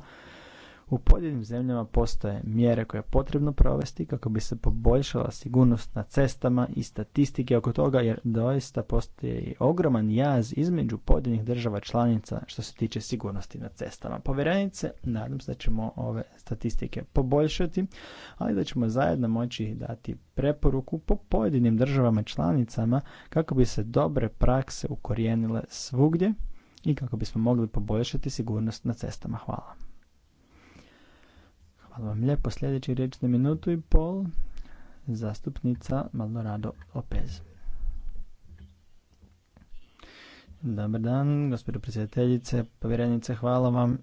u pojedinim zemljama postoje mjere koje je potrebno provesti kako bi se poboljšala sigurnost na cestama i statistike oko toga jer doista postoji ogroman jaz između pojedinih država članica što se tiče sigurnosti na cestama. Povjerenice, nadam se da ćemo ove statistike poboljšati, ali da ćemo zajedno moći dati preporuku po pojedinim državama članicama kako bi se dobre prakse ukorijenile svugdje i kako bismo mogli poboljšati sigurnost na cestama. Hvala. Hvala vam lijepo. Sljedeći riječ na minutu i pol. Zastupnica Maldorado Opez. Dobar dan, gospođo predsjedateljice, povjerenice, hvala vam.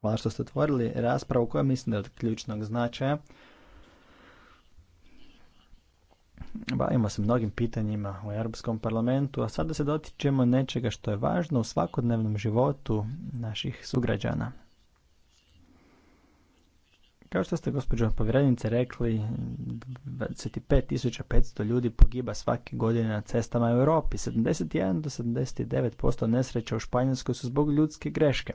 Hvala što ste otvorili raspravu koja mislim da je od ključnog značaja. Bavimo se mnogim pitanjima u Europskom parlamentu, a sada se dotičemo nečega što je važno u svakodnevnom životu naših sugrađana – kao što ste gospođo povjerenice rekli, 25.500 ljudi pogiba svake godine na cestama u Europi. 71 do 79% nesreća u Španjolskoj su zbog ljudske greške.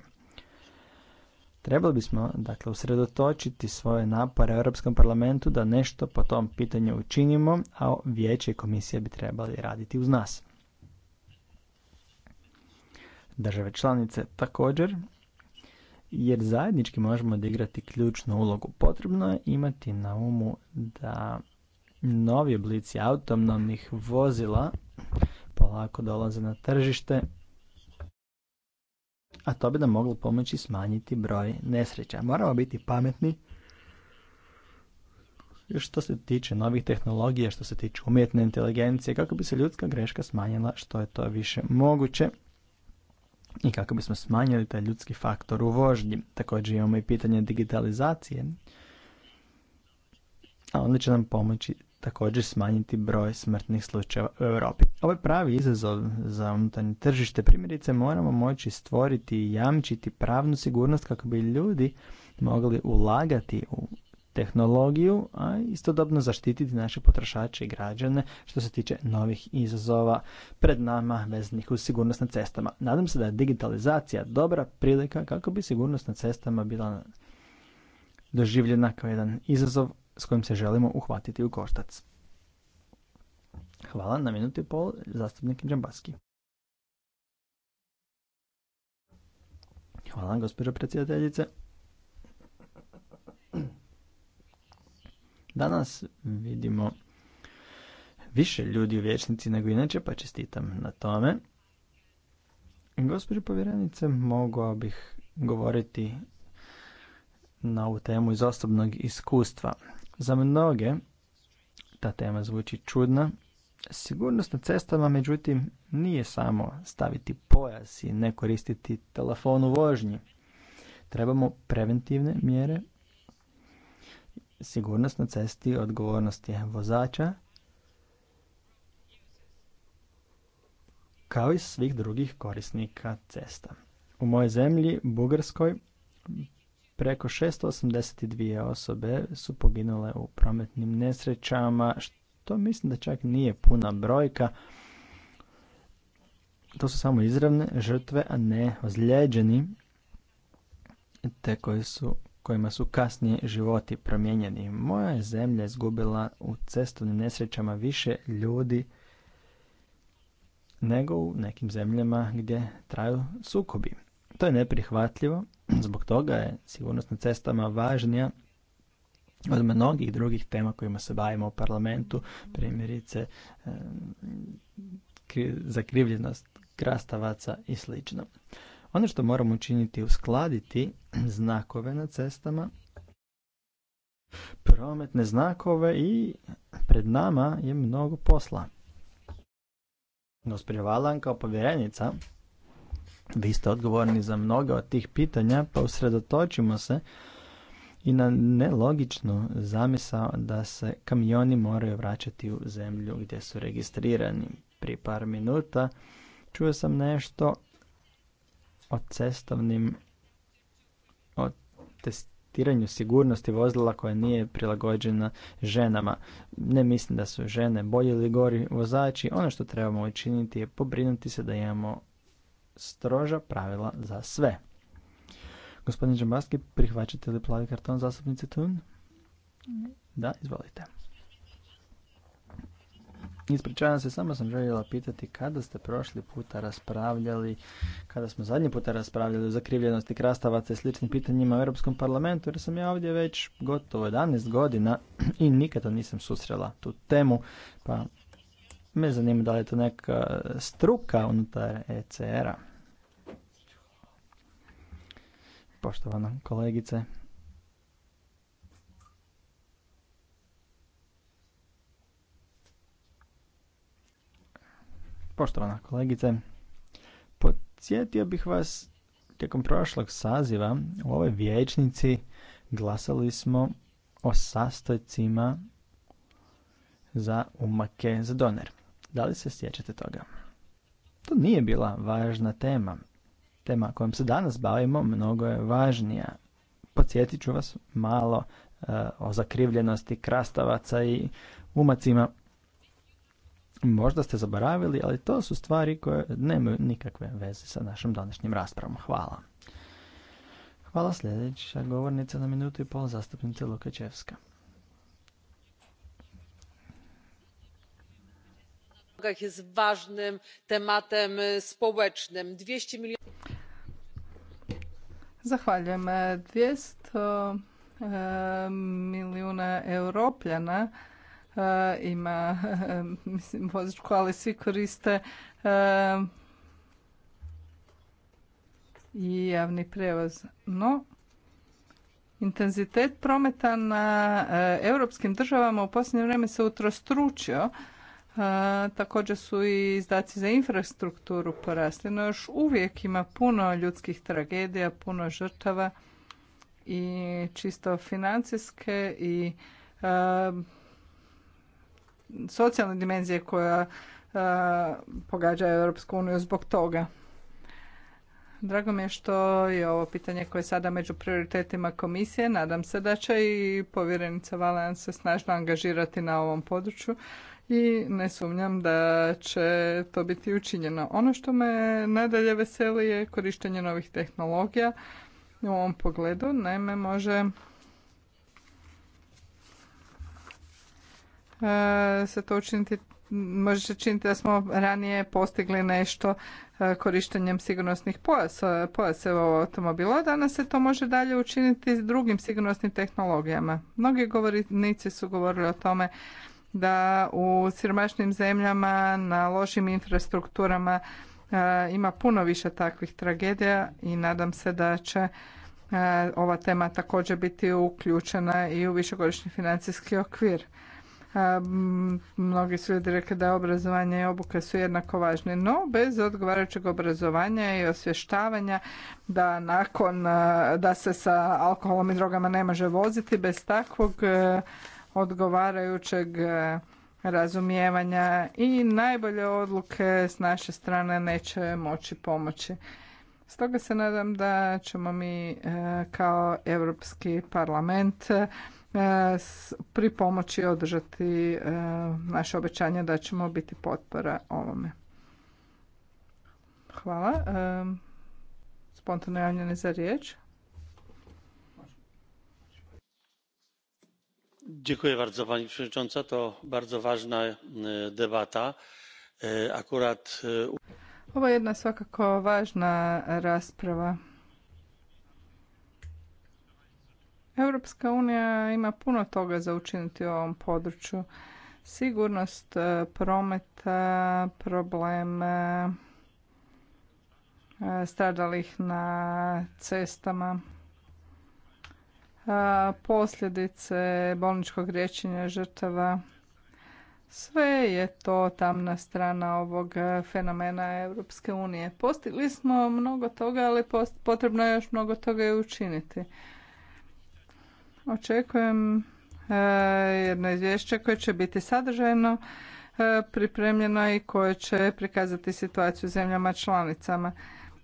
Trebali bismo, dakle, usredotočiti svoje napore u Europskom parlamentu da nešto po tom pitanju učinimo, a vijeće i komisija bi trebali raditi uz nas. Države članice također jer zajednički možemo odigrati ključnu ulogu. Potrebno je imati na umu da novi oblici autonomnih vozila polako dolaze na tržište, a to bi nam moglo pomoći smanjiti broj nesreća. Moramo biti pametni što se tiče novih tehnologija, što se tiče umjetne inteligencije, kako bi se ljudska greška smanjila što je to više moguće i kako bismo smanjili taj ljudski faktor u vožnji. Također imamo i pitanje digitalizacije, a onda će nam pomoći također smanjiti broj smrtnih slučajeva u Europi. Ovo je pravi izazov za unutarnje tržište. Primjerice moramo moći stvoriti i jamčiti pravnu sigurnost kako bi ljudi mogli ulagati u tehnologiju, a istodobno zaštititi naše potrošače i građane što se tiče novih izazova pred nama vezanih uz sigurnost na cestama. Nadam se da je digitalizacija dobra prilika kako bi sigurnost na cestama bila doživljena kao jedan izazov s kojim se želimo uhvatiti u koštac. Hvala na minutu i pol, zastupnik Džambaski. Hvala, gospođo predsjedateljice. Danas vidimo više ljudi u vječnici nego inače, pa čestitam na tome. Gospođo povjerenice, mogao bih govoriti na ovu temu iz osobnog iskustva. Za mnoge ta tema zvuči čudna. Sigurnost na cestama, međutim, nije samo staviti pojas i ne koristiti telefon u vožnji. Trebamo preventivne mjere, sigurnost na cesti, odgovornost je vozača, kao i svih drugih korisnika cesta. U mojoj zemlji, Bugarskoj, preko 682 osobe su poginule u prometnim nesrećama, što mislim da čak nije puna brojka. To su samo izravne žrtve, a ne ozlijeđeni, te koji su kojima su kasnije životi promijenjeni. Moja je zemlja izgubila u cestovnim nesrećama više ljudi nego u nekim zemljama gdje traju sukobi. To je neprihvatljivo, zbog toga je sigurnost na cestama važnija od mnogih drugih tema kojima se bavimo u parlamentu, primjerice zakrivljenost krastavaca i slično. Ono što moramo učiniti je uskladiti znakove na cestama, prometne znakove i pred nama je mnogo posla. No, Valan kao povjerenica, vi ste odgovorni za mnoga od tih pitanja, pa usredotočimo se i na nelogičnu zamisao da se kamioni moraju vraćati u zemlju gdje su registrirani. Prije par minuta čuo sam nešto o cestovnim o testiranju sigurnosti vozila koja nije prilagođena ženama. Ne mislim da su žene bolji ili gori vozači. Ono što trebamo učiniti je pobrinuti se da imamo stroža pravila za sve. Gospodin Džambaski, prihvaćate li plavi karton zastupnice Tun? Da, izvolite. Ispričavam se, samo sam željela pitati kada ste prošli puta raspravljali, kada smo zadnji puta raspravljali o zakrivljenosti krastavaca i sličnim pitanjima u Europskom parlamentu, jer sam ja ovdje već gotovo 11 godina i nikada nisam susrela tu temu, pa me zanima da li je to neka struka unutar ECR-a. Poštovana kolegice, Poštovana kolegice, podsjetio bih vas tijekom prošlog saziva u ovoj vijećnici glasali smo o sastojcima za umake za doner. Da li se sjećate toga? To nije bila važna tema. Tema kojom se danas bavimo mnogo je važnija. Podsjetit ću vas malo e, o zakrivljenosti krastavaca i umacima Možda ste zaboravili, ali to su stvari koje nemaju nikakve veze sa našom današnjim raspravom. Hvala. Hvala sljedeća govornica na minutu i pol zastupnice Lukačevska. Čevska. tematem społecznym. 200 milijuna... Zahvaljujem. 200 e, e, milijuna europljana E, ima mislim, vozačku, ali svi koriste e, i javni prevoz. No, intenzitet prometa na e, europskim državama u posljednje vrijeme se utrostručio. također su i izdaci za infrastrukturu porasli, no još uvijek ima puno ljudskih tragedija, puno žrtava i čisto financijske i socijalne dimenzije koja e, pogađa Europsku uniju zbog toga. Drago mi je što je ovo pitanje koje je sada među prioritetima komisije. Nadam se da će i povjerenica Valen se snažno angažirati na ovom području i ne sumnjam da će to biti učinjeno. Ono što me nadalje veseli je korištenje novih tehnologija u ovom pogledu. Naime, može E, se to učiniti može se činiti da smo ranije postigli nešto e, korištenjem sigurnosnih e, pojaseva pojase u a danas se to može dalje učiniti s drugim sigurnosnim tehnologijama. Mnogi govornici su govorili o tome da u siromašnim zemljama, na lošim infrastrukturama ima puno više takvih tragedija i nadam se da će ova tema također biti uključena i u višegodišnji financijski okvir. Mnogi su ljudi rekli da obrazovanje i obuka su jednako važni, no bez odgovarajućeg obrazovanja i osvještavanja da nakon da se sa alkoholom i drogama ne može voziti bez takvog e, odgovarajućeg e, razumijevanja i najbolje odluke s naše strane neće moći pomoći. Stoga se nadam da ćemo mi e, kao Europski parlament E, pri pomoći održati e, naše obećanje da ćemo biti potpora ovome. Hvala. E, spontano javljene za riječ. Dziękuję bardzo Pani Przewodnicząca. To bardzo ważna debata. Akurat... Ovo je jedna svakako važna rasprava. Europska unija ima puno toga za učiniti u ovom području. Sigurnost e, prometa, problem e, stradalih na cestama, e, posljedice bolničkog rječenja žrtava. Sve je to tamna strana ovog fenomena Europske unije. Postigli smo mnogo toga, ali potrebno je još mnogo toga i učiniti. Očekujem e, jedno izvješće koje će biti sadržajno e, pripremljeno i koje će prikazati situaciju zemljama članicama.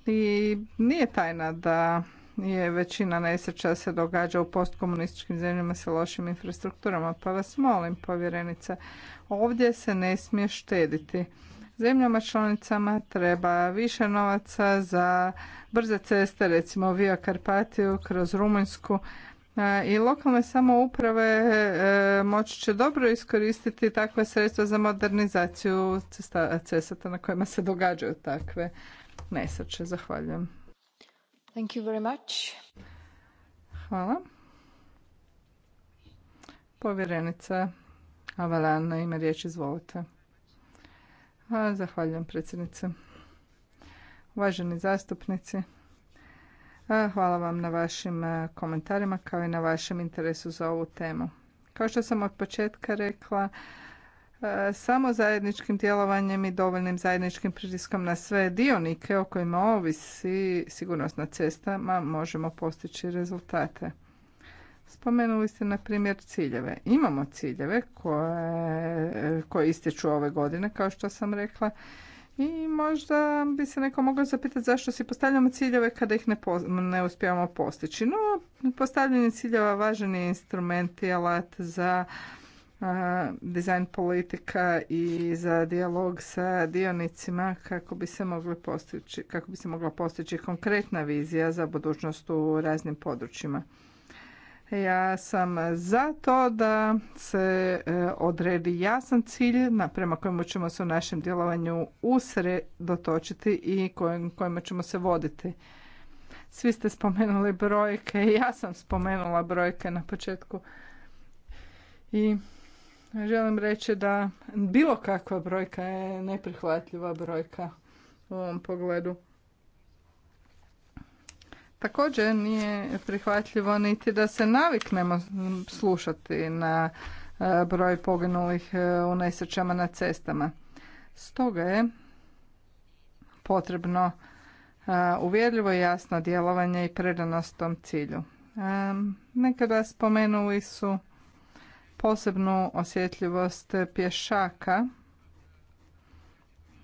I nije tajna da je većina nesreća se događa u postkomunističkim zemljama sa lošim infrastrukturama. Pa vas molim, povjerenica, ovdje se ne smije štediti. Zemljama članicama treba više novaca za brze ceste, recimo Via Karpatiju kroz Rumunjsku, E, I lokalne samouprave e, moći će dobro iskoristiti takve sredstva za modernizaciju cesta, na kojima se događaju takve nesreće. Zahvaljujem. Thank you very much. Hvala. Povjerenica Avalana ima riječ, izvolite. zahvaljujem predsjednice. Uvaženi zastupnici, Hvala vam na vašim komentarima kao i na vašem interesu za ovu temu. Kao što sam od početka rekla, samo zajedničkim djelovanjem i dovoljnim zajedničkim pritiskom na sve dionike o kojima ovisi sigurnost na cestama možemo postići rezultate. Spomenuli ste na primjer ciljeve. Imamo ciljeve koje, koje ove godine, kao što sam rekla, i možda bi se neko mogao zapitati zašto si postavljamo ciljeve kada ih ne, po, ne uspijemo postići. No, postavljanje ciljeva važan je instrument i alat za dizajn politika i za dijalog sa dionicima kako bi se mogli postići, kako bi se mogla postići konkretna vizija za budućnost u raznim područjima. Ja sam za to da se e, odredi jasan cilj na prema kojemu ćemo se u našem djelovanju usredotočiti i kojima ćemo se voditi. Svi ste spomenuli brojke, ja sam spomenula brojke na početku. I želim reći da bilo kakva brojka je neprihvatljiva brojka u ovom pogledu. Također nije prihvatljivo niti da se naviknemo slušati na e, broj poginulih e, u nesrećama na cestama. Stoga je potrebno e, uvjerljivo i jasno djelovanje i predanost tom cilju. Nekada spomenuli su posebnu osjetljivost pješaka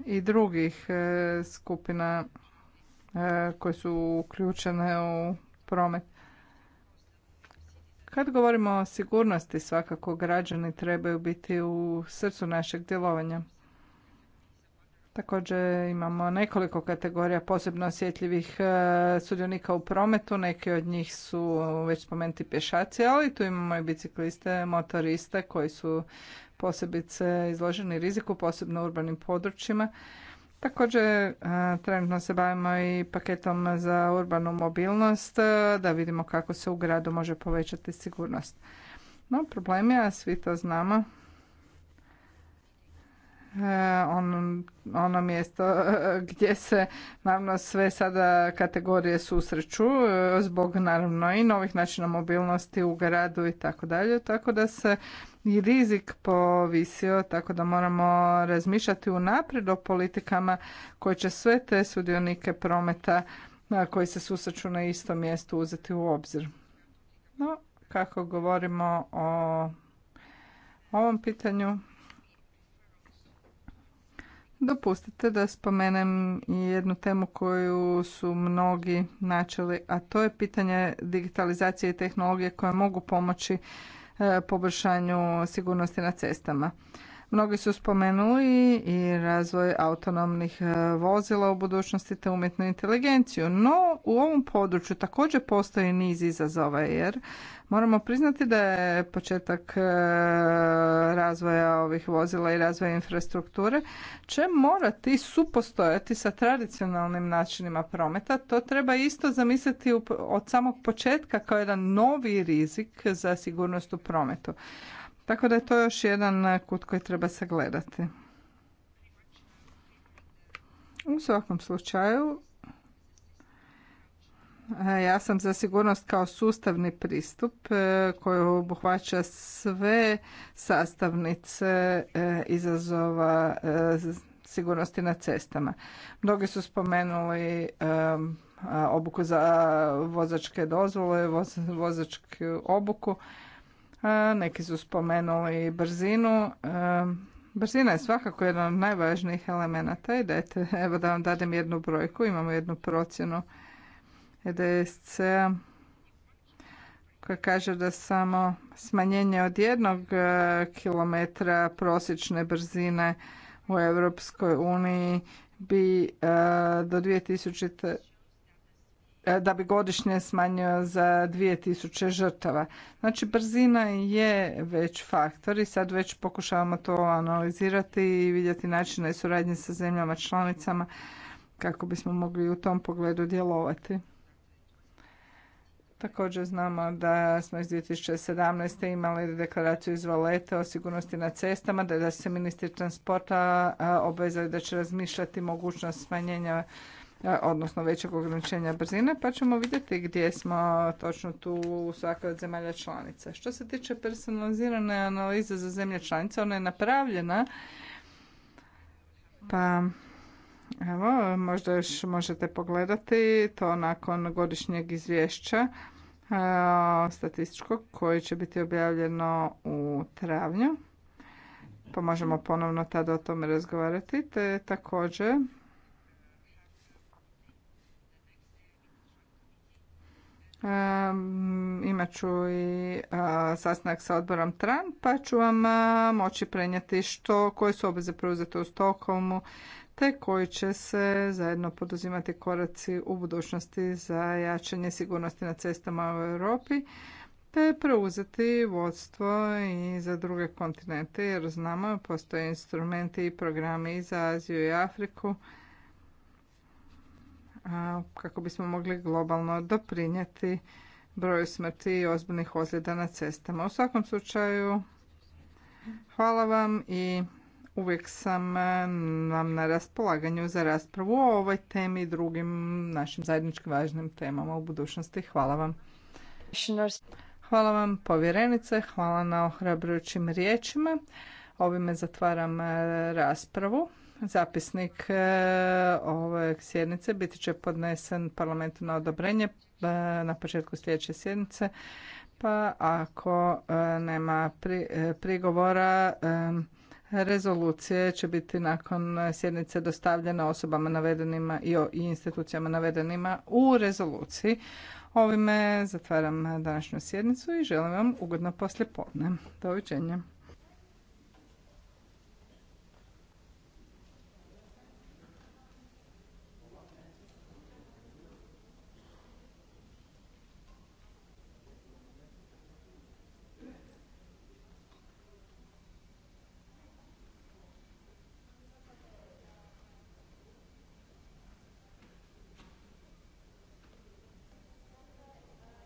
i drugih skupina E, koje su uključene u promet. Kad govorimo o sigurnosti, svakako građani trebaju biti u srcu našeg djelovanja. Također imamo nekoliko kategorija posebno osjetljivih e, sudionika u prometu. Neki od njih su već spomenuti pješaci, ali tu imamo i bicikliste, motoriste koji su posebice izloženi riziku, posebno u urbanim područjima. Također e, trenutno se bavimo i paketom za urbanu mobilnost e, da vidimo kako se u gradu može povećati sigurnost. No problem je, a svi to znamo, ono, ono mjesto gdje se naravno sve sada kategorije susreću zbog naravno i novih načina mobilnosti u gradu i tako dalje, tako da se i rizik povisio, tako da moramo razmišljati unaprijed o politikama koje će sve te sudionike prometa koji se susreću na istom mjestu uzeti u obzir. No, kako govorimo o ovom pitanju, dopustite da spomenem i jednu temu koju su mnogi načeli, a to je pitanje digitalizacije i tehnologije koje mogu pomoći poboljšanju sigurnosti na cestama. Mnogi su spomenuli i razvoj autonomnih e, vozila u budućnosti te umjetnu inteligenciju, no u ovom području također postoji niz izazova jer moramo priznati da je početak e, razvoja ovih vozila i razvoja infrastrukture će morati supostojati sa tradicionalnim načinima prometa. To treba isto zamisliti od samog početka kao jedan novi rizik za sigurnost u prometu. Tako da je to još jedan kut koji treba sagledati. U svakom slučaju, e, ja sam za sigurnost kao sustavni pristup e, koji obuhvaća sve sastavnice e, izazova sigurnosti na cestama. Mnogi su spomenuli obuku za vozačke dozvole, vozačku obuku. E, neki su spomenuli brzinu. E, brzina je svakako jedan od najvažnijih elemenata dajte, evo da vam dadem jednu brojku, imamo jednu procjenu EDSC koja kaže da samo smanjenje od jednog e, kilometra prosječne brzine u Europskoj uniji bi do E, da bi godišnje smanjio za 2000 žrtava. Znači brzina je već faktor i sad već pokušavamo to analizirati i vidjeti načine suradnje sa zemljama članicama kako bismo mogli u tom pogledu djelovati. Također znamo da smo iz 2017. imali deklaraciju iz Valete o sigurnosti na cestama, da, da se ministri transporta obvezali da će razmišljati mogućnost smanjenja E, odnosno većeg ograničenja brzine, pa ćemo vidjeti gdje smo točno tu u svakoj od zemalja članica. Što se tiče personalizirane analize za zemlje članice, ona je napravljena, pa evo, možda još možete pogledati to nakon godišnjeg izvješća e, statističkog koji će biti objavljeno u travnju pa možemo ponovno tada o tome razgovarati. Te također imat ću i sastanak sa odborom TRAN, pa ću vam moći prenijeti što, koje su obveze preuzete u Stokholmu, te koji će se zajedno poduzimati koraci u budućnosti za jačanje sigurnosti na cestama u Europi, te preuzeti vodstvo i za druge kontinente, jer znamo postoje instrumenti i programi i za Aziju i Afriku, kako bismo mogli globalno doprinijeti broju smrti i ozbiljnih ozljeda na cestama. U svakom slučaju, hvala vam i uvijek sam e, vam na raspolaganju za raspravu o ovoj temi i drugim našim zajednički važnim temama u budućnosti. Hvala vam. Hvala vam povjerenice, hvala na ohrabrujućim riječima. Ovime zatvaram e, raspravu. Zapisnik e, ove sjednice biti će podnesen parlamentu na odobrenje e, na početku sljedeće sjednice, pa ako e, nema prigovora rezolucije će biti nakon sjednice dostavljena osobama navedenima i institucijama navedenima u rezoluciji. Ovime zatvaram današnju sjednicu i želim vam ugodno poslijepodne. Doviđenja.